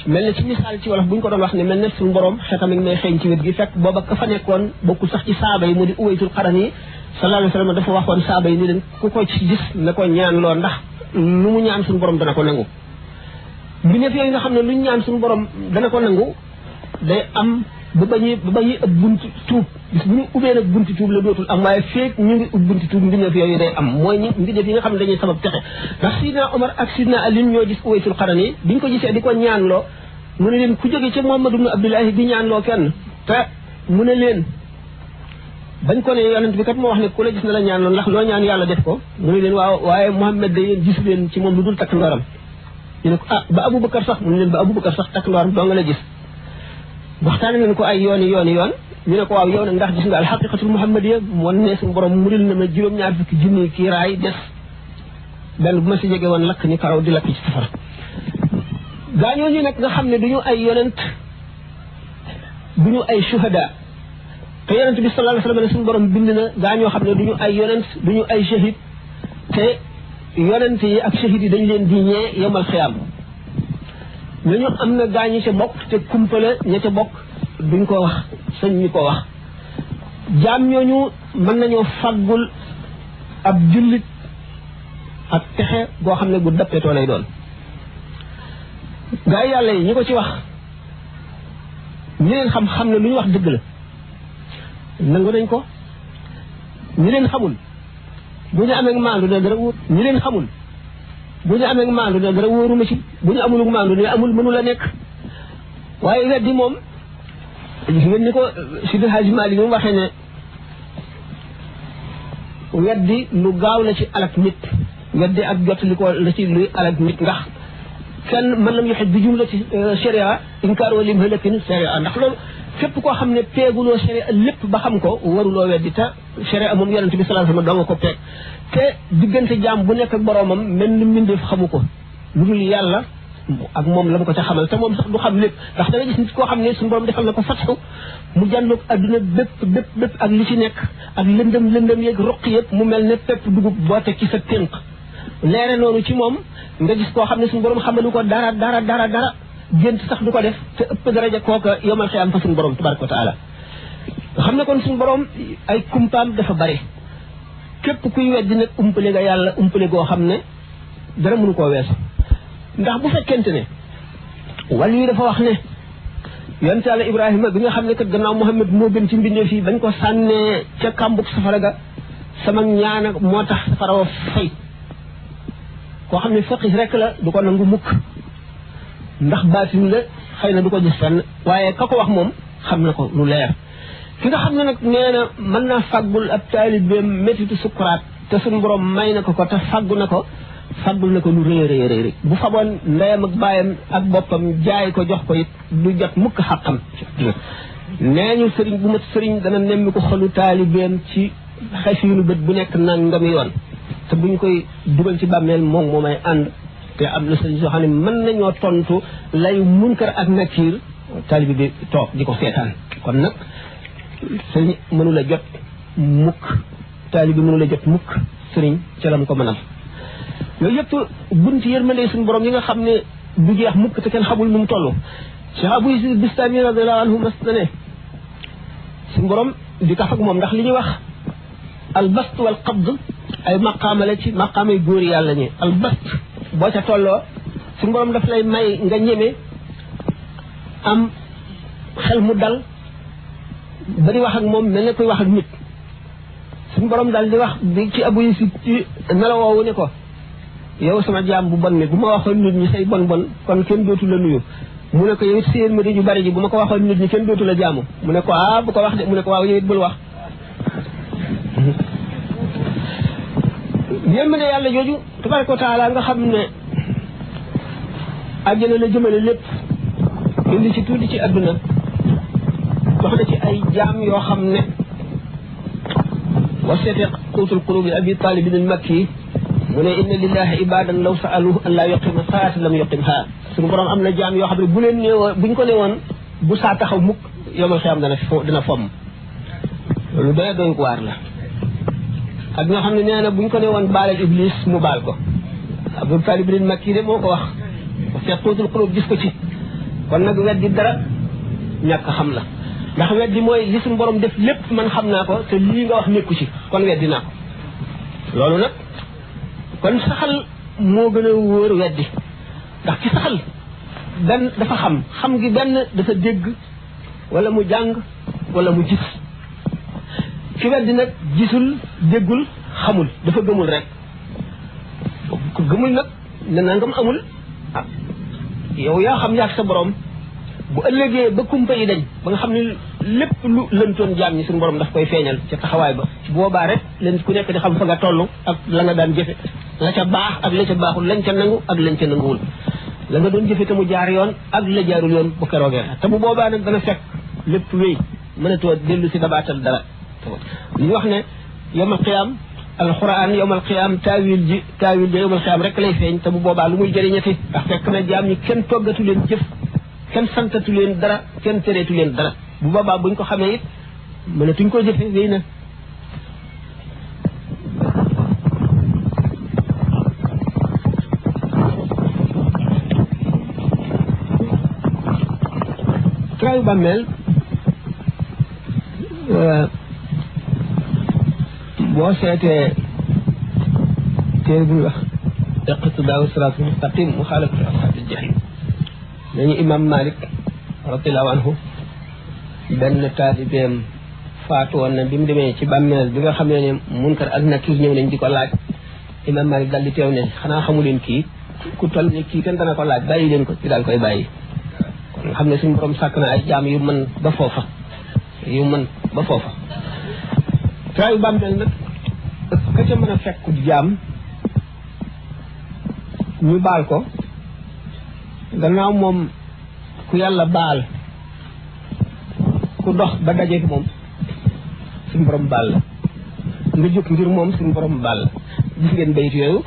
mel na ci misaal ci wolof bu ñu ko doon wax ne mel na suñu borom xetam ak may xeeñ ci wet gi fekk booba ka fa nekkoon bokkul sax ci saaba yi mu di uwaytul xaran yi sallallahu alayhi wa sallam dafa waxoon yi ni leen ku ko ci na ko ñaan loo ndax lu mu ñaan suñu borom dana ko nangu mbindeef yooyu nga xam ne lu ñu ñaan suñu borom dana ko nangu day am ba bañuy ba bañuy ëpp bunti tuub bis bu ñu ubbee nag bunt tuub la dootul am waaye feek ñu ngi ub bunti tuub mbindeef yooyu day am mooy ñi mbindeef yi nga xam ne dañuy sabab texe ndax sidna Omar ak sidna Ali ñoo gis Uwaysul Qarani bi ñu ko gisee di ko ñaanloo mu ne leen ku jóge ca Muhammad ibn Abdullahi di ñaanloo kenn te mu ne leen bañ ko ne yonent bi kat mo wax ne ko la gis na la ñaan loon ndax lo ñaan yàlla def ko mu ne leen waaw waye Muhammad day yéen gis leen ci mom lu dul takk ndoram ñu ne ko ah ba abou bakkar sax mu ne leen ba abou bakkar sax tak ndoram do nga la gis waxtaan nañ ko ay yooni yooni yoon ñu ne ko waaw yow ndax gis nga al alxaqiqatul muhammadiyya moon ne suñu borom muril na ma juróom-ñaar fukki jinni ki raay def benn bu ma ci jégué won lak ni karaw di lak ci safara gaañoo ñu nak nga xamne duñu ay yonent duñu ay shuhada te yonent bi sallallahu alayhi wa sallam ne suñu borom bind na gaa ñoo xam ne du ñu ay yonent du ñu ay shahid te yonent yi ak shahid yi dañ leen di ñee yomal xiyaam nañu am na gaa ñi bokk te kumpale ña ca bokk duñ ko wax sañ ñu ko wax jaam ñooñu mën nañoo faggul ab jullit ak pexe goo xam ne gu dappetoo lay doon gaa yàlla yi ñi ko ci wax ñi leen xam xam ne lu ñu wax dëgg la nangu nañ ko ñi leen xamul bu ñu amee maandu ne dara wóor ñi leen xamul bu ñu amee maandu ne dara wóoru ma ci bu ñu amul maandu ne amul mënu la nekk waaye weddi moom gis ngeen ni ko Sidi Hadj Mali ñu waxee ne weddi lu gaaw la ci alak nit weddi ak jot li ko la ci luy alak nit ndax kenn mën lam yoxe bi jumla ci sharia inkaar wa lim hëlëkin sharia ndax loolu képp koo xam ne peeguloo sharia lépp ba xam ko waruloo weddi te sharia moom yonente bi sallallahu alayhi wasallam doo nga ko peeg te diggante jaam bu nekk ak boroomam mel ni mbindeef xamu ko lu dul yàlla ak moom la mu ko ca xamal te moom sax du xam lépp ndax da nga gis nit koo xam ne suñu borom defal na ko fatxu mu jàndoog adduna bépp bépp bépp ak li ci nekk ak lëndëm lëndëm yeeg roq yëpp mu mel ne pepp dugub boo teg ci sa tënk leere noonu ci moom nga gis koo xam ne suñu borom xamalu ko dara dara dara dara gént sax du ko def te ëpp daraja kooka yomal xiyaam fa suñu borom tabaraka wa taala xam ne kon suñu borom ay kumpaam dafa bari képp kuy weddi nag umpale nga yàlla umpale goo xam ne dara mënu koo weesu ndax bu fekkente ne wàll yi dafa wax ne yonent yàlla ibrahima bi nga xam ne kat gannaaw muhammad moo gën ci mbindeef fii bañ ko sànnee ca kàmbug safara ga sama ñaan moo tax safara wa fay koo xam ne faqih rekk la du ko nangu mukk ndax baatin la xëy na du ko gis fenn waaye ka ko wax moom xam na ko lu leer ki nga xam na nag nee na mën naa fàggul ab taalibeem métitu sukuraat te suñu borom may na ko ko te fàggu na ko fàggul na ko lu rëy rëy bu faboon ndeyam ak baayam ak boppam jaay ko jox ko it lu jot mukk xàqam nee sëriñ bu mat sëriñ dana nemmi ko xolu taalibeem ci xasiinu bët bu nekk nangami yoon te bu ñu koy dugal ci bàmmeel moom moo may ànd te am na sëriñ soo xam ne mën nañoo tontu lay munkar ak nakiir taalibe bi toog di ko seetaan kon nag sëriñ mënu la jot mukk taalibe bi mënu la jot mukk sëriñ ca lam ko mënal yooyu yëpp bunt yërmande suñu borom yi nga xam ne du jeex mukk te kenn xamul nu mu toll Cheikh Abou Yazid Bistami radiyallahu anhu mas na di tax ak moom ndax li ñuy wax albast wal qabd ay maqaama la ci maqaamay góor yàlla ñi albast boo ca tolloo suñu borom daf lay may nga ñeme am xel mu dal ba di wax ak moom mel ne koy wax ak nit suñu borom dal di wax di ci abu yusuf ci nelawoowu ne ko yow sama jaam bu bon mi bu ma waxoon nit ñi say bon bon kon kenn dootu la nuyu mu ne ko yow it séen di ju bari ji bu ma ko wax nit ñi kenn dootu la jaamu mu ne ko ah bu ko wax de mu ne ko waaw yow it bul wax yéem ne yàlla jooju tabaraka wa taala nga xam ne àjjana la jëmale lépp indi ci tuuti ci àdduna wax na ci ay jaam yoo xam ne wa seete quutul qulubi abi talibin al makki mu ne inna lillahi ibadan law saaluhu an laa yuqima saata lam yuqimha suñu borom am na jaam yoo xam ne bu leen néewoon buñ ko néewoon bu saa taxaw mukk yomal xiyam dana dana fomm loolu doy doy waar la ak nga xam ne nee na bu ñu ko ne woon baalal iblis mu baal ko abdul talib lin makki de moo ko wax fekkuutul xulub gis ko ci kon nag weddi dara ñàkk xam la ndax weddi mooy li def lépp man xam naa ko te lii nga wax nekku ci kon weddi naa loolu nag kon saxal moo gën a wóor weddi ndax ci saxal benn dafa xam xam gi benn dafa dégg wala mu jàng wala mu gis ki weddi nag gisul déggul xamul dafa gëmul rek gëmul nag ne nangam amul ah, yow yaa xam yaak sa boroom bu ëllëgee ba kumpa yi ba nga xam ne lépp lu lëntoon jaam ñi suñu borom daf koy feeñal ca taxawaay ba boobaa rek leen ku nekk di xam fa nga toll ak la nga daan jëfe la ca baax ak la ca baaxul lañ ca nangu ak lañ ca nanguwul la nga doon jëfe te mu jaar yoon ak la jaarul yoon bu keroogee te mu boobaa nag dana fekk lépp wéy mënatoo dellu si dabaatal dara li ñu wax ne yowmal qiyaam alquran yowmal qiyaam taawil ji taawil ji yowmal qiyaam rek lay feeñ te bu boobaa lu muy jëriñati ndax fekk na jaam ñi kenn toggatu leen jëf kenn santatu leen dara kenn tereetu leen dara bu boobaa buñ ko xamee it mënatuñ koo jëfe wéy na traayu bàmmeel boo seetee téere bu ñuy wax iqtidaa siraatal mustaqiim muxaalafatu ashaabil jahiim dañu imam malik radiyallaahu anhu benn taalibeem faatu woon na bi mu demee ci bàmmeel bi nga xam ne munkar ak nakiir ñëw nañ di ko laaj imam malik daal di teew ne xanaa xamu leen kii ku toll ne kii kenn dana ko laaj bàyyi leen ko ci daal koy bàyyi kon nga xam ne suñu borom sàkk na ay jaam yu mën ba foofa yu mën ba foofa taayu bàmmeel nag ëpp ka ca mën a fekku jaam ñu baal ko gannaaw moom ku yàlla baal ku dox ba dajeek moom suñu borom baal la nga jóg ngir moom suñu borom baal la gis ngeen bayit yooyu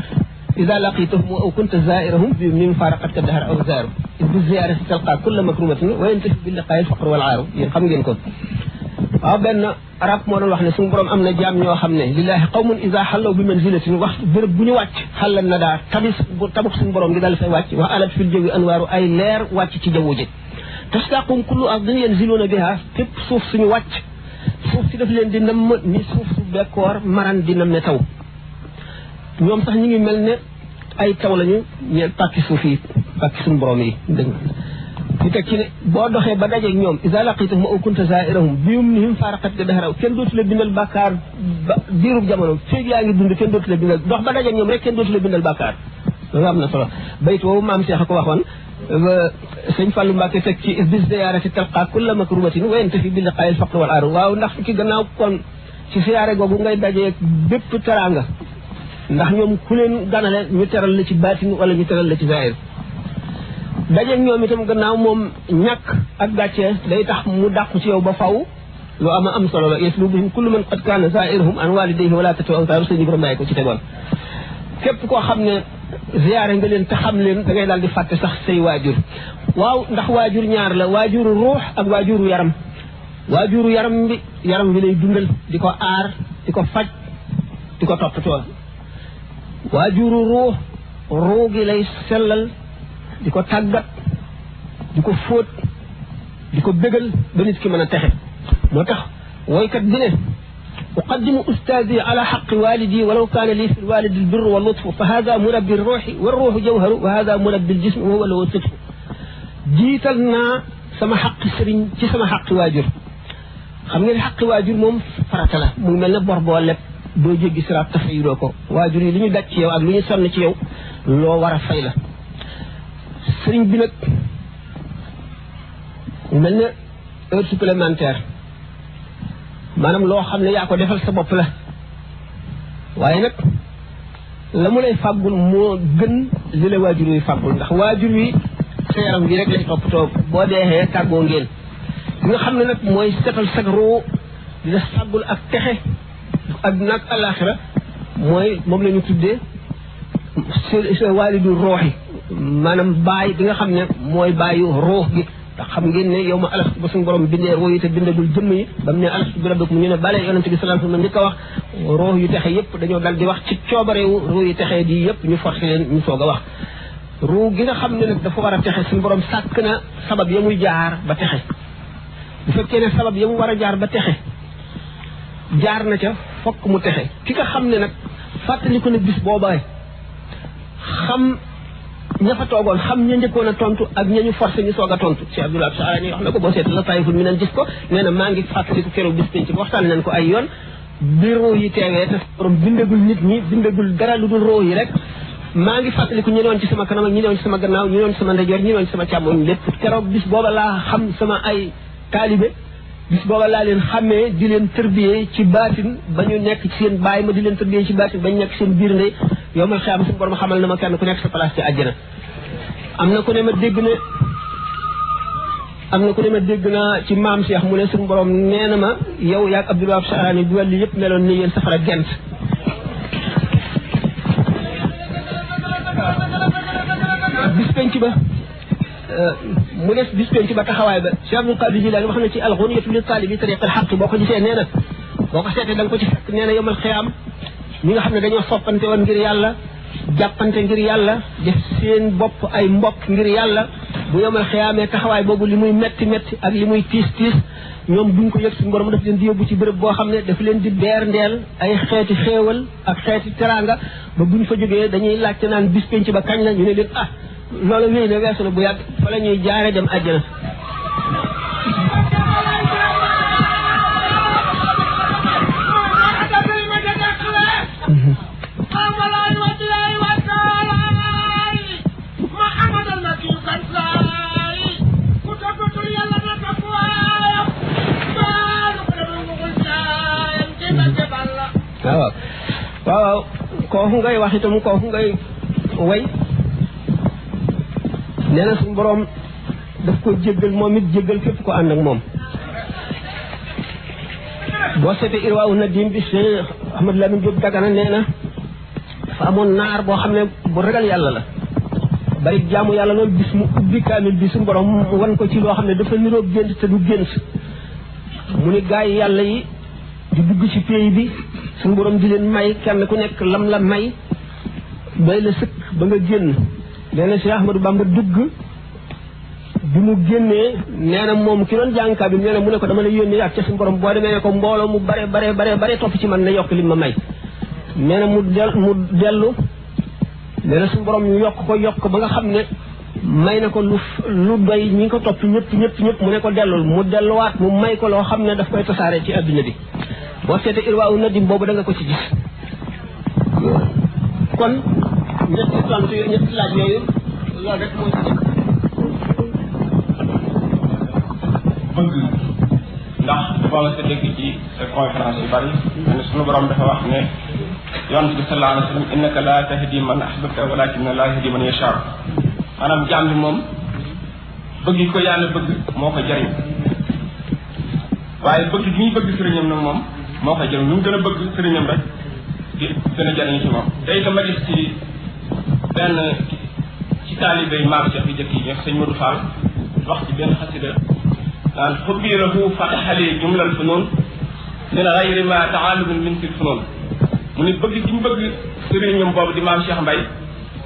إذا لقيتهم أو كنت زائرهم من فارقتك الدهر أو زائر بالزيارة تلقى كل مكرومة وينتفي باللقاء الفقر والعار ينقم جنكم waaw benn arab moo doon wax ne suñu borom am na jaam ñoo xam ne lillaahi qawmun isa xallaw bi manzilatin wax béréb bu ñu wàcc xallan na daa tabis bu tabuk suñu borom di dal fay wàcc wa alat fil jawi anwaaru ay leer wàcc ci jaww ji tastaqum kullu ardin yanziluuna biha fépp suuf suñu wàcc suuf si daf leen di namm ni suuf su bekkoor maran di namme taw ñoom sax ñi ngi mel ne ay taw lañu ñeel pàkki suuf yi pàkki suñu borom yi dégg ñu teg ci ne boo doxee ba dajeeg ñoom isa laqitum aw kunta zairahum bium nihim faraqat ga dahraw kenn dootu la bindal bàkkaar ba diirub jamono feeg yaa ngi dund kenn dootu la bindal dox ba dajeeg ñoom rek kenn dootu la bindal bàkkaar loolu am na solo bayt woowu maam Cheikh a ko waxoon sëñ Fallou Mbacke teg ci bis ziyaarati talqa kulla makrubatin wa yantafi bi liqaay al faqr wal aar waaw ndax ki gannaaw kon ci siyaare googu ngay dajeeg bépp teraanga ndax ñoom ku leen ganale ñu teral la ci baatin wala ñu teral la ci zaahir dajeeg ñoom itam gannaaw moom ñàkk ak gàcce day tax mu dàqu ci yow ba faw lu ama am solo la yaslubuhum kullu man qad kaana zairuhum an walidayhi wala tatu awtaaru sëñ Ibrahima bàyyi ko ci tegoon képp koo xam ne ziyaare nga leen te xam leen da ngay daal di fàtte sax say waajur waaw ndax waajur ñaar la waajuru ruux ak waajuru yaram waajuru yaram bi yaram bi lay dundal di ko aar di ko faj di ko topp toppatoo waajuru ruux ruu gi lay sellal diko tagat diko foot diko beugal ba nit ki meuna texe motax way kat dine اقدم استاذي على حق والدي ولو كان لي في الوالد البر واللطف فهذا مربي الروح والروح جوهر وهذا مربي الجسم وهو اللي وصفه جيتلنا سما حق سرين تي سما حق واجر خمي حق واجر موم فراتلا مو ملي بور بولب دو جيغي سرا تفيروكو واجر لي ني داتيو اك لي ني سون تي لو ورا فايلا sëriñ bi nag mel na heure supplémentaire maanaam loo xam ne yaa ko defal sa bopp la waaye nag la mu lay fàggul moo gën li la waajur yi fàggul ndax waajur yi sa yaram bi rek lay toppatoo boo deexee tàggoo ngeen li nga xam ne nag mooy setal sag roo dina fàggul ak texe adduna ak alaxira mooy moom la ñu tuddee waalidu rooxi maanaam baay bi nga xam ne mooy baayu ruux gi xam ngeen ne yow ma alastu ba suñu borom bindee ruux yi te bindagul jëmm yi ba mu ne alastu bi rabbikum ñu ne bale yonente bi sallallahu alayhi yu texe yëpp dañoo dal di wax ci coobarewu ruux texe di yëpp ñu forcé a wax gi nga xam ne nag dafa war a texe suñu borom sàkk na sabab ya muy jaar ba texe bu fekkee ne sabab ya mu war a jaar ba texe jaar na ca fokk mu texe ki nga xam ne nag fàttaliku ne bis boobaay xam ña fa toogoon xam ña njëkkoon a tontu ak ña ñu forcé ñu soog a tontu Cheikh Abdoul Wahab Sahraani wax na ko boo seet la taayiful mi nan gis ko nee na maa ngi fàttaliku keroog bis penc waxtaan ko ay yoon bi yi te borom bindagul nit ñi bindagul dara lu dul roo yi rek maa ngi fàttaliku ñu doon ci sama kanam ak ñu doon ci sama gannaaw ñu doon ci sama ndeyjoor ñu doon ci sama càmmoñ lépp keroog bis booba laa xam sama ay taalibe bis booba laa leen xàmmee di leen tërbiyee ci baatin ba ñu nekk ci seen baay ma di leen tërbiyee ci baatin ba ñu nekk seen biir ndey yow ma xiyam suñu borom xamal na ma kenn ku nekk sa place ci na ku ne ma dégg am na ku dégg naa ci maam Cheikh mu ne suñu borom nee na ma yow yaag Abdul Wahab Saarani bi wàllu yëpp meloon ni yéen safara gent bis penc ba mu des bis penc ba taxawaay ba Cheikh Abdul Qadir Jilani wax na ci alxuniyatu li taalibi tariq al xaq boo ko gisee nee na boo ko seetee da nga ko ci fekk nee na yomal xiyaam ñi nga xam ne dañoo soppante woon ngir yàlla jàppante ngir yàlla def seen bopp ay mbokk ngir yàlla bu yomal xiyaamee taxawaay boobu li muy metti metti ak li muy tiis tiis ñoom duñ ko yëg suñu borom daf leen di yóbbu ci béréb boo xam ne daf leen di beer ndeel ay xeeti xéewal ak xeeti teraanga ba buñ fa jógee dañuy laajte naan bis penc ba kañ la ñu ne leen ah loolu ñëw ne weesu na bu yàgg fa la ñuy jaare dem àjjana waaw waaw kooku ngay wax itam kooku ngay way nee na suñ borom daf ko jéggal momit jéggal fepp ko and ak mom bo sété irwa wu nadim bi Cheikh Ahmad lamin Diop dagana nee fa amon nar bo xamné bu ragal yalla la bari jaamu yalla loolu bis mu ubbi kamil bi suñ borom wan ko ci lo xamné dafa niro gént te du gént mu ni gaay yalla yi di dugg ci pey bi suñ borom di len may kenn ku nek lam la may doy la ba nga génn nee na Cheikh Ahmadou Bamba dugg bi mu génnee nee na moom ki doon jàng kaamil nee mu ne ko dama la yónnee ak ca suñu borom boo demee ne ko mbooloo mu bare bare bare bare topp ci man na yokk li ma may nee na mu del mu dellu nee borom ñu yokk ko yokk ko ba nga xam ne may na ko lu lu doy ñi ko topp ñëpp ñëpp ñëpp mu ne ko dellul mu delluwaat mu may ko loo xam ne daf koy tasaare ci adduna bi boo seetee irwaa u nadim boobu da ko ci gis kon ñetti tontu yooyu ñetti laaj yooyu loolu rek moo ci bëgg ndax boola sa dégg ci sa conférence yu bari ne suñu borom dafa wax ne yonent bi sallallahu alayhi wa sallam innaka la tahdi man ahbabta bi moom bëgg ko yàlla bëgg moo ko jariñ waaye bëgg gi ñuy bëgg sëriñam nag moom moo ko jariñ lu mu gën a bëgg sëriñam rek di jariñ ci moom day itam ma gis benn ci taalibe yi maam Cheikh yu jëkk yi ak sëñ Modou Fall wax ci benn xasida naan xubbi lahu fataxali jumlal funoon min xayri ma taalumin min fil funoon mu ni bëgg gi ñu bëgg sëriñam boobu di maam Cheikh Mbaye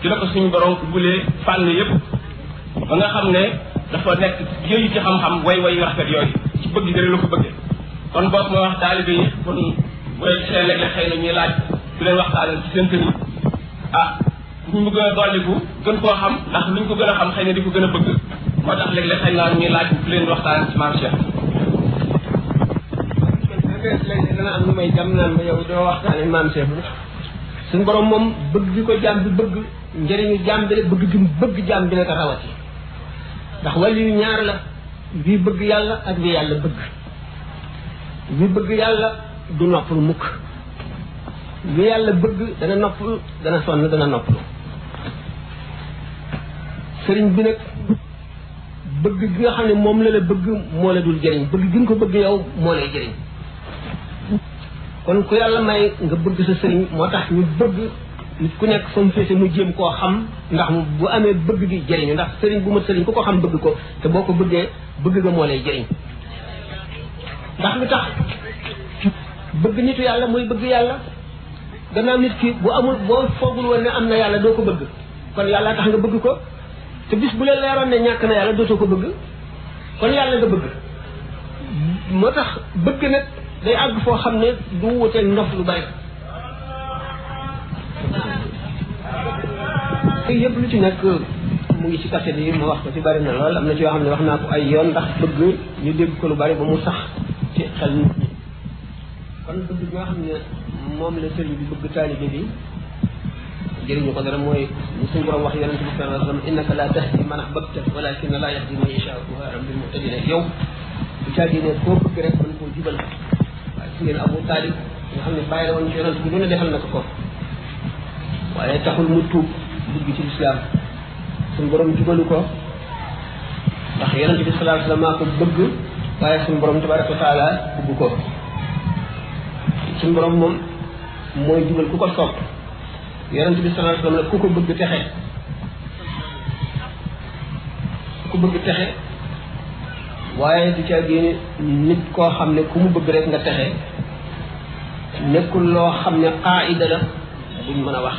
ci la ko suñu borom bulee fànn yépp ba nga xam ne dafa nekk yëyu ci xam-xam way way rafet yooyu ci bëgg dëre la ko bëggee kon boobu ma wax taalibe yi kon bu leen seen léeg-léeg xëy na ñuy laaj bu leen waxtaanal ci seen tëri ah ñu mu gën a dolliku gën koo xam ndax ko di ko gën a bëgg moo tax xëy ñuy laaj ku leen waxtaan ci maam Cheikh dana am jam naan yow doo maam Cheikh suñ borom moom bëgg bi ko bi bëgg njëriñu bi la bëgg gi bëgg bi la dana noppal dana sonn dana noppalu sëriñ bi nag bëgg gi nga xam ne moom la la bëgg moo la dul jëriñ bëgg gi nga ko bëgg yow moo lay jëriñ kon ku yàlla may nga bëgg sa sëriñ moo tax ñu bëgg nit ku nekk fa mu féete mu jéem koo xam ndax bu amee bëgg gi jëriñu ndax sëriñ bu mat sëriñ ku ko xam bëgg ko te boo ko bëggee bëgg ga moo lay jëriñ ndax bëgg nitu yàlla mooy bëgg yàlla gannaaw nit ki bu amul boo foogul woon ne am na yàlla doo ko bëgg kon yàlla tax nga bëgg ko te bis bu la leeroon ne ñàkk na yàlla dootoo ko bëgg kon yàlla nga bëgg moo tax bëgg nag day àgg foo xam ne du wuteeg ndox lu bari te yëpp lu ci nekk mu ngi ci kase bi ma wax ko ci bari na lool am na ci yoo xam ne wax naa ko ay yoon ndax bëgg ñu dégg ko lu bari ba mu sax ci xel nit ñi kon bëgg ñoo xam ne moom la sëriñ bi bëgg taalibe bi jëriñu ko dara mooy li suñu borom wax yonente bi sallallahu alayhi wa sallam innaka la tahdi man ahbabta walakin la yahdi man yashaa buhaaram bil muhtadina yow bu caagi ne koo bëgg rek mën koo jubal waaye su ngeen abu taalib nga xam ne bàyyi la woon ci yonente bi lu ne defal na ko ko waaye taxul mu tuub dugg ci lislaam suñu borom jubalu ko ndax yonente bi sallallahu alayhi wa sallam maa ko bëgg waaye suñu borom tabaraka wa taala bëgg ko suñu borom moom mooy jubal ku ko sopp yonent bi sallallahu alayhi wasallam nag ku ko bëgg texe ku ko bëgg texe waaye du caa nit koo xam ne ku mu bëgg rek nga texe nekkul loo xam ne qaida la buñ mën a wax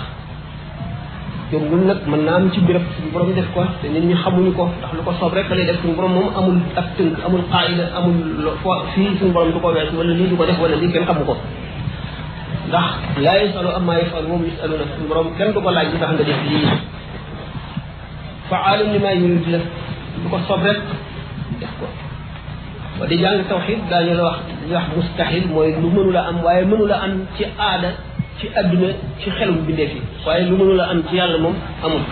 jom lu nag mën naa am ci mbirab suñu borom def ko te nit xamuñu ko ndax lu ko soob rek lay def suñu borom moom amul ak tënk amul qaida amul foo fii suñu borom du ko wees wala nii du ko def wala lii kenn xamu ko ndax laa yasalu amma yafalu moom yasalu na suñu borom kenn du ko laaj li tax nga def lii fa alim li ma yurid la du ko sob rek def ko ba di jàng tawxid daañu la wax li wax mustahil mooy lu mënu la am waaye mënu la am ci aada ci àdduna ci xelum bindee fi waaye lu mënu la am ci yàlla moom amul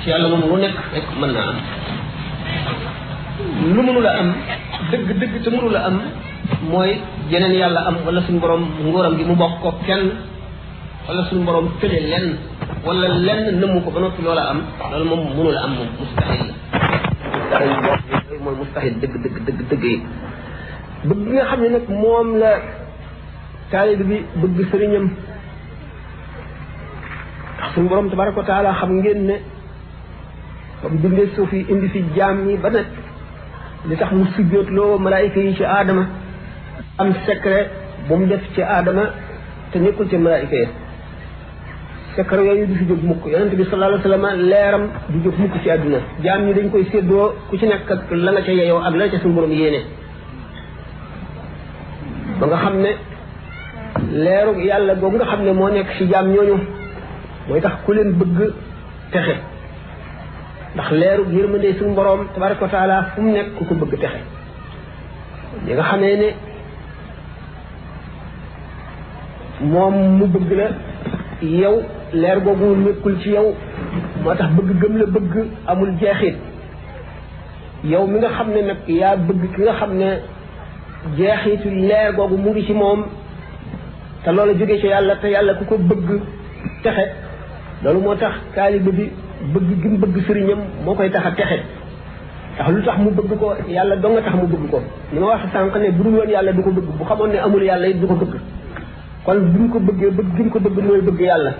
ci yàlla moom lu nekk rek mën naa am lu mënu la am dëgg dëgg te mënu la am mooy jeneen yàlla am wala suñu borom nguuram gi mu bokk ko kenn wala suñu borom tële lenn wala lenn nëmmu ko ba loola am loolu moom mënul am la mustahil mooy mustahil dëgg dëgg dëgg dëgg yi bëgg gi xam ne nag moom la taalib bi bëgg sëriñam ndax suñu borom tabaraka wa taala xam ngeen ne ba mu bindee suuf yi indi tax mu sujjóotloo malaayika yi ci aadama am secret bu mu def ci aadama te nekkul ci malaayika yi secret yooyu du fi jóg mukk yonente bi sallallahu alayhi leeram du jóg mukk ci àdduna jaam ñi dañ koy séddoo ku ci nekk ak la nga ca yeyoo ak la nga ca suñu borom nga xam ne leeru yàlla boobu nga xam ne moo nekk ci jaam ñooñu mooy tax ku leen bëgg texe ndax leeru yërmande suñu borom tabaraka wa taala fu mu nekk ku ko bëgg texe ñi nga xamee ne moom mu bëgg la yow leer googu nekkul ci yow moo tax bëgg gëm la bëgg amul jeexit yow mi nga xam ne nag yaa bëgg ki nga xam ne jeexitu leer googu mu ngi ci moom te loola jóge ci yàlla te yàlla ku ko bëgg texe loolu moo tax taaliba bi bëgg gi mu bëgg sëriñam moo koy tax texe tax lu tax mu bëgg ko yàlla doo nga tax mu bëgg ko li ma wax sànq ne bu dul woon yàlla du ko bëgg bu xamoon ne amul yàlla it du ko bëgg xol bi mu ko bëggee bëgg gi mu ko bëgg mooy bëgg yàlla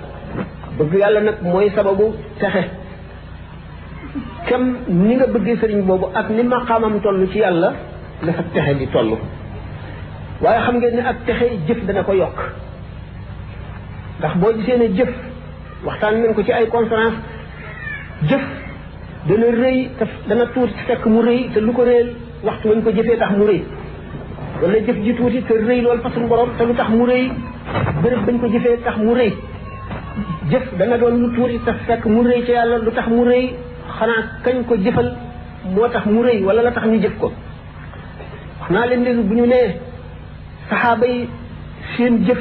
bëgg yàlla nag mooy sababu texe kem ni nga bëggee sëriñ boobu ak ni maqaamam toll ci yàlla dafa texe di toll waaye xam ngeen ne ak texe jëf dana ko yokk ndax boo gisee ne jëf waxtaan nañ ko ci ay conférence jëf dana rëy te dana tuuti fekk mu rëy te lu ko réel waxtu wañ ko jëfee tax mu rëy wala jëf ji tuuti te rëy loolu fa suñu borom te lu tax mu rëy bërëb bañ ko jëfee tax mu rëy jëf dana doon lu tuuti te fekk mu rëy ca yàlla lu tax mu rëy xanaa kañ ko jëfal moo tax mu rëy wala la tax ñu jëf ko wax naa leen léegi bu ñu nee saxaaba yi seen jëf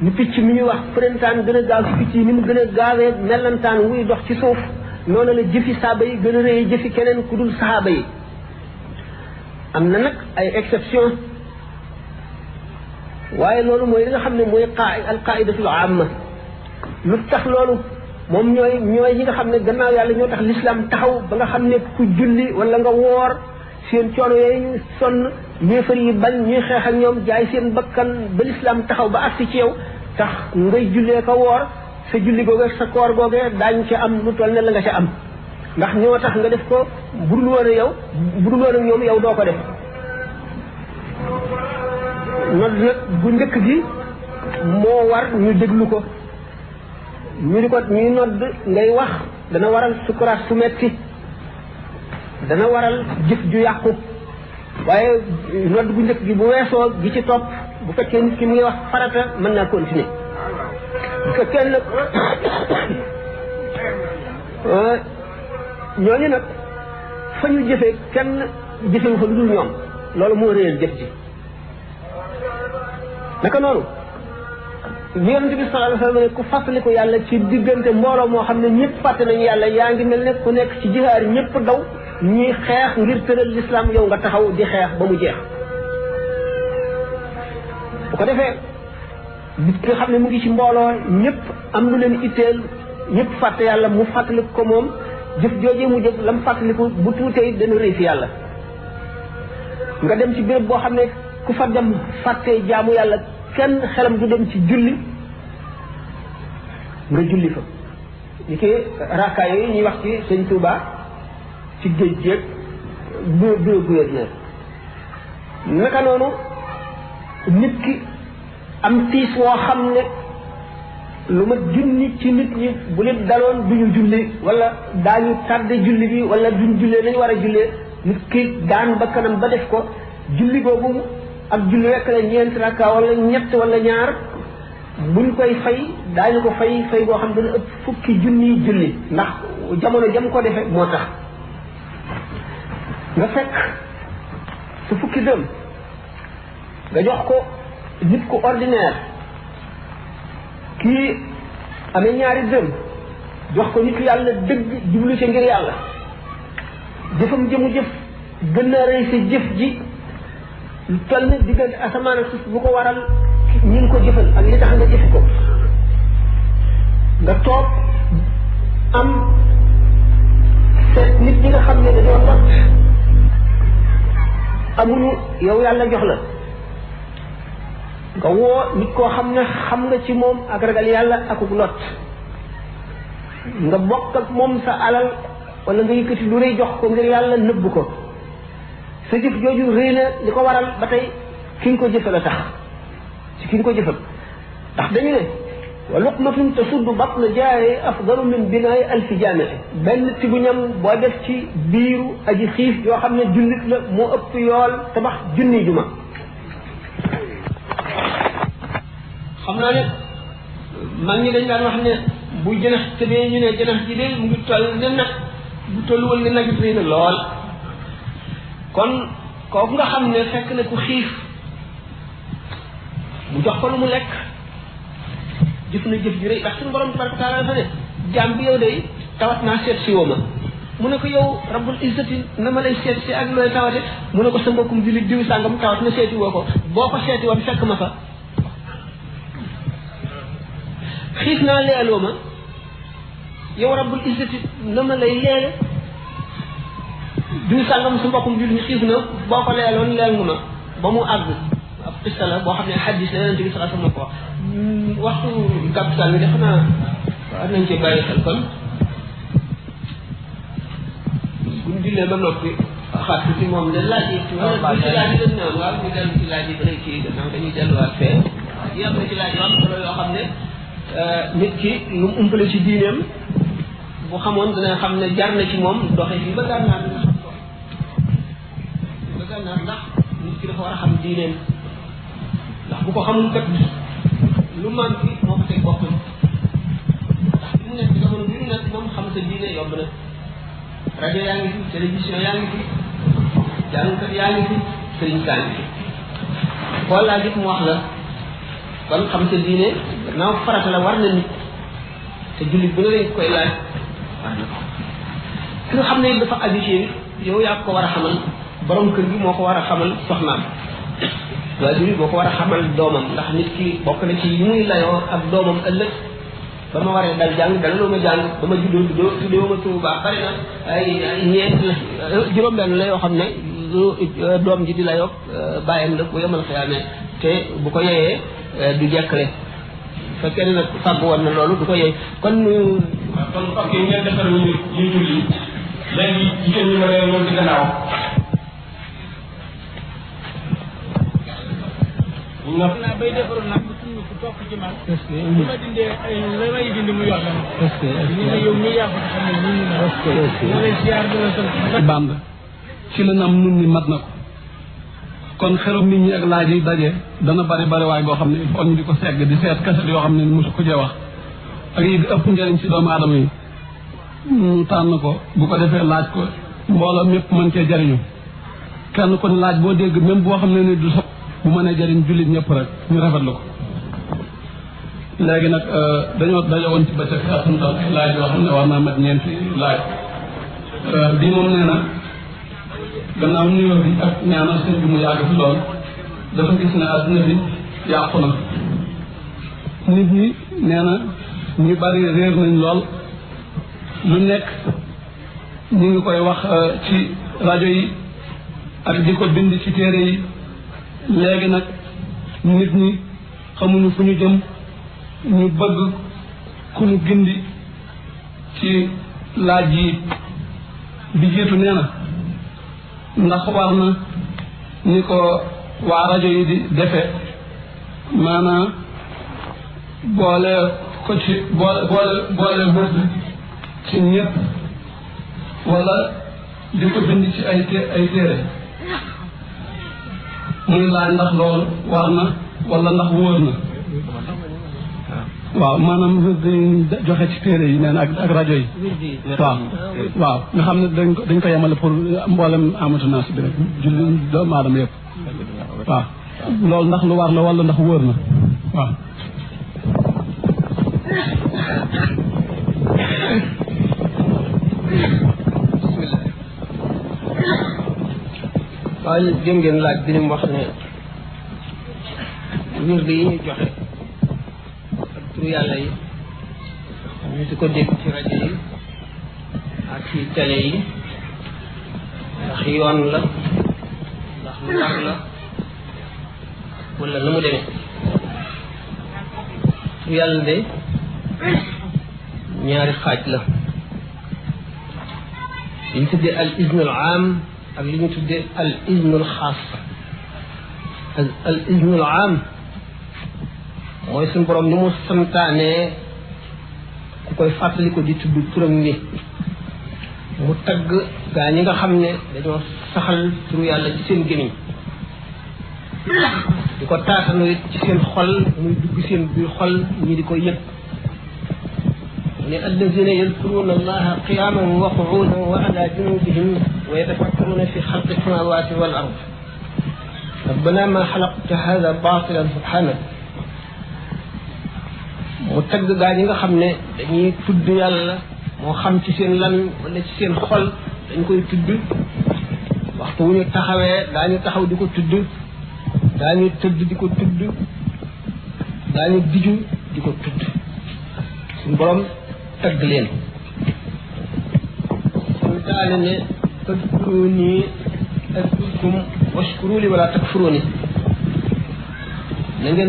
ni picc mi ñuy wax printemps gën a gaaw ci picc yi ni mu gën a gaawee mellantaan wuy dox ci suuf noonu la jëfi saaba yi gën a rëy jëfi keneen ku dul saxaaba yi am na nag ay exception waaye loolu mooy li nga xam ne mooy qaa alqaidatul amma lu tax loolu moom ñooy ñooy yi nga xam ne gannaaw yàlla ñoo tax lislaam taxaw ba nga xam ne ku julli wala nga woor seen coono yooyu ñu sonn ñéefar yi bañ ñuy xeex ak ñoom jaay seen bakkan ba lislaam taxaw ba agsi ci yow tax ngay jullee ko woor sa julli googee sa koor googee daañ ci am lu toll ne la nga ca am ndax ñoo tax nga def ko budul woon ak yow budul woon ak ñoom yow doo ko def nodd nag bu njëkk gi moo war ñu déglu ko ñu di ko ñuy nodd ngay wax dana waral sukuraat su metti dana waral jëf ju yàqu waaye nodd bu njëkk gi bu weesoo gi ci topp bu fekkee nit ki mu ngi wax farata mën naa continuer bu fekkee nag ñooñu nag fa ñu jëfee kenn jëfewu fa lu dul ñoom loolu moo réer jëf ji naka noonu yonent bi sallallahu alayhi wa sallam ne ku fàttaliku yàlla ci diggante mbooloo moo xam ne ñëpp fàtte nañu yàlla yaa ngi mel ne ku nekk ci jihaar ñëpp daw ñuy xeex ngir tëral lislaam yow nga taxaw di xeex ba mu jeex bu ko defee nit ki nga xam ne mu ngi ci mbooloo ñëpp am lu leen itteel ñëpp fàtte yàlla mu fàttaliku ko moom jëf jooje mu jëf lam fàttaliku bu tuutee dana rëy fi yàlla nga dem ci béréb boo xam ne ku fa dem fàttee jaamu yàlla kenn xelam du dem ci julli nga julli fa li ki raaka yooyu ñuy wax ci sëñ Touba ci géej géej bu bu gouverneur naka noonu nit ki am tiis woo xam ne lu ma junni ci nit ñi bu leen daloon du ñu julli wala daañu tardé julli bi wala duñ jullee nañ war a jullee nit ki daan ba kanam ba def ko julli boobu ak julli rekk la ñeent rakka wala ñett wala ñaar buñ koy fay daañu ko fay fay boo xam dana ëpp fukki junni julli ndax jamono jam ko defe moo tax nga fekk su fukki dëm nga jox ko nit ku ordinaire kii amee ñaari dërëm jox ko nitu yàlla dëgg jublu ci ngir yàlla jëfam jëmu jëf gën na rëy sa jëf ji toll na diggante asamaan ak bu ko waral ñu ko jëfal ak li tax nga jëf ko nga toog am seet nit ñi nga xam ne dañoo tax amuñu yow yàlla jox la nga woo koo xam ne xam nga ci moom ak ragal yàlla akuk not nga bokk ak moom sa alal wala nga yëkkati lu rëy jox ko ngir yàlla nëbb ko sa jëf jooju rëy na li ko waral ba tey ki nga ko jëfal a tax ci ki nga ko jëfal ndax dañu ne wa luqmatun tasuddu batna jaare afdalu min binaay alfi jaame benn ti bu ñam boo def ci biiru aji xiif yoo xam ne jullit la moo ëpp yool tabax junni juma xam naa ne mag ñi dañ daan wax ne bu jënax tëbee ñu ne jënax ji de mu ngi toll ne nag bu tolluwal ne nag rëy na lool kon kooku nga xam ne fekk na ku xiif mu jox ko lu mu lekk jëf na jëf ju rëy ndax suñu borom tabaraka taala dafa ne jaam bi yow day tawat naa seet si ma mu ne ko yow rabbul izzati na ma lay seet si ak looy tawate mu ne ko sa mbokkum julit diw sàngam tawat na seeti woo ko boo ko seeti woon fekk ma fa xiif naa leeloo ma yow rabbul izzati na ma lay leele diw sàngam sa mbokkum julit xiif na boo ko leeloon leel nga ma ba mu àgg ab qissa la boo xam ne xadis la yonente bi sa ko wax waxtu gàpp sànni de xanaa war nañ ci bàyyi xel kon buñ jullee ba noppi fàttu ci moom la laaj yi wala ci laaj yi dañ dellu ci laaj yi ba kii gannaaw dañuy delluwaat fee yam na ci laaj yoo am solo yoo xam ne euh, nit ki lu mu umpale ci diineem bu xamoon dina xam ne jar na ci moom doxe fii ba gànnaar ndax nit ki dafa war a xam diineem ndax bu ko xamul kat lu manqué moo ko xam sa diine yomb na rajo yaa ngi fi télévision yaa ngi fi jàngkat yaa ngi fi sëriñ kaa ngi fi gis mu wax la kon xam sa diine gannaaw farata la war na nit te jullit bu ne lañ koy laaj war xam ne dafa habitué yow yaa ko war a xamal borom kër gi moo ko war a xamal soxnaam waajur yi moo ko war a xamal doomam ndax nit ki bokk na ci yi muy layoo ak doomam ëllëg ba ma waree dal jàng dalaloo ma jàng ba ma juddoo juddoo ma tuuba bari yoo xam ne euh, doom ji di la yokk euh, bàyyam la ku yemal xiyaamee te bu ko yeyee euh, du jekkale fekkee nag fàggu woon na loolu du ko yey kon ñu kon parce que ngeen defar ñu ñu bokk ci man. est-ce que bu ma dindee ay la ni mat na ko kon xelum nit ñi ak laaj yi daje dana bari bari waay boo xam ne il ñu di ko segg di seet kaset yoo xam ne mosu ko cee wax ak yi ëpp njëriñ ci doomu aadama yi mu tànn ko bu ko defee laaj ko mbooloo mépp mën cee jariñu kenn ko ne laaj boo dégg même boo xam ne ni du so bu mënee jariñ jullit ñëpp rek ñu rafetlu ko léegi nag euh, dañoo dajewoon ci bëccëg asuntal laaj yoo xam ne war naa mat ñeenti laaj euh, bi moom nee na gannaaw nuyoo mu yàgg fi lool dafa gis ne nit ñi nee na ñu bari réer nañ lool lu nekk ñu ngi koy wax euh, ci rajo yi ak di ko bind ci téere yi léegi nag nit ñi xamuñu fu ñu jëm ñu bëgg ku ñu gindi ci laaj yi bi jiitu nee na ndax war na ni ko waa rajo yi di defe maanaam boole ko ci boole boole boole ci ñëpp wala di ko bind ci ay té ay téere muy laaj ndax loolu war na wala ndax wóor na waaw maanaam joxe ci téere yi neen ak ak rajo yi waaw waaw nga xam ne dañ ko dañ ko yemale pour mboolem amatu naas bi rek julli doomu aadama yëpp waaw loolu ndax lu war la wala ndax wóor na waaw waaw dégg ngeen laaj bi ni mu wax ne wir bi yi ñu joxe tur yàlla yi ñu di ko dégg ci rajo yi ak ci télé yi ndax yoon la ndax lu war la wala nu mu demee tur yàlla de ñaari xaaj la li ñu tuddee al isnu al aam ak li ñu tuddee al isnu al xaas al isnu al aam mooy suñ borom ni mu santaanee ku koy fàttaliku di tudd turam ni mu tagg gaa ñi nga xam ne dañoo saxal turu yàlla ci seen gémiñ di ko taatanu ci seen xol muy dugg seen biir xol ñi di ko yëg ne alladina yadkuruna allaha qiyaman wa quudan wa ala junubihim wa yatafakkaruna fi xalqi samawati wal ard ربنا ما خلقت هذا باطلا سبحانك mu tagg gaa ñi nga xam ne dañuy tudd yàlla moo xam ci seen lan wala ci seen xol dañ koy tudd waxtu wu ñu taxawee daañu taxaw di ko tudd daañu tëdd di ko tudd daañu diju di ko tudd suñu borom tagg leen suñu daane ne adkuruni adkurkum washkuru li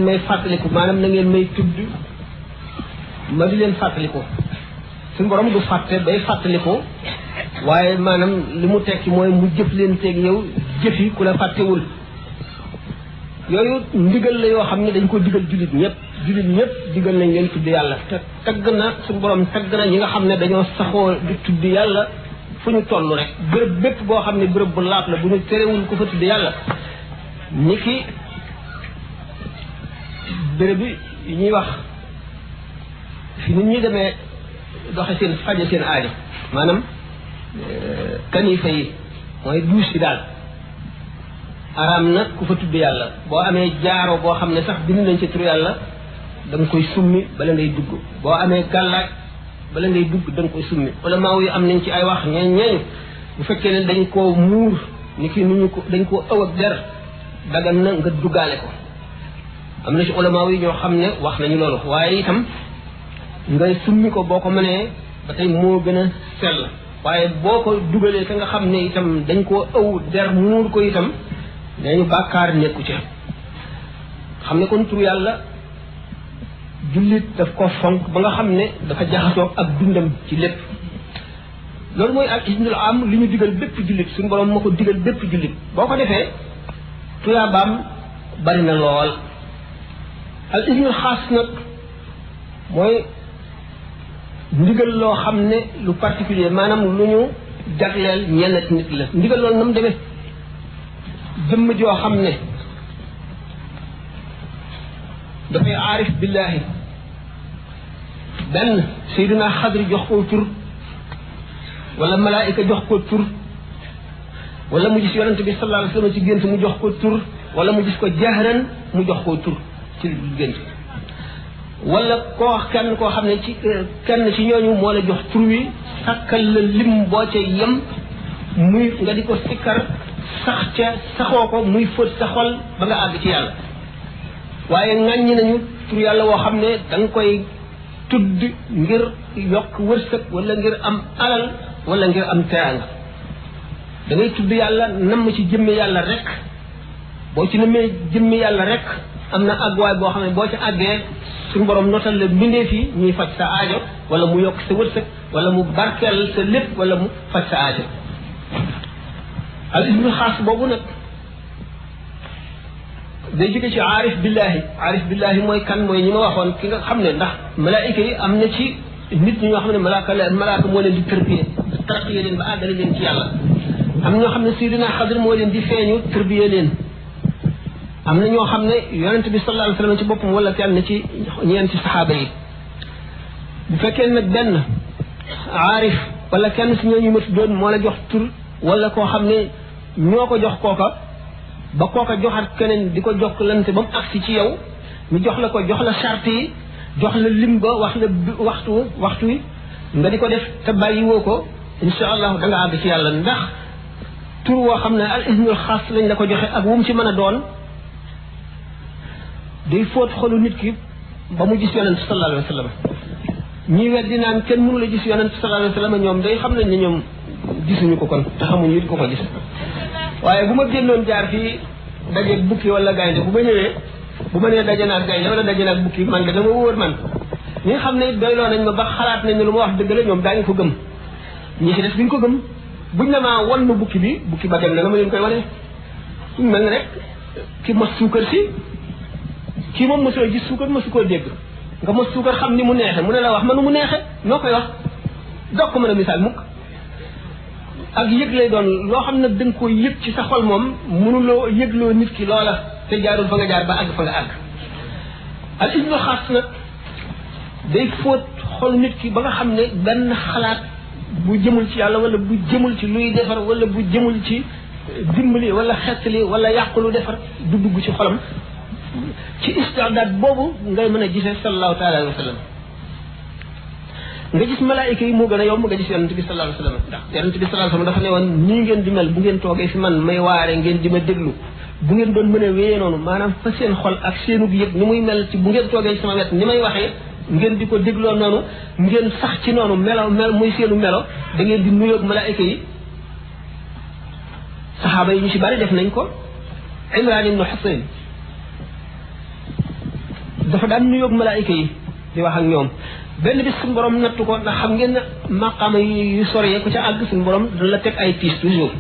may fàttaliku maanaam na may tudd ma di leen fàttaliku suñu borom du fàtte day fàttaliku waaye maanaam li mu tekki mooy mu jëf leen teeg yow jëfi ku la fàttewul yooyu ndigal la yoo xam ne dañ ko digal jullit ñëpp jullit ñëpp digal nañ leen tudd yàlla te tagg na suñu borom tagg na ñi nga xam ne dañoo saxoo di tudd yàlla fu ñu toll rek bërëb bépp boo xam ne bërëb bu laab la bu ñu terewul ku fa tudd yàlla ni ki bërëb ñuy wax fi nit ñi demee doxe seen faje seen aajo maanaam euh, kanifa yi mooy duus yi daal araam na ku fa tudd yàlla boo amee jaaro boo xam ne sax bind nañ ci turu yàlla da nga koy summi bala ngay dugg boo amee gàllaaj bala ngay dugg da nga koy summi wala maaw yi am nañ ci ay wax ñeeñ ñeeñ bu fekkee ne dañ koo muur ni ki nu ñu ko dañ koo ëw ak der dagan na nga duggaale ko am na ci ulama yi ñoo xam ne wax nañu loolu waaye itam nga summi ko boo ko mënee ba tey moo gën a sell waaye boo ko dugalee ka nga xam ne itam dañ koo ëw der muur ko itam dañu bàkkaar nekku ca xam ne kon tur yàlla jullit daf ko fonk ba nga xam ne dafa jaxasoo ak dundam ci lépp loolu mooy al isnul am li ñu digal bépp jullit suñu borom moo ko digal bépp jullit boo ko defee tuyaabaam bari na lool al isnul nag mooy ndigal loo xam ne lu particulier maanaam lu ñu jagleel ñennati nit la ndigal loolu nam demee jëmm joo xam ne dafay aarif billahi benn seydina xadri jox ko tur wala malaayika jox ko tur wala mu gis yonente bi sallallahu alayhi wasallam ci gént mu jox ko tur wala mu gis ko jahran mu jox ko tur ci gént wala koo kenn koo xam ne ci kenn ci ñooñu moo la jox tur wi sàkkal la lim boo ca yem muy nga di ko sikkar sax ca saxoo ko muy fët sa xol ba nga àgg ci yàlla waaye ŋàññi nañu tur yàlla woo xam ne da nga koy tudd ngir yokk wërsëg wala ngir am alal wala ngir am teraanga da ngay tudd yàlla namm ci jëmm yàlla rek boo ci nammee jëmmi yàlla rek amna agway bo xamne bo ci agge sun borom notal le mbindee fi ñi faj sa aajo wala mu yok sa wërsëg wala mu barkel sa lépp wala mu faj sa aajo al ismul xaas boobu nag day jige ci arif billahi arif billahi moy kan moy ñi ma waxoon ki nga xamne ndax malaika yi amna ci nit ñu xamne xam malaaka la malaaka mo leen di tërbiye tarqiye leen ba àggale leen ci yàlla am ñoo xamne sayyidina khadir mo leen di feñu tërbiye leen am na ñoo xam ne yonente bi sallallahu alayhi wasallam ci boppam wala kenn ci ñeen ci saxaaba yi bu fekkee nag benn aarif wala kenn si ñu ma doon moo la jox tur wala koo xam ne ñoo ko jox kooka ba kooka joxat keneen di ko jox lante ba mu agsi ci yow ñu jox la ko jox la charte yi jox la lim ba wax la waxtu waxtu yi nga di ko def te bàyyi woo ko insha allah da nga àgg ci yàlla ndax tur woo xam ne al ismul xaas lañ la ko joxe ak wum ci mën a doon day fóot xolu nit ki ba mu gis yonent sallallahu alayhi wa sallam ñi weddi naan kenn mënu la gis yonent sallallahu alayhi wa sallam ñoom day xam nañ ne ñoom gisuñu ko kon te xamuñu it ko ko gis waaye bu ma génnoon jaar fii dajeeg bukki wala gaynde bu ma ñëwee bu ma nee daje naag gaynde wala daje naag bukki man de dama wóor man ñi xam ne it doyloo nañ ma ba xalaat nañ ne lu ma wax dëgg la ñoom daañu ko gëm ñi si des duñ ko gëm buñ ne maa wan ma bukki bi bukki ba dem ma leen koy wane mel ni ki mos suukar si kii moom mosoo gis suukar mosu koo dégg nga mos suukar xam ni mu neexe mu ne la wax manu mu neexe noo koy wax dog ma na a misaal mukk ak yëg lay doon loo xam nag da koo yëg ci sa xol moom mënuloo yëgloo nit ki loola te jaarul fa nga jaar ba àgg fa nga àgg al ibnu xaas nag day fóot xol nit ki ba nga xam ne benn xalaat bu jëmul ci yàlla wala bu jëmul ci luy defar wala bu jëmul ci dimbali wala xettali wala yàqulu defar du dugg ci xolam ci istidaad boobu ngay mën a gisee sallallahu taala alayhi wa sallam nga gis malaayika yi moo gën a yomb nga gis yonente bi sallallahu alayhi wa sallam ndax yonente bi sallallahu alayhi wa sallam dafa ne woon nii ngeen di mel bu ngeen toogee fi man may waare ngeen di ma déglu bu ngeen doon mën a wéyee noonu maanaam fa seen xol ak seenug yëg ni muy mel ci bu ngeen toogee sama wet ni may waxee ngeen di ko dégloo noonu ngeen sax ci noonu melo mel muy seenu melo da ngeen di nuyoog malaayika yi saxaaba yi ñu ci bari def nañ ko imran ibnu xusayn dafa daan nuyoog malaayika yi di wax ak ñoom benn bis suñu borom nattu ko ndax xam ngeen maqaama yu sore ku ca àgg suñu borom dana la teg ay piis toujours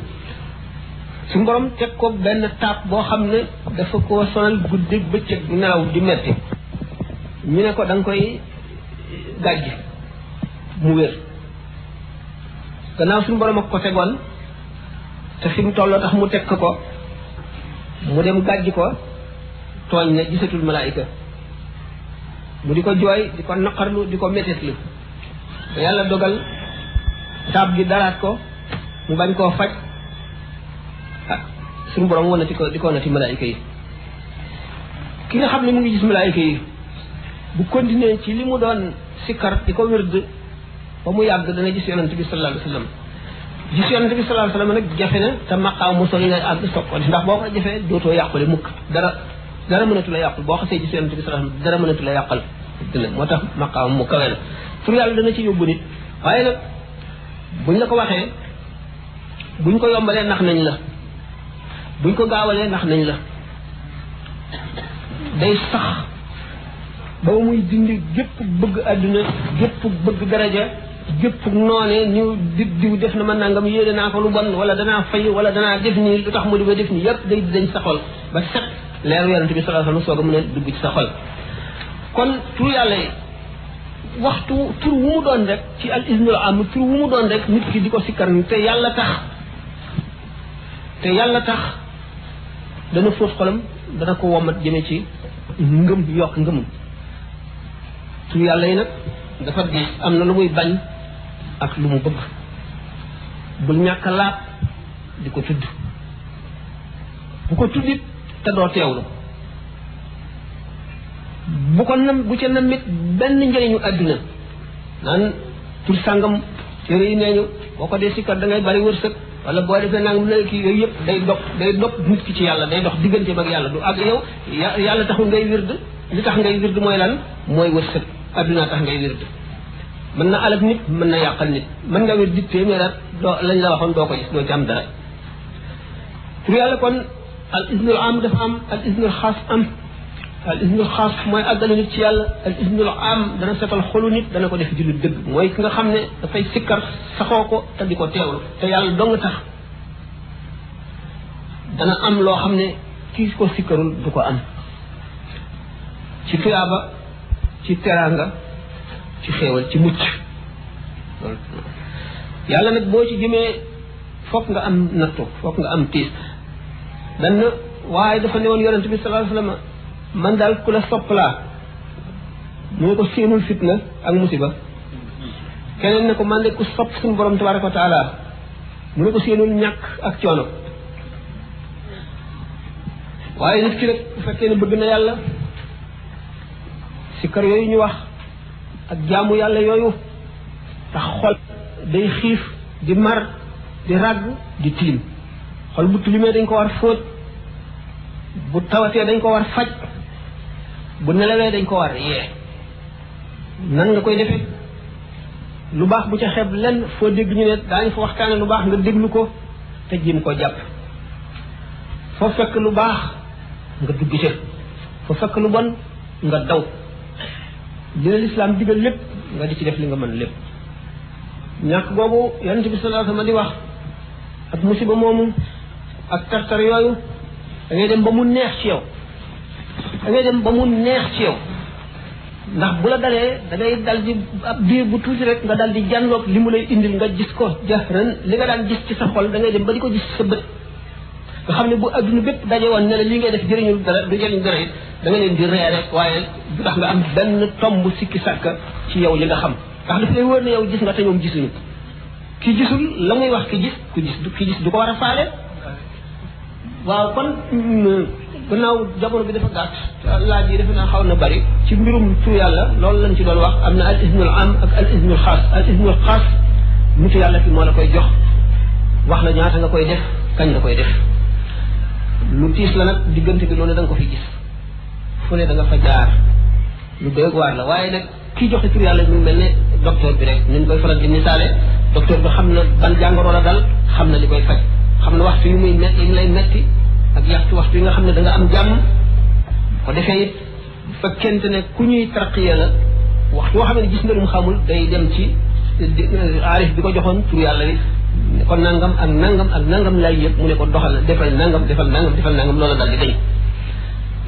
suñu borom teg ko benn taab boo xam ne dafa ko sonal guddi bëccëg nelaw di metti ñu ne ko da koy gàjj mu wér gannaaw suñu borom ko tegoon te fi mu tolloo tax mu teg ko mu dem gàjj ko tooñ ne gisatul malaayika mu di ko jooy di ko naqarlu di ko métitlu te yàlla dogal taab gi dalaat ko mu bañ koo faj ah suñu borom wanati ko di ko wanati malaayika yi ki nga xam ne mu ngi gis bu continuer ci li mu doon sikkar di ko wérd ba mu yàgg dana gis yonent bi sallallahu alayhi wa sallam gis yonent bi sallallahu alayhi wa nag jafe na te maqaam mu sori na àgg soog ko ndax boo ko jafee dootoo yàqule mukk dara dara mënatu la yàqal boo xasee gis yonent bi salaam dara mënatu la yàqal dina moo tax maqaam mu kawe la tur yàlla dana ci yóbbu nit waaye nag buñ la ko waxee buñ ko yombalee nax nañ la buñ ko gaawalee nax nañ la day sax ba muy dindi gépp bëgg àdduna gépp bëgg daraja gépp noonee ñu di diw def na man nangam yéene naa ko lu bon wala danaa fay wala danaa def nii lu tax mu di ba def nii yépp day dañ saxol ba set leeru yonent bi sallallahu alayhi wasallam soog a mën dugg ci sa xol kon tur yàlla yi waxtu tur wu mu doon rek ci al ismul am tur wu mu doon rek nit ki di ko sikkar te yàlla tax te yàlla tax dana fóot xolam dana ko womat jëme ci ngëm yokk ngëmam tur yàlla yi nag dafa diis am na lu muy bañ ak lu mu bëgg bul ñàkk laab di ko tudd bu ko tuddit te doo teewlu bu ko nam bu ca namit benn njëriñu àdduna naan tur sàngam téere yi nee ñu boo ko dee sikkar da ngay bari wërsëg wala boo defee nangam la kii yooyu yëpp day dog day dog nit ki ci yàlla day dox digganteem ak yàlla du ak yow yàlla taxul ngay wird li tax ngay wird mooy lan mooy wërsëg àdduna tax ngay wird mën na alal nit mën na yàqal nit mën nga wird téeméeraat doo lañ la waxoon doo ko gis doo ci dara tur yàlla kon الاذن العام دا فام الاذن الخاص ام الاذن الخاص موي ادال نيت سي يالا الاذن العام دا نا سيتال خلو نيت دا نكو ديف جولي دغ موي كيغا خامني دا فاي سكر ساخوكو تا ديكو تيول تا يالا دونغ تاخ دا نا ام لو خامني كيس كو سكرول دوكو ام سي تيابا سي تيرانغا سي خيوال سي موتش يالا نك بو سي جيمي فوك نغا ام نتو فوك نغا ام تيس benn waaye dafa ne woon yonent bi sallallahu alayhi man daal ku la sopp laa mu ne ko séenul fitna ak musiba keneen ne ko man de ku sopp suñu borom tabaraka wa mu ne ko séenul ñàkk ak coono waaye nit ki bëgg na yàlla si kër yooyu ñu wax ak jaamu yàlla yooyu tax xol day xiif di mar di ràgg di tilim xol bu tilimee dañ ko war fóot bu tawatee dañ ko war faj bu nelawee dañ ko war yee nan nga koy defee lu baax bu ca xeeb lenn foo dégg ñu ne daañu fa waxtaane lu baax nga déglu ko te jéem ko jàpp foo fekk lu baax nga dugg ca foo fekk lu bon nga daw li la lislaam digal lépp nga di ci def li nga mën lépp ñàkk boobu yonent bi sallallahu alayhi wa di wax ak musiba moomu ak tartar yooyu da dem ba mu neex ci yow da dem ba mu neex yow ndax bu la dalee da ngay dal di ab biir bu tuuti rek nga dal di jànloog li mu lay indil nga gis ko jahran li nga daan gis ci sa xol da ngay dem ba di ko gis sa bët nga xam ne bu adduna bépp daje woon ne la li ngay def jëriñul dara du jëriñ dara it da nga leen di ree rek waaye du tax nga am benn tomb sikki sàkka ci yow li nga xam ndax daf lay wóor ne yow gis nga te ñoom gisuñu ki gisul la muy wax ki gis ku gis ki gis ko war a faale waaw kon gannaaw jamono bi dafa gàtt laaj yi defe naa xaw na bari ci mbirum tur yàlla loolu lañ ci doon wax am na al ismul am ak al ismul xaas al ismul xaas nitu yàlla fi moo la koy jox wax la ñaata nga koy def kañ nga koy def lu tiis la nag diggante bi loolu da nga ko fi gis fu ne da nga fa jaar lu doy waar la waaye nag kii joxe tur yàlla ñu mel ne docteur bi rek ñu koy faral di misaale docteur bi xam na ban jàngoro la dal xam na li koy faj xam ne waxtu yu muy metti yi mu ak yàq ci waxtu yi nga xam ne danga am jàmm ko defee it fekkente ne ku ñuy tarqiya la waxtu woo xam ne gis nga xamul day dem ci aarif bi ko joxoon tur yàlla bi kon nangam ak nangam ak nangam lay yëpp mu ne ko doxal defal nangam defal nangam defal nangam loolu daal di dañ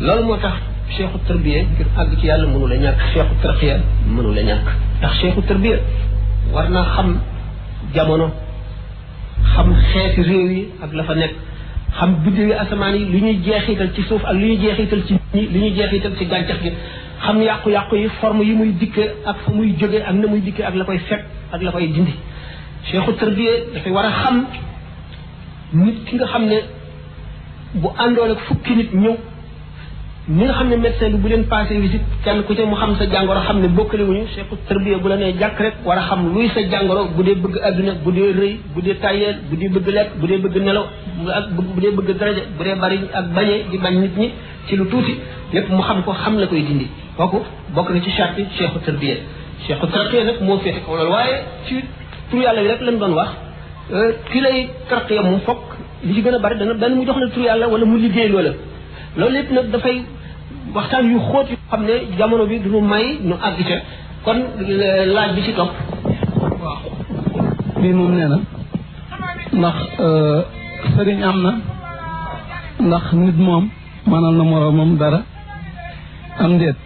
loolu moo tax cheikhu tarbiya ngir àgg ci yàlla mënu la ñàkk cheikhu tarqiya mënu la ñàkk ndax cheikhu tarbiya war naa xam jamono xam xeeti réew yi ak la fa nekk xam biddewu asamaan yi lu ñuy jeexital ci suuf ak lu ñuy jeexital ci ñi lu ñuy jeexital ci gàncax gi xam yàqu-yàqu yi forme yi muy dikke ak fa muy jóge ak na muy dikke ak la koy fekk ak la koy dindi cheikhu tarbiya dafay war a xam nit ki nga xam ne bu àndoon ak fukki nit ñëw ñi xam ne médecin bi bu leen passé visite kenn ku ci mu xam sa jàngoro xam ne bokkale wuñu cheikhu bëgg adduna bu dee bu dee tayeel bu bu dee bëgg nelaw ak bu dee bëgg daraja bu dee bari ak bañee nit ñi ci lu tuuti lépp mu xam ko xam ne koy dindi kooku bokk na ci charte cheikhu tarbiya cheikhu tarqiya nag moo féete kaw loolu waaye ci tur yàlla bi rek lañ doon wax euh, ki lay tarqiya mu fokk li ci gën a bari dana benn mu jox la tur yàlla wala mu liggéey loola loolu lépp nag dafay waxtaan yu xóot yu xam ne jamono bi du ñu may ñu àgg kon euh, laaj bi ci topp. waaw bii moom nee na ndax euh, sëriñ am na ndax nit moom mënal na moroomam dara am ndéet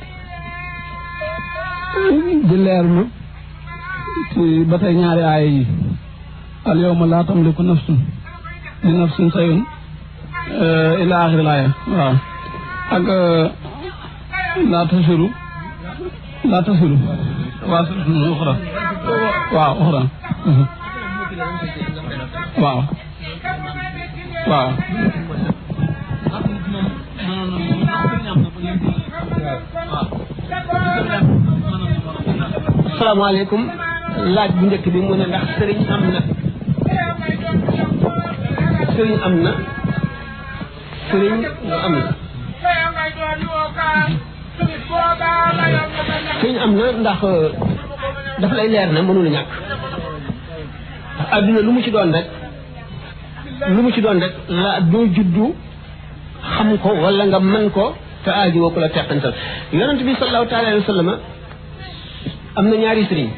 di ma ci ba tey ñaari aaya yi al yawma laa tamliku nafsun li nafsin sayun euh, ila axiri laaya waaw لا تسروا لا تسروا واسروا أخرى واو أخرى واو واو السلام عليكم لا جنك بمونا لا سرين أمنا سرين أمنا سرين أمنا suñ am na ndax euh, dafa lay leer na mënul ñàkk adduna lu mu ci doon rek lu mu ci doon rek la doo juddu xam ko wala nga mën ko te aaji woo la teqantal yonent bi sallallahu taala alayhi wa am na ñaari sëriñ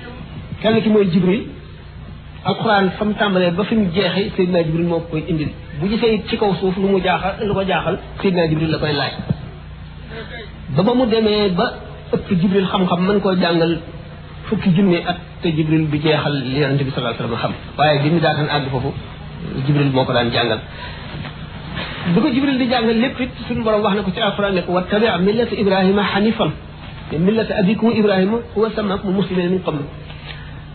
kenn ki mooy jibril alquran fa mu tàmbalee ba fi mu jeexee Seydina Jibril moo koy indil bu gisee ci kaw suuf lu mu jaaxal lu ko jaaxal Seydina Jibril la koy laay ba ba mu demee ba ëpp jibril xam-xam mën koo jàngal fukki junne at te jibril bi jeexal li yonent bi sallallahu alayhi wasallam xam waaye bi mu daataan àgg foofu jibril moo ko daan jàngal bi ko jibril di jàngal lépp it suñu borom wax na ko ci alquran ne ko wattabi millata ibrahima hanifan te millata abikum ibrahima huwa sammakum muslimina min qabl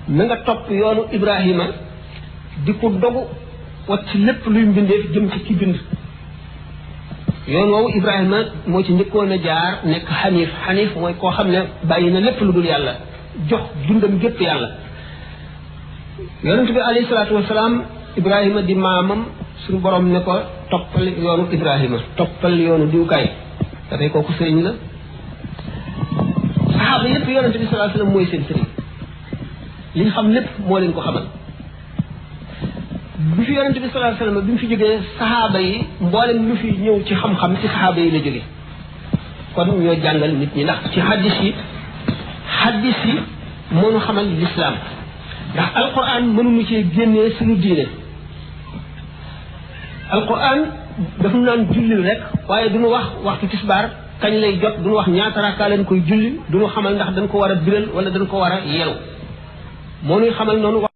na nga topp yoonu ibrahima di ko dogu wat ci lépp luy mbindeef jëm ci ki bind yoon woowu Ibrahima moo ci njëkkoon a jaar nekk xaniif xaniif mooy koo xam ne bàyyi na lépp lu dul yàlla jox dundam gépp yàlla yonent bi alayhi salaatu Ibrahima di maamam suñu borom ne ko toppal yoonu Ibrahima toppal yoonu diwkaay dafay kooku sëriñ la saxaaba yépp yonent bi salaatu mooy seen sëriñ li xam lépp moo leen ko xamal bi fi yonente bi sallallahu alayhi wasallam bi mu fi jógee saxaaba yi mboolem lu fi ñëw ci xam-xam ci saxaaba yi la jógee kon ñoo jàngal nit ñi ndax ci hadis yi hadis yi mënu xamal lislaam ndax alquran mënuñu cee génnee suñu diine alquran daf ñu naan jullil rek waaye duñu wax waxtu tisbaar kañ lay jot duñu wax ñaata rakka lañ koy julli duñu xamal ndax dañ ko war a biral wala dañ ko war a yeeru moo ñuy xamal noonu